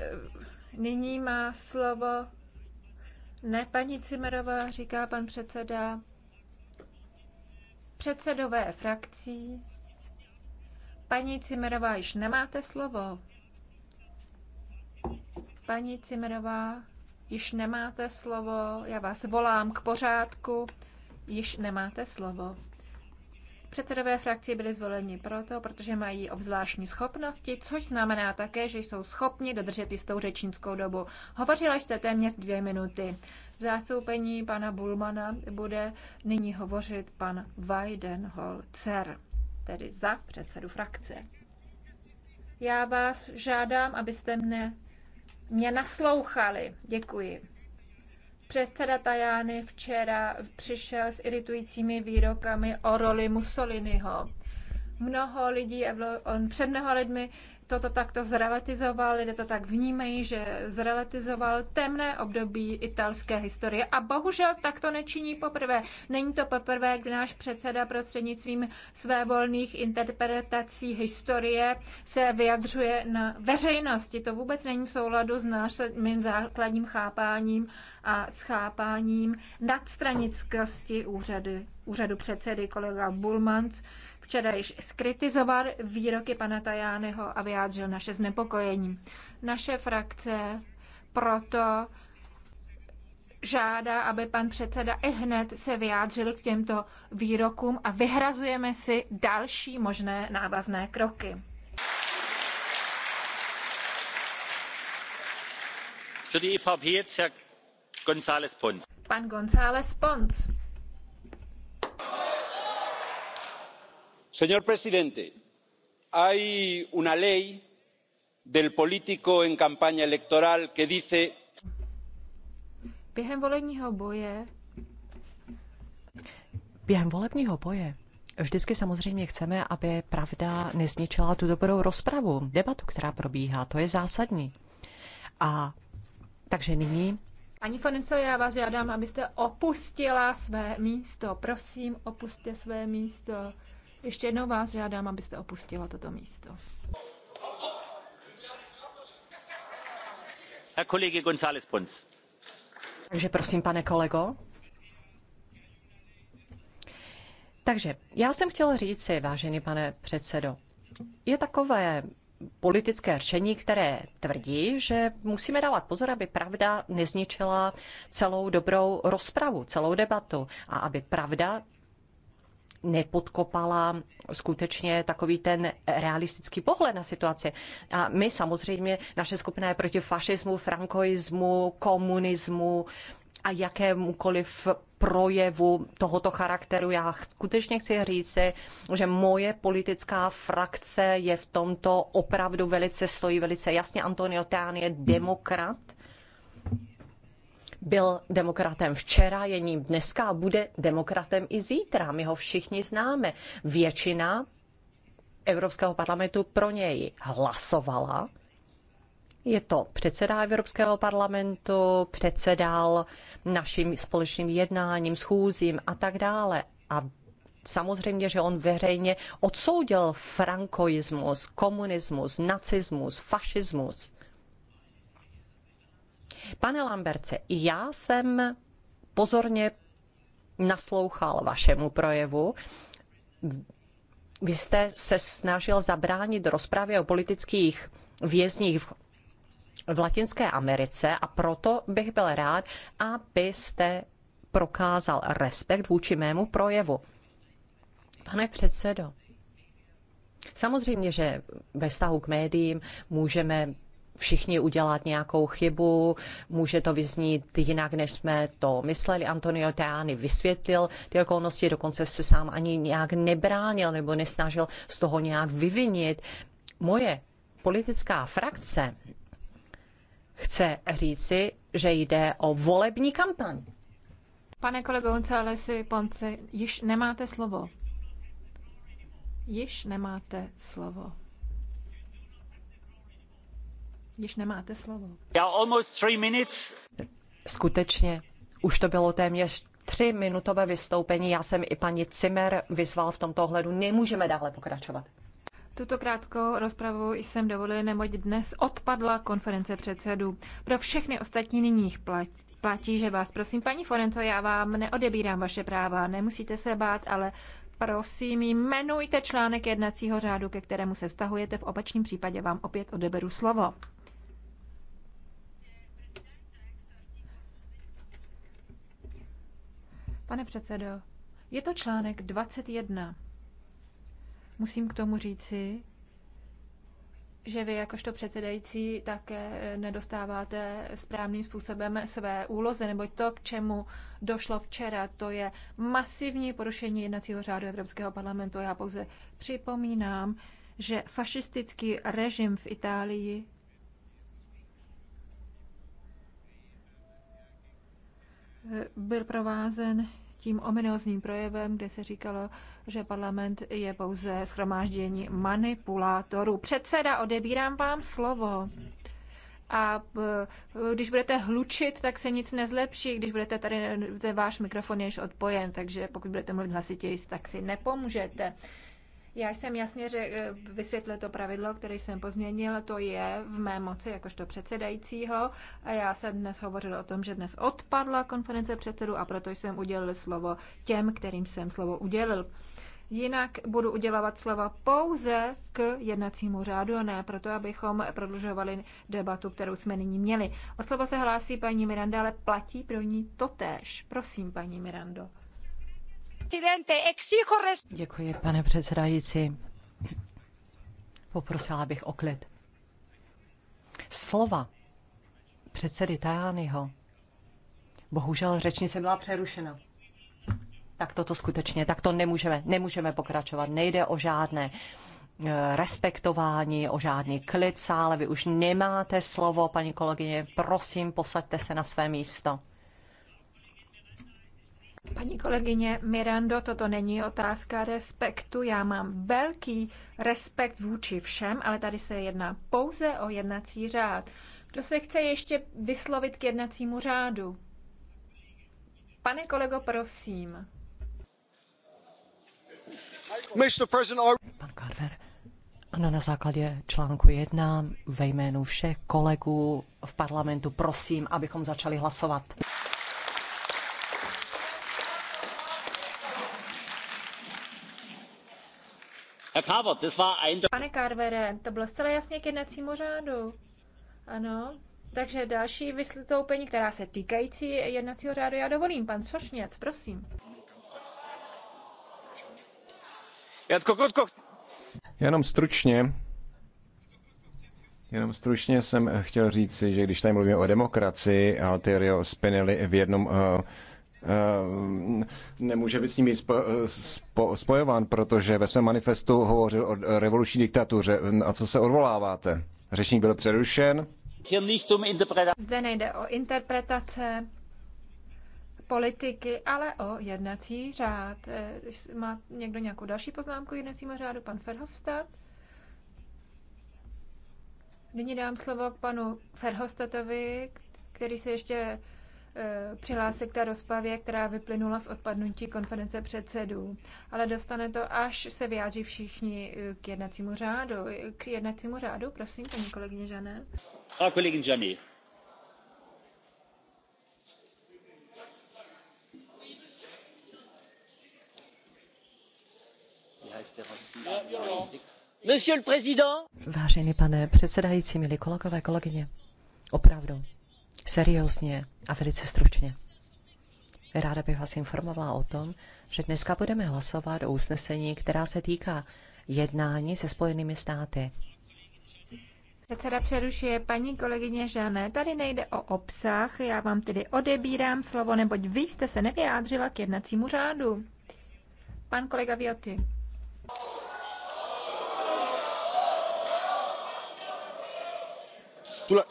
nyní má slovo ne paní Cimerová, říká pan předseda, předsedové frakcí. Paní Cimerová, již nemáte slovo. Paní Cimerová, již nemáte slovo, já vás volám k pořádku. Již nemáte slovo. Předsedové frakcí byly zvoleni proto, protože mají obzvláštní schopnosti, což znamená také, že jsou schopni dodržet jistou řečnickou dobu. Hovořila jste téměř dvě minuty. V zásoupení pana Bulmana bude nyní hovořit pan Weidenholzer, tedy za předsedu frakce. Já vás žádám, abyste mne, mě naslouchali. Děkuji. Předseda Tajány včera přišel s iritujícími výrokami o roli Mussoliniho. Mnoho lidí, před mnoha lidmi toto takto zrelatizoval, lidé to tak vnímají, že zrelatizoval temné období italské historie. A bohužel tak to nečiní poprvé. Není to poprvé, kdy náš předseda prostřednictvím své volných interpretací historie se vyjadřuje na veřejnosti. To vůbec není v souladu s naším základním chápáním a schápáním nadstranickosti úřady, úřadu předsedy kolega Bulmans včera již skritizoval výroky pana Tajáneho a vyjádřil naše znepokojení. Naše frakce proto žádá, aby pan předseda i hned se vyjádřil k těmto výrokům a vyhrazujeme si další možné návazné kroky.
E González Pons.
Pan González Pons
señor presidente hay una ley del político en campaña electoral que dice.
Během volebního boje
Během volebního boje Vždycky samozřejmě chceme, aby pravda nezničila tu dobrou rozpravu, debatu, která probíhá. To je zásadní. A takže nyní.
Ani Fonenco, já vás žádám, abyste opustila své místo. Prosím, opuste své místo. Ještě jednou vás žádám, abyste opustila toto místo.
Herr Kollege González Pons.
Takže prosím, pane kolego. Takže já jsem chtěla říct si, vážený pane předsedo, je takové politické řešení, které tvrdí, že musíme dávat pozor, aby pravda nezničila celou dobrou rozpravu, celou debatu a aby pravda nepodkopala skutečně takový ten realistický pohled na situaci. A my samozřejmě, naše skupina je proti fašismu, frankoismu, komunismu a jakémukoliv projevu tohoto charakteru. Já skutečně chci říci, že moje politická frakce je v tomto opravdu velice, stojí velice jasně. Antonio Tán je demokrat byl demokratem včera, je ním dneska a bude demokratem i zítra. My ho všichni známe. Většina Evropského parlamentu pro něj hlasovala. Je to předseda Evropského parlamentu, předsedal našim společným jednáním, schůzím a tak dále. A samozřejmě, že on veřejně odsoudil frankoismus, komunismus, nacismus, fašismus. Pane Lamberce, já jsem pozorně naslouchal vašemu projevu. Vy jste se snažil zabránit rozpravě o politických vězních v Latinské Americe a proto bych byl rád, abyste prokázal respekt vůči mému projevu. Pane předsedo, samozřejmě, že ve vztahu k médiím můžeme všichni udělat nějakou chybu, může to vyznít jinak, než jsme to mysleli. Antonio Tajani vysvětlil ty okolnosti, dokonce se sám ani nějak nebránil nebo nesnažil z toho nějak vyvinit. Moje politická frakce chce říci, že jde o volební kampaň.
Pane kolego Gonzálesi Ponce, již nemáte slovo. Již nemáte slovo. Již nemáte slovo.
Skutečně,
už to bylo téměř tři minutové vystoupení. Já jsem i paní Cimer vyzval v tomto ohledu. Nemůžeme dále pokračovat.
Tuto krátkou rozpravu jsem dovolil, neboť dnes odpadla konference předsedů. Pro všechny ostatní nyní platí platí, že vás prosím, paní Forenco, já vám neodebírám vaše práva, nemusíte se bát, ale prosím, jmenujte článek jednacího řádu, ke kterému se vztahujete, v opačném případě vám opět odeberu slovo. Pane předsedo, je to článek 21. Musím k tomu říci, že vy jakožto předsedající také nedostáváte správným způsobem své úloze, neboť to, k čemu došlo včera, to je masivní porušení jednacího řádu Evropského parlamentu. Já pouze připomínám, že fašistický režim v Itálii byl provázen tím ominózním projevem, kde se říkalo, že parlament je pouze schromáždění manipulátorů. Předseda, odebírám vám slovo. A e, když budete hlučit, tak se nic nezlepší. Když budete tady, e, váš mikrofon je již odpojen, takže pokud budete mluvit hlasitěji, tak si nepomůžete. Já jsem jasně řek, eh, vysvětlil to pravidlo, které jsem pozměnil, to je v mé moci jakožto předsedajícího a já jsem dnes hovořil o tom, že dnes odpadla konference předsedů a proto jsem udělil slovo těm, kterým jsem slovo udělil. Jinak budu udělovat slova pouze k jednacímu řádu a ne proto, abychom prodlužovali debatu, kterou jsme nyní měli. O slovo se hlásí paní Miranda, ale platí pro ní totéž. Prosím, paní Mirando.
Děkuji, pane předsedající. Poprosila bych o klid. Slova předsedy Tajányho. Bohužel řečnice byla přerušena. Tak toto skutečně, tak to nemůžeme, nemůžeme pokračovat. Nejde o žádné eh, respektování, o žádný klid v sále. Vy už nemáte slovo, paní kolegyně. Prosím, posaďte se na své místo.
Paní kolegyně Mirando, toto není otázka respektu. Já mám velký respekt vůči všem, ale tady se jedná pouze o jednací řád. Kdo se chce ještě vyslovit k jednacímu řádu? Pane kolego, prosím.
Pan
Carver, ano, na základě článku 1 ve jménu všech kolegů v parlamentu prosím, abychom začali hlasovat.
Pane
Carvere, to bylo zcela jasně k jednacímu řádu. Ano. Takže další vystoupení, která se týkající jednacího řádu, já dovolím. Pan Sošněc, prosím.
Jenom stručně, Jenom stručně jsem chtěl říci, že když tady mluvíme o demokracii, Alterio Spinelli v jednom eh, Ehm, nemůže být s ním být spojován, protože ve svém manifestu hovořil o revoluční diktatuře. A co se odvoláváte? Řečník byl přerušen. Um
Zde nejde o interpretace politiky, ale o jednací řád. Eh, má někdo nějakou další poznámku jednacímu řádu? Pan Ferhovstad? Nyní dám slovo k panu Ferhostatovi, který se ještě Eh, přihlásit k té rozpavě, která vyplynula z odpadnutí konference předsedů. Ale dostane to, až se vyjádří všichni eh, k jednacímu řádu. Eh, k jednacímu řádu, prosím, paní kolegyně Žané.
A kolegyně Žané.
Vážený pane předsedající, milí kolegové, kolegyně, opravdu seriózně a velice stručně. Ráda bych vás informovala o tom, že dneska budeme hlasovat o usnesení, která se týká jednání se Spojenými státy.
Předseda přerušuje paní kolegyně Žané. Tady nejde o obsah, já vám tedy odebírám slovo, neboť vy jste se nevyjádřila k jednacímu řádu. Pan kolega Vioty.
Tule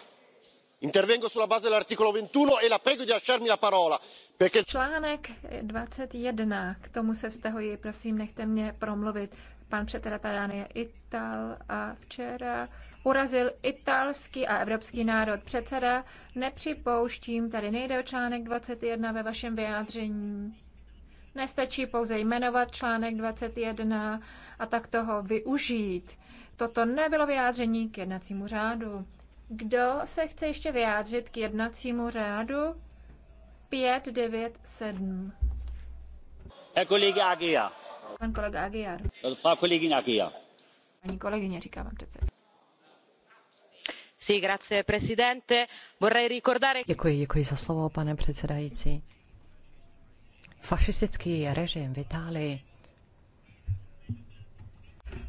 intervengo sulla base dell'articolo 21 e la prego di lasciarmi la parola perché Článek
21, k tomu se vztahuji, prosím, nechte mě promluvit. Pan předseda Tajani je Ital a včera urazil italský a evropský národ. Předseda, nepřipouštím, tady nejde o článek 21 ve vašem vyjádření. Nestačí pouze jmenovat článek 21 a tak toho využít. Toto nebylo vyjádření k jednacímu řádu. Kdo se chce ještě vyjádřit k jednacímu řádu? 597.
Pan kolega Agia.
Pan kolega Agiar.
Frau Kollegin Agia.
Paní kolegyně, říká vám přece. Sí, grazie, presidente. Vorrei ricordare... Děkuji,
děkuji za slovo, pane předsedající. Fašistický režim v Itálii.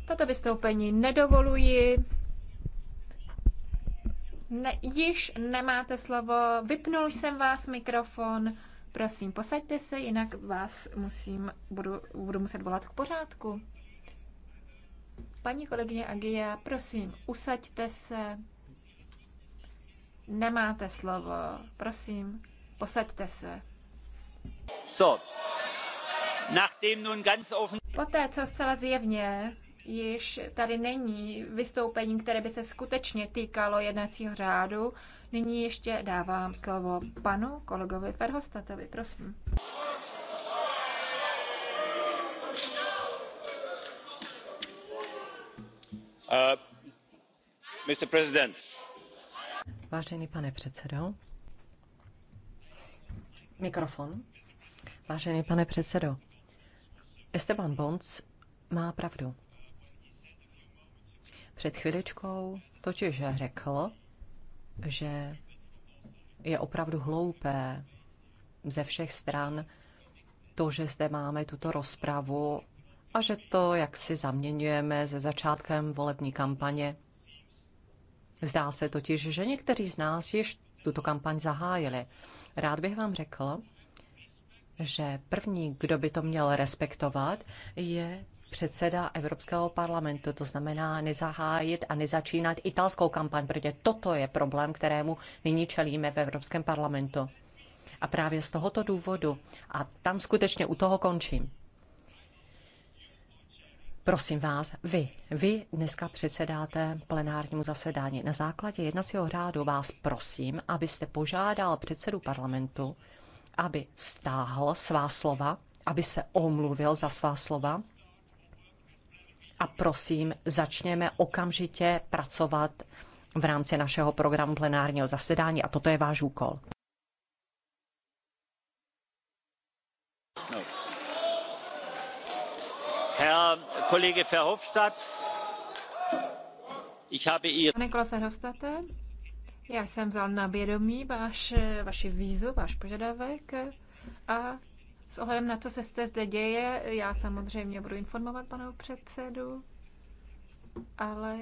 Toto vystoupení nedovoluji. Ne, již nemáte slovo, vypnul jsem vás mikrofon. Prosím, posaďte se, jinak vás musím, budu, budu muset volat k pořádku. Paní kolegyně Agia, prosím, usaďte se. Nemáte slovo. Prosím, posaďte se.
So. Nachdem nun ganz offen...
Poté, co zcela zjevně již tady není vystoupení, které by se skutečně týkalo jednacího řádu. Nyní ještě dávám slovo panu kolegovi Ferhostatovi, prosím.
Uh,
Vážený pane předsedo, mikrofon. Vážený pane předsedo, Esteban Bonds má pravdu před chviličkou totiž řekl, že je opravdu hloupé ze všech stran to, že zde máme tuto rozpravu a že to, jak si zaměňujeme se začátkem volební kampaně. Zdá se totiž, že někteří z nás již tuto kampaň zahájili. Rád bych vám řekl, že první, kdo by to měl respektovat, je předseda Evropského parlamentu, to znamená nezahájit a nezačínat italskou kampaň, protože toto je problém, kterému nyní čelíme v Evropském parlamentu. A právě z tohoto důvodu, a tam skutečně u toho končím, Prosím vás, vy, vy dneska předsedáte plenárnímu zasedání. Na základě jednacího řádu vás prosím, abyste požádal předsedu parlamentu, aby stáhl svá slova, aby se omluvil za svá slova a prosím, začněme okamžitě pracovat v rámci našeho programu plenárního zasedání a toto je váš úkol.
Herr Kollege Verhofstadt, ich habe Ihr... Pane
Kolo Verhofstadte, já jsem vzal na vědomí vaši vízu, váš požadavek a s ohledem na to, co se zde děje, já samozřejmě budu informovat pana předsedu, ale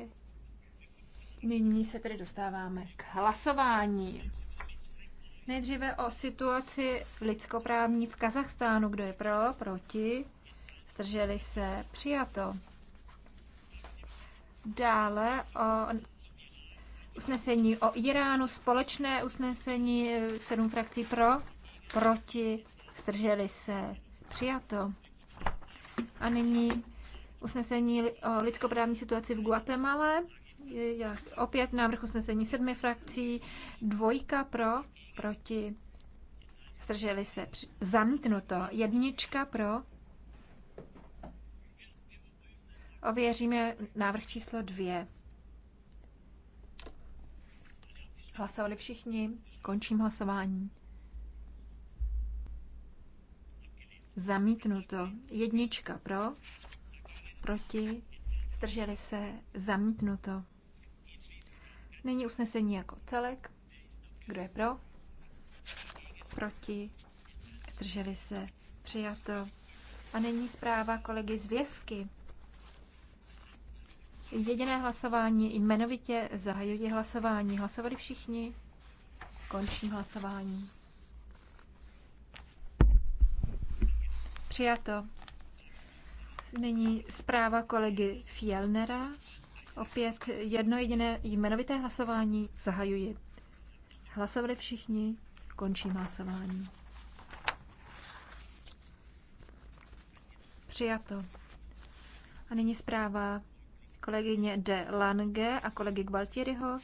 nyní se tedy dostáváme k hlasování. Nejdříve o situaci lidskoprávní v Kazachstánu. Kdo je pro, proti? Zdrželi se, přijato. Dále o usnesení o Iránu, společné usnesení sedm frakcí pro, proti, zdrželi se, přijato. A nyní usnesení o lidskoprávní situaci v Guatemala. Jak opět návrh usnesení sedmi frakcí, dvojka pro, proti, zdrželi se, při, zamítnuto, jednička pro, Ověříme návrh číslo dvě. Hlasovali všichni. Končím hlasování. Zamítnuto. Jednička pro, proti, zdrželi se, zamítnuto. Není usnesení jako celek. Kdo je pro? Proti, zdrželi se, přijato. A není zpráva kolegy z Věvky. Jediné hlasování, jmenovitě zahajuji hlasování. Hlasovali všichni? Končí hlasování. Přijato. Nyní zpráva kolegy Fielnera. Opět jedno jediné jmenovité hlasování zahajuji. Hlasovali všichni, Končí hlasování. Přijato. A nyní zpráva kolegyně De Lange a kolegy Gualtieriho.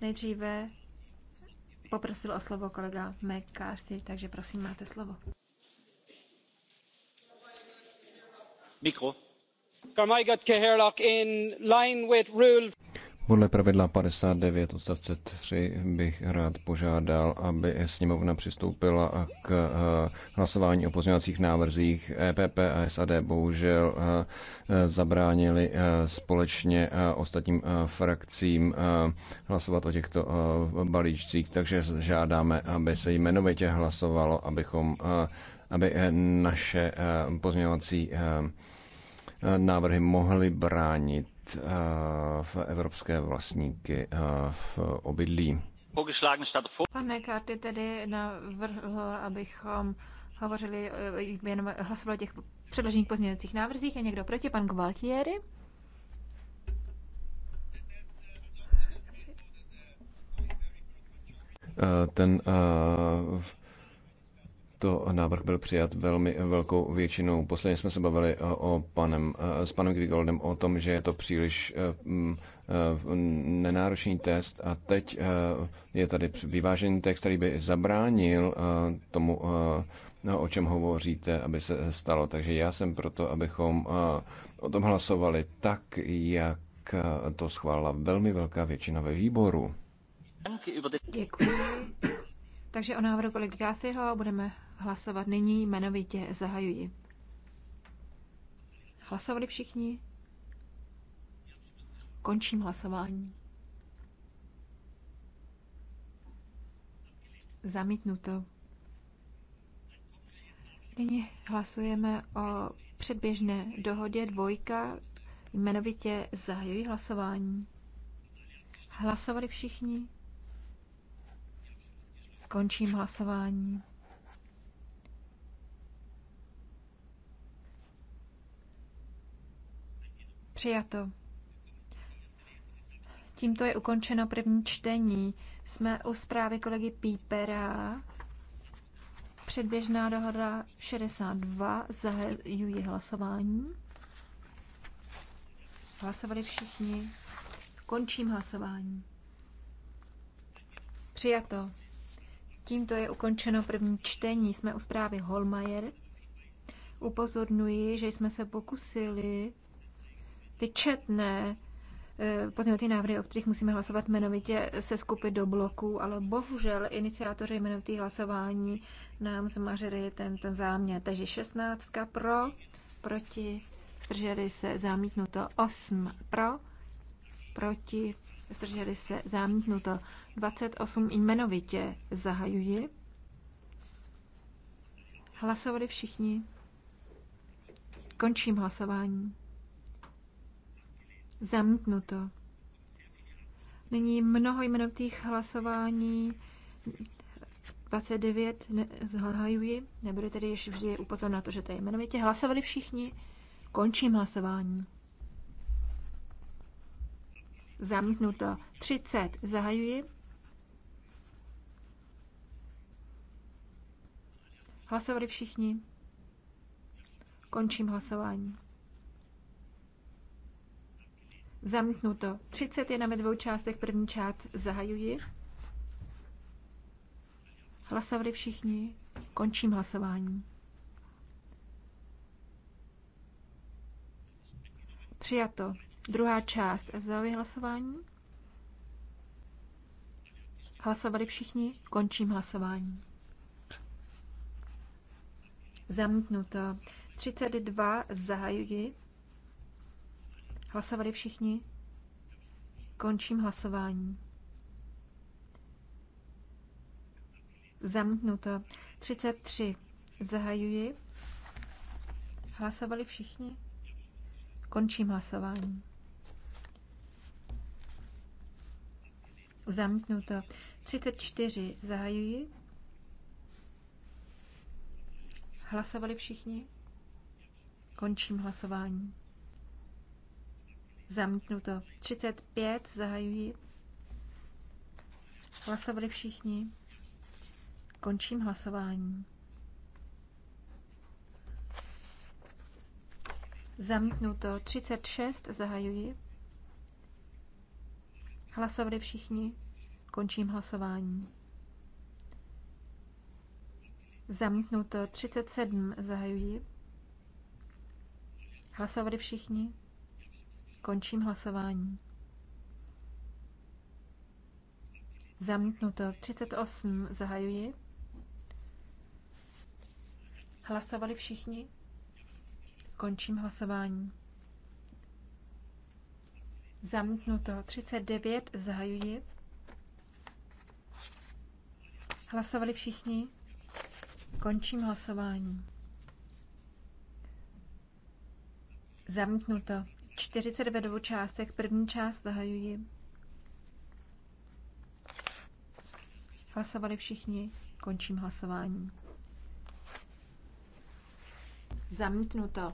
Nejdříve poprosil o slovo kolega McCarthy, takže prosím, máte slovo.
Podle pravidla 59 odstavce 3 bych rád požádal, aby sněmovna přistoupila k eh, hlasování o pozměňovacích návrzích. EPP a SAD bohužel eh, zabránili eh, společně ostatním frakcím hlasovat o těchto balíčcích, takže žádáme, aby se jmenovitě hlasovalo, abychom aby eh, naše eh, pozměňovací eh, návrhy mohly bránit v evropské vlastníky v obydlí.
Pane Karty tedy navrhl, abychom hovořili, jenom hlasovali o těch předložených pozměňovacích návrzích. Je někdo proti? Pan Gvaltieri?
Ten uh, tento návrh byl přijat velmi velkou většinou. Posledně jsme se bavili eh, o, panem, eh, s panem Gvigoldem o tom, že je to příliš eh, mm, nenáročný test a teď je tady vyvážený text, který by zabránil tomu, o čem hovoříte, aby se stalo. Takže já jsem proto, abychom o tom hlasovali tak, jak to schválila velmi velká většina ve výboru.
Děkuji. Takže o návrhu kolegy Gáfyho budeme hlasovat nyní jmenovitě. Zahajuji. Hlasovali všichni? Končím hlasování. Zamítnuto. Nyní hlasujeme o předběžné dohodě dvojka. Jmenovitě zahajuji hlasování. Hlasovali všichni? Končím hlasování. Přijato. Tímto je ukončeno první čtení. Jsme u zprávy kolegy Pípera. Předběžná dohoda 62. Zahajuji hlasování. Hlasovali všichni. Končím hlasování. Přijato. Tímto je ukončeno první čtení. Jsme u zprávy Holmajer. Upozorňuji, že jsme se pokusili ty četné eh, pozměňovací návrhy, o kterých musíme hlasovat jmenovitě, se skupit do bloků, ale bohužel iniciátoři jmenovitých hlasování nám zmařili tento záměr. Takže 16 pro, proti, zdrželi se zamítnuto 8 pro, proti, zdrželi se zamítnuto 28 jmenovitě zahajuji. Hlasovali všichni. Končím hlasování zamknuto. Nyní mnoho jmenovitých hlasování. 29 ne, zahajuji. Nebudu tedy ještě vždy upozorněn na to, že to je jmenovitě. Hlasovali všichni. Končím hlasování. Zamknuto. 30 zahajuji. Hlasovali všichni. Končím hlasování. 30 je na dvou částech. První část zahajuji. Hlasovali všichni. Končím hlasování. Přijato. Druhá část. Zahajuji hlasování. Hlasovali všichni. Končím hlasování. Zamítnuto. 32. Zahajuji. Hlasovali všichni? Končím hlasování. Zamknuto. 33. Zahajuji. Hlasovali všichni? Končím hlasování. Zamknuto. 34. Zahajuji. Hlasovali všichni? Končím hlasování. Zamítnuto. 35. Zahajuji. Hlasovali všichni. Končím hlasování. Zamítnuto. 36. Zahajuji. Hlasovali všichni. Končím hlasování. Zamítnuto. 37. Zahajuji. Hlasovali všichni. Končím hlasování. Zamítnuto. 38. Zahajuji. Hlasovali všichni? Končím hlasování. Zamítnuto. 39. Zahajuji. Hlasovali všichni? Končím hlasování. Zamítnuto. 40 ve dvou částech. První část zahajuji. Hlasovali všichni. Končím hlasování. Zamítnuto.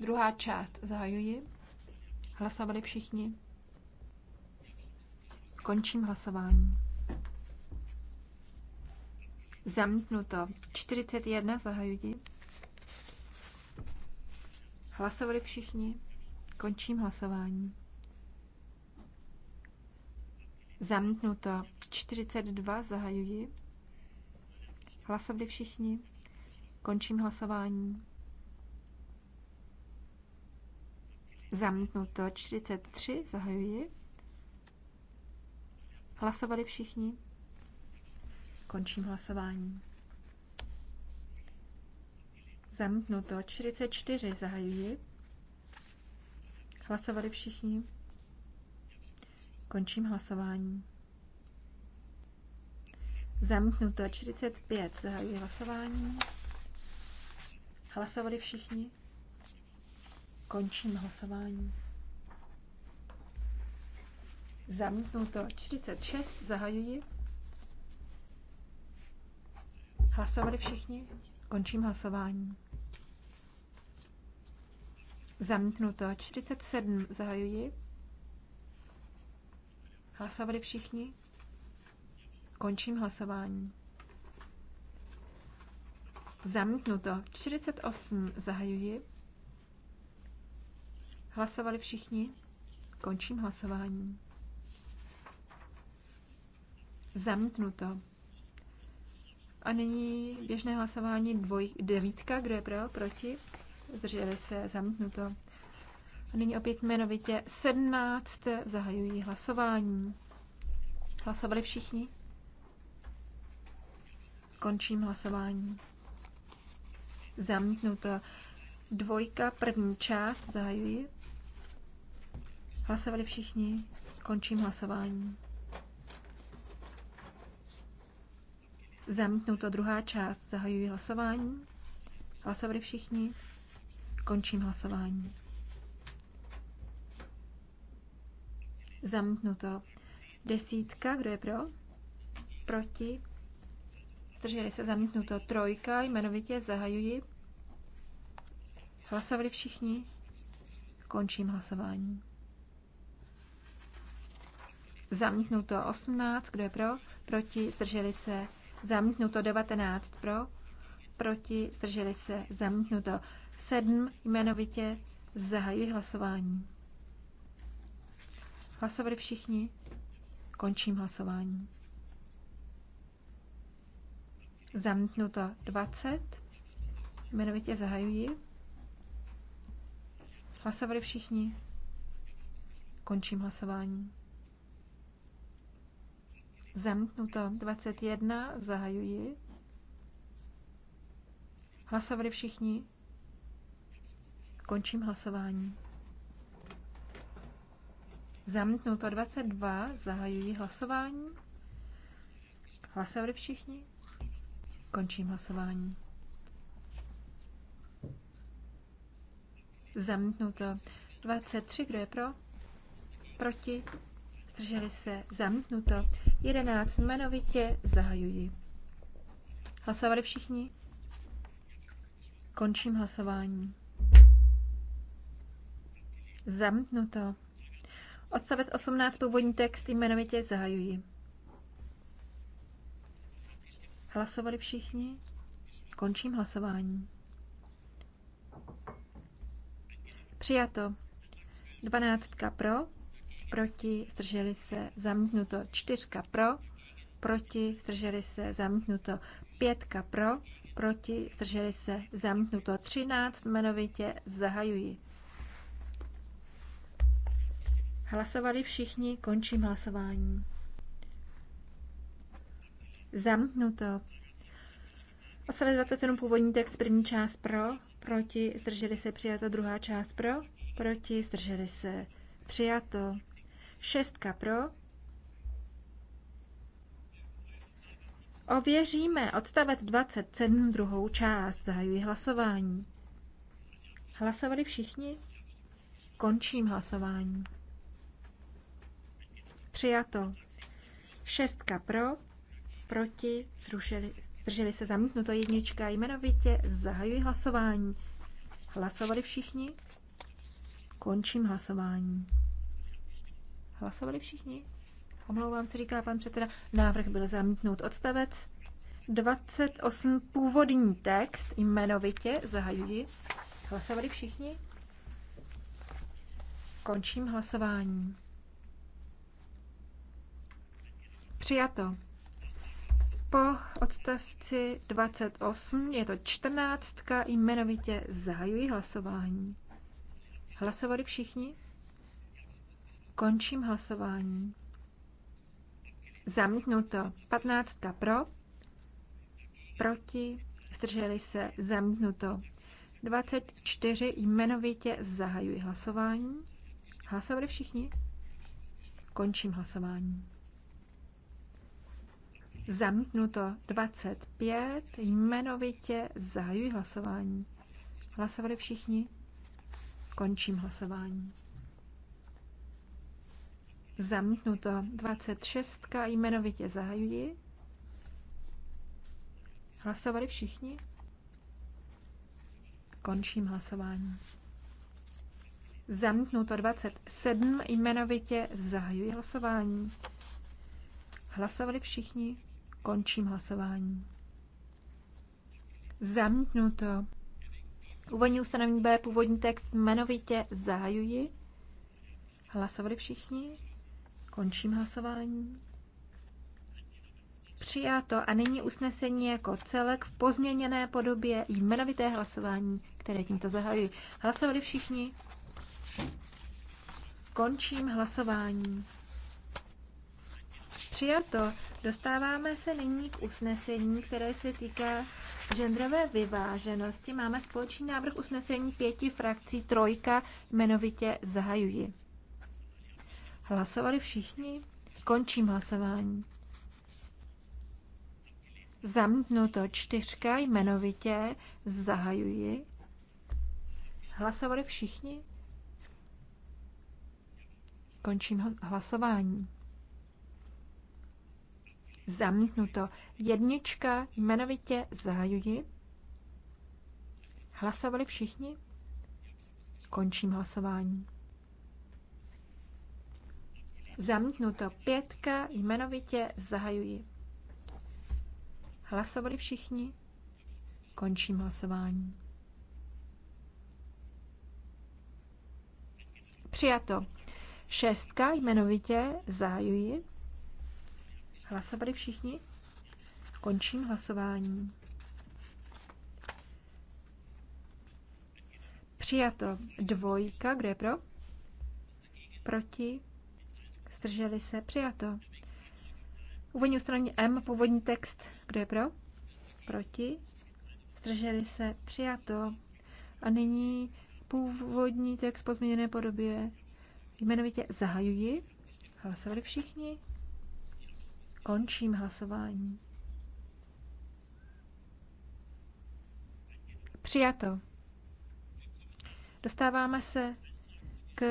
Druhá část zahajuji. Hlasovali všichni. Končím hlasování. Zamítnuto. 41 zahajuji. Hlasovali všichni? Končím hlasování. Zamítnuto. 42 zahajuji. Hlasovali všichni? Končím hlasování. Zamítnuto. 43 zahajuji. Hlasovali všichni? Končím hlasování. Zamítnuto. 44 zahajuji. Hlasovali všichni. Končím hlasování. Zamítnuto. 45 zahajuji hlasování. Hlasovali všichni. Končím hlasování. Zamítnuto. 46 zahajuji. Hlasovali všichni? Končím hlasování. Zamítnuto. 47 zahajuji. Hlasovali všichni? Končím hlasování. Zamítnuto. 48 zahajuji. Hlasovali všichni? Končím hlasování. Zamítnuto. A nyní běžné hlasování dvoj, devítka, kdo je pro, proti? zdrželi se, zamítnuto. A nyní opět jmenovitě 17 zahajují hlasování. Hlasovali všichni? Končím hlasování. Zamítnuto. Dvojka, první část, zahajuji. Hlasovali všichni? Končím hlasování. Zamítnuto druhá část, zahajuji hlasování. Hlasovali všichni? Končím hlasování. Zamknuto. Desítka, kdo je pro? Proti? Zdrželi se to Trojka, jmenovitě zahajuji. Hlasovali všichni? Končím hlasování. to 18, kdo je pro? Proti, zdrželi se. to 19, pro? Proti, zdrželi se. to. 7 jmenovitě zahajuji hlasování. Hlasovali všichni? Končím hlasování. Zamítnuto 20. Jmenovitě zahajuji. Hlasovali všichni? Končím hlasování. Zamítnuto 21. Zahajuji. Hlasovali všichni? Končím hlasování. Zamítnuto 22, zahajuji hlasování. Hlasovali všichni? Končím hlasování. Zamítnuto 23, kdo je pro? Proti? Zdrželi se? Zamítnuto 11, jmenovitě zahajuji. Hlasovali všichni? Končím hlasování. Zamknuto. Odstavec 18, původní text, jmenovitě zahajuji. Hlasovali všichni? Končím hlasování. Přijato. 12 pro, proti, zdrželi se, zamknuto. 4 pro, proti, zdrželi se, zamknuto. 5 pro, proti, zdrželi se, zamknuto. 13 jmenovitě zahajuji. Hlasovali všichni, končím hlasování. Zamknuto. Odstavec 27 původní text, první část pro, proti, zdrželi se přijato, druhá část pro, proti, zdrželi se přijato. Šestka pro. Ověříme odstavec 27 druhou část. Zahajuji hlasování. Hlasovali všichni? Končím hlasování. Přijato. Šestka pro, proti, zrušili, zdrželi se zamítnuto jednička. Jmenovitě zahajuji hlasování. Hlasovali všichni? Končím hlasování. Hlasovali všichni? Omlouvám se, říká pan předseda. Návrh byl zamítnut. Odstavec 28 původní text jmenovitě zahajuji. Hlasovali všichni? Končím hlasování. Přijato. Po odstavci 28 je to 14. jmenovitě zahajují hlasování. Hlasovali všichni? Končím hlasování. Zamítnuto. 15. pro. Proti. Zdrželi se. Zamítnuto. 24. Jmenovitě zahajuji hlasování. Hlasovali všichni? Končím hlasování. Zamítnuto 25, jmenovitě zahajuji hlasování. Hlasovali všichni? Končím hlasování. Zamítnuto 26, jmenovitě zahajuji. Hlasovali všichni? Končím hlasování. Zamítnuto 27, jmenovitě zahajuji hlasování. Hlasovali všichni? Končím hlasování. Zamítnuto. Úvodní ustanovení B, původní text jmenovitě zahajuji. Hlasovali všichni? Končím hlasování. Přijato a nyní usnesení jako celek v pozměněné podobě jmenovité hlasování, které tímto zahajuji. Hlasovali všichni? Končím hlasování přijato. Dostáváme se nyní k usnesení, které se týká genderové vyváženosti. Máme společný návrh usnesení pěti frakcí Trojka, jmenovitě zahajuji. Hlasovali všichni? Končím hlasování. Zamítnuto čtyřka, jmenovitě zahajuji. Hlasovali všichni? Končím hlasování. Zamítnuto. Jednička jmenovitě zahajuji. Hlasovali všichni? Končím hlasování. Zamítnuto. Pětka jmenovitě zahajuji. Hlasovali všichni? Končím hlasování. Přijato. Šestka jmenovitě zahajuji. Hlasovali všichni? Končím hlasování. Přijato dvojka, kdo je pro? Proti? Zdrželi se? Přijato. Úvodní ustanovení M, původní text, kdo je pro? Proti? Zdrželi se? Přijato. A nyní původní text po změněné podobě. Jmenovitě zahajuji. Hlasovali všichni? Končím hlasování. Přijato. Dostáváme se k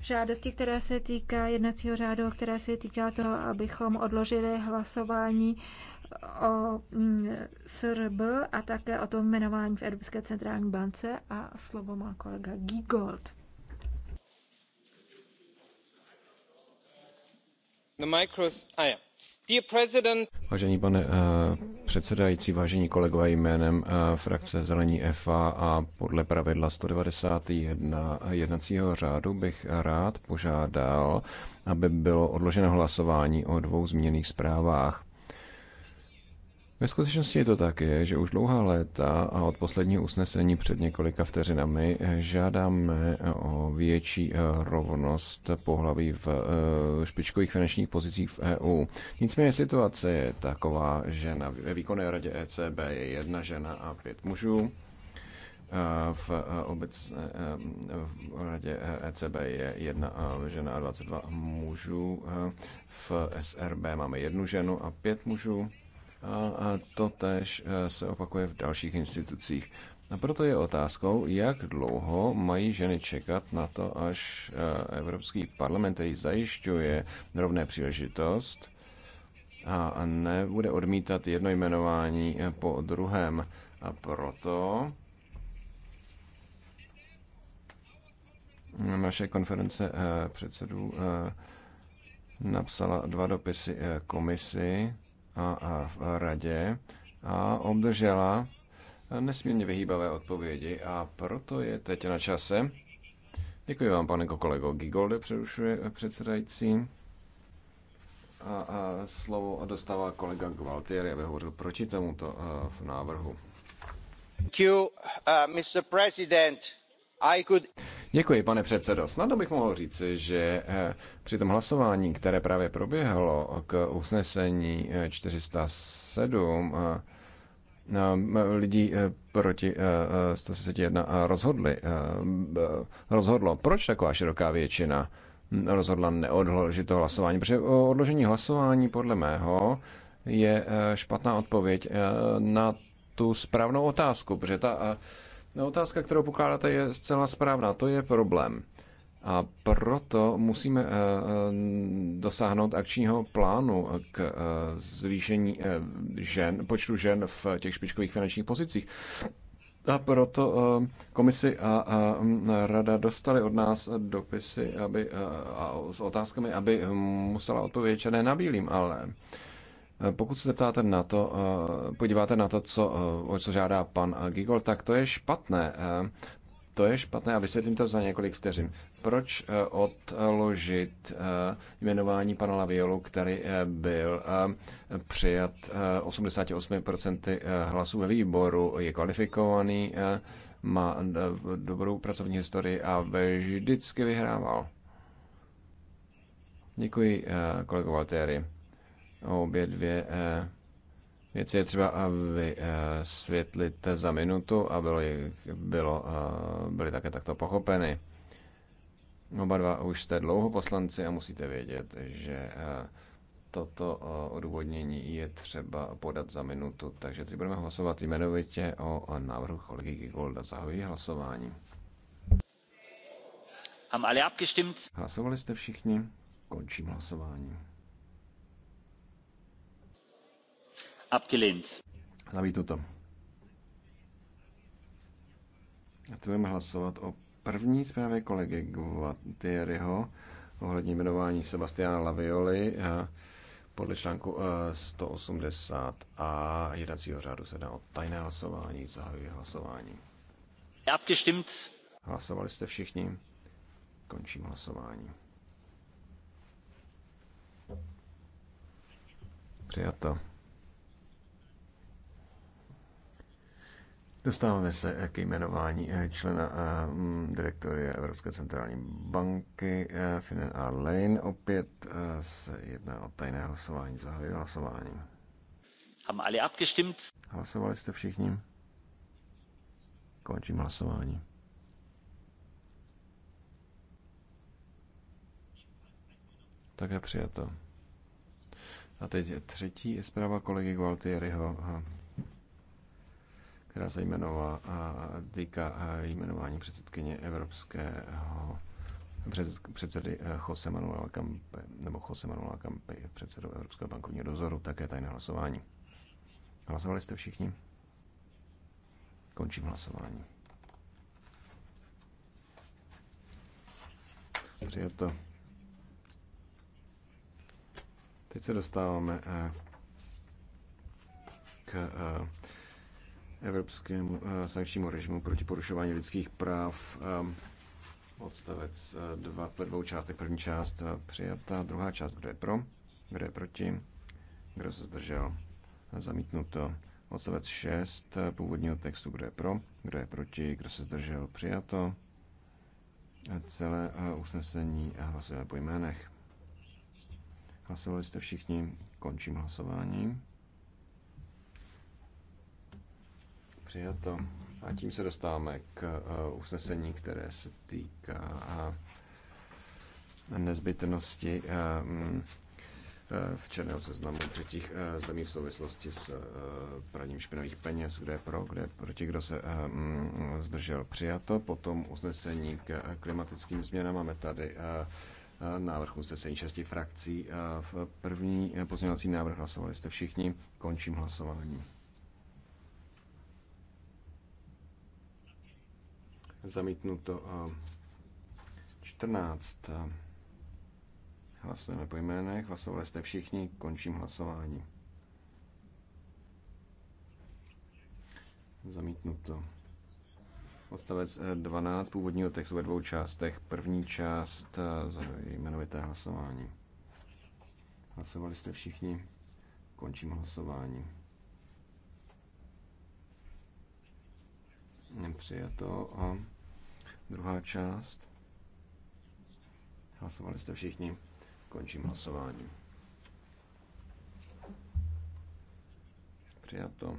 žádosti, která se týká jednacího řádu která se týká toho, abychom odložili hlasování o mm, SRB a také o tom jmenování v Evropské centrální bance a slovo má kolega Gigold.
The micros, ah, yeah.
Vážený pane eh, předsedající, vážení kolegové, jménem eh, frakce Zelení FA a podle pravidla 191 eh, jednacího řádu bych rád požádal, aby bylo odloženo hlasování o dvou změněných zprávách. Ve skutečnosti je to tak, je, že už dlouhá léta a od posledního usnesení před několika vteřinami žádáme o větší eh, rovnost pohlaví v eh, špičkových finančních pozicích v EU. Nicméně situace je taková, že na výkonné radě ECB je jedna žena a pět mužů eh, v obecné v radě ECB e je jedna žena a 22 mužů. V SRB máme jednu ženu a pět mužů a to tež e, se opakuje v dalších institucích. A proto je otázkou, jak dlouho mají ženy čekat na to, až e, Evropský parlament, který zajišťuje rovné příležitost, a nebude odmítat jedno jmenování e, po druhém. A proto naše konference předsedů napsala dva dopisy komisi a v radě a obdržela nesmírně vyhýbavé odpovědi a proto je teď na čase. Děkuji vám, pane kolego Gigolde, přerušuje předsedající. A, a slovo dostává kolega Gualtieri, aby hovořil proti tomuto v návrhu.
Thank you, uh, Mr. President.
Děkuji, pane předsedo. Snadno bych mohl říct, že eh, při tom hlasování, které právě proběhlo k usnesení 407 eh, eh, lidí proti 131 rozhodli, rozhodlo, proč taková široká většina rozhodla neodložit to hlasování, protože odložení hlasování podle mého je špatná odpověď na tu správnou otázku, protože ta No, otázka, kterou pokládáte, je zcela správná. To je problém. A proto musíme eh, eh, dosáhnout akčního plánu k eh, zvýšení žen, počtu žen v těch špičkových finančních pozicích. A proto komisi a mm, rada dostali od nás dopisy aby, a s otázkami, aby musela odpovědět černé na bílým, ale Eh, pokud se zeptáte na to, eh, podíváte na to, co, eh, o co žádá pan Gigol, tak to je špatné. To je špatné a vysvětlím to za několik vteřin. Proč odložit jmenování pana Laviolu, který byl přijat 88% hlasů ve výboru, je kvalifikovaný, má dobrou pracovní historii a vždycky vyhrával. Děkuji, kolego Valtéry obě dvě eh, věci je třeba eh, vysvětlit za minutu a bylo, bylo, eh, byly také takto pochopeny. Oba dva už jste dlouho poslanci a musíte vědět, že toto odůvodnění je třeba podat za minutu, takže teď budeme hlasovat jmenovitě o návrhu kolegy Gigolda. Zahojí hlasování. Hlasovali jste všichni? Končím hlasování. Abgelehnt. Zamítnuto. A teď budeme hlasovat o první zprávě kolegy Guattieriho ohledně jmenování Sebastiana Lavioli eh, podle článku 180 eh, a jednacího řádu se dá o tajné hlasování. zahajuje hlasování. Abgestimmt. Hlasovali jste všichni. Končím hlasování. Přijato. Dostáváme se k jmenování eh, člena eh, direktory Evropské centrální banky eh, Finan a Lane. Opět se jedná o tajné hlasování. Zahajuji hlasování. Haben alle abgestimmt? Hlasovali jste všichni? Končím hlasování. Také přijato. A teď třetí zpráva kolegy Gualtieriho která se jmenovala a týká jmenování předsedkyně Evropského předsedy eh, Jose Manuela Campe, nebo Jose Manuela Campe, předsedou Evropského bankovního dozoru, také tajné hlasování. Hlasovali jste všichni? Končím hlasování. Přijeto. Teď se dostáváme eh, k eh, evropskému eh, sankčnímu režimu proti porušování lidských práv. Ehm, odstavec 2 eh, ve dvou částech. První část eh, přijata, druhá část, kdo je pro, kdo je proti, kdo se zdržel. Zamítnuto. Odstavec 6 původního textu, kdo je pro, kdo je proti, kdo se zdržel. Přijato. Celé usnesení a hlasujeme po jménech. Hlasovali jste všichni, končím hlasování. Přijato. A tím se dostáváme k eh, usnesení, které se týká eh, nezbytnosti eh, mm, v černého seznamu třetích zemí v souvislosti s praním špinavých peněz, kde je pro, kde je proti, kdo se mm, zdržel přijato. Potom usnesení k klimatickým změnám máme tady návrh usnesení šesti frakcí. V první pozměňovací návrh hlasovali jste všichni. Končím hlasování. Zamítnuto 14. Hlasujeme po jménech, hlasovali jste všichni, končím hlasování. Zamítnuto. Odstavec 12 eh, původního textu ve dvou částech. První část eh, jmenovité hlasování. Hlasovali jste všichni, končím hlasování. nepřijato A druhá část. Hlasovali jste všichni. Končím hlasování. Přijato.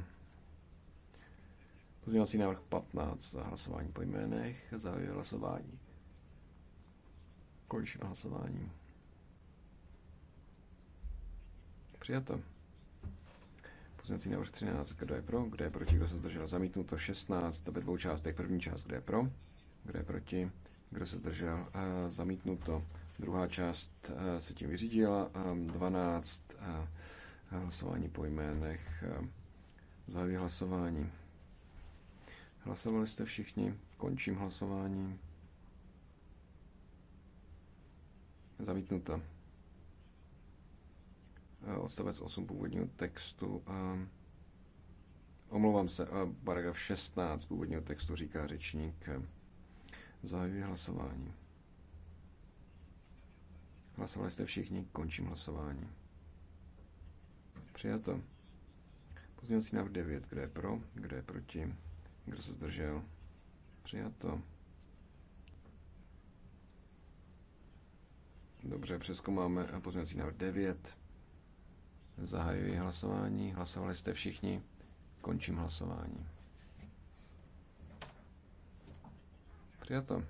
Pozměňovací návrh 15 za hlasování po jménech. Zahajuji hlasování. Končím hlasování. Přijato. Pozměňovací návrh 13. Kdo je pro? Kdo je proti? Kdo se zdržel? Zamítnuto 16. Ve dvou částech. První část. Kdo je pro? Kdo je proti? Kdo se zdržel? Eh, zamítnuto. Druhá část eh, se tím vyřídila. 12. Eh, hlasování po jménech. Zahajuji hlasování. Hlasovali jste všichni. Končím hlasování. Zamítnuto. Eh, odstavec 8 původního textu. Omlouvám se, paragraf 16 původního textu říká řečník. Zahajuji hlasování. Hlasovali jste všichni, končím hlasování. Přijato. Pozměňovací návrh 9. Kdo je pro? Kdo je proti? Kdo se zdržel? Přijato. Dobře, přeskoumáme máme eh, pozměňovací návrh 9. Zahajuji hlasování. Hlasovali jste všichni. Končím hlasování. Přijato.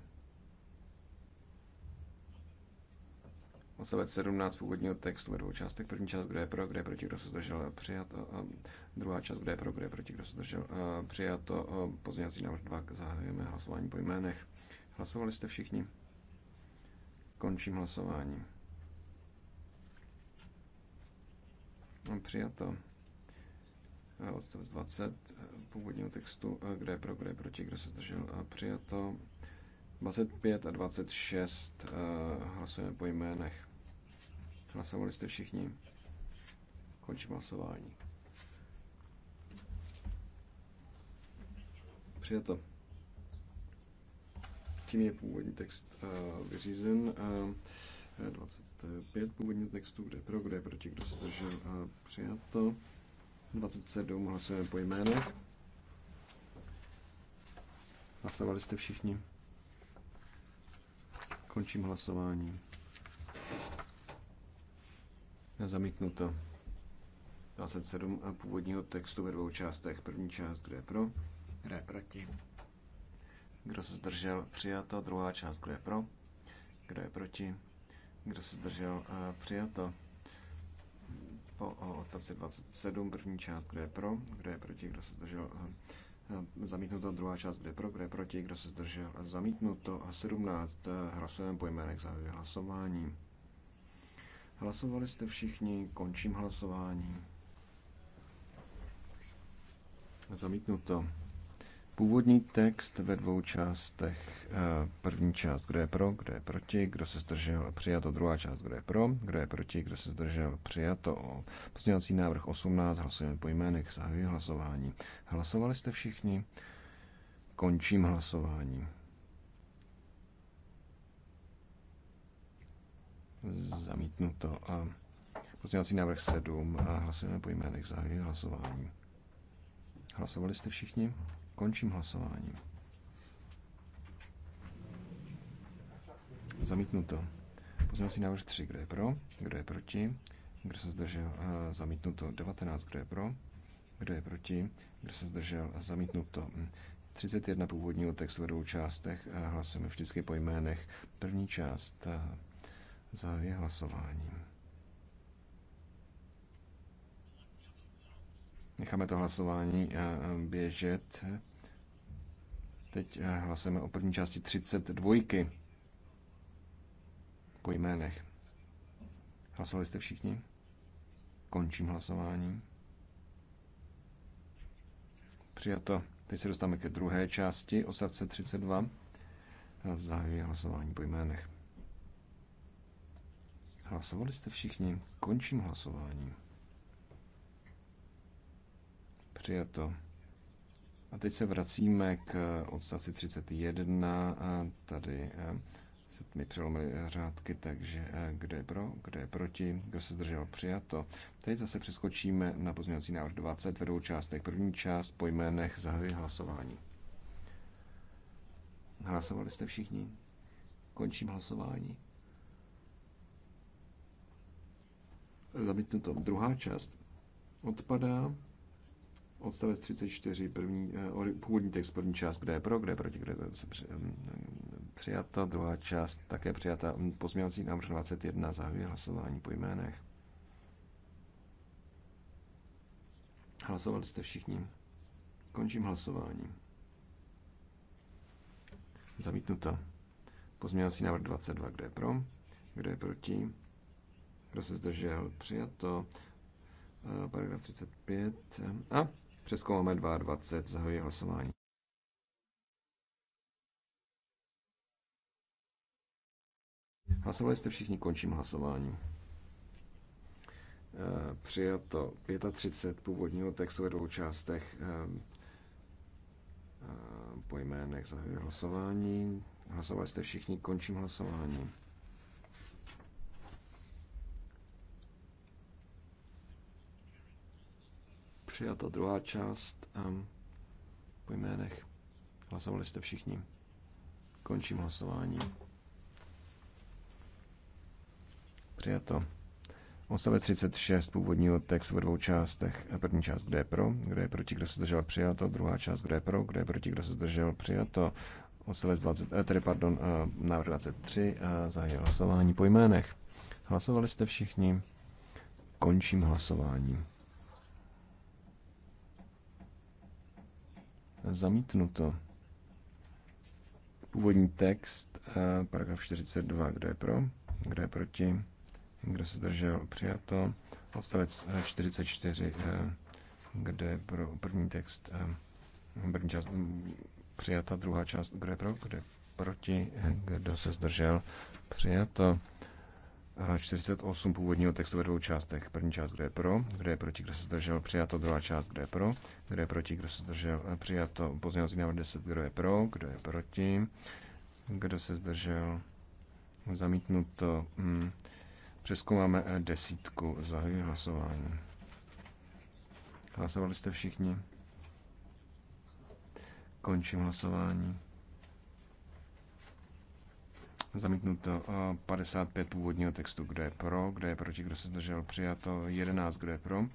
Odstavec 17 původního textu ve dvou částech. První část, kdo je pro, kdo je proti, kdo se zdržel, přijato. A druhá část, kdo je pro, kdo je proti, kdo se zdržel, přijato. Pozměňovací návrh 2. Zahajujeme hlasování po jménech. Hlasovali jste všichni. Končím hlasování. No, přijato. Odstavec 20 původního textu, kde je pro, kde je proti, kdo se zdržel. Přijato. 25 a 26 eh, hlasujeme po jménech. Hlasovali jste všichni. Končím hlasování. Přijato. Tím je původní text eh, vyřízen. 20 eh, 25 původního textu, kde pro, kde proti, kdo se zdržel a přijato. 27 hlasujeme po jménech. Hlasovali jste všichni. Končím hlasování. to. 27 a původního textu ve dvou částech. První část, kde je pro, kde je proti. Kdo se zdržel, přijato. Druhá část, kde je pro, kdo je proti. Kdo se zdržel? Eh, přijato. Po odstavci 27, první část, kdo je pro, kdo je proti, kdo se zdržel? Eh, eh, zamítnuto druhá část, kdo je pro, kdo je proti, kdo se zdržel? Zamítnuto 17, hlasujeme po jménech za hlasování. Hlasovali jste všichni, končím hlasování. Zamítnuto. Původní text ve dvou částech. Eh, první část, kdo je pro, kdo je proti, kdo se zdržel, přijato. Druhá část, kdo je pro, kdo je proti, kdo se zdržel, přijato. Pozměňovací návrh 18, hlasujeme po jménech, zahajuji hlasování. Hlasovali jste všichni? Končím hlasování. Zamítnuto. A pozměňovací návrh 7 a eh, hlasujeme po jménech, zahajuji hlasování. Hlasovali jste všichni? Končím hlasování. Zamítnuto. Pozměňovací návrh 3. Kdo je pro? Kdo je proti? Kdo se zdržel? Eh, zamítnuto. 19. Kdo je pro? Kdo je proti? Kdo se zdržel? Eh, zamítnuto. 31 hm. původního textu ve dvou částech. Eh, hlasujeme vždycky po jménech. První část zahajuje hlasováním. Necháme to hlasování eh, eh, běžet. Teď eh, hlasujeme o první části 32. Po jménech. Hlasovali jste všichni? Končím hlasování. Přijato. Teď se dostáváme ke druhé části, osadce 32. Zahajuji hlasování po jménech. Hlasovali jste všichni? Končím hlasování. Přijato. A teď se vracíme k odstavci 31 a tady eh, se mi přelomily řádky, takže eh, kde je pro, kde je proti, kdo se zdržel přijato. Teď zase přeskočíme na pozměňovací návrh 20 ve dvou částech. První část po jménech zahajuje hlasování. Hlasovali jste všichni? Končím hlasování. to Druhá část odpadá. Odstavec 34, první, eh, původní text, první část, kde je pro, kde je proti, kde se mm, mm, přijata, druhá část také přijata. Mm, pozměňovací návrh 21 zahajuje hlasování po jménech. Hlasovali jste všichni. Končím hlasování. Zamítnuto. Pozměňovací návrh 22, kde je pro, kde je proti, kdo se zdržel, přijato. Eh, paragraf 35. A Přeskoumáme 22, zahajuji hlasování. Hlasovali jste všichni, končím hlasování. Eh, přijato 35 původního textu ve dvou částech eh, eh, po jménech zahajuji hlasování. Hlasovali jste všichni, končím hlasování. Přijato druhá část um, po jménech. Hlasovali jste všichni. Končím hlasování. Přijato. Odstavec 36 původního textu ve dvou částech. První část, kde je pro, kde je proti, kdo se zdržel, přijato. Druhá část, kde je pro, kde je proti, kdo se zdržel, přijato. Odstavec 20, eh, tedy pardon, eh, návrh 23, eh, zahájil hlasování po jménech. Hlasovali jste všichni. Končím hlasování. zamítnuto. Původní text, eh, paragraf 42, kdo je pro, kdo je proti, kdo se zdržel, přijato. Odstavec 44, eh, eh, kde je pro první text, první část mm, přijata, druhá část, kdo je pro, kdo je proti, kdo se zdržel, přijato. 48 původního textu ve dvou částech. První část, kde je pro, kde je proti, kdo se zdržel, přijato. Druhá část, kde je pro, kde je proti, kdo se zdržel, eh, přijato. Pozměňovací návrh 10, kdo je pro, kdo je proti, kdo se zdržel, zamítnuto. Hmm. Přeskoumáme eh, desítku, zahajuji hlasování. Hlasovali jste všichni? Končím hlasování. Zamítnuto 55 eh, původního textu, kdo je pro, kdo je proti, kdo se zdržel, přijato 11, kdo je pro,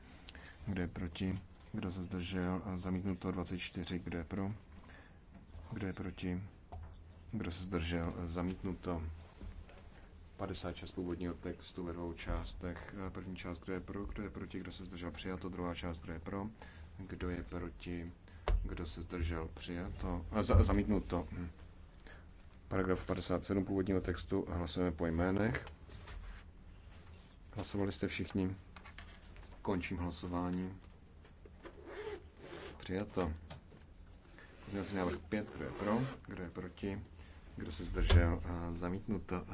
kdo je proti, kdo se zdržel, zamítnuto 24, kdo je pro, kdo je proti, kdo se zdržel, zamítnuto 56 původního textu ve dvou částech. Eh, první část, kdo je pro, kdo je proti, kdo se zdržel, přijato, druhá část, kdo je pro, kdo je proti, kdo se zdržel, přijato, eh, za, zamítnuto. Hm. Paragraf 57 původního textu hlasujeme po jménech. Hlasovali jste všichni. Končím hlasování. Přijato. Pozměňovací návrh 5. Kdo je pro? Kdo je proti? Kdo se zdržel? Zamítnuto.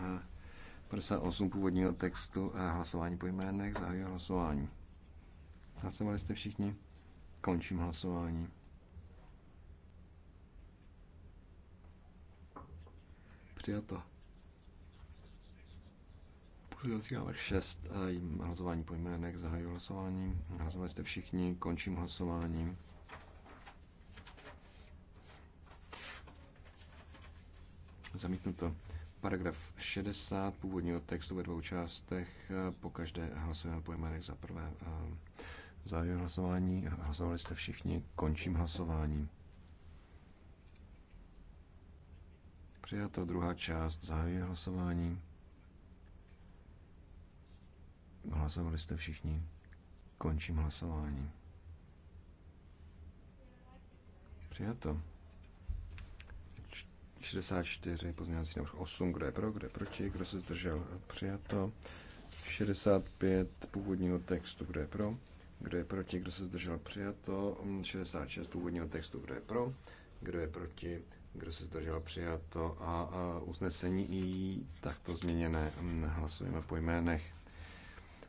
58 původního textu hlasování po jménech. Zahajuji hlasování. Hlasovali jste všichni? Končím hlasování. Přijato. Pozdělací návrh 6. Hlasování po jménech. Zahajuji hlasování. Hlasovali jste všichni. Končím hlasování. Zamítnuto. Paragraf 60 původního textu ve dvou částech. Po každé hlasujeme po jménech za prvé. Zahajuji hlasování. Hlasovali jste všichni. Končím hlasování. Přijato druhá část, zahajuje hlasování. Hlasovali jste všichni. Končím hlasování. Přijato. 64, pozměňovací návrh 8, kdo je pro, kdo je proti, kdo se zdržel, přijato. 65 původního textu, kdo je pro, kdo je proti, kdo se zdržel, přijato. 66 původního textu, kdo je pro, kdo je proti, kdo se zdržel přijato a, a usnesení i takto změněné. Mm, hlasujeme po jménech.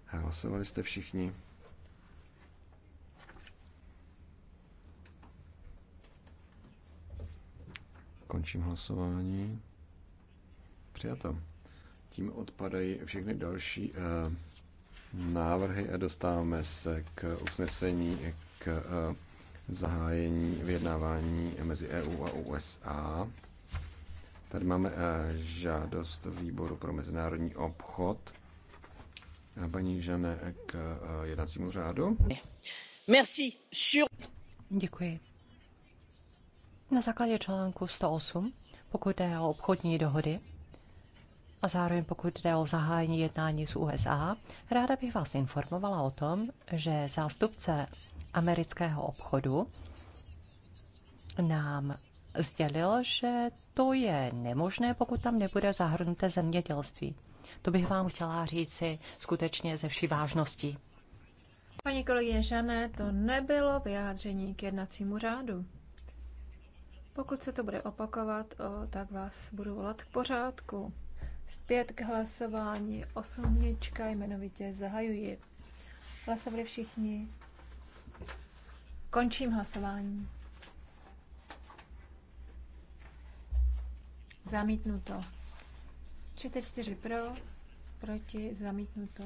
Hlasovali jste všichni? Končím hlasování. Přijato. Tím odpadají všechny další uh, návrhy a dostáváme se k usnesení k uh, zahájení vyjednávání mezi EU a USA. Tady máme eh, žádost výboru pro mezinárodní obchod. Paní Žane eh, k eh, jednacímu řádu.
Merci. Děkuji. Na základě článku 108, pokud jde o obchodní dohody, a zároveň pokud jde o zahájení jednání z USA, ráda bych vás informovala o tom, že zástupce amerického obchodu nám sdělil, že to je nemožné, pokud tam nebude zahrnuté zemědělství. To bych vám chtěla říci skutečně ze vší vážností.
Paní kolegyně Žané, to nebylo vyjádření k jednacímu řádu. Pokud se to bude opakovat, o, tak vás budu volat k pořádku. Zpět k hlasování. Osmnička jmenovitě zahajuji. Hlasovali všichni. Končím hlasování. Zamítnuto. 34 pro, proti, zamítnuto.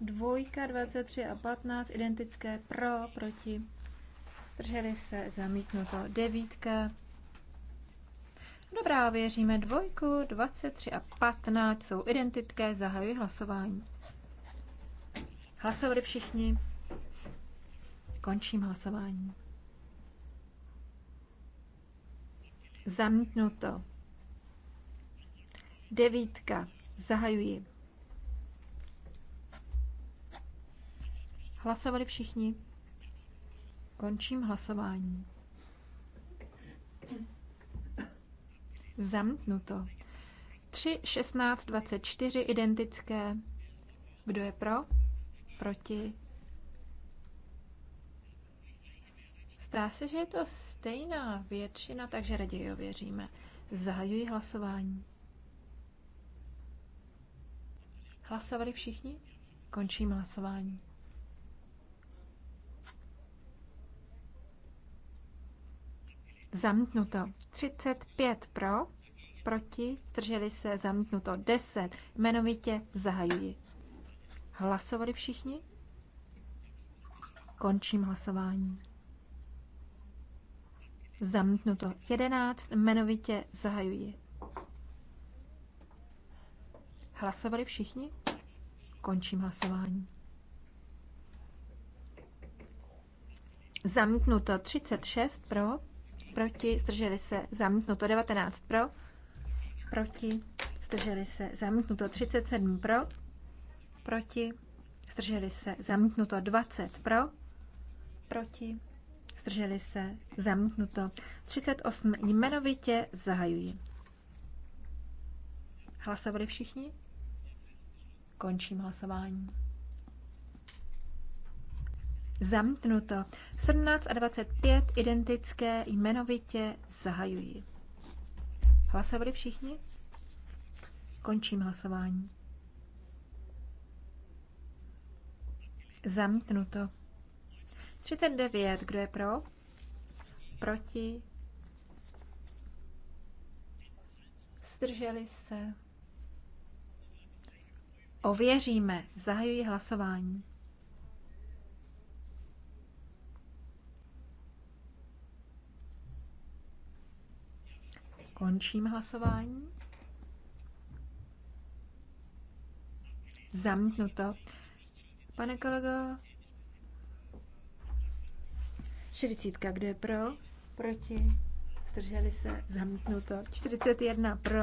Dvojka, 23 a 15, identické pro, proti. Drželi se, zamítnuto. Devítka. Dobrá, věříme dvojku, 23 a 15 jsou identické, zahajuji hlasování. Hlasovali všichni. Končím hlasování. Zamítnuto. Devítka. Zahajuji. Hlasovali všichni. Končím hlasování. Zamítnuto. 3, 16, 24 identické. Kdo je pro? Proti? Zdá se, že je to stejná většina, takže raději ověříme. Zahajuji hlasování. Hlasovali všichni? Končím hlasování. Zamítnuto. 35 pro, proti, drželi se, zamítnuto. 10. Jmenovitě zahajuji. Hlasovali všichni? Končím hlasování. Zamítnuto. 11. Jmenovitě zahajuji. Hlasovali všichni? Končím hlasování. Zamítnuto 36 pro, proti, zdrželi se, zamítnuto 19 pro, proti, zdrželi se, zamítnuto 37 pro, proti, zdrželi se, zamítnuto 20 pro, proti, zdrželi se, zamítnuto. 38 jmenovitě zahajují. Hlasovali všichni? Končím hlasování. zamknuto 17 a 25 identické jmenovitě zahajují. Hlasovali všichni? Končím hlasování. zamknuto 39, kdo je pro? Proti? Zdrželi se? Ověříme. Zahajuji hlasování. Končím hlasování. Zamítnuto. Pane kolego, 40, kdo je pro? Proti? Zdrželi se? Zamítnuto. 41 pro?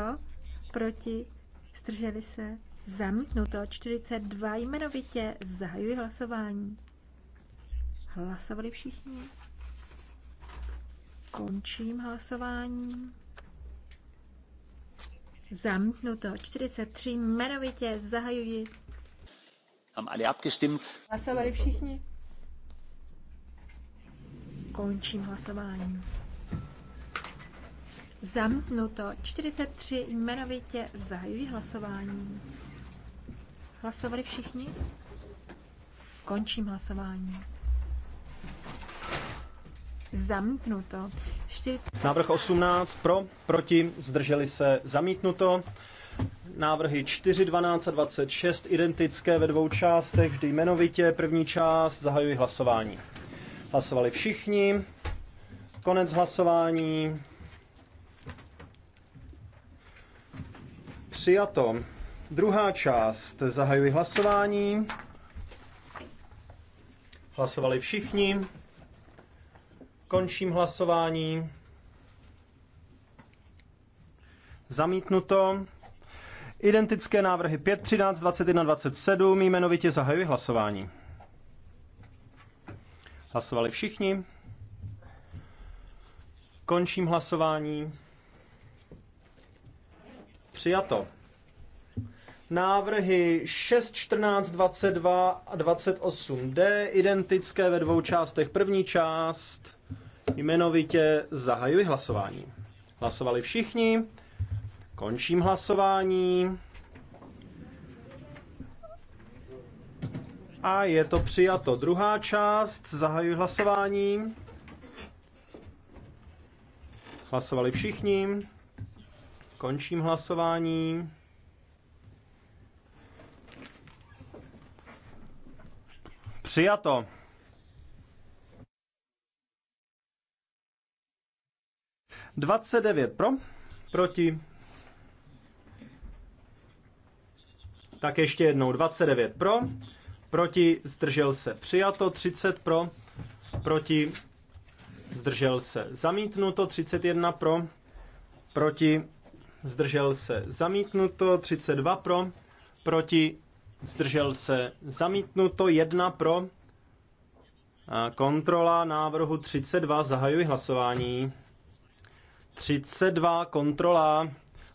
Proti? Zdrželi se? Zamítnuto. 42 jmenovitě. Zahajuji hlasování. Hlasovali všichni? Končím hlasování. Zamítnuto. 43 jmenovitě. Zahajuji.
alle abgestimmt?
Hlasovali všichni? Končím hlasování. Zamknuto 43 jmenovitě zahajují hlasování. Hlasovali všichni? Končím hlasování. Zamítnuto.
Ště... Návrh 18 pro, proti, zdrželi se, zamítnuto. Návrhy 4, 12 a 26 identické ve dvou částech, vždy jmenovitě. První část zahajuji hlasování. Hlasovali všichni. Konec hlasování. Přijato. Druhá část. Zahajuji hlasování. Hlasovali všichni. Končím hlasování. Zamítnuto. Identické návrhy 5, 13, 21, 27. Jmenovitě zahajuji hlasování. Hlasovali všichni. Končím hlasování. Přijato. Návrhy 6, 14, 22 a 28D identické ve dvou částech. První část jmenovitě zahajuji hlasování. Hlasovali všichni. Končím hlasování. A je to přijato. Druhá část, zahajuji hlasování. Hlasovali všichni. Končím hlasování. Přijato. Dvacet devět pro, proti. Tak ještě jednou, 29 pro, proti, zdržel se přijato, 30 pro, proti, zdržel se zamítnuto, 31 pro, proti, zdržel se zamítnuto, 32 pro, proti, zdržel se zamítnuto, 1 pro, kontrola návrhu 32, zahajuji hlasování. 32, kontrola,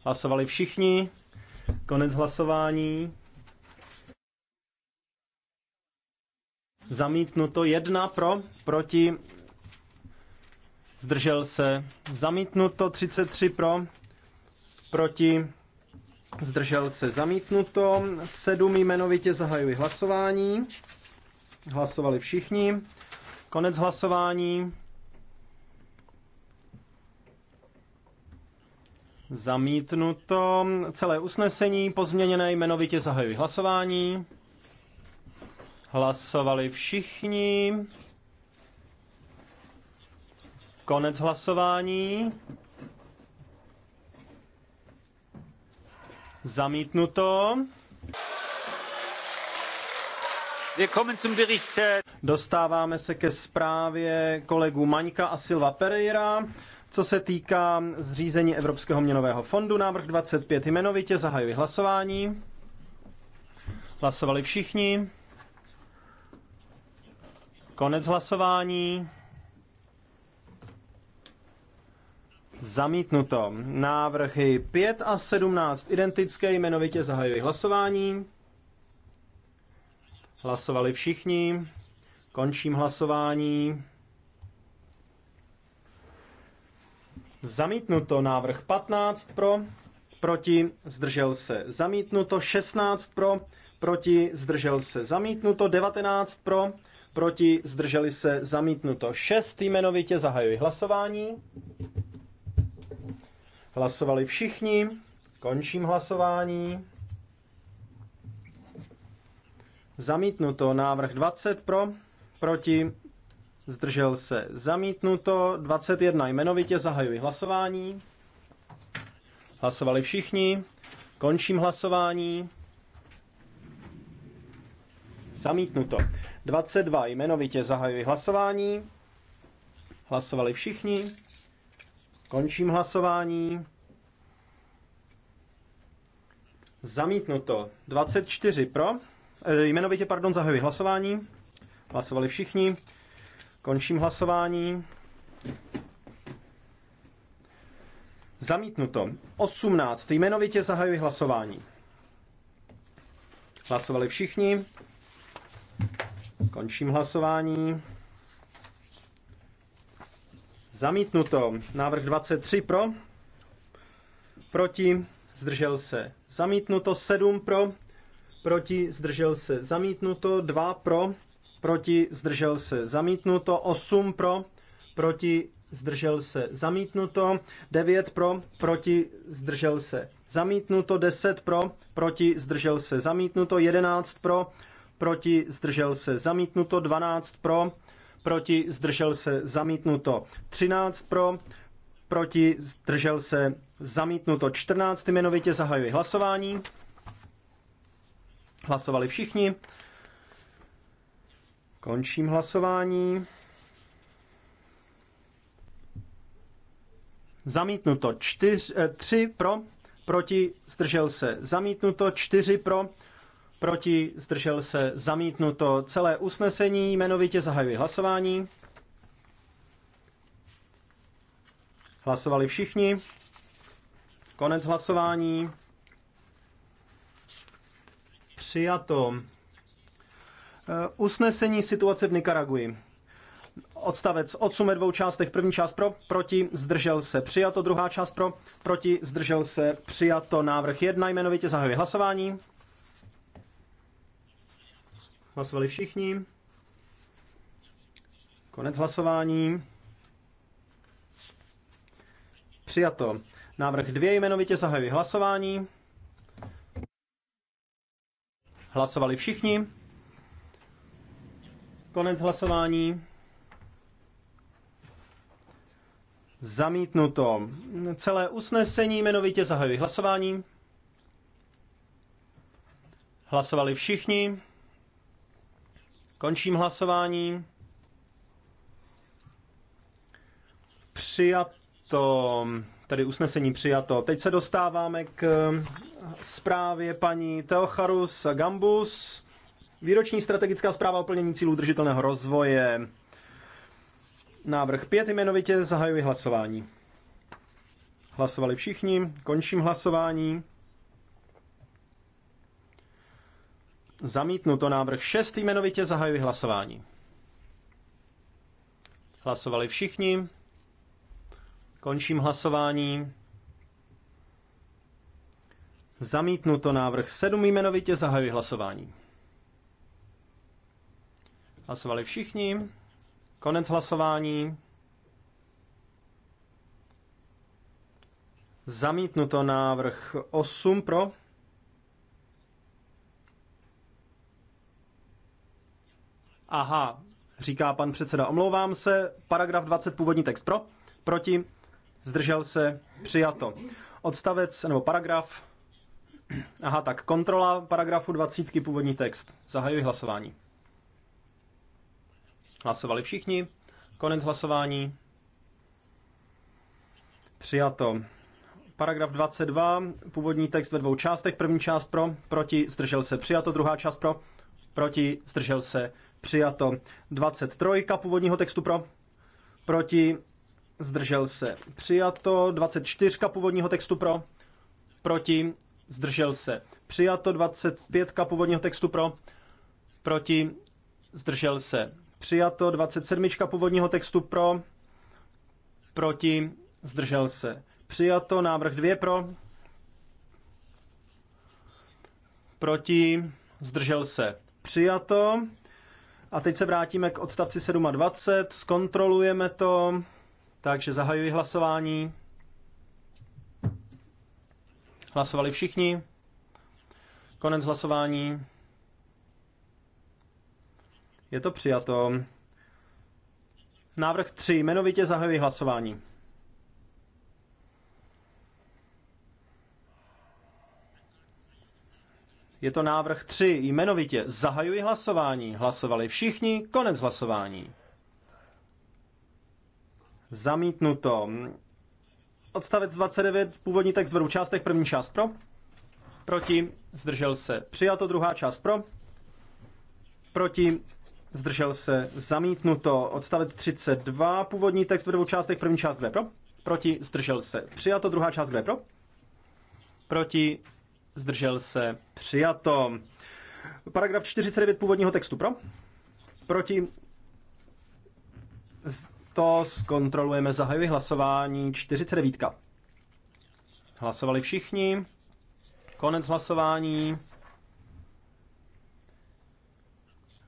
hlasovali všichni, konec hlasování. Zamítnuto jedna pro, proti, zdržel se. Zamítnuto 33 pro, proti, zdržel se. Zamítnuto sedm jmenovitě zahajuji hlasování. Hlasovali všichni. Konec hlasování. Zamítnuto celé usnesení, pozměněné jmenovitě zahajuji hlasování. Hlasovali všichni. Konec hlasování. Zamítnuto. Äh, Dostáváme se ke zprávě kolegů Maňka a Silva Pereira. Co se týká zřízení Evropského měnového fondu, návrh 25 jmenovitě zahajuji hlasování. Hlasovali všichni. Konec hlasování. Zamítnuto. Návrhy 5 a 17 identické, jmenovitě zahajuji hlasování. Hlasovali všichni. Končím hlasování. Zamítnuto návrh 15 pro, proti, zdržel se. Zamítnuto 16 pro, proti, zdržel se. Zamítnuto 19 pro, proti, zdrželi se, zamítnuto. Šest jmenovitě zahajuji hlasování. Hlasovali všichni, končím hlasování. Zamítnuto návrh 20 pro, proti, zdržel se, zamítnuto 21 jmenovitě zahajuji hlasování. Hlasovali všichni, končím hlasování. Zamítnuto. 22. Jmenovitě zahajuji hlasování. Hlasovali všichni. Končím hlasování. Zamítnuto. 24 pro. Eh, jmenovitě, pardon, zahajuji hlasování. Hlasovali všichni. Končím hlasování. Zamítnuto. 18. Jmenovitě zahajuji hlasování. Hlasovali všichni. Končím hlasování. Zamítnuto. Návrh 23 pro. Proti. Zdržel se. Zamítnuto 7 pro. Proti. Zdržel se. Zamítnuto 2 pro. Proti. Zdržel se. Zamítnuto 8 pro. Proti. Zdržel se. Zamítnuto 9 pro. Proti. Zdržel se. Zamítnuto 10 pro. Proti. Zdržel se. Zamítnuto 11 pro proti, zdržel se zamítnuto, 12 pro, proti, zdržel se zamítnuto, 13 pro, proti, zdržel se zamítnuto, 14 jmenovitě zahajuji hlasování. Hlasovali všichni. Končím hlasování. Zamítnuto 4, 3 eh, pro, proti zdržel se. Zamítnuto 4 pro, proti, zdržel se, zamítnuto. Celé usnesení jmenovitě zahajuji hlasování. Hlasovali všichni. Konec hlasování. Přijato. Eh, usnesení situace v Nikaraguji. Odstavec 8 ve dvou částech. První část pro, proti, zdržel se, přijato. Druhá část pro, proti, zdržel se, přijato. Návrh 1 jmenovitě zahajuje hlasování. Hlasovali všichni. Konec hlasování. Přijato. Návrh dvě jmenovitě zahajuji hlasování. Hlasovali všichni. Konec hlasování. Zamítnuto. Celé usnesení jmenovitě zahajuji hlasování. Hlasovali všichni. Končím hlasování. Přijato, tady usnesení přijato. Teď se dostáváme k zprávě paní Teocharus Gambus. Výroční strategická zpráva o plnění cílů držitelného rozvoje. Návrh 5 jmenovitě zahajuji hlasování. Hlasovali všichni, končím hlasování. Zamítnuto návrh 6 jmenovitě zahajuji hlasování. Hlasovali všichni. Končím hlasování. Zamítnuto návrh 7 jmenovitě zahajuji hlasování. Hlasovali všichni. Konec hlasování. Zamítnuto návrh 8 pro. Aha, říká pan předseda, omlouvám se, paragraf 20, původní text pro, proti, zdržel se, přijato. Odstavec, nebo paragraf, aha, tak kontrola paragrafu 20, původní text. Zahajuji hlasování. Hlasovali všichni, konec hlasování. Přijato. Paragraf 22, původní text ve dvou částech. První část pro, proti, zdržel se, přijato. Druhá část pro, proti, zdržel se, Přijato 23 původního textu pro, proti, zdržel se. Přijato 24 původního textu pro, proti, zdržel se. Přijato 25 původního textu pro, proti, zdržel se. Přijato 27 původního textu pro, proti, zdržel se. Přijato návrh 2 pro, proti, zdržel se. Přijato a teď se vrátíme k odstavci 27, zkontrolujeme to, takže zahajuji hlasování. Hlasovali všichni. Konec hlasování. Je to přijato. Návrh 3. Jmenovitě zahajuji hlasování. Je to návrh 3, jmenovitě. Zahajuji hlasování. Hlasovali všichni, konec hlasování. Zamítnuto. Odstavec 29, původní text v částech, první část pro. Proti, zdržel se. Přijato druhá část pro. Proti, zdržel se. Zamítnuto. Odstavec 32, původní text v dvou částech, první část kde pro. Proti, zdržel se. Přijato druhá část kde pro. Proti, zdržel se, přijato. Paragraf 49 původního textu pro, proti, to zkontrolujeme, zahajuji hlasování 49. Hlasovali všichni, konec hlasování,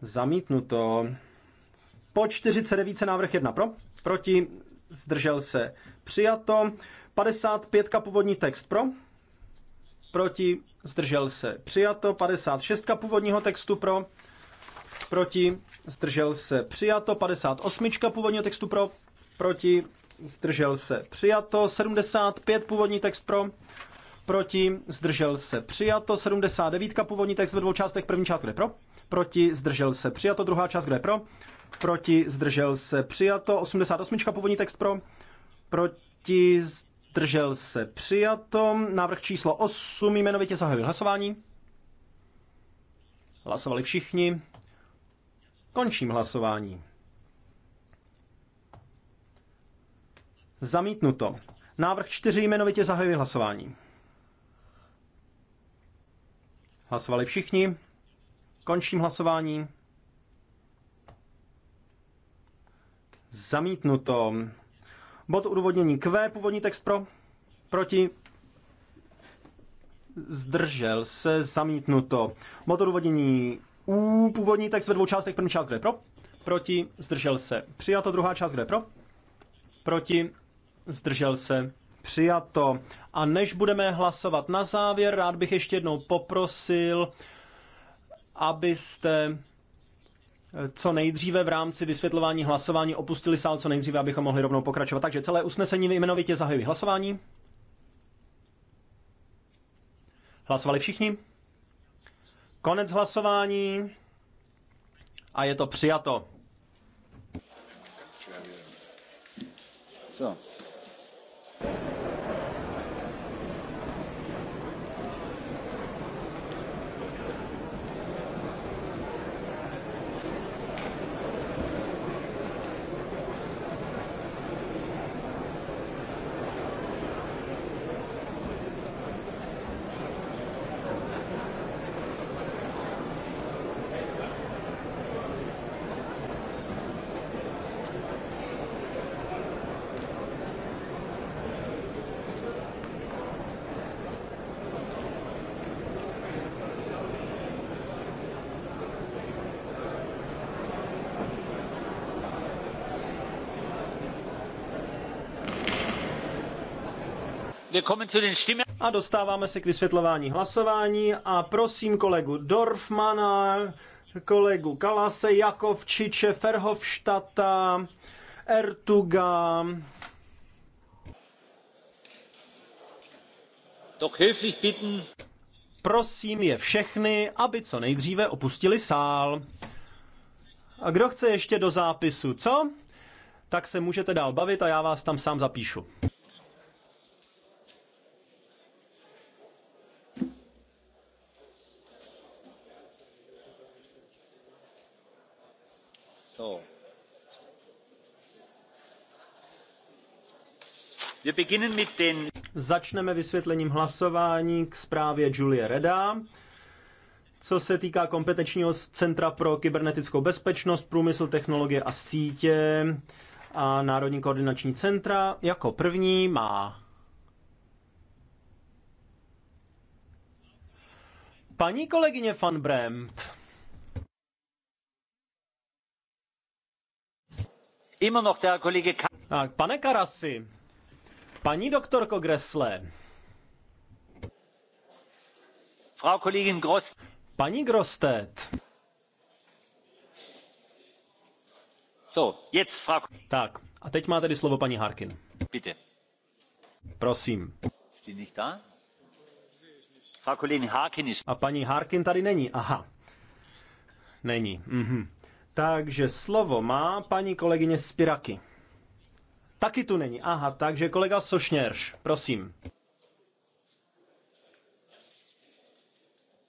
zamítnuto. Po 49 návrh 1 pro, proti, zdržel se, přijato. 55 původní text pro, proti, zdržel se přijato, 56 původního textu pro, proti, zdržel se přijato, 58 původního textu pro, proti, zdržel se přijato, 75 původní text pro, proti, zdržel se přijato, 79 původní text ve dvou částech, první část kde pro, proti, zdržel se přijato, druhá část kde pro, proti, zdržel se přijato, 88 původní text pro, proti, zdržel zdržel se přijato. Návrh číslo 8 jmenovitě zahajuji hlasování. Hlasovali všichni. Končím hlasování. Zamítnuto. Návrh 4 jmenovitě zahajuji hlasování. Hlasovali všichni. Končím hlasování. Zamítnuto. Bod udůvodnění Q, původní text pro, proti, zdržel se, zamítnuto. Bod udůvodnění U, původní text ve dvou částech, první část, kde je pro, proti, zdržel se, přijato, druhá část, kde je pro, proti, zdržel se, přijato. A než budeme hlasovat na závěr, rád bych ještě jednou poprosil, abyste co nejdříve v rámci vysvětlování hlasování opustili sál co nejdříve, abychom mohli rovnou pokračovat. Takže celé usnesení jmenovitě zahajují hlasování. Hlasovali všichni? Konec hlasování a je to přijato. Co? A dostáváme se k vysvětlování hlasování a prosím kolegu Dorfmana, kolegu Kalase, Jakovčiče, Ferhofštata, Ertuga. Doch höflich bitten. Prosím je všechny, aby co nejdříve opustili sál. A kdo chce ještě do zápisu, co? Tak se můžete dál bavit a já vás tam sám zapíšu. Začneme vysvětlením hlasování k zprávě Julie Reda. Co se týká kompetenčního centra pro kybernetickou bezpečnost, průmysl, technologie a sítě a Národní koordinační centra, jako první má paní kolegyně van Bremt.
Immer noch der Kollege Ka- tak, pane Karasi,
Paní doktorko Gressle. Frau Kollegin Gross. Paní Grostet. So, jetzt, Frau... Tak, a teď má tedy slovo paní Harkin. Bitte. Prosím.
da? Frau Kollegin Harkin
ist... A paní Harkin tady není, aha. Není, mhm. Takže slovo má paní kolegyně Spiraky. Taky tu není. Aha, takže kolega Sošněrš, prosím.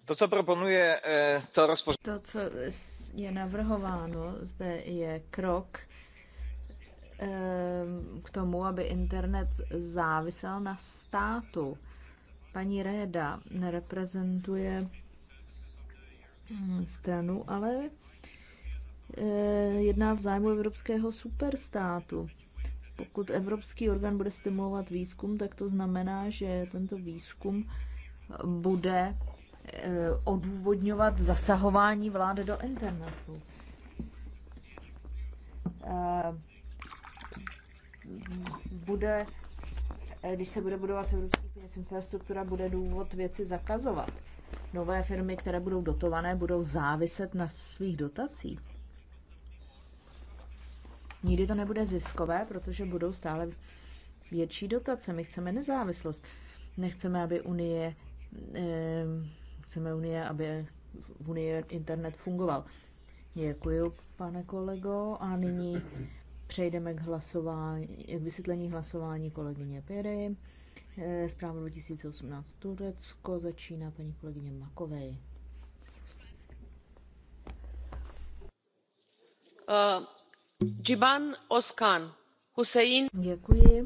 To, co proponuje eh, to rozpočet. To, co
je navrhováno, zde je krok eh, k tomu, aby internet závisel na státu. Paní Réda reprezentuje hm, stranu, ale eh, jedná v zájmu evropského superstátu. Pokud evropský orgán bude stimulovat výzkum, tak to znamená, že tento výzkum bude eh, odůvodňovat zasahování vlády do internetu. Eh, bude, eh, když se bude budovat evropský peněz infrastruktura, bude důvod věci zakazovat. Nové firmy, které budou dotované, budou záviset na svých dotacích Nikdy to nebude ziskové, protože budou stále větší dotace. My chceme nezávislost. Nechceme, aby Unie, eh, chceme Unie, aby v internet fungoval. Děkuji, pane kolego. A nyní přejdeme k hlasování, k vysvětlení hlasování kolegyně Pěry. Eh, zpráva 2018 Turecko začíná paní kolegyně Makovej. Uh Džiban Oskan Hussein. Děkuji.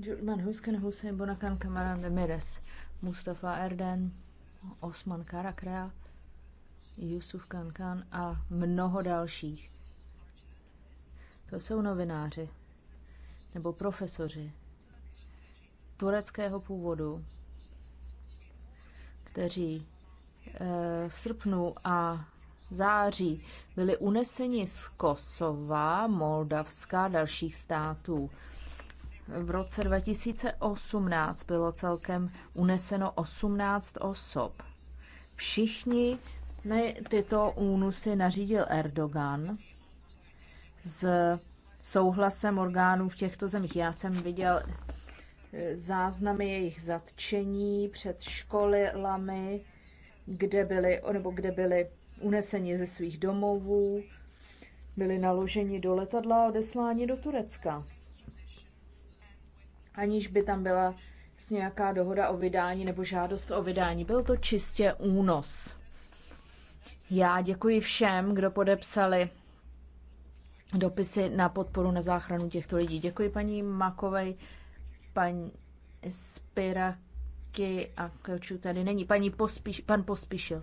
Džurman Huskan Hussein Bonakan Kamaran Demirez, Mustafa Erden, Osman Karakrea, Yusuf Kankan a mnoho dalších. To jsou novináři nebo profesoři tureckého původu, kteří eh, v srpnu a září byli uneseni z Kosova, Moldavska a dalších států. V roce 2018 bylo celkem uneseno 18 osob. Všichni tyto únusy nařídil Erdogan s souhlasem orgánů v těchto zemích. Já jsem viděl eh, záznamy jejich zatčení před školami, kde byly, nebo kde byly uneseni ze svých domovů, byli naloženi do letadla a odesláni do Turecka. Aniž by tam byla nějaká dohoda o vydání nebo žádost o vydání. Byl to čistě únos. Já děkuji všem, kdo podepsali dopisy na podporu na záchranu těchto lidí. Děkuji paní Makovej, paní Spiraky a Kočů tady není. Paní Pospíš, pan Pospíšil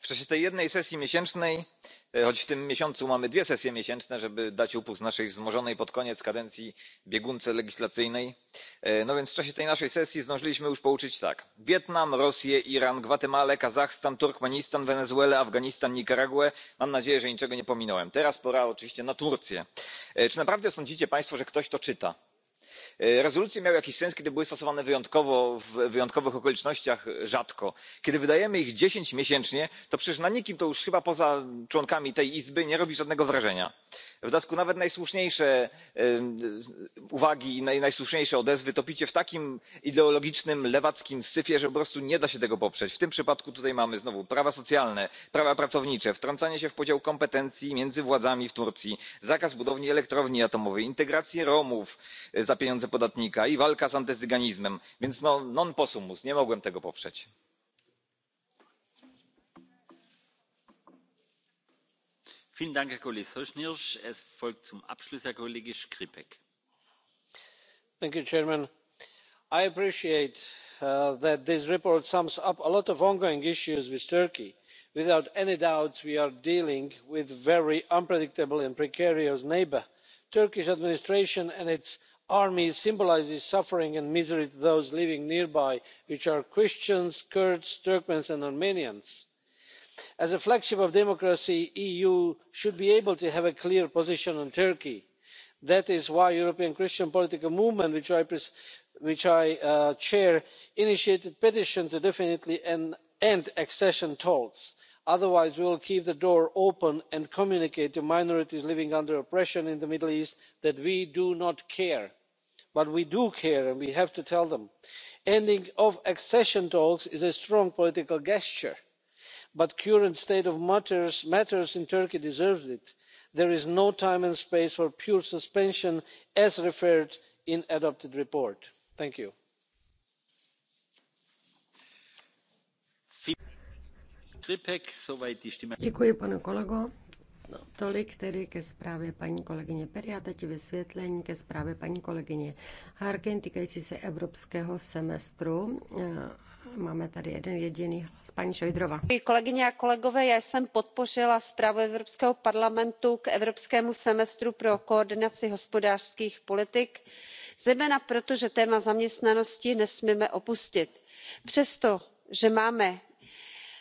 przecież w tej jednej sesji miesięcznej e, choć w tym miesiącu mamy dwie sesje miesięczne żeby dać upust naszej wzmożonej pod koniec kadencji biegunce legislacyjnej e, no więc w czasie tej naszej sesji zdążyliśmy już pouczyć tak wietnam rosję iran gwatemalę kazachstan turkmenistan wenezuelę afganistan nikaraguę mam nadzieję że niczego nie pominąłem. teraz pora oczywiście na turcję. E, czy naprawdę sądzicie państwo że ktoś to czyta? E, rezolucje miały jakiś sens kiedy były stosowane wyjątkowo w wyjątkowych okolicznościach rzadko. kiedy wydajemy ich dziesięć miesięcznie to przecież na nikim to już chyba poza członkami tej izby nie robi żadnego wrażenia. w dodatku nawet najsłuszniejsze e, uwagi i najsłuszniejsze odezwy topicie w takim ideologicznym lewackim syfie że po prostu nie da się tego poprzeć. w tym przypadku tutaj mamy znowu prawa socjalne prawa pracownicze wtrącanie się w podział kompetencji między władzami w turcji zakaz budowy elektrowni atomowej integrację romów za pieniądze podatnika i walka z antycyganizmem więc no, non possumus nie mogłem tego poprzeć.
i appreciate uh, that this report sums up a lot of ongoing issues with turkey. without any doubt we are dealing with a very unpredictable and precarious neighbour. the turkish administration and its army symbolises suffering and misery to those living nearby which are christians kurds turkmens and armenians. as a flagship of democracy the eu should be able to have a clear position on turkey. that is why the european christian political movement which i uh, chair initiated a petition to definitely end accession talks otherwise we will keep the door open and communicate to minorities living under oppression in the middle east that we do not care but we do care and we have to tell them. ending of accession talks is a strong political gesture but the current state of matters in turkey deserves it. there is no time and space for pure suspension as referred to in the adopted report. thank you.
No, tolik tedy ke zprávě paní kolegyně Peri a teď vysvětlení ke zprávě paní kolegyně Harkin týkající se evropského semestru. Eh, máme tady jeden jediný hlas. Paní Šojdrova.
Kolegyně a kolegové, já jsem podpořila zprávu Evropského parlamentu k Evropskému semestru pro koordinaci hospodářských politik, zejména proto, že téma zaměstnanosti nesmíme opustit. Přesto že máme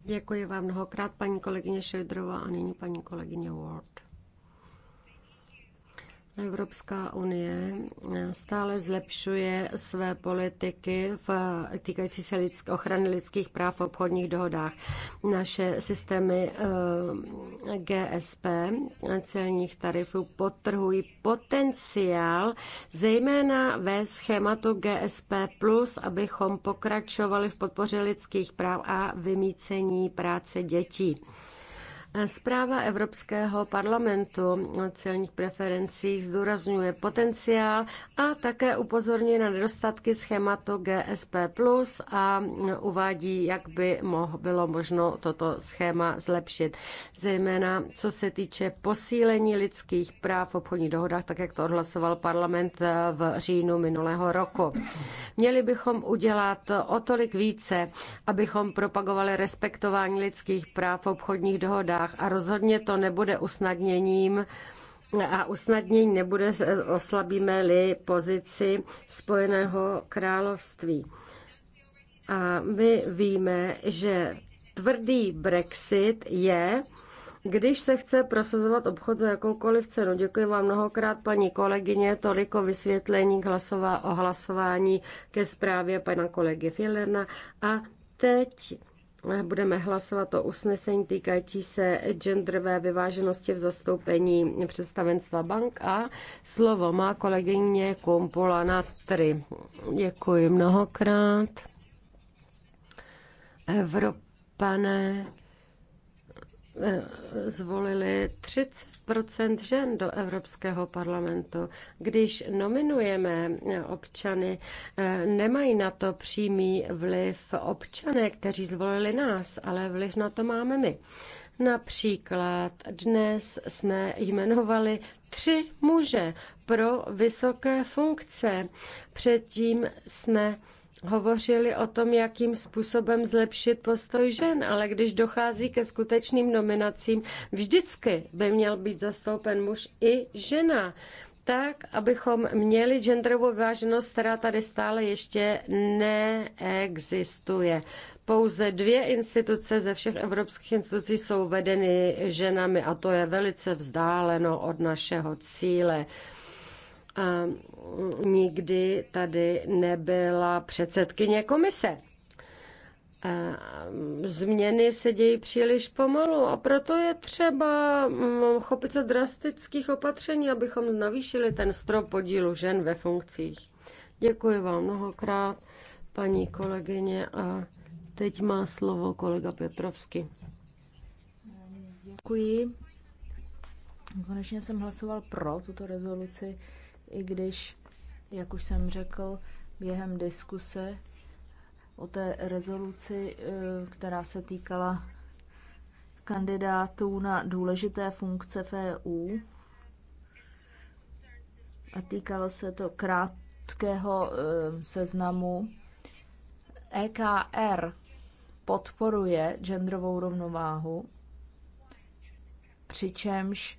Děkuji vám mnohokrát, paní kolegyně Šojdrová a nyní paní kolegyně Ward. Evropská unie eh, stále zlepšuje své politiky v týkající se lidsk, ochrany lidských práv v obchodních dohodách. Naše systémy eh, GSP celních tarifů potrhují potenciál, zejména ve schématu GSP+, abychom pokračovali v podpoře lidských práv a vymícení práce dětí. Zpráva Evropského parlamentu o celních preferencích zdůrazňuje potenciál a také upozorňuje na nedostatky schématu GSP+, a uvádí, jak by mohlo bylo možno toto schéma zlepšit. Zejména co se týče posílení lidských práv v obchodních dohodách, tak jak to odhlasoval parlament v říjnu minulého roku. Měli bychom udělat o tolik více, abychom propagovali respektování lidských práv v obchodních dohodách, volbách a rozhodně to nebude usnadněním a usnadnění nebude, oslabíme-li pozici Spojeného království. A my víme, že tvrdý Brexit je, když se chce prosazovat obchod za jakoukoliv cenu. Děkuji vám mnohokrát, paní kolegyně, toliko vysvětlení hlasová o hlasování ke zprávě pana kolegy Filerna. A teď budeme hlasovat o usnesení týkající se genderové vyváženosti v zastoupení představenstva bank a slovo má kolegyně na Natry. Děkuji mnohokrát. Evropané eh, zvolili 30 žen do Evropského parlamentu. Když nominujeme občany, eh, nemají na to přímý vliv občané, kteří zvolili nás, ale vliv na to máme my. Například dnes jsme jmenovali tři muže pro vysoké funkce. Předtím jsme hovořili o tom, jakým způsobem zlepšit postoj žen, ale když dochází ke skutečným nominacím, vždycky by měl být zastoupen muž i žena tak, abychom měli genderovou vážnost, která tady stále ještě neexistuje. Pouze dvě instituce ze všech evropských institucí jsou vedeny ženami a to je velice vzdáleno od našeho cíle. Mm, nikdy tady nebyla předsedkyně komise. Mm, změny se dějí příliš pomalu a proto je třeba mm, chopit se drastických opatření, abychom navýšili ten strop podílu žen ve funkcích. Děkuji vám mnohokrát, paní kolegyně, a teď má slovo kolega Petrovsky.
Děkuji. Konečně jsem hlasoval pro tuto rezoluci i když, jak už jsem řekl, během diskuse o té rezoluci, e, která se týkala kandidátů na důležité funkce v EU, a týkalo se to krátkého e, seznamu. EKR podporuje genderovou rovnováhu, přičemž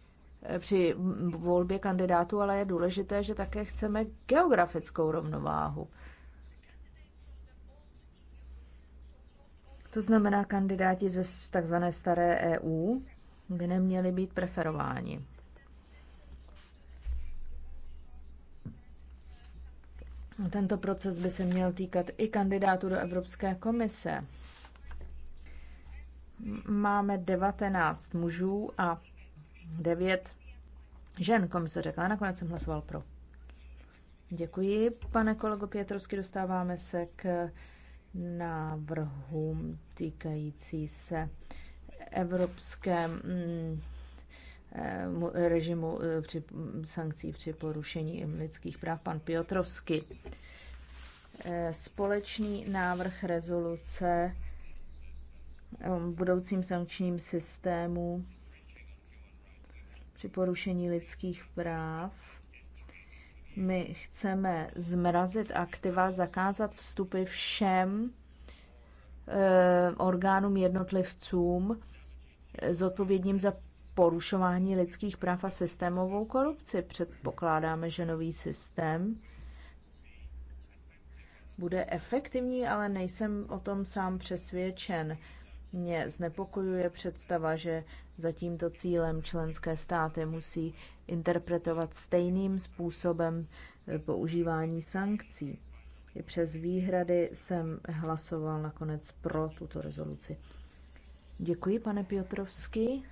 při volbě kandidátů, ale je důležité, že také chceme geografickou rovnováhu. To znamená, kandidáti ze takzvané staré EU by neměli být preferováni. Tento proces by se měl týkat i kandidátů do Evropské komise. Máme 19 mužů a devět žen, komise řekla, a nakonec jsem hlasoval pro. Děkuji, pane kolego Pětrovsky, dostáváme se k návrhům týkající se evropské mm, eh, režimu eh, při sankcí při porušení lidských práv pan Piotrovsky. Eh, společný návrh rezoluce o budoucím sankčním systému při porušení lidských práv. My chceme zmrazit aktiva, zakázat vstupy všem e, orgánům jednotlivcům eh, zodpovědním za porušování lidských práv a systémovou korupci. Předpokládáme, že nový systém bude efektivní, ale nejsem o tom sám přesvědčen. Mě znepokojuje představa, že za tímto cílem členské státy musí interpretovat stejným způsobem eh, používání sankcí. I přes výhrady jsem hlasoval nakonec pro tuto rezoluci. Děkuji, pane Piotrovský.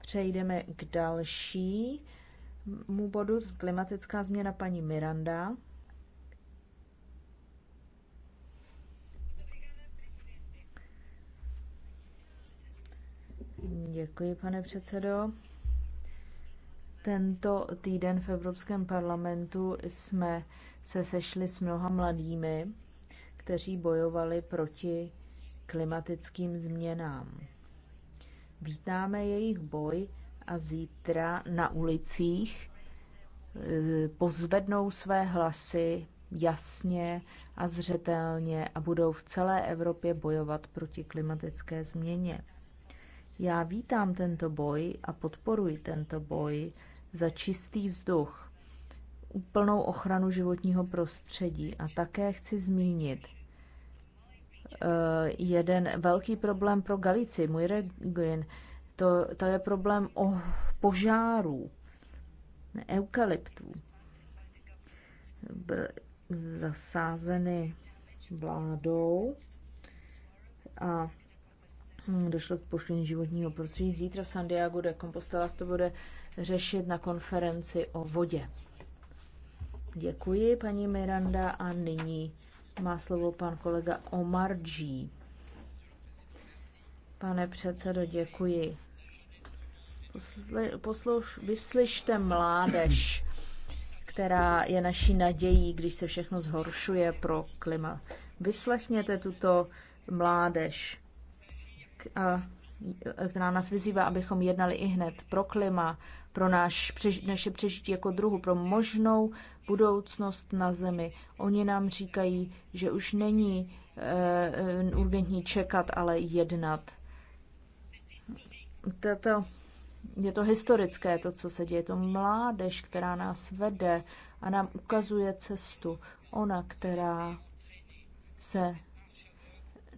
Přejdeme k dalšímu bodu. Klimatická změna paní Miranda. Děkuji, pane předsedo. Tento týden v Evropském parlamentu jsme se sešli s mnoha mladými, kteří bojovali proti klimatickým změnám. Vítáme jejich boj a zítra na ulicích eh, pozvednou své hlasy jasně a zřetelně a budou v celé Evropě bojovat proti klimatické změně. Já vítám tento boj a podporuji tento boj za čistý vzduch, úplnou ochranu životního prostředí a také chci zmínit eh, jeden velký problém pro Galici, můj region, to, to je problém o požárů, eukalyptů. Byl zasázeny vládou a Hmm, došlo k pošlení životního prostředí. Zítra v Santiago de Compostela to bude řešit na konferenci o vodě. Děkuji, paní Miranda, a nyní má slovo pan kolega Omar G. Pane předsedo, děkuji. Posli, poslouš, vyslyšte mládež, která je naší nadějí, když se všechno zhoršuje pro klima. Vyslechněte tuto mládež E, která nás vyzývá, abychom jednali i hned pro klima, pro náš, naše přežití jako druhu, pro možnou budoucnost na Zemi. Oni nám říkají, že už není uh, urgentní čekat, ale jednat. Tato, je to historické, to, co se děje. Je to mládež, která nás vede a nám ukazuje cestu. Ona, která se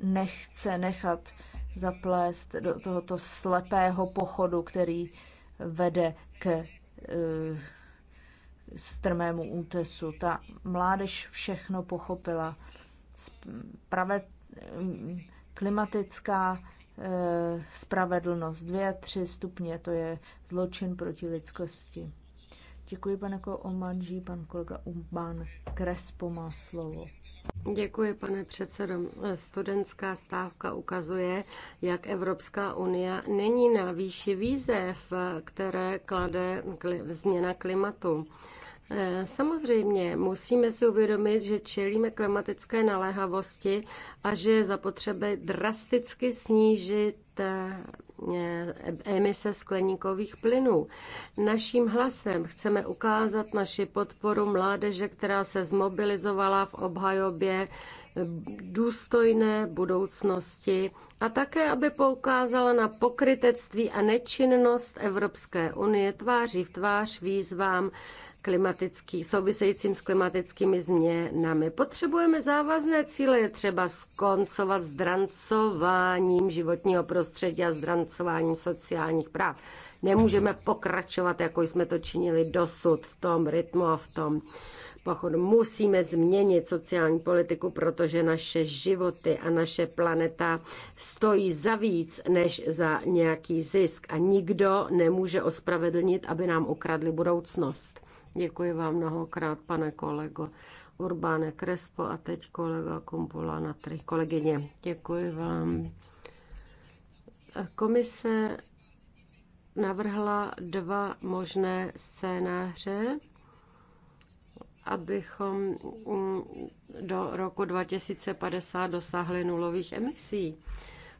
nechce nechat uh, zaplést do tohoto slepého pochodu, který vede k eh, strmému útesu. Ta mládež všechno pochopila. Sprave, mm, klimatická eh, spravedlnost. Dvě, tři stupně, to je zločin proti lidskosti. Děkuji, pane Omanží, pan kolega Umban Krespo má slovo.
Děkuji, pane předsedo. Studentská stávka ukazuje, jak Evropská unie není na výši výzev, které klade změna klimatu. Eh, samozřejmě musíme si uvědomit, že čelíme klimatické naléhavosti a že je zapotřebí drasticky snížit eh, E, emise skleníkových plynů. Naším hlasem chceme ukázat naši podporu mládeže, která se zmobilizovala v obhajobě důstojné budoucnosti a také, aby poukázala na pokrytectví a nečinnost Evropské unie tváří v tvář výzvám klimatický, souvisejícím s klimatickými změnami. Potřebujeme závazné cíle, je třeba skoncovat s drancováním životního prostředí a s drancováním sociálních práv. Nemůžeme pokračovat, jako jsme to činili dosud, v tom rytmu a v tom pochodu. Musíme změnit sociální politiku, protože naše životy a naše planeta stojí za víc než za nějaký zisk a nikdo nemůže ospravedlnit, aby nám ukradli budoucnost. Děkuji vám mnohokrát, pane kolego Urbáne Krespo a teď kolega Kumpula na tři kolegyně. Děkuji vám. Komise navrhla dva možné scénáře abychom mm, do roku 2050 dosáhli nulových emisí.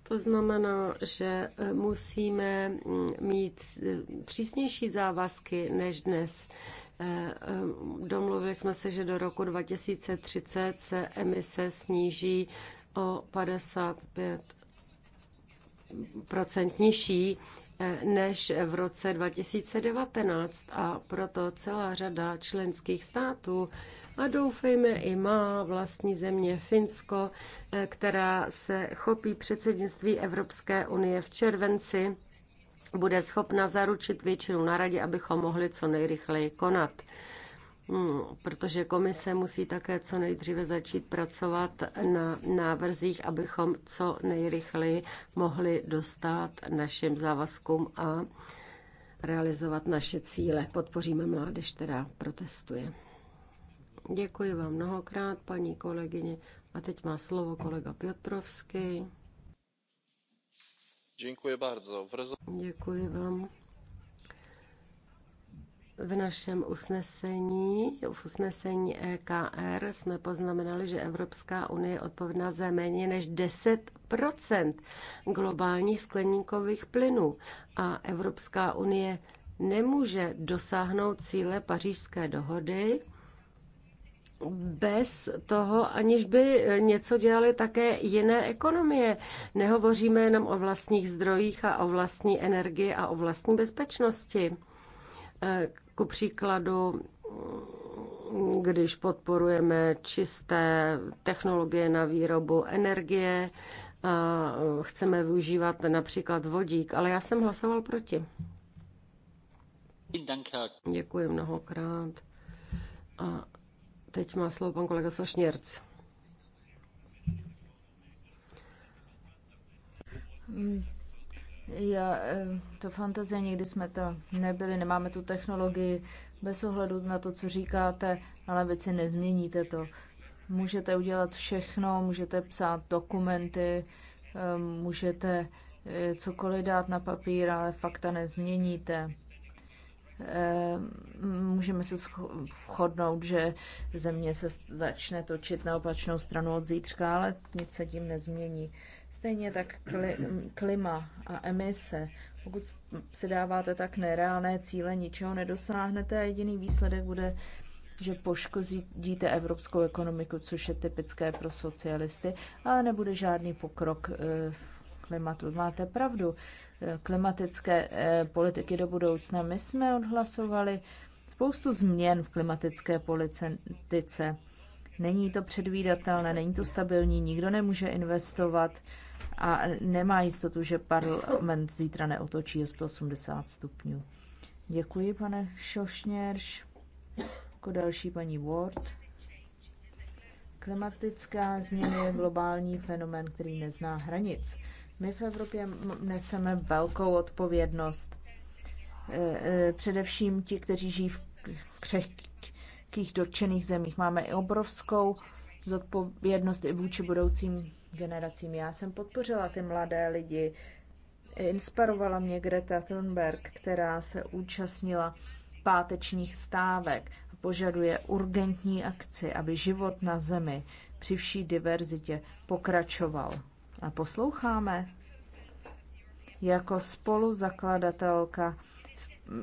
To znamená, že eh, musíme mm, mít eh, přísnější závazky než dnes. Eh, eh, domluvili jsme se, že do roku 2030 se emise sníží o 55 nižší eh, než v roce 2019 a proto celá řada členských států a doufejme i má vlastní země Finsko, která se chopí předsednictví Evropské unie v červenci bude schopna zaručit většinu na radě, abychom mohli co nejrychleji konat. Hmm, protože komise musí také co nejdříve začít pracovat na návrzích, abychom co nejrychleji mohli dostat našim závazkům a realizovat naše cíle. Podpoříme mládež, která protestuje. Děkuji vám mnohokrát, paní kolegyně. A teď má slovo kolega Piotrovský.
Děkuji
vám. V našem usnesení, v usnesení EKR jsme poznamenali, že Evropská unie je odpovědná za méně než 10 globálních skleníkových plynů a Evropská unie nemůže dosáhnout cíle pařížské dohody bez toho, aniž by něco dělali také jiné ekonomie. Nehovoříme jenom o vlastních zdrojích a o vlastní energii a o vlastní bezpečnosti. Eh, ku příkladu, když podporujeme čisté technologie na výrobu energie, a chceme využívat například vodík, ale já jsem hlasoval proti. Děkuji mnohokrát. A Teď má slovo pan kolega Sošněrc.
Mm, já, eh, to fantazie, nikdy jsme to nebyli, nemáme tu technologii, bez ohledu na to, co říkáte, ale levici nezměníte to. Můžete udělat všechno, můžete psát dokumenty, eh, můžete eh, cokoliv dát na papír, ale fakta nezměníte. Eh, můžeme se shodnout, že země se začne točit na opačnou stranu od zítřka, ale nic se tím nezmění. Stejně tak klima a emise. Pokud si dáváte tak nereálné cíle, ničeho nedosáhnete a jediný výsledek bude, že poškodíte evropskou ekonomiku, což je typické pro socialisty, ale nebude žádný pokrok eh, v klimatu. Máte pravdu klimatické eh, politiky do budoucna. My jsme odhlasovali spoustu změn v klimatické politice. Není to předvídatelné, není to stabilní, nikdo nemůže investovat a nemá jistotu, že parlament zítra neotočí o 180 stupňů. Děkuji, pane Šošněrš. Jako další paní Ward. Klimatická změna je globální fenomén, který nezná hranic. My v Evropě neseme velkou odpovědnost. E, e, především ti, kteří žijí v křehkých dotčených zemích. Máme i obrovskou zodpovědnost i vůči budoucím generacím. Já jsem podpořila ty mladé lidi. Inspirovala mě Greta Thunberg, která se účastnila pátečních stávek a požaduje urgentní akci, aby život na Zemi při vší diverzitě pokračoval a posloucháme. Jako spoluzakladatelka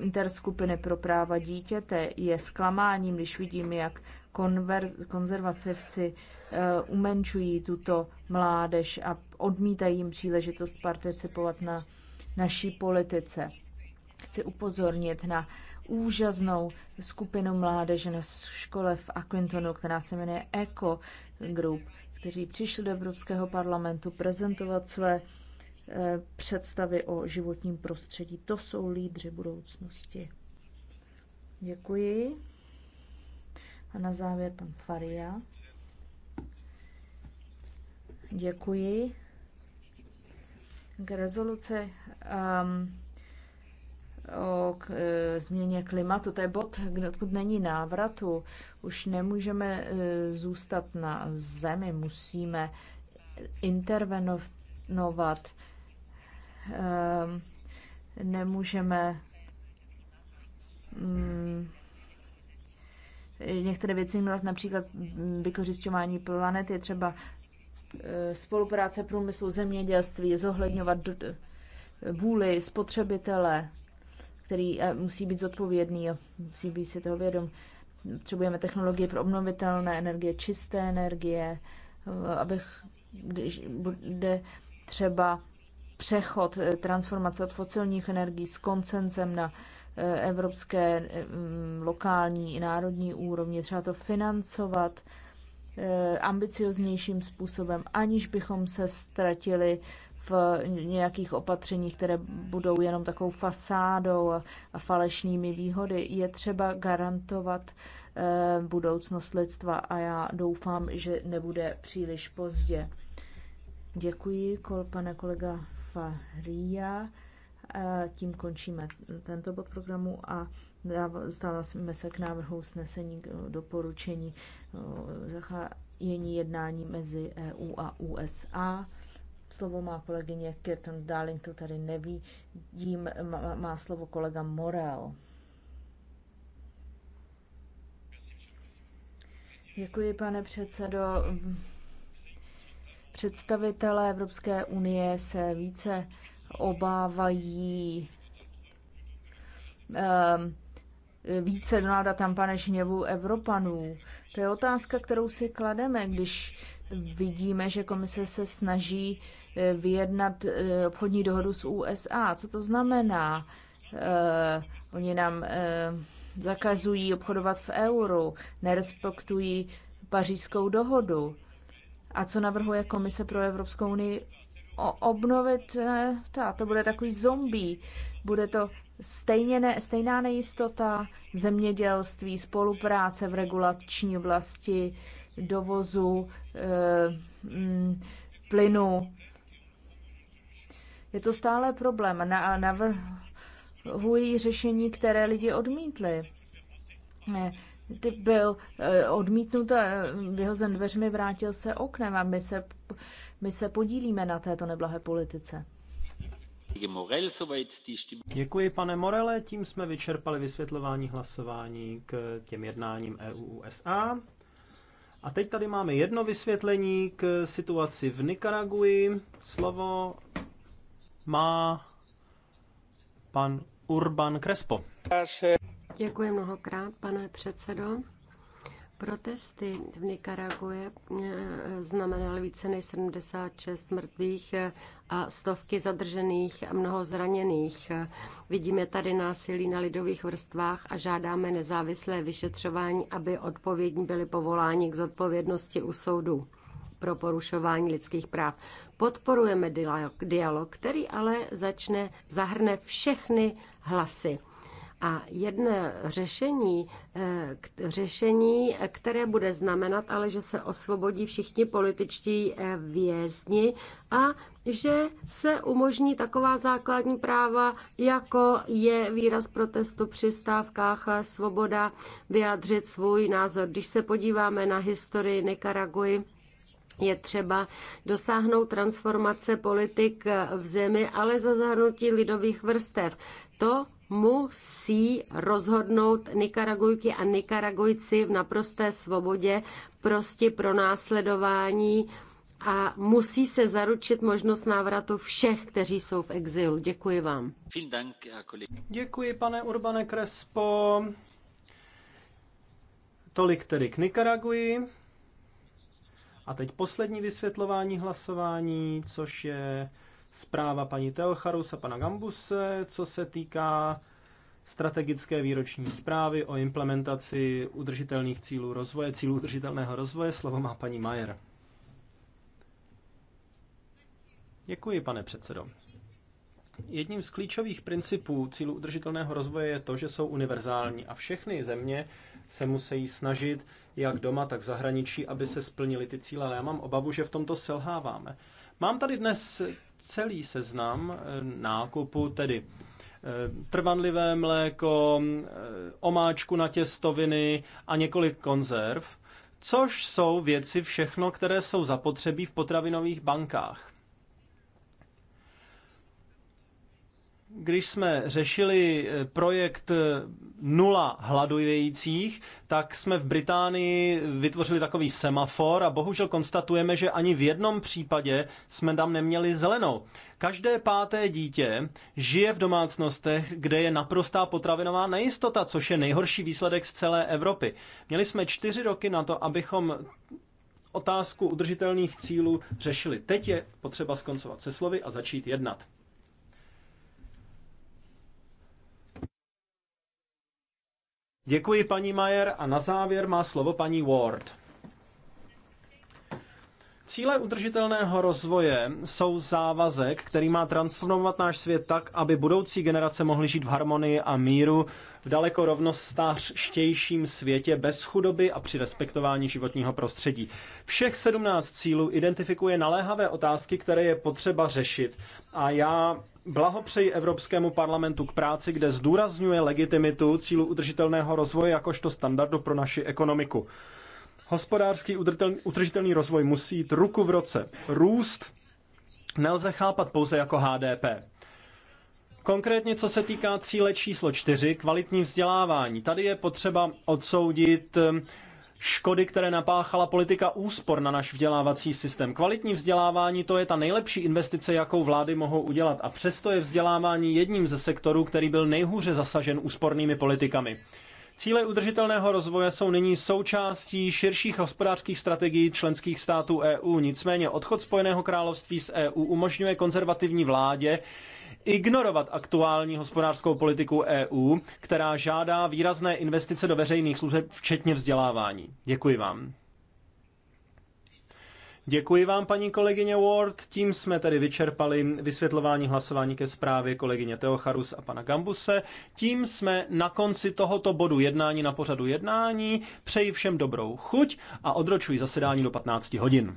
interskupiny pro práva dítěte je zklamáním, když vidím, jak konzervativci eh, umenčují tuto mládež a odmítají jim příležitost participovat na naší politice. Chci upozornit na úžasnou skupinu mládeže na škole v Aquintonu, která se jmenuje ECO Group kteří přišli do Evropského parlamentu prezentovat své eh, představy o životním prostředí. To jsou lídři budoucnosti. Děkuji. A na závěr pan Faria. Děkuji. K rezoluce um, o k, e, změně klimatu. To je bod, odkud není návratu. Už nemůžeme e, zůstat na zemi, musíme intervenovat. E, nemůžeme mm, některé věci ignorovat, například mm, vykořišťování planety, třeba e, spolupráce průmyslu, zemědělství, zohledňovat vůli spotřebitele, který eh, musí být zodpovědný a musí být si toho vědom. Potřebujeme technologie pro obnovitelné energie, čisté energie, eh, abych, když bude třeba přechod, eh, transformace od fosilních energií s koncencem na evropské, mm, lokální i národní úrovni, třeba to financovat ambicioznějším způsobem, aniž bychom se ztratili v nějakých opatřeních, které budou jenom takovou fasádou a falešnými výhody. Je třeba garantovat eh, budoucnost lidstva a já doufám, že nebude příliš pozdě. Děkuji, kol, pane kolega Faria. Tím končíme tento bod programu a stáváme se k návrhu usnesení k doporučení zachájení jednání mezi EU a USA. Slovo má kolegyně Kirton Darling, to tady neví, má, má slovo kolega Morel. Děkuji, pane předsedo. Představitelé Evropské unie se více obávají um, více Donalda Tampa než hněvu Evropanů. To je otázka, kterou si klademe, když vidíme, že komise se snaží uh, Eh, vyjednat eh, obchodní dohodu s USA. Co to znamená? Eh, oni nám zakazují obchodovat v euru, nerespektují pařížskou dohodu. A co navrhuje Komise pro Evropskou unii? O, obnovit, ta, to bude takový zombie, bude to stejně ne, stejná nejistota v zemědělství, spolupráce v regulační oblasti, dovozu e, m, mm, plynu, je to stále problém. Na, navrhují řešení, které lidi odmítli. Eh, ty byl eh, odmítnut, eh, vyhozen dveřmi, vrátil se oknem a my se, my se podílíme na této neblahé politice.
Děkuji, pane Morele. Tím jsme vyčerpali vysvětlování hlasování k těm jednáním EU-USA. A teď tady máme jedno vysvětlení k situaci v Nikaraguji. Slovo má pan Urban Crespo.
Děkuji mnohokrát, pane předsedo. Protesty v Nikarague eh, znamenaly více než 76 mrtvých eh, a stovky zadržených a mnoho zraněných. Vidíme tady násilí na lidových vrstvách a žádáme nezávislé vyšetřování, aby odpovědní byli povoláni k zodpovědnosti u soudu pro porušování lidských práv. Podporujeme dialog, který ale začne, zahrne všechny hlasy. A jedné řešení, eh, řešení, které bude znamenat ale, že se osvobodí všichni političtí eh, vězni a že se umožní taková základní práva, jako je výraz protestu při stávkách, eh, svoboda vyjádřit svůj názor. Když se podíváme na historii Nikaraguji, je třeba dosáhnout transformace politik v zemi, ale za zahrnutí lidových vrstev. To musí rozhodnout Nikaragujky a Nikaragujci v naprosté svobodě prostě pro následování a musí se zaručit možnost návratu všech, kteří jsou v exilu. Děkuji
vám. Děkuji, pane Urbane Krespo. Tolik tedy k Nikaraguji. A teď poslední vysvětlování hlasování, což je zpráva paní Teocharus a pana Gambuse, co se týká strategické výroční zprávy o implementaci udržitelných cílů rozvoje, cílů udržitelného rozvoje. Slovo má paní Majer. Děkuji, pane předsedo. Jedním z klíčových principů cílu udržitelného rozvoje je to, že jsou univerzální a všechny země se musí snažit, jak doma, tak v zahraničí, aby se splnili ty cíle, ale já mám obavu, že v tomto selháváme. Mám tady dnes celý seznam eh, nákupu, tedy eh, trvanlivé mléko, eh, omáčku na těstoviny a několik konzerv, což jsou věci všechno, které jsou zapotřebí v potravinových bankách. když jsme řešili eh, projekt eh, nula hladujících, tak jsme v Británii vytvořili takový semafor a bohužel konstatujeme, že ani v jednom případě jsme tam neměli zelenou. Každé páté dítě žije v domácnostech, kde je naprostá potravinová nejistota, což je nejhorší výsledek z celé Evropy. Měli jsme čtyři roky na to, abychom otázku udržitelných cílů řešili. Teď je potřeba skoncovat se slovy a začít jednat. Děkuji paní Majer a na závěr má slovo paní Ward. Cíle udržitelného rozvoje jsou závazek, který má transformovat náš svět tak, aby budoucí generace mohly žít v harmonii a míru v daleko rovnostářštějším světě bez chudoby a při respektování životního prostředí. Všech 17 cílů identifikuje naléhavé otázky, které je potřeba řešit. A já blahopřeji Evropskému parlamentu k práci, kde zdůrazňuje legitimitu cílu udržitelného rozvoje jakožto standardu pro naši ekonomiku. Hospodářský udržitelný rozvoj musí jít ruku v roce. Růst nelze chápat pouze jako HDP. Konkrétně co se týká cíle číslo 4, kvalitní vzdělávání. Tady je potřeba odsoudit eh, škody, které napáchala politika úspor na náš vzdělávací systém. Kvalitní vzdělávání to je ta nejlepší investice, jakou vlády mohou udělat. A přesto je vzdělávání jedním ze sektorů, který byl nejhůře zasažen úspornými politikami. Cíle udržitelného rozvoje jsou nyní součástí širších hospodářských strategií členských států EU. Nicméně odchod Spojeného království z EU umožňuje konzervativní vládě ignorovat aktuální hospodářskou politiku EU, která žádá výrazné investice do veřejných služeb, včetně vzdělávání. Děkuji vám. Děkuji vám, paní kolegyně Ward. Tím jsme tedy vyčerpali vysvětlování hlasování ke zprávě kolegyně Teocharus a pana Gambuse. Tím jsme na konci tohoto bodu jednání na pořadu jednání. Přeji všem dobrou chuť a odročuji zasedání do 15 hodin.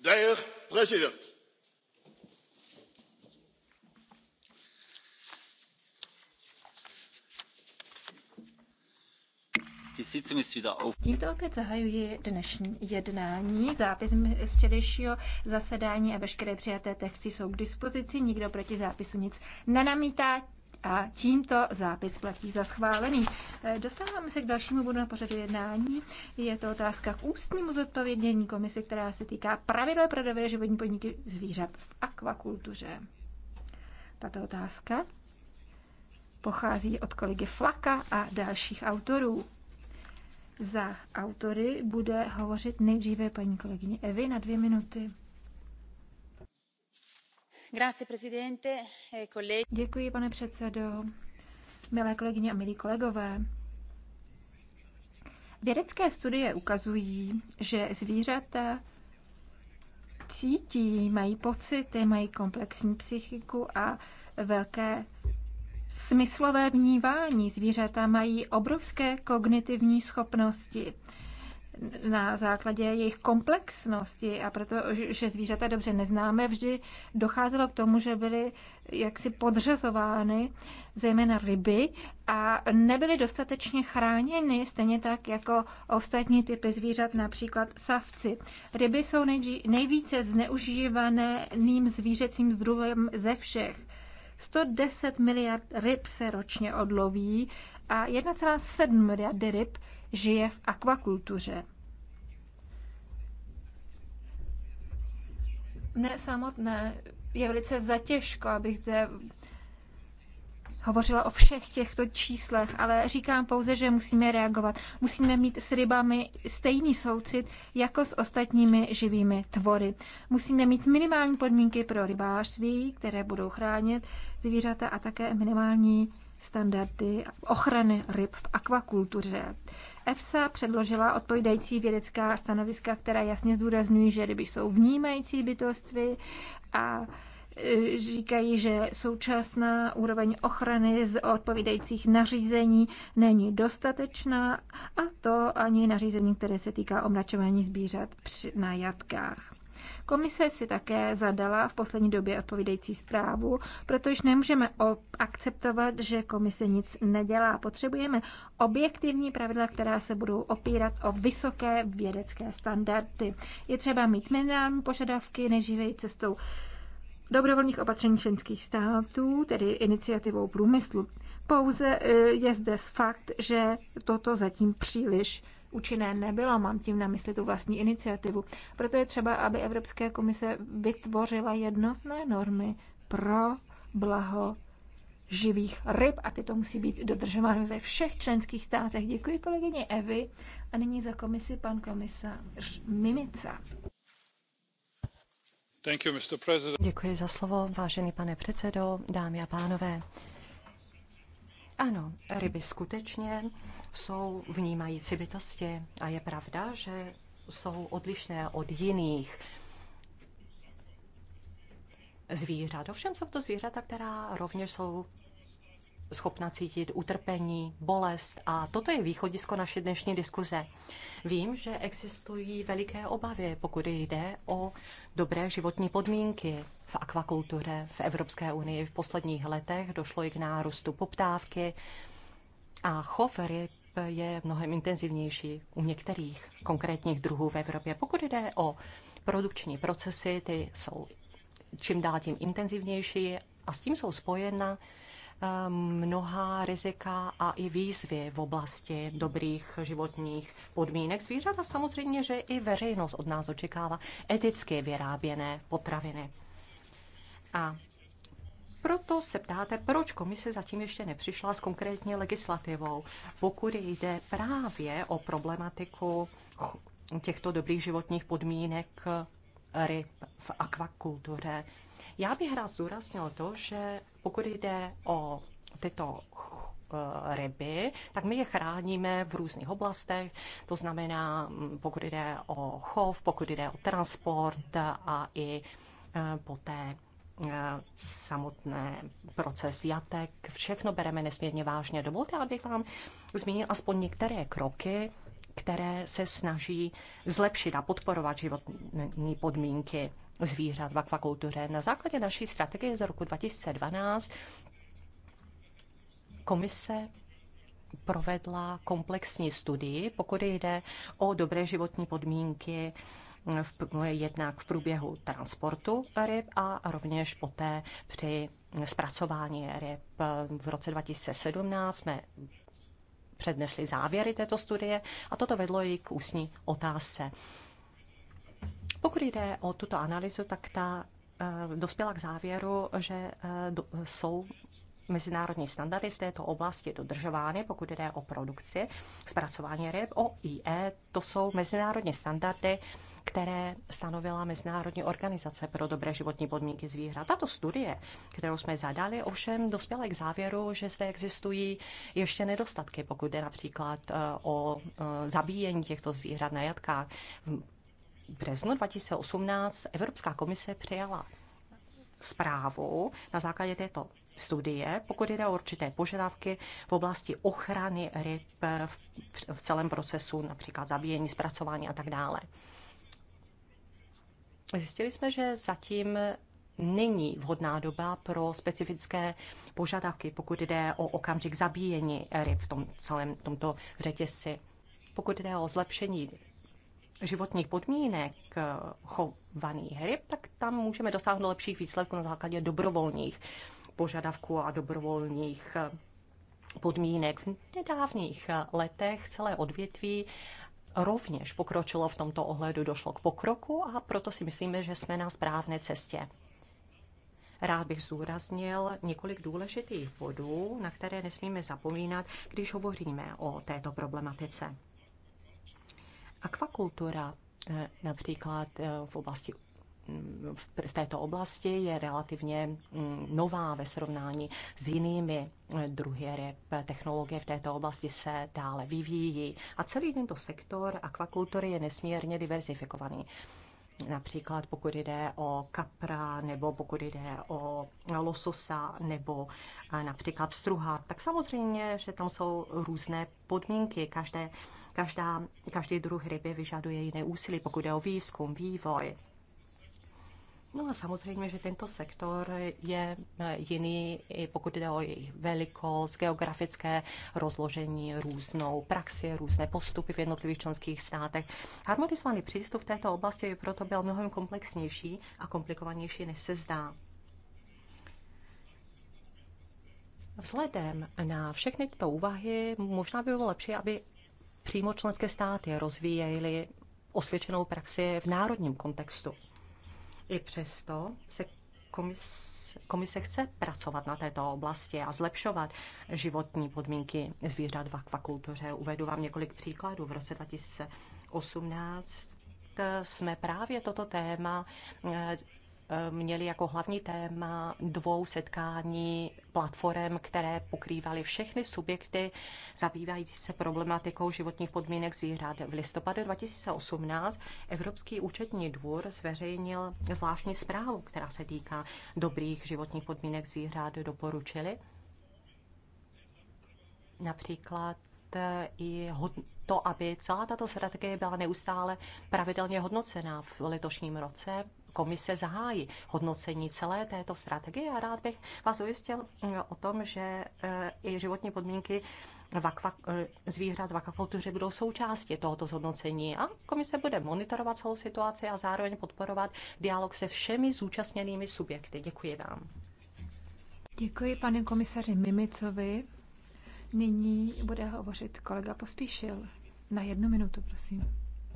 dear president
tímto opět zahajuji dnešní jednání. Zápis z včerejšího zasedání a veškeré přijaté texty jsou k dispozici. Nikdo proti zápisu nic nenamítá. A tímto zápis platí za schválený. Eh, Dostáváme se k dalšímu bodu na pořadu jednání. Je to otázka k ústnímu zodpovědění komise, která se týká pravidel pro dobré životní podniky zvířat v akvakultuře. Tato otázka pochází od kolegy Flaka a dalších autorů. Za autory bude hovořit nejdříve paní kolegyně Evy na dvě minuty.
Eh,
Děkuji, pane předsedo. Milé kolegyně a milí kolegové, vědecké studie ukazují, že zvířata cítí, mají pocity, mají komplexní psychiku a velké smyslové vnívání. Zvířata mají obrovské kognitivní schopnosti na základě jejich komplexnosti a proto, že zvířata dobře neznáme, vždy docházelo k tomu, že byly jaksi podřazovány, zejména ryby, a nebyly dostatečně chráněny, stejně tak jako ostatní typy zvířat, například savci. Ryby jsou nejvíce zneužívaným zvířecím zdrojem ze všech. 110 miliard ryb se ročně odloví a 1,7 miliardy ryb žije v akvakultuře. Ne samotné je velice zatěžko, abych zde hovořila o všech těchto číslech, ale říkám pouze, že musíme reagovat. Musíme mít s rybami stejný soucit jako s ostatními živými tvory. Musíme mít minimální podmínky pro rybářství, které budou chránit zvířata a také minimální standardy ochrany ryb v akvakultuře. EFSA předložila odpovídající vědecká stanoviska, která jasně zdůrazňují, že ryby jsou vnímající bytosti a e, říkají, že současná úroveň ochrany z odpovídajících nařízení není dostatečná a to ani nařízení, které se týká omračování zvířat na jatkách. Komise si také zadala v poslední době odpovídající zprávu, protože nemůžeme akceptovat, že komise nic nedělá. Potřebujeme objektivní pravidla, která se budou opírat o vysoké vědecké standardy. Je třeba mít minimální požadavky, neživej cestou dobrovolných opatření členských států, tedy iniciativou průmyslu. Pouze eh, je zde fakt, že toto zatím příliš účinné nebylo, mám tím na mysli tu vlastní iniciativu. Proto je třeba, aby Evropské komise vytvořila jednotné normy pro blaho živých ryb a tyto musí být dodržovány ve všech členských státech. Děkuji kolegyně Evy a nyní za komisi pan komisař Mimica.
You, Děkuji
za slovo, vážený pane předsedo,
dámy a pánové. Ano, ryby skutečně jsou vnímající bytosti a je pravda, že jsou odlišné od jiných zvířat. Ovšem jsou to zvířata, která rovněž jsou schopna cítit utrpení, bolest a toto je východisko naší dnešní diskuze. Vím, že existují veliké obavy, pokud jde o dobré životní podmínky v akvakultuře v Evropské unii. V posledních letech došlo i k nárůstu poptávky a chov ryb je mnohem intenzivnější u některých konkrétních druhů v Evropě. Pokud jde o produkční procesy, ty jsou čím dál tím intenzivnější a s tím jsou spojena eh, mnoha rizika a i výzvy v oblasti dobrých životních podmínek zvířat a samozřejmě, že i veřejnost od nás očekává eticky vyráběné potraviny. A proto se ptáte, proč komise zatím ještě nepřišla s konkrétní legislativou, pokud jde právě o problematiku těchto dobrých životních podmínek ryb v akvakultuře. Já bych rád zdůraznil to, že pokud jde o tyto eh, ryby, tak my je chráníme v různých oblastech, to znamená, mm, pokud jde o chov, pokud jde o transport a i eh, poté Eh, samotné proces jatek, všechno bereme nesmírně vážně. Dovolte, abych vám zmínil aspoň některé kroky, které se snaží zlepšit a podporovat životní podmínky zvířat v akvakultuře. Na základě naší strategie z roku 2012 komise provedla komplexní studii, pokud jde o dobré životní podmínky v, jednak v průběhu transportu ryb a rovněž poté při zpracování ryb. V roce 2017 jsme přednesli závěry této studie a toto vedlo i k ústní otázce. Pokud jde o tuto analýzu, tak ta eh, dospěla k závěru, že eh, jsou mezinárodní standardy v této oblasti dodržovány, pokud jde o produkci, zpracování ryb, o IE to jsou mezinárodní standardy, které stanovila Mezinárodní organizace pro dobré životní podmínky zvířat. Tato studie, kterou jsme zadali, ovšem dospěla k závěru, že zde existují ještě nedostatky, pokud jde například eh, o eh, zabíjení těchto zvířat na jatkách. V březnu 2018 Evropská komise přijala zprávu na základě této studie, pokud jde o určité požadavky v oblasti ochrany ryb v celém procesu, například zabíjení, zpracování a tak dále. Zjistili jsme, že zatím není vhodná doba pro specifické požadavky, pokud jde o okamžik zabíjení ryb v tom celém tomto řetězci. Pokud jde o zlepšení životních podmínek eh, chovaných ryb, tak tam můžeme dosáhnout lepších výsledků na základě dobrovolných požadavků a dobrovolných eh, podmínek. V nedávných eh, letech celé odvětví rovněž pokročilo v tomto ohledu, došlo k pokroku a proto si myslíme, že jsme na správné cestě. Rád bych zúraznil několik důležitých bodů, na které nesmíme zapomínat, když hovoříme o této problematice. Akvakultura eh, například eh, v oblasti v této oblasti je relativně mm, nová ve srovnání s jinými eh, druhy ryb. Technologie v této oblasti se dále vyvíjí a celý tento sektor akvakultury je nesmírně diverzifikovaný. Například pokud jde o kapra, nebo pokud jde o lososa, nebo eh, například struha, tak samozřejmě, že tam jsou různé podmínky. Každé, každá, každý druh ryby vyžaduje jiné úsilí, pokud jde o výzkum, vývoj, No a samozřejmě, že tento sektor je eh, jiný, i pokud jde o jejich velikost, geografické rozložení, různou praxi, různé postupy v jednotlivých členských státech. Harmonizovaný přístup v této oblasti by proto byl mnohem komplexnější a komplikovanější, než se zdá. Vzhledem na všechny tyto úvahy možná by bylo lepší, aby přímo členské státy rozvíjely osvědčenou praxi v národním kontextu. I přesto se komise, komise chce pracovat na této oblasti a zlepšovat životní podmínky zvířat v akvakultuře. Uvedu vám několik příkladů. V roce 2018 jsme právě toto téma eh, měli jako hlavní téma dvou setkání platform, které pokrývaly všechny subjekty zabývající se problematikou životních podmínek zvířat. V listopadu 2018 Evropský účetní dvůr zveřejnil zvláštní zprávu, která se týká dobrých životních podmínek zvířat. Doporučili například eh, i to, aby celá tato strategie byla neustále pravidelně hodnocená v letošním roce komise zahájí hodnocení celé této strategie a rád bych vás ujistil mm, o tom, že eh, i životní podmínky eh, zvířat v akvakultuře budou součástí tohoto zhodnocení a komise bude monitorovat celou situaci a zároveň podporovat dialog se všemi zúčastněnými subjekty. Děkuji vám.
Děkuji pane komisaři Mimicovi. Nyní bude hovořit kolega Pospíšil. Na jednu minutu, prosím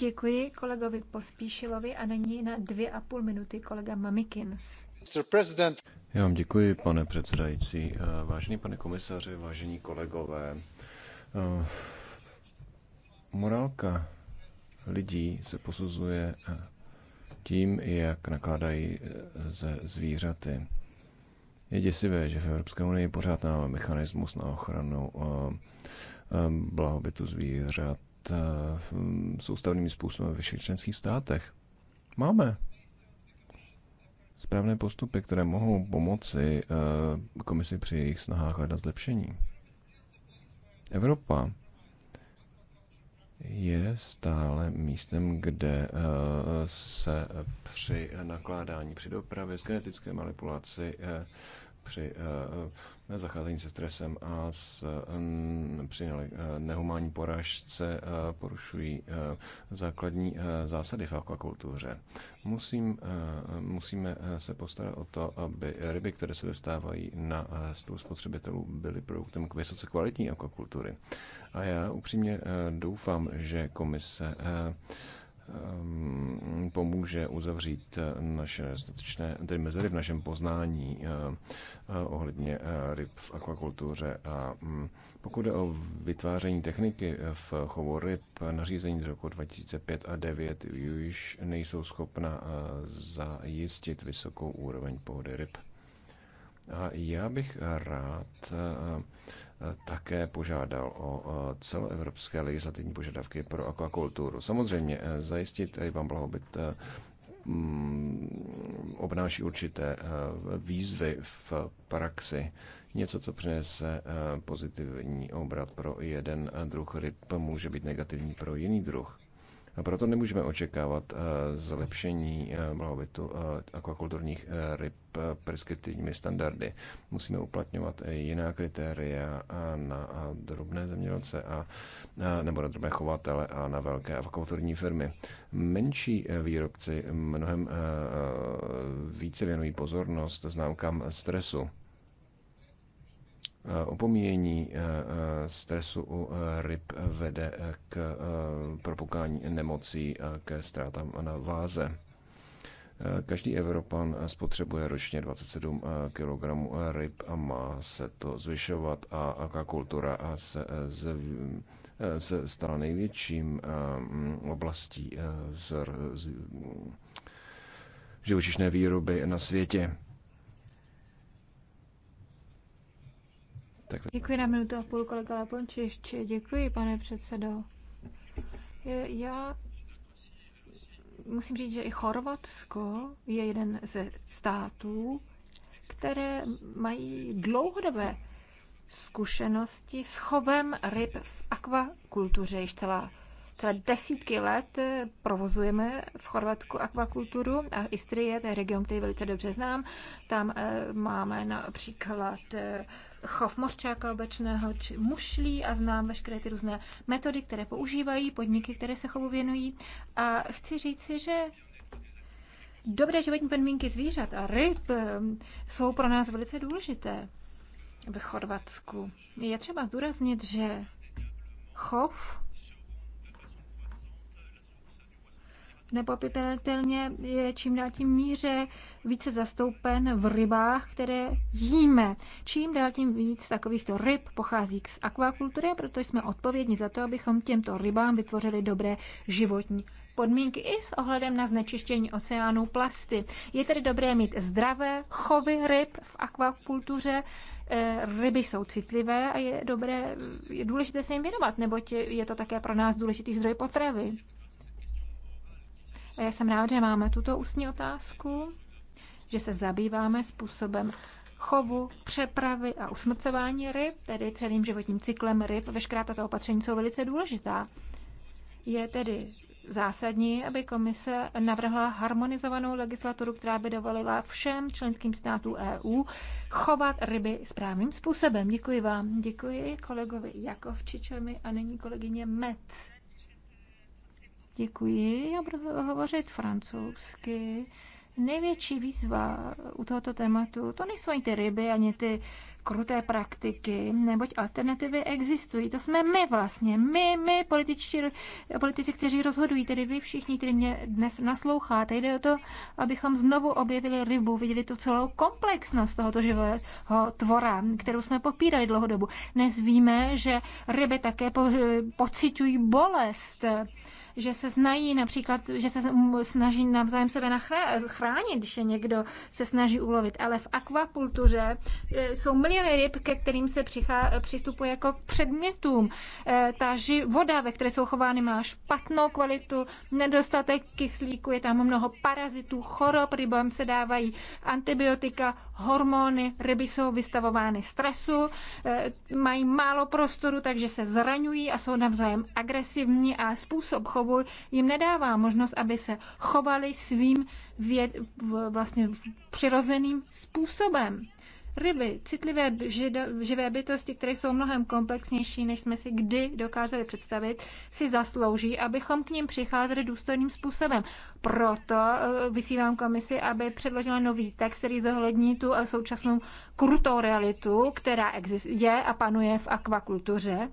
Děkuji kolegovi Pospíšilovi a není na dvě a půl minuty kolega Mamikins.
Já vám děkuji, pane předsedající. Eh, vážený pane komisaři, vážení kolegové, eh, morálka lidí se posuzuje eh, tím, jak nakládají ze zvířaty. Je děsivé, že v Evropské unii pořád máme mechanismus na ochranu blahobytu zvířat Eh, mm, soustavným způsobem ve všech členských státech. Máme správné postupy, které mohou pomoci eh, komisi při jejich snahách hledat zlepšení. Evropa je stále místem, kde eh, se při nakládání, při dopravě, s genetické manipulaci, při zacházení se stresem a s při eh, nehumánní uh, porušují eh, základní zásady v akvakultuře. Musím, musíme se postarat o to, aby ryby, které se dostávají na stůl spotřebitelů, byly produktem k vysoce kvalitní akvakultury. A já upřímně doufám, že komise Ehm, pomůže uzavřít eh, naše statečné tedy mezery v našem poznání eh, eh, ohledně ryb v akvakultuře. A hm, pokud je o vytváření techniky v chovu ryb, nařízení z roku 2005 a 2009 již nejsou schopna zajistit vysokou úroveň pohody ryb. A já bych rád také požádal o celoevropské legislativní požadavky pro akvakulturu. Samozřejmě eh, zajistit vám blahobyt eh, mm, obnáší určité eh, výzvy v praxi. Něco, co přinese pozitivní obrat pro jeden druh ryb, může být negativní pro jiný druh. A proto nemůžeme očekávat eh, zlepšení eh, blahobytu eh, akvakulturních ryb preskriptivními standardy. Musíme uplatňovat jiná kritéria na drobné zemědělce a, nebo na drobné chovatele a na velké akvakulturní firmy. Menší výrobci mnohem více věnují pozornost známkám stresu Eh, opomíjení eh, eh, stresu u ryb vede k propukání nemocí a ke ztrátám na váze. Každý Evropan spotřebuje ročně 27 kg ryb a má se to zvyšovat a akvakultura se, z, se stala největším mm, oblastí z, z živočišné výroby na světě.
Tak...
Děkuji na minutu a půl, kolega Lepončišč. Děkuji, pane předsedo. Já musím říct, že i Chorvatsko je jeden ze států, které mají dlouhodobé zkušenosti s chovem ryb v akvakultuře již celá celé desítky let provozujeme v Chorvatsku akvakulturu a Istrie, je ten region, který velice dobře znám. Tam eh, máme například eh, chov mořčáka obecného či mušlí a znám veškeré ty různé metody, které používají, podniky, které se chovu věnují. A chci si, že dobré životní podmínky zvířat a ryb eh, jsou pro nás velice důležité v Chorvatsku. Je třeba zdůraznit, že chov nepopitelně je čím dál tím míře více zastoupen v rybách, které jíme. Čím dál tím víc takovýchto ryb pochází z akvakultury, proto jsme odpovědní za to, abychom těmto rybám vytvořili dobré životní podmínky i s ohledem na znečištění oceánů plasty. Je tedy dobré mít zdravé chovy ryb v akvakultuře. Eh, ryby jsou citlivé a je dobré, je důležité se jim věnovat, neboť je to také pro nás důležitý zdroj potravy. A já jsem rád, že máme tuto ústní otázku, že se zabýváme způsobem chovu, přepravy a usmrcování ryb, tedy celým životním cyklem ryb. Veškerá tato opatření jsou velice důležitá. Je tedy zásadní, aby komise navrhla harmonizovanou legislaturu, která by dovolila všem členským státům EU chovat ryby správným způsobem. Děkuji vám. Děkuji kolegovi Jakovčičovi a nyní kolegyně Metz. Děkuji, já budu hovořit francouzsky. Největší výzva u tohoto tématu, to nejsou ani ty ryby, ani ty kruté praktiky, neboť alternativy existují. To jsme my vlastně, my, my političtí, politici, kteří rozhodují, tedy vy všichni, kteří mě dnes nasloucháte. Jde o to, abychom znovu objevili rybu, viděli tu celou komplexnost tohoto živého tvora, kterou jsme popírali dlouhodobu. Dnes víme, že ryby také po, pocitují bolest že se znají například, že se snaží navzájem sebe chránit, když je někdo se snaží ulovit. Ale v akvakultuře eh, jsou miliony ryb, ke kterým se přichá, přistupuje jako k předmětům. Eh, ta ži, voda, ve které jsou chovány, má špatnou kvalitu, nedostatek kyslíku, je tam mnoho parazitů, chorob, rybám se dávají antibiotika, hormony, ryby jsou vystavovány stresu, eh, mají málo prostoru, takže se zraňují a jsou navzájem agresivní a způsob chovu jim nedává možnost, aby se chovali svým věd, vlastně přirozeným způsobem. Ryby, citlivé živé bytosti, které jsou mnohem komplexnější, než jsme si kdy dokázali představit, si zaslouží, abychom k ním přicházeli důstojným způsobem. Proto eh, vysílám komisi, aby předložila nový text, který zohlední tu eh, současnou krutou realitu, která je a panuje v akvakultuře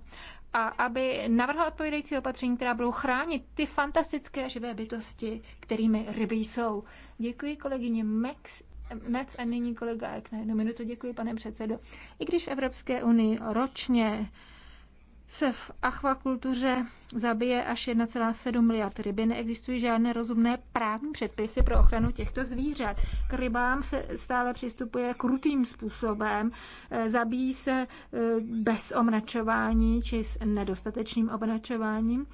a aby navrhla odpovídající opatření, která budou chránit ty fantastické živé bytosti, kterými ryby jsou. Děkuji kolegyně Max Mec a nyní kolega Ek na jednu minutu. Děkuji, pane předsedo. I když v Evropské unii ročně se v akvakultuře zabije až 1,7 miliard ryby. Neexistují žádné rozumné právní předpisy pro ochranu těchto zvířat. K rybám se stále přistupuje krutým způsobem. E, zabíjí se e, bez omračování či s nedostatečným omračováním.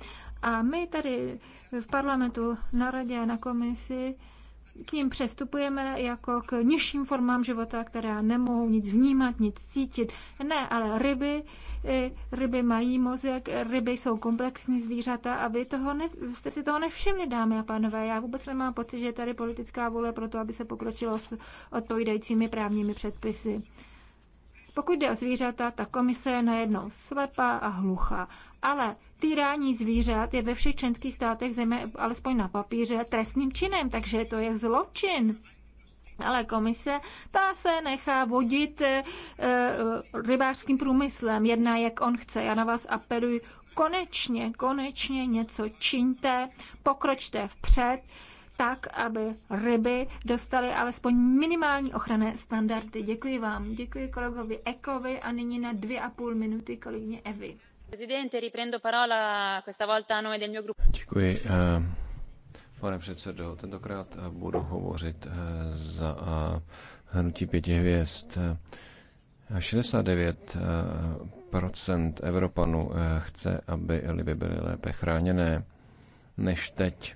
A my tady v parlamentu, na radě, na komisi k ním přestupujeme jako k nižším formám života, která nemohou nic vnímat, nic cítit. Ne, ale ryby, eh, ryby mají mozek, ryby jsou komplexní zvířata a vy toho ne, jste si toho nevšimli, dámy a pánové. Já vůbec nemám pocit, že je tady politická vůle pro to, aby se pokročilo s odpovídajícími právními předpisy. Pokud jde o zvířata, ta komise je najednou slepá a hluchá. Ale Týrání zvířat je ve všech členských státech země, alespoň na papíře, trestným činem, takže to je zločin. Ale komise, ta se nechá vodit e, rybářským průmyslem, jedná jak on chce. Já na vás apeluji, konečně, konečně něco čiňte, pokročte vpřed, tak, aby ryby dostaly alespoň minimální ochranné standardy. Děkuji vám, děkuji kolegovi Ekovi a nyní na dvě a půl minuty kolegyně Evy. Eh,
pane předsedo, tentokrát eh, budu hovořit eh, za hnutí pěti hvězd. 69% Evropanů chce, aby Liby byly lépe chráněné než teď.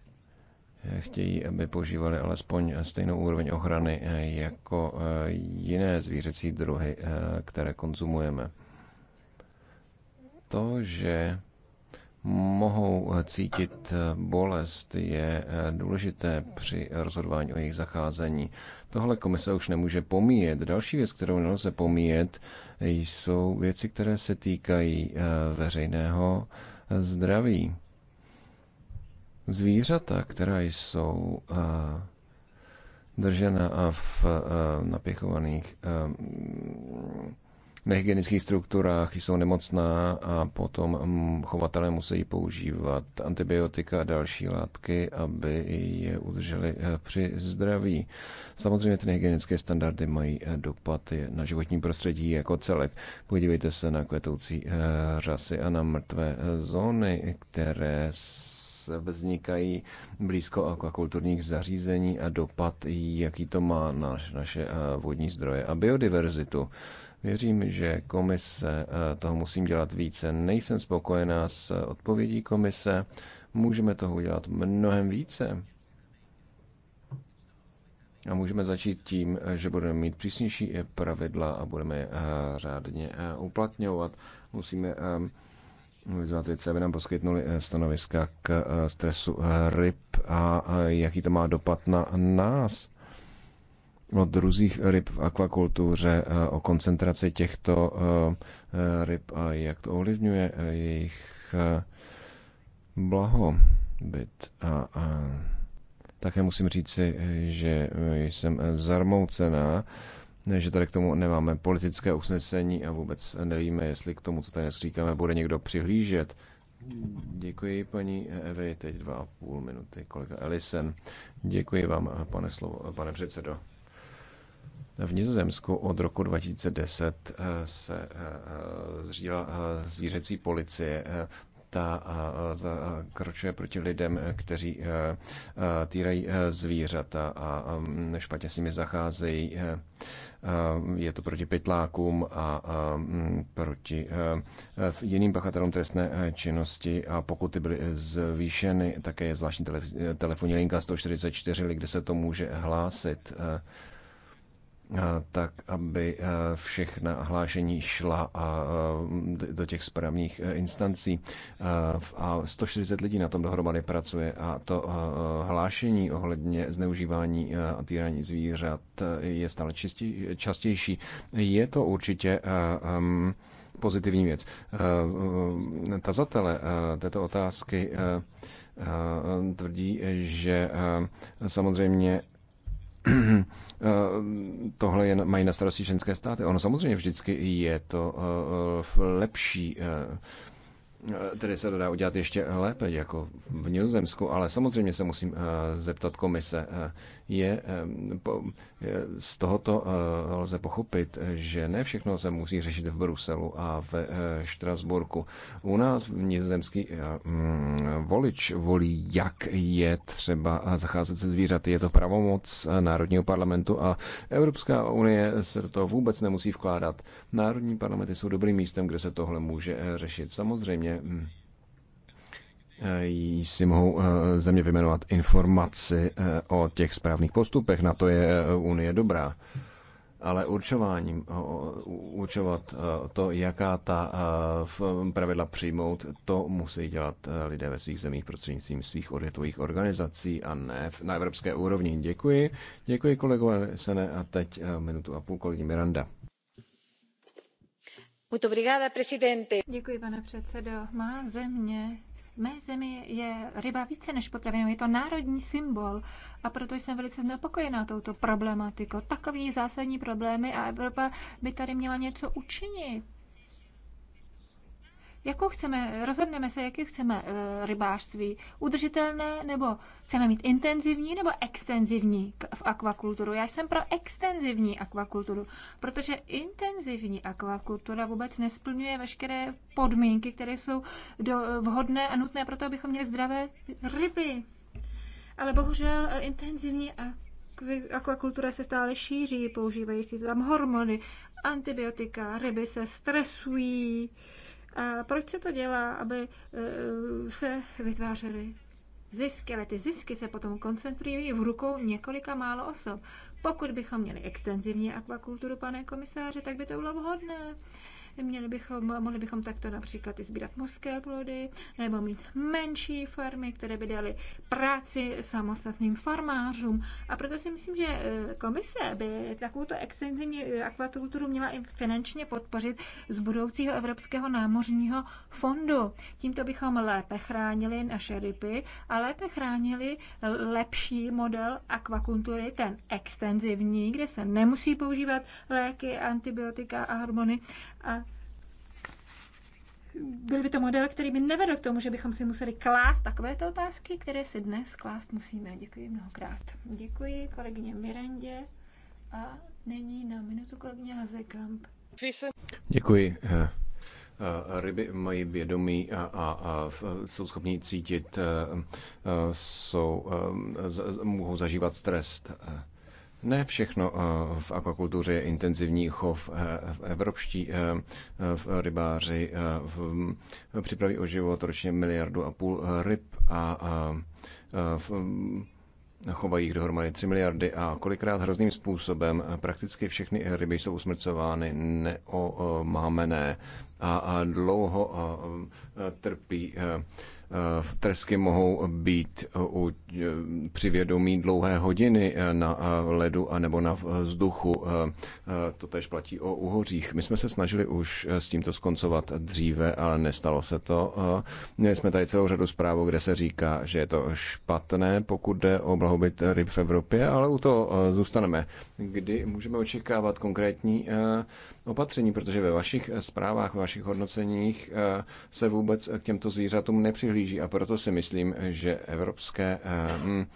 Chtějí, aby požívali alespoň stejnou úroveň ochrany jako jiné zvířecí druhy, které konzumujeme. To, že mohou cítit bolest, je eh, důležité při rozhodování o jejich zacházení. Tohle komise už nemůže pomíjet. Další věc, kterou nelze pomíjet, jsou věci, které se týkají eh, veřejného eh, zdraví. Zvířata, která jsou držena v napěchovaných nehygienických strukturách, jsou nemocná a potom mm, chovatelé musí používat antibiotika a další látky, aby je udrželi eh, při zdraví. Samozřejmě ty nehygienické standardy mají eh, dopad na životní prostředí jako celek. Podívejte se na kvetoucí eh, řasy a na mrtvé zóny, které vznikají blízko akvakulturních zařízení a dopad, jaký to má na naše vodní zdroje a biodiverzitu. Věřím, že komise eh, toho musím dělat více. Nejsem spokojená s eh, odpovědí komise. Můžeme toho udělat mnohem více. A můžeme začít tím, eh, že budeme mít přísnější pravidla a budeme řádně uplatňovat. Musíme vyzvat věci, aby nám poskytnuli stanoviska k stresu ryb a jaký to má dopad na nás o druzích ryb v akvakultuře, eh, o koncentraci těchto eh, ryb a jak to ovlivňuje eh, jejich blahobyt. A, a také musím říci, že jsem zarmoucená, že tady k tomu nemáme politické usnesení a vůbec nevíme, jestli k tomu, co tady říkáme, bude někdo přihlížet. Děkuji, paní Evy. Teď dva a půl minuty, kolega Elisen. Děkuji vám, pane, slovo, pane předsedo. V Nizozemsku od roku 2010 eh, se eh, eh, zřídila zvířecí policie. Ta zakročuje proti lidem, kteří týrají zvířata a mm, špatně s nimi zacházejí. Je to proti pytlákům a mm, proti jiným pachatelům trestné činnosti a pokuty byly zvýšeny. Také je zvláštní telefonní linka 144, kde se to může hlásit tak aby e, všechna hlášení šla e, do těch správných e, instancí. A 140 lidí na tom dohromady pracuje a to hlášení ohledně zneužívání a týrání zvířat je stále čistí, častější. Je to určitě pozitivní věc. Tazatele této otázky tvrdí, že samozřejmě Eh, tohle je mají na starosti členské státy. Ono samozřejmě vždycky je to eh, lepší eh, tedy se to dá udělat ještě lépe, jako v Nizozemsku, ale samozřejmě se musím zeptat komise. Je, z tohoto eh, lze pochopit, že ne všechno se musí řešit v Bruselu a v eh, Štrasburku. U nás nizozemský eh, mm, volič volí, jak je třeba zacházet se zvířaty. Je to pravomoc Národního parlamentu a Evropská unie se do toho vůbec nemusí vkládat. Národní parlamenty jsou dobrým místem, kde se tohle může řešit. Samozřejmě mm, Eh, si mohou eh, země vymenovat informaci eh, o těch správných postupech. Na to je Unie dobrá. Ale určováním, určovat to, jaká ta pravidla přijmout, to musí dělat lidé ve svých zemích prostřednictvím svých odvětvových organizací a ne na evropské úrovni. Děkuji. Děkuji kolegové Sene a teď minutu a půl kolegy Miranda.
Děkuji, pane předsedo. Má země mé zemi je ryba více než potravinou, je to národní symbol a proto jsem velice znepokojená touto problematikou. Takový zásadní problémy a Evropa by tady měla něco učinit. Jakou chceme, rozhodneme se, jaký chceme eh, rybářství, udržitelné nebo chceme mít intenzivní nebo extenzivní v akvakulturu. Já jsem pro extenzivní akvakulturu, protože intenzivní akvakultura vůbec nesplňuje veškeré podmínky, které jsou do, vhodné a nutné pro to, abychom měli zdravé ryby. Ale bohužel eh, intenzivní akvakultura se stále šíří, používají si tam hormony, antibiotika, ryby se stresují, a proč se to dělá, aby e, se vytvářely zisky, ale ty zisky se potom koncentrují v rukou několika málo osob. Pokud bychom měli extenzivní akvakulturu, pane komisáře, tak by to bylo vhodné. Měli bychom, mohli bychom takto například i sbírat mořské plody, nebo mít menší farmy, které by dali práci samostatným farmářům. A proto si myslím, že eh, komise by takovouto extenzivní akvakulturu měla i finančně podpořit z budoucího Evropského námořního fondu. Tímto bychom lépe chránili naše ryby a lépe chránili lepší model akvakultury, ten extenzivní, kde se nemusí používat léky, antibiotika a hormony, a byl by to model, který by nevedl k tomu, že bychom si museli klást takovéto otázky, které si dnes klást musíme. Děkuji mnohokrát. Děkuji kolegyně Mirandě a nyní na minutu kolegyně Hazekamp.
Děkuji. Eh, eh, ryby mají vědomí a, a, a jsou schopni cítit, eh, jsou, mohou zažívat stres. Ne všechno eh, v akvakultuře je intenzivní chov. Eh, evropští eh, rybáři připraví o život ročně miliardu a půl ryb a hm, chovají jich dohromady 3 miliardy a kolikrát hrozným způsobem prakticky všechny ryby jsou usmrcovány neomámené a dlouho trpí Eh, tresky mohou být eh, u, eh, při vědomí dlouhé hodiny na ledu a nebo na vzduchu. To tež platí o uhořích. My jsme se snažili už s tímto skoncovat dříve, ale nestalo se to. Měli jsme tady celou řadu zpráv, kde se říká, že je to špatné, pokud jde o blahobyt ryb v Evropě, ale u toho zůstaneme. Kdy můžeme očekávat konkrétní opatření, protože ve vašich eh, zprávách, ve vašich hodnoceních eh, se vůbec eh, k těmto zvířatům nepřihlíží a proto si myslím, že evropské mm,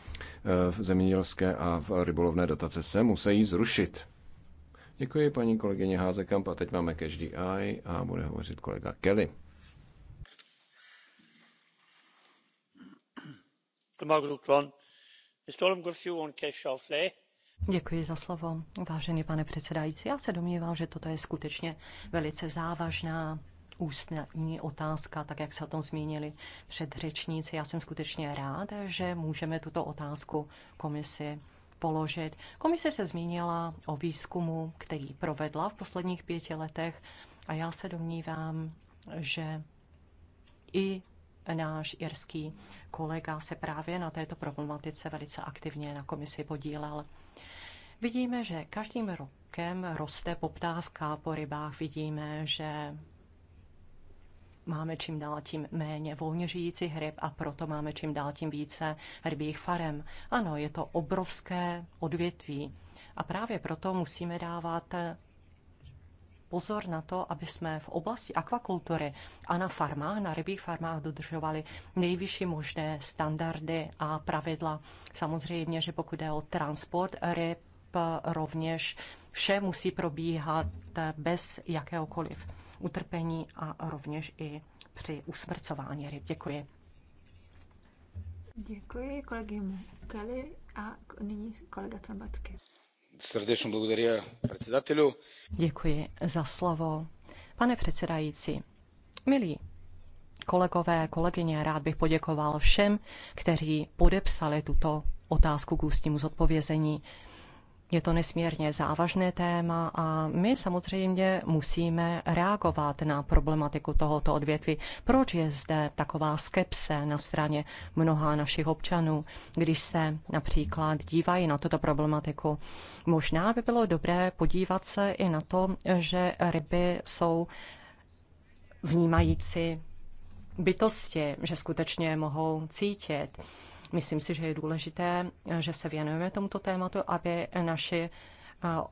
zemědělské a rybolovné dotace se musí zrušit. Děkuji paní kolegyně Házekamp a teď máme každý the a bude hovořit kolega Kelly.
Tomáš grŵp rhan. Ys o'n ceisio
Děkuji za slovo, vážený pane předsedající. Já se domnívám, že toto je skutečně velice závažná ústní otázka, tak jak se o tom zmínili předřečníci. Já jsem skutečně rád, že můžeme tuto otázku komisi položit. Komise se zmínila o výzkumu, který provedla v posledních pěti letech a já se domnívám, že i náš irský kolega se právě na této problematice velice aktivně na komisi podílel. Vidíme, že každým rokem roste poptávka po rybách, vidíme, že máme čím dál tím méně volně žijících ryb a proto máme čím dál tím více rybích farem. Ano, je to obrovské odvětví a právě proto musíme dávat pozor na to, aby jsme v oblasti akvakultury a na farmách, na rybích farmách dodržovali nejvyšší možné standardy a pravidla. Samozřejmě, že pokud je o transport ryb, rovněž vše musí probíhat bez jakéhokoliv utrpení a rovněž i při usmrcování ryb. Děkuji.
Děkuji kolegy Kelly a nyní kolega Cambacky.
Srdečně děkuji předsedatelu.
Děkuji za slovo. Pane předsedající, milí kolegové, kolegyně, rád bych poděkoval všem, kteří podepsali tuto otázku k ústnímu zodpovězení. Je to nesmírně závažné téma a my samozřejmě musíme reagovat na problematiku tohoto odvětví. Proč je zde taková skepse na straně mnoha našich občanů, když se například dívají na tuto problematiku? Možná by bylo dobré podívat se i na to, že ryby jsou vnímající bytosti, že skutečně mohou cítit. Myslím si, že je důležité, že se věnujeme tomuto tématu, aby naši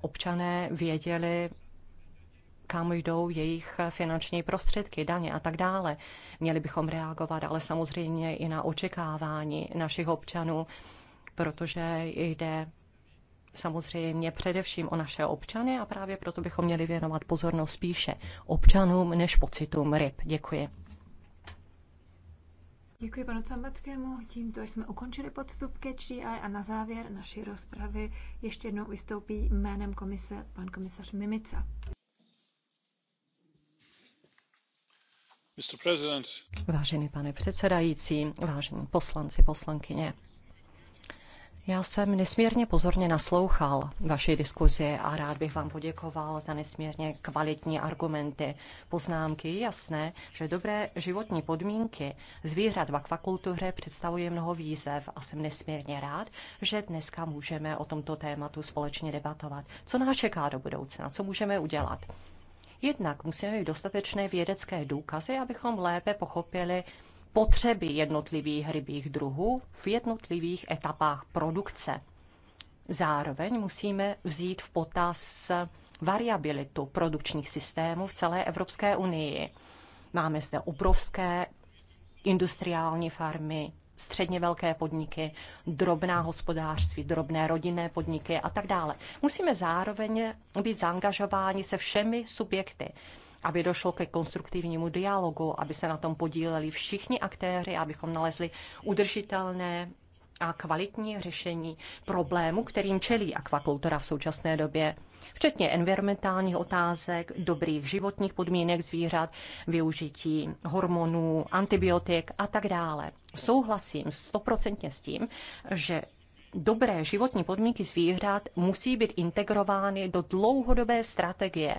občané věděli, kam jdou jejich finanční prostředky, daně a tak dále. Měli bychom reagovat, ale samozřejmě i na očekávání našich občanů, protože jde samozřejmě především o naše občany a právě proto bychom měli věnovat pozornost spíše občanům než pocitům ryb. Děkuji.
Děkuji panu Cambackému. Tímto jsme ukončili podstup ke GI a na závěr naší rozpravy ještě jednou vystoupí jménem komise pan komisař Mimica.
Vážený pane předsedající, vážení poslanci, poslankyně, já jsem nesmírně pozorně naslouchal vaší diskuzi a rád bych vám poděkoval za nesmírně kvalitní argumenty, poznámky. Je jasné, že dobré životní podmínky zvířat v akvakultuře představuje mnoho výzev a jsem nesmírně rád, že dneska můžeme o tomto tématu společně debatovat. Co nás čeká do budoucna? Co můžeme udělat? Jednak musíme mít dostatečné vědecké důkazy, abychom lépe pochopili potřeby jednotlivých rybích druhů v jednotlivých etapách produkce. Zároveň musíme vzít v potaz variabilitu produkčních systémů v celé Evropské unii. Máme zde obrovské industriální farmy, středně velké podniky, drobná hospodářství, drobné rodinné podniky a tak dále. Musíme zároveň být zaangažováni se všemi subjekty aby došlo ke konstruktivnímu dialogu, aby se na tom podíleli všichni aktéři, abychom nalezli udržitelné a kvalitní řešení problému, kterým čelí akvakultura v současné době, včetně environmentálních otázek, dobrých životních podmínek zvířat, využití hormonů, antibiotik a tak dále. Souhlasím stoprocentně s tím, že dobré životní podmínky zvířat musí být integrovány do dlouhodobé strategie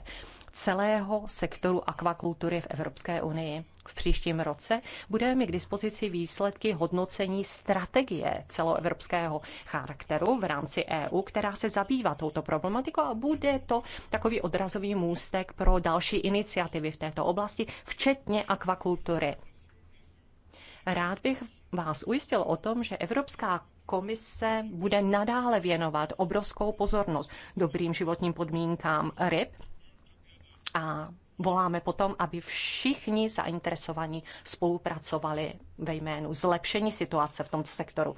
celého sektoru akvakultury v Evropské unii. V příštím roce budeme mít k dispozici výsledky hodnocení strategie celoevropského charakteru v rámci EU, která se zabývá touto problematikou a bude to takový odrazový můstek pro další iniciativy v této oblasti, včetně akvakultury. Rád bych vás ujistil o tom, že Evropská komise bude nadále věnovat obrovskou pozornost dobrým životním podmínkám ryb a voláme potom, aby všichni zainteresovaní spolupracovali ve jménu zlepšení situace v tomto sektoru.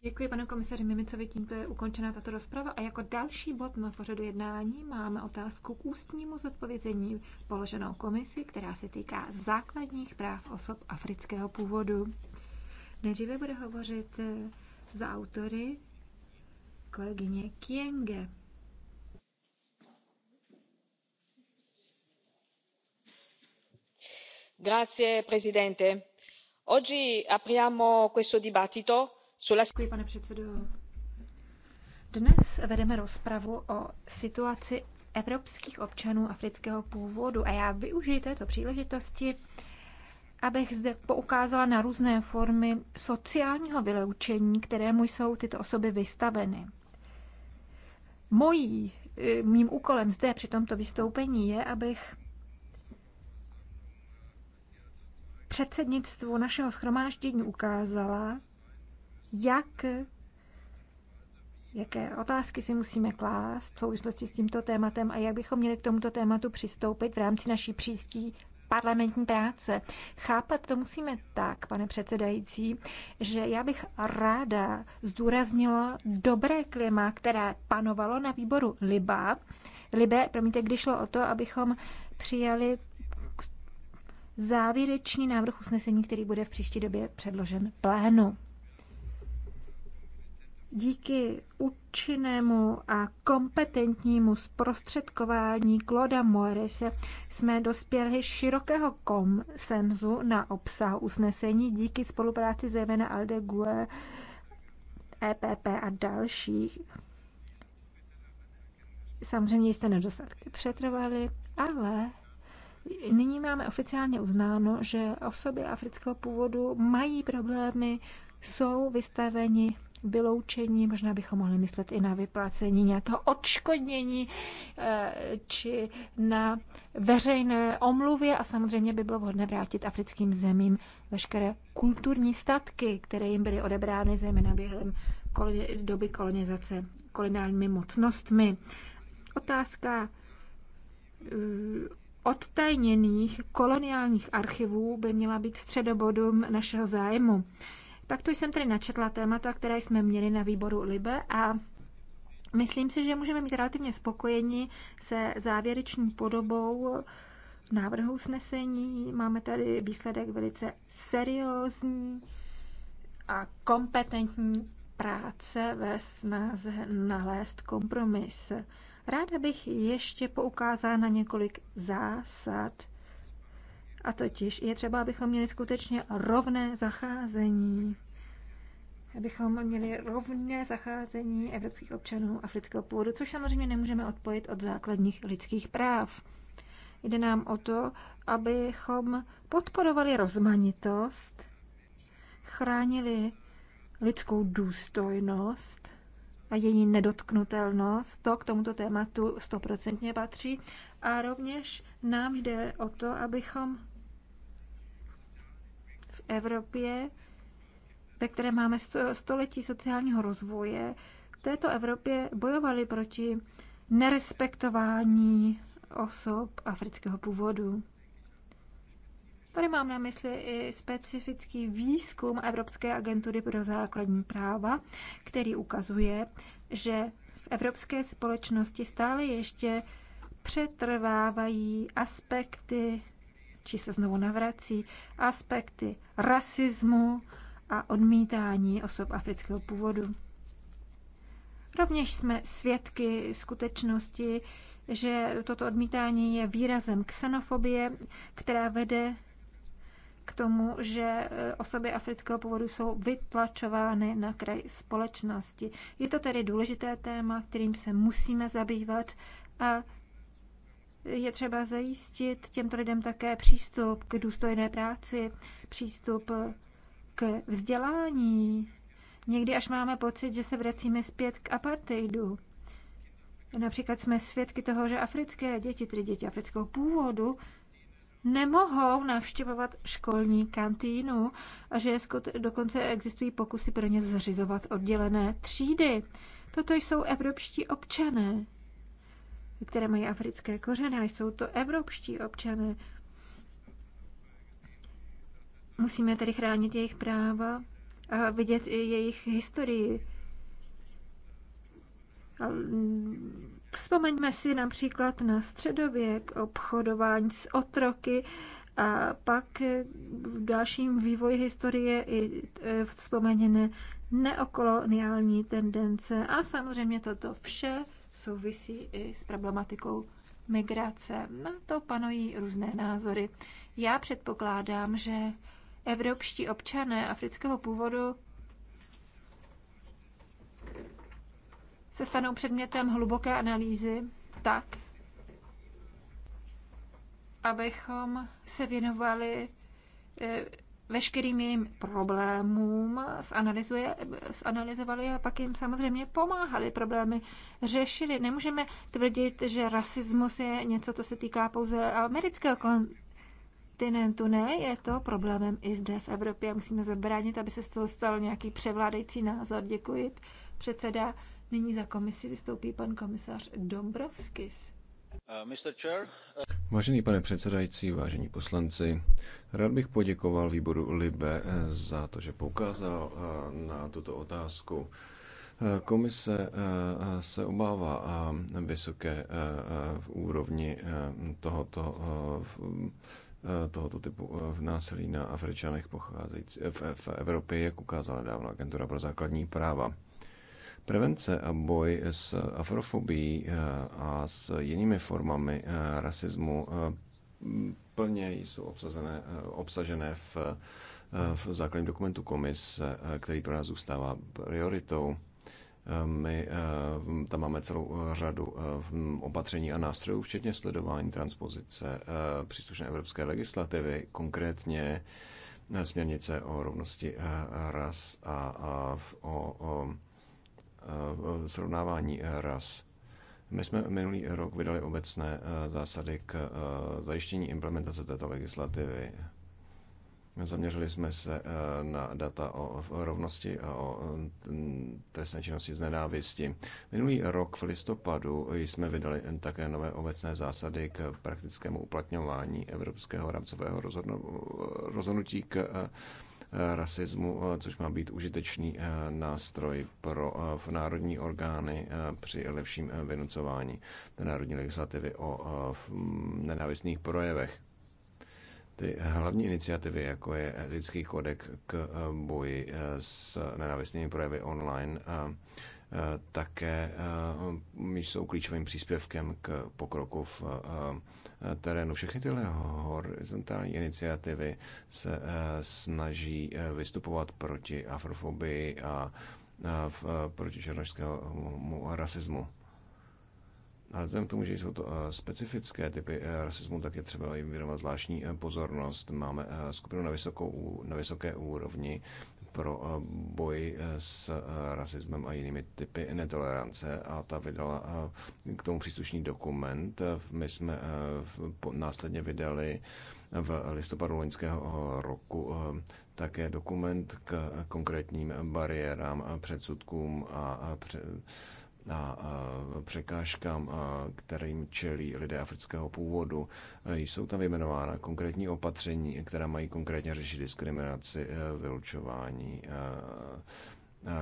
Děkuji pane komisaři Mimicovi, tímto je ukončena tato rozprava a jako další bod na pořadu jednání máme otázku k ústnímu zodpovězení položenou komisi, která se týká základních práv osob afrického původu. Nejdříve bude hovořit eh, za autory kolegyně Kienge. pane předsedající dnes vedeme rozpravu o situaci evropských občanů afrického původu a já využiji této příležitosti abych zde poukázala na různé formy sociálního vyloučení, kterému jsou tyto osoby vystaveny. Mojí, eh, mým úkolem zde při tomto vystoupení je, abych předsednictvu našeho schromáždění ukázala, jak jaké otázky si musíme klást v souvislosti s tímto tématem a jak bychom měli k tomuto tématu přistoupit v rámci naší příští parlamentní práce. Chápat to musíme tak, pane předsedající, že já bych ráda zdůraznila dobré klima, které panovalo na výboru Liba, Libe, promiňte, když šlo o to, abychom přijali závěrečný návrh usnesení, který bude v příští době předložen plénu. Díky účinnému a kompetentnímu zprostředkování Kloda Moerese jsme dospěli širokého konsenzu na obsah usnesení díky spolupráci zejména Alde Gue, EPP a dalších. Samozřejmě jste nedostatky přetrvali, ale Nyní máme oficiálně uznáno, že osoby afrického původu mají problémy, jsou vystaveni vyloučení, možná bychom mohli myslet i na vyplácení nějakého odškodnění eh, či na veřejné omluvě a samozřejmě by bylo vhodné vrátit africkým zemím veškeré kulturní statky, které jim byly odebrány zejména během doby kolonizace koloniálními mocnostmi. Otázka eh, odtajněných koloniálních archivů by měla být středobodem našeho zájmu. Takto jsem tedy načetla témata, které jsme měli na výboru Libe a myslím si, že můžeme být relativně spokojeni se závěrečnou podobou návrhu usnesení. Máme tady výsledek velice seriózní a kompetentní práce ve snaze nalézt kompromis. Ráda bych ještě poukázala na několik zásad, a totiž je třeba, abychom měli skutečně rovné zacházení abychom měli rovné zacházení evropských občanů afrického původu, což samozřejmě nemůžeme odpojit od základních lidských práv. Jde nám o to, abychom podporovali rozmanitost, chránili lidskou důstojnost a její nedotknutelnost, to k tomuto tématu stoprocentně patří. A rovněž nám jde o to, abychom v Evropě, ve které máme století sociálního rozvoje, v této Evropě bojovali proti nerespektování osob afrického původu. Tady mám na mysli i specifický výzkum Evropské agentury pro základní práva, který ukazuje, že v evropské společnosti stále ještě přetrvávají aspekty, či se znovu navrací, aspekty rasismu a odmítání osob afrického původu. Rovněž jsme svědky skutečnosti, že toto odmítání je výrazem ksenofobie, která vede k tomu, že e, osoby afrického původu jsou vytlačovány na kraj společnosti. Je to tedy důležité téma, kterým se musíme zabývat a je třeba zajistit těmto lidem také přístup k důstojné práci, přístup e, k vzdělání. Někdy až máme pocit, že se vracíme zpět k apartheidu. Například jsme svědky toho, že africké děti, tedy děti afrického původu, nemohou navštěvovat školní kantýnu a že dokonce existují pokusy pro ně zřizovat oddělené třídy. Toto jsou evropští občané, které mají africké kořeny, ale jsou to evropští občané. Musíme tedy chránit jejich práva a vidět i jejich historii. Vzpomeňme si například na středověk, obchodování s otroky a pak v dalším vývoji historie i e, vzpomeněné neokoloniální tendence. A samozřejmě toto vše souvisí i s problematikou migrace. Na to panují různé názory. Já předpokládám, že evropští občané afrického původu se stanou předmětem hluboké analýzy tak, abychom se věnovali eh, veškerým jejím problémům, zanalizovali a pak jim samozřejmě pomáhali, problémy řešili. Nemůžeme tvrdit, že rasismus je něco, co se týká pouze amerického kontinentu. Ne, je to problémem i zde v Evropě. Musíme zabránit, aby se z toho stal nějaký převládající názor. Děkuji, předseda. Nyní za komisi vystoupí pan komisař Dombrovskis. Uh, uh,
Vážený pane předsedající, vážení poslanci, rád bych poděkoval výboru Libe eh, za to, že poukázal eh, na tuto otázku. Eh, komise se obává vysoké v úrovni tohoto tohoto typu v násilí na Afričanech pocházející v, Evropě, jak ukázala dávno Agentura pro základní práva. Prevence a boj s afrofobií eh, a s jinými formami eh, rasismu eh, plně jsou obsazené, obsažené v, v základním dokumentu Komis, který pro nás zůstává prioritou. My tam máme celou řadu opatření a nástrojů, včetně sledování transpozice příslušné evropské legislativy, konkrétně směrnice o rovnosti ras a o, o Eh, srovnávání eh, ras. My jsme minulý rok vydali obecné eh, zásady k zajištění implementace této legislativy. Zaměřili jsme se na data o rovnosti a o trestné činnosti z nenávisti. Minulý rok v listopadu jsme vydali také nové obecné zásady k praktickému uplatňování Evropského rámcového rozhodnutí k rasismu, eh, což má být užitečný eh, nástroj pro eh, v národní orgány při lepším vynucování národní legislativy o mm, nenávistných projevech. Ty hlavní iniciativy, jako je etický kodek k boji s nenávistnými projevy online, také jsou klíčovým příspěvkem k pokroku v terénu. Všechny tyhle horizontální iniciativy se eh, snaží eh, vystupovat proti afrofobii a v, eh, proti černožskému rasismu. Ale vzhledem k tomu, že jsou to specifické typy rasismu, tak je třeba jim věnovat zvláštní pozornost. Máme skupinu na, vysokou, na vysoké úrovni, pro eh, boj eh, s eh, rasismem a jinými typy netolerance a ta vydala k tomu příslušný dokument. My jsme následně vydali v listopadu loňského roku také dokument k konkrétním bariérám, předsudkům a a překážkám, kterým čelí lidé afrického původu. Jsou tam vyjmenována konkrétní opatření, která mají konkrétně řešit diskriminaci, e, vylučování, e,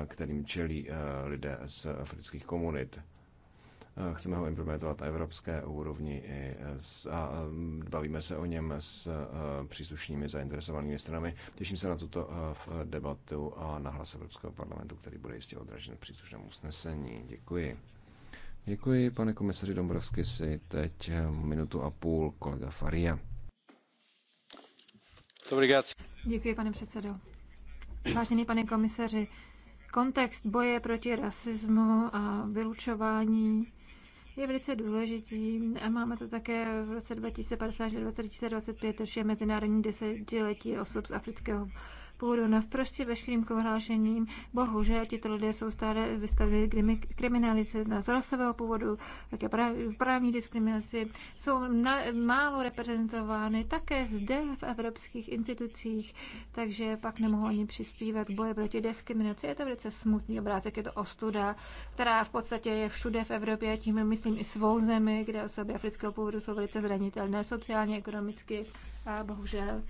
e, kterým čelí lidé z afrických komunit chceme ho implementovat na evropské úrovni a bavíme se o něm s příslušnými zainteresovanými stranami. Těším se na tuto debatu a na hlas Evropského parlamentu, který bude jistě odražen v příslušném usnesení. Děkuji. Děkuji, pane komisaři Dombrovsky, si teď eh, minutu a půl kolega Faria.
Děkuji, pane předsedo. Vážený pane komisaři, kontext boje proti rasismu a vylučování je velice důležitý a máme to také v roce 2050 2025, což je Mezinárodní desetiletí osob z afrického půdu navprosti veškerým kohlášením. Bohužel tito lidé jsou stále vystavili kriminalice na zrasového původu, také právní diskriminaci. Jsou na, málo reprezentovány také zde v evropských institucích, takže pak nemohou ani přispívat boje proti diskriminaci. Je to velice smutný obrázek, je to ostuda, která v podstatě je všude v Evropě, tím myslím i svou zemi, kde osoby afrického původu jsou velice zranitelné sociálně, ekonomicky a bohužel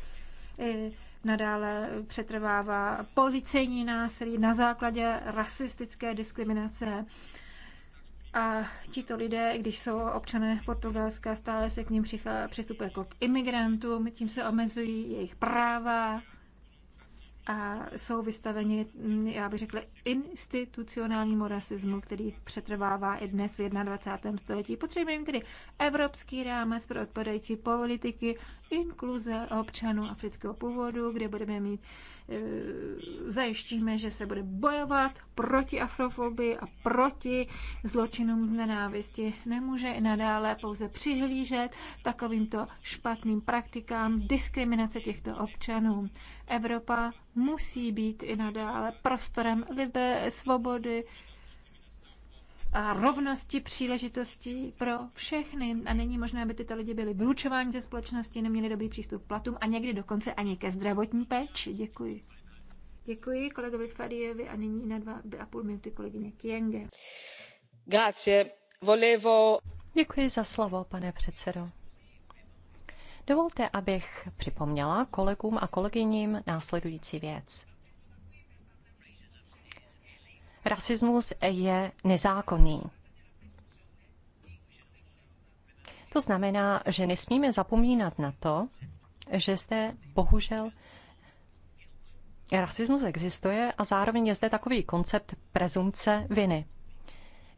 eh, Nadále přetrvává policejní násilí na základě rasistické diskriminace. A tito lidé, když jsou občané Portugalska, stále se k ním přistupuje jako k imigrantům, tím se omezují jejich práva a jsou vystaveni, já bych řekla, institucionálnímu rasismu, který přetrvává i dnes v 21. století. Potřebujeme tedy evropský rámec pro odpadající politiky, inkluze občanů afrického původu, kde budeme mít, e, zajištíme, že se bude bojovat proti afrofobii a proti zločinům z nenávisti. Nemůže i nadále pouze přihlížet takovýmto špatným praktikám diskriminace těchto občanů. Evropa musí být i nadále prostorem libe, svobody, a rovnosti příležitostí pro všechny. A není možné, aby tyto lidi byli vylučováni ze společnosti, neměli dobrý přístup k platům a někdy dokonce ani ke zdravotní péči. Děkuji. Děkuji kolegovi Fariovi a nyní na dva a půl minuty kolegyně Kienge.
Grazie. Volevo...
Děkuji za slovo, pane předsedo. Dovolte, abych připomněla kolegům a kolegyním následující věc rasismus je nezákonný. To znamená, že nesmíme zapomínat na to, že zde bohužel rasismus existuje a zároveň je zde takový koncept prezumce viny,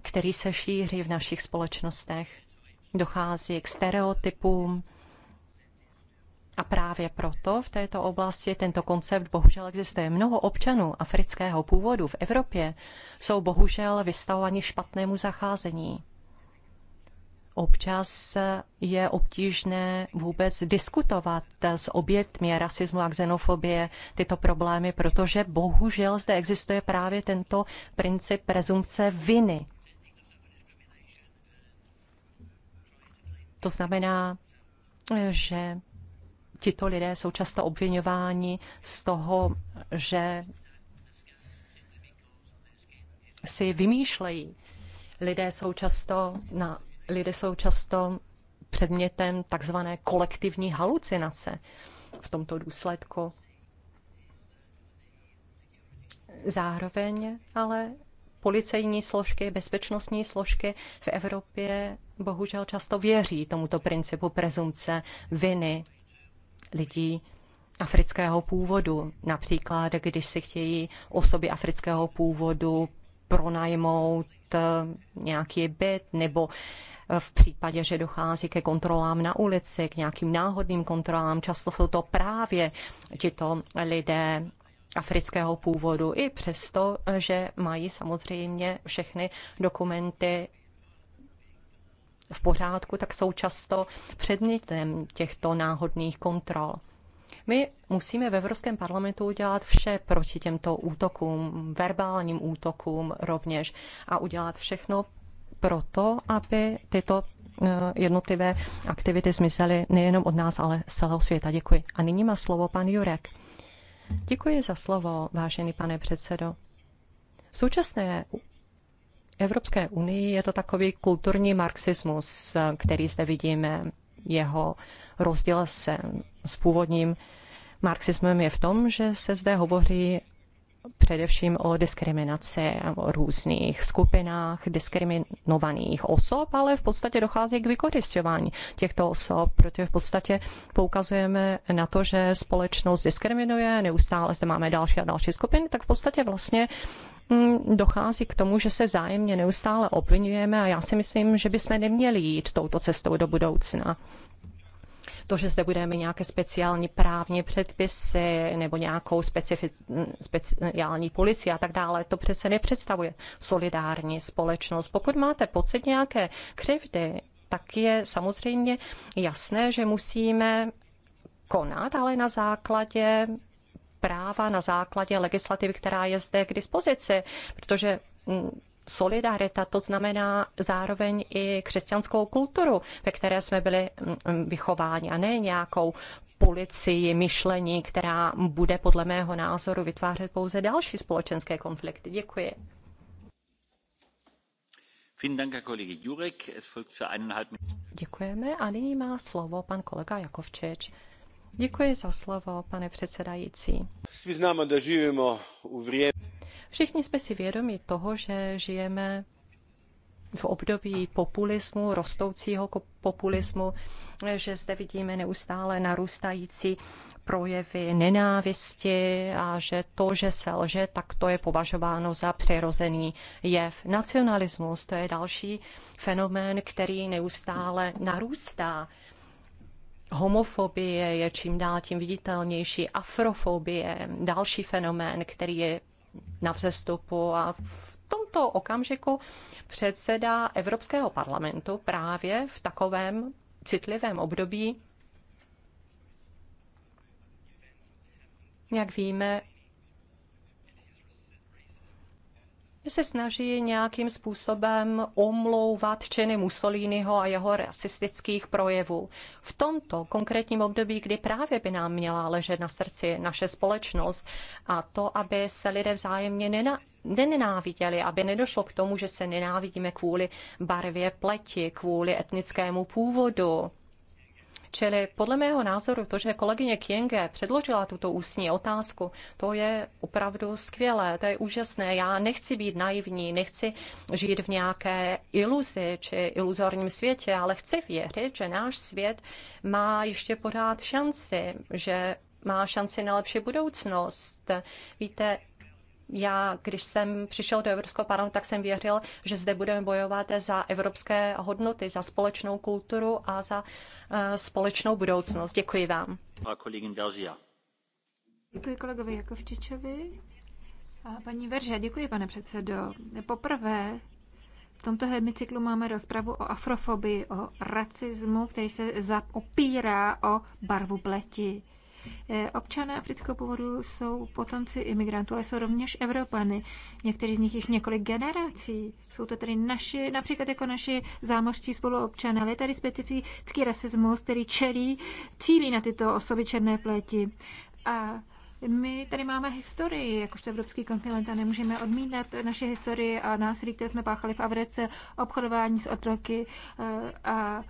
který se šíří v našich společnostech. Dochází k stereotypům, a právě proto v této oblasti tento koncept bohužel existuje. Mnoho občanů afrického původu v Evropě jsou bohužel vystavováni špatnému zacházení. Občas je obtížné vůbec diskutovat s obětmi rasismu a xenofobie tyto problémy, protože bohužel zde existuje právě tento princip prezumce viny. To znamená, že tito lidé jsou často obvinováni z toho, že si vymýšlejí. Lidé jsou často, na, lidé jsou často předmětem takzvané kolektivní halucinace v tomto důsledku. Zároveň ale policejní složky, bezpečnostní složky v Evropě bohužel často věří tomuto principu prezumce viny lidí afrického původu. Například, když si chtějí osoby afrického původu pronajmout eh, nějaký byt nebo eh, v případě, že dochází ke kontrolám na ulici, k nějakým náhodným kontrolám. Často jsou to právě tito lidé afrického původu, i přesto, že mají samozřejmě všechny dokumenty v pořádku, tak jsou často předmětem těchto náhodných kontrol. My musíme v Evropském parlamentu udělat vše proti těmto útokům, verbálním útokům rovněž a udělat všechno proto, aby tyto eh, jednotlivé aktivity zmizely nejenom od nás, ale z celého světa. Děkuji. A nyní má slovo pan Jurek. Děkuji za slovo, vážený pane předsedo. V současné Evropské unii je to takový kulturní marxismus, který zde vidíme. Jeho rozdíl se s původním marxismem je v tom, že se zde hovoří především o diskriminaci o různých skupinách diskriminovaných osob, ale v podstatě dochází k vykořišťování těchto osob, protože v podstatě poukazujeme na to, že společnost diskriminuje, neustále zde máme další a další skupiny, tak v podstatě vlastně Mm, dochází k tomu, že se vzájemně neustále obvinujeme a já si myslím, že bychom neměli jít touto cestou do budoucna to, že zde budeme nějaké speciální právní předpisy nebo nějakou speciální policii a tak dále, to přece nepředstavuje solidární společnost. Pokud máte pocit nějaké křivdy, tak je samozřejmě jasné, že musíme konat, ale na základě práva na základě legislativy, která je zde k dispozici, protože mm, solidarita, to znamená zároveň i křesťanskou kulturu, ve které jsme byli mm, vychováni a ne nějakou policii myšlení, která bude podle mého názoru vytvářet pouze další společenské konflikty. Děkuji. Děkujeme a nyní má slovo pan kolega Jakovčič. Děkuji za slovo, pane předsedající. Všichni jsme si vědomi toho, že žijeme v období populismu, rostoucího populismu, že zde vidíme neustále narůstající projevy nenávisti a že to, že se lže, tak to je považováno za přirozený jev. Nacionalismus to je další fenomén, který neustále narůstá homofobie je čím dál tím viditelnější, afrofobie, další fenomén, který je na vzestupu a v tomto okamžiku předseda Evropského parlamentu právě v takovém citlivém období, jak víme, že se snaží nějakým způsobem omlouvat činy Mussoliniho a jeho rasistických projevů. V tomto konkrétním období, kdy právě by nám měla ležet na srdci naše společnost a to, aby se lidé vzájemně nena, nenáviděli, aby nedošlo k tomu, že se nenávidíme kvůli barvě pleti, kvůli etnickému původu, Čili podle mého názoru to, že kolegyně Kienge předložila tuto ústní otázku, to je opravdu skvělé, to je úžasné. Já nechci být naivní, nechci žít v nějaké iluzi či iluzorním světě, ale chci věřit, že náš svět má ještě pořád šanci, že má šanci na lepší budoucnost. Víte, já, když jsem přišel do Evropského parlamentu, tak jsem věřil, že zde budeme bojovat za evropské hodnoty, za společnou kulturu a za eh,
společnou budoucnost. Děkuji vám. A kolegin Děkuji kolegovi Jakovčičovi. A paní Veržia, děkuji, pane předsedo. Poprvé v tomto hemicyklu máme rozpravu o afrofobii, o racismu, který se opírá o barvu pleti. Eh, občané afrického původu jsou potomci imigrantů, ale jsou rovněž Evropany. Někteří z nich již několik generací. Jsou to tedy naši, například jako naši zámořští spoluobčané, ale je tady specifický rasismus, který čelí, cílí na tyto osoby černé pleti. A my tady máme historii, jakožto evropský kontinent a nemůžeme odmítat naše historii a násilí, které jsme páchali v Africe, obchodování s otroky eh, a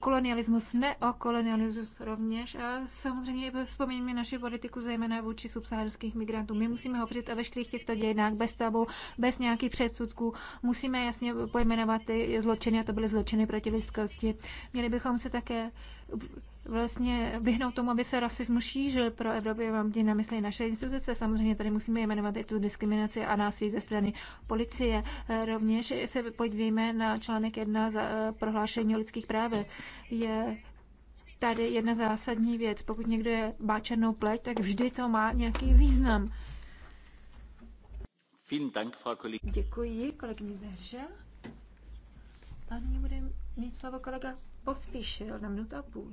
kolonialismus, ne o kolonialismus rovněž a samozřejmě vzpomínáme naši politiku zejména vůči subsaharských migrantů. My musíme hovořit o veškerých těchto dějinách bez tabu, bez nějakých předsudků. Musíme jasně pojmenovat ty zločiny a to byly zločiny proti lidskosti. Měli bychom se také vlastně vyhnout tomu, aby se rasismus šířil pro Evropě, mám tím na mysli naše instituce. Samozřejmě tady musíme jmenovat i tu diskriminaci a násilí ze strany policie. Eh, rovněž se podívejme na článek 1 za eh, prohlášení o lidských právech. Je tady jedna zásadní věc. Pokud někdo je báčenou pleť, tak vždy to má nějaký význam. Děkuji, kolegyně Verža. A nyní bude mít slovo kolega Pospíšil na minutu a
půl.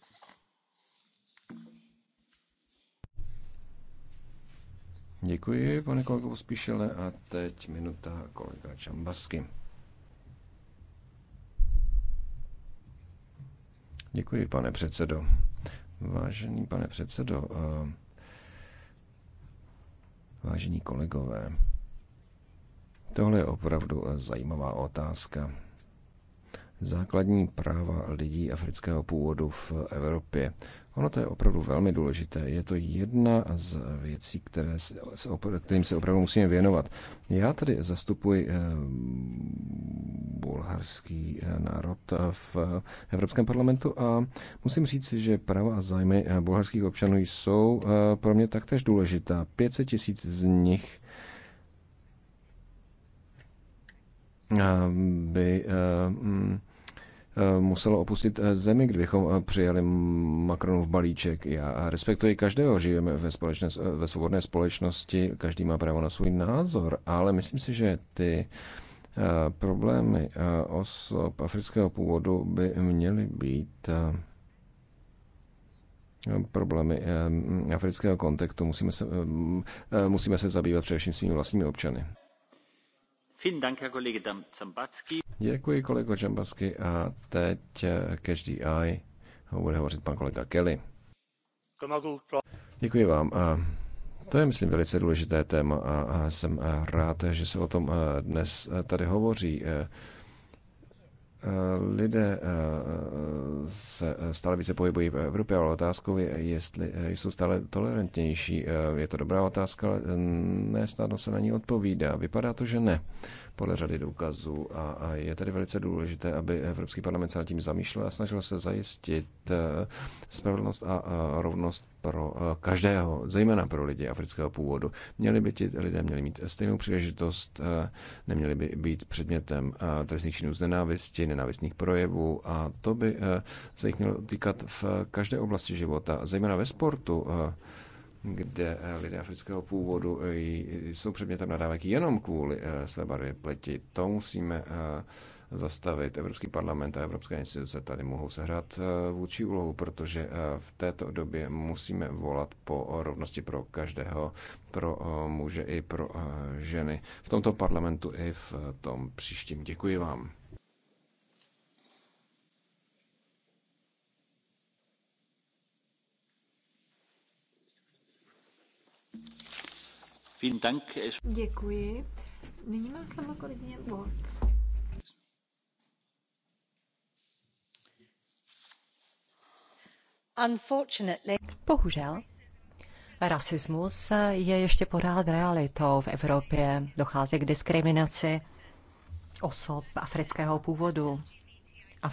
Děkuji, pane kolego Pospíšile. A teď minuta kolega Čambasky. Děkuji, pane předsedo. Vážený pane předsedo, vážení kolegové, tohle je opravdu zajímavá otázka. Základní práva lidí afrického původu v Evropě. Ono to je opravdu velmi důležité. Je to jedna z věcí, které se, kterým se opravdu musíme věnovat. Já tady zastupuji eh, bulharský eh, národ eh, v Evropském parlamentu a musím říct, že práva a zájmy bulharských občanů jsou pro mě taktéž důležitá. 500 tisíc z nich by mm, Eh, muselo opustit eh, zemi, kdybychom eh, přijali Macronův balíček. Já respektuji každého, žijeme ve, společné, ve svobodné společnosti, každý má právo na svůj názor, ale myslím si, že ty problémy osob afrického původu by měly být problémy afrického kontextu. Musíme se, musíme se zabývat především svými vlastními občany. Děkuji kolego Džambacky a teď každý eh, AI bude hovořit pan kolega Kelly. Děkuji vám. To je, myslím, velice důležité téma a jsem eh, rád, že se o tom eh, dnes tady hovoří lidé eh, se eh, stále více pohybují v Evropě, ale otázkou je, jestli eh, jsou stále tolerantnější. Je to dobrá otázka, ale nesnadno se na ní odpovídá. Vypadá to, že ne podle řady důkazů. A, a je tedy velice důležité, aby Evropský parlament se nad tím zamýšlel a snažil se zajistit eh, spravedlnost a rovnost pro eh, každého, zejména pro lidi afrického původu. Měli by ti lidé měli mít stejnou příležitost, eh, neměli by být předmětem trestných činů z nenávisti, nenávistných projevů a to by se jich mělo týkat v každé oblasti života, zejména ve sportu kde eh, lidé afrického původu eh, jsou předmětem nadávek jenom kvůli eh, své barvě pleti. To musíme zastavit. Evropský parlament a evropské instituce tady mohou sehrát vůči úlohu, protože v této době musíme volat po rovnosti pro každého, pro muže i pro ženy. V tomto parlamentu i v tom příštím. Děkuji vám.
Eh,
Děkuji. Nyní má slovo kolegyně Waltz.
Bohužel, rasismus je ještě pořád realitou v Evropě. Dochází k diskriminaci osob afrického původu, a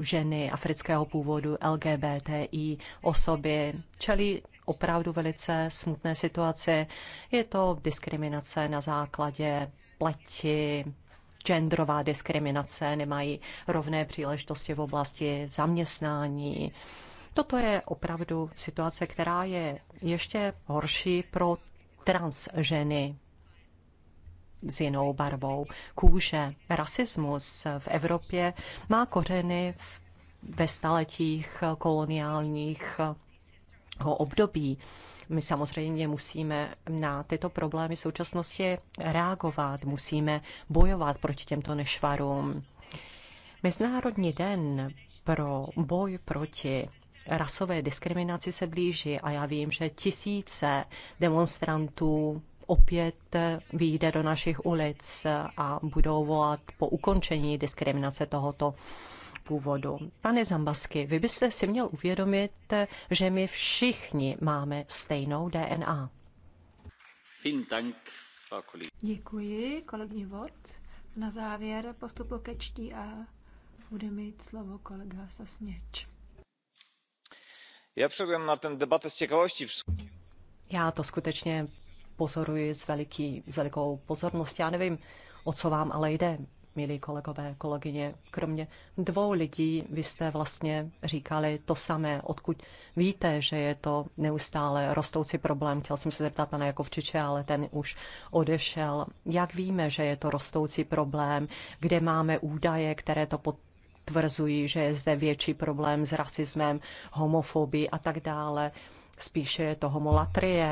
ženy afrického původu, LGBTI osoby, čelí opravdu velice smutné situaci. Je to diskriminace na základě pleti, genderová diskriminace, nemají rovné příležitosti v oblasti zaměstnání. Toto je opravdu situace, která je ještě horší pro trans ženy s jinou barvou kůže. Rasismus v Evropě má kořeny v ve staletích koloniálních období. My samozřejmě musíme na tyto problémy současnosti reagovat, musíme bojovat proti těmto nešvarům. Mezinárodní den pro boj proti rasové diskriminaci se blíží a já vím, že tisíce demonstrantů opět vyjde do našich ulic a budou volat po ukončení diskriminace tohoto původu. Pane Zambasky, vy byste si měl uvědomit, že my všichni máme stejnou DNA.
Děkuji, kolegyně Wort. Na závěr postupu ke čtí a bude mít slovo kolega Sosněč.
Já přijdem na ten debat z těkavostí.
Já to skutečně pozoruji s, veliký, s velikou pozorností. Já nevím, o co vám ale jde milí kolegové, kolegyně. Kromě dvou lidí vy jste vlastně říkali to samé, odkud víte, že je to neustále rostoucí problém. Chtěl jsem se zeptat pana Jakovčiče, ale ten už odešel. Jak víme, že je to rostoucí problém? Kde máme údaje, které to pod tvrzují, že je zde větší problém s rasismem, homofobií a tak dále spíše je to homolatrie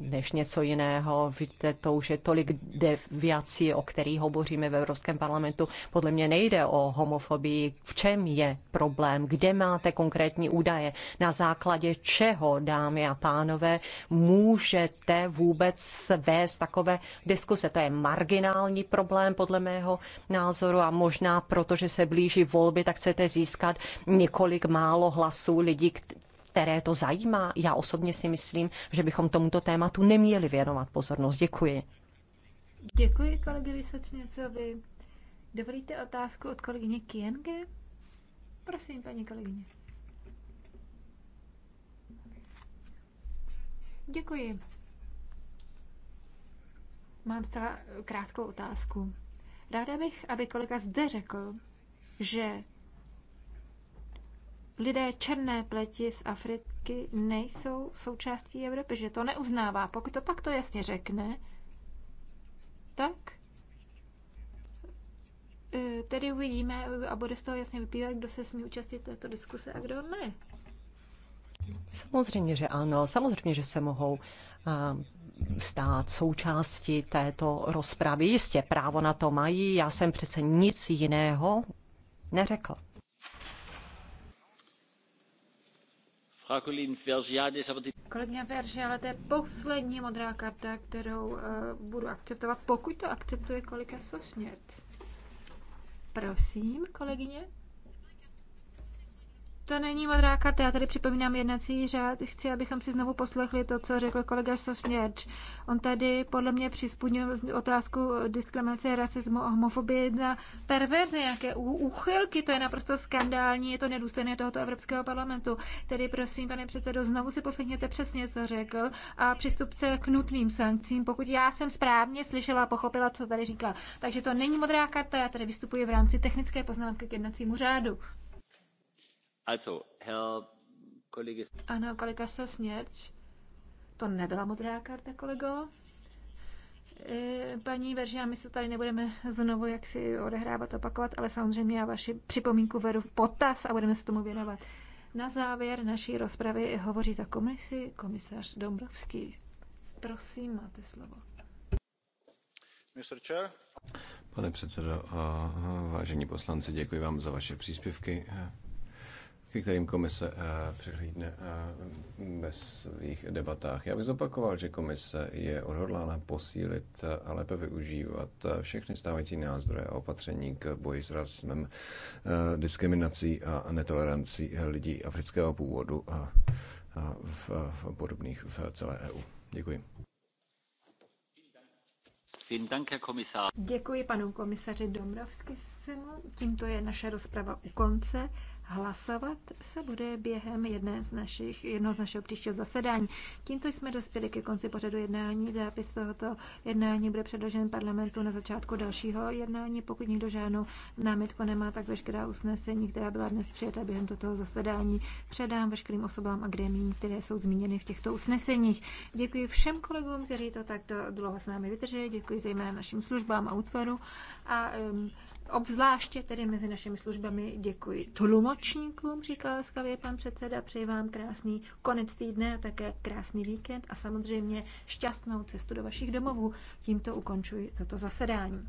než něco jiného. Víte, to už je tolik deviací, o kterých hovoříme v Evropském parlamentu. Podle mě nejde o homofobii. V čem je problém? Kde máte konkrétní údaje? Na základě čeho, dámy a pánové, můžete vůbec vést takové diskuse? To je marginální problém podle mého názoru a možná proto, že se blíží volby, tak chcete získat několik málo hlasů lidí, které to zajímá. Já osobně si myslím, že bychom tomuto tématu neměli věnovat pozornost. Děkuji.
Děkuji kolegy Vysočnicovi. Dovolíte otázku od kolegyně Kienge? Prosím, paní kolegyně. Děkuji. Mám zcela krátkou otázku. Ráda bych, aby kolega zde řekl, že lidé černé pleti z Afriky nejsou součástí Evropy, že to neuznává. Pokud to takto jasně řekne, tak e, tedy uvidíme a bude z toho jasně vypívat, kdo se smí účastnit této diskuse a kdo ne.
Samozřejmě, že ano. Samozřejmě, že se mohou stát součástí této rozpravy. Jistě právo na to mají. Já jsem přece nic jiného neřekl.
Kolegyně Verži, ale to je poslední modrá karta, kterou uh, budu akceptovat, pokud to akceptuje kolika Sošněrc. Prosím, kolegyně. To není modrá karta, já tady připomínám jednací řád. Chci, abychom si znovu poslechli to, co řekl kolega Sosněč. On tady podle mě přispůnil otázku diskriminace, rasismu a homofobie na perverze, nějaké úchylky. To je naprosto skandální, je to nedůstojné tohoto Evropského parlamentu. Tedy prosím, pane předsedo, znovu si poslechněte přesně, co řekl a přistup k nutným sankcím, pokud já jsem správně slyšela a pochopila, co tady říkal. Takže to není modrá karta, já tady vystupuji v rámci technické poznámky k jednacímu řádu.
Ano, Herr Kollege...
Ano, kolega To nebyla modrá karta, kolego. E, paní Veržia, my se tady nebudeme znovu jaksi odehrávat, opakovat, ale samozřejmě já vaši připomínku veru v potaz a budeme se tomu věnovat. Na závěr naší rozpravy hovoří za komisi komisař Dombrovský. Prosím, máte slovo.
Pane předsedo, vážení poslanci, děkuji vám za vaše příspěvky ke kterým komise eh, přihlídne eh, ve svých debatách. Já bych zopakoval, že komise je odhodlána posílit eh, a lépe využívat všechny stávající nástroje a opatření k boji s rasismem, diskriminací a netolerancí lidí afrického původu a v, podobných v celé EU. Děkuji.
Děkuji panu komisaři Domrovskému. Tímto je naše rozprava u konce. Hlasovat se bude během jedné z našich, jednoho z našeho příštího zasedání. Tímto jsme dospěli ke konci pořadu jednání. Zápis tohoto jednání bude předložen parlamentu na začátku dalšího jednání. Pokud nikdo žádnou námitku nemá, tak veškerá usnesení, která byla dnes přijata během tohoto zasedání, předám veškerým osobám a gremím, které jsou zmíněny v těchto usneseních. Děkuji všem kolegům, kteří to takto dlouho s námi vydrželi. Děkuji zejména našim službám a útvaru. A, um, obzvláště tedy mezi našimi službami děkuji tlumočníkům, říká laskavě pan předseda, přeji vám krásný konec týdne a také krásný víkend a samozřejmě šťastnou cestu do vašich domovů. Tímto ukončuji toto zasedání.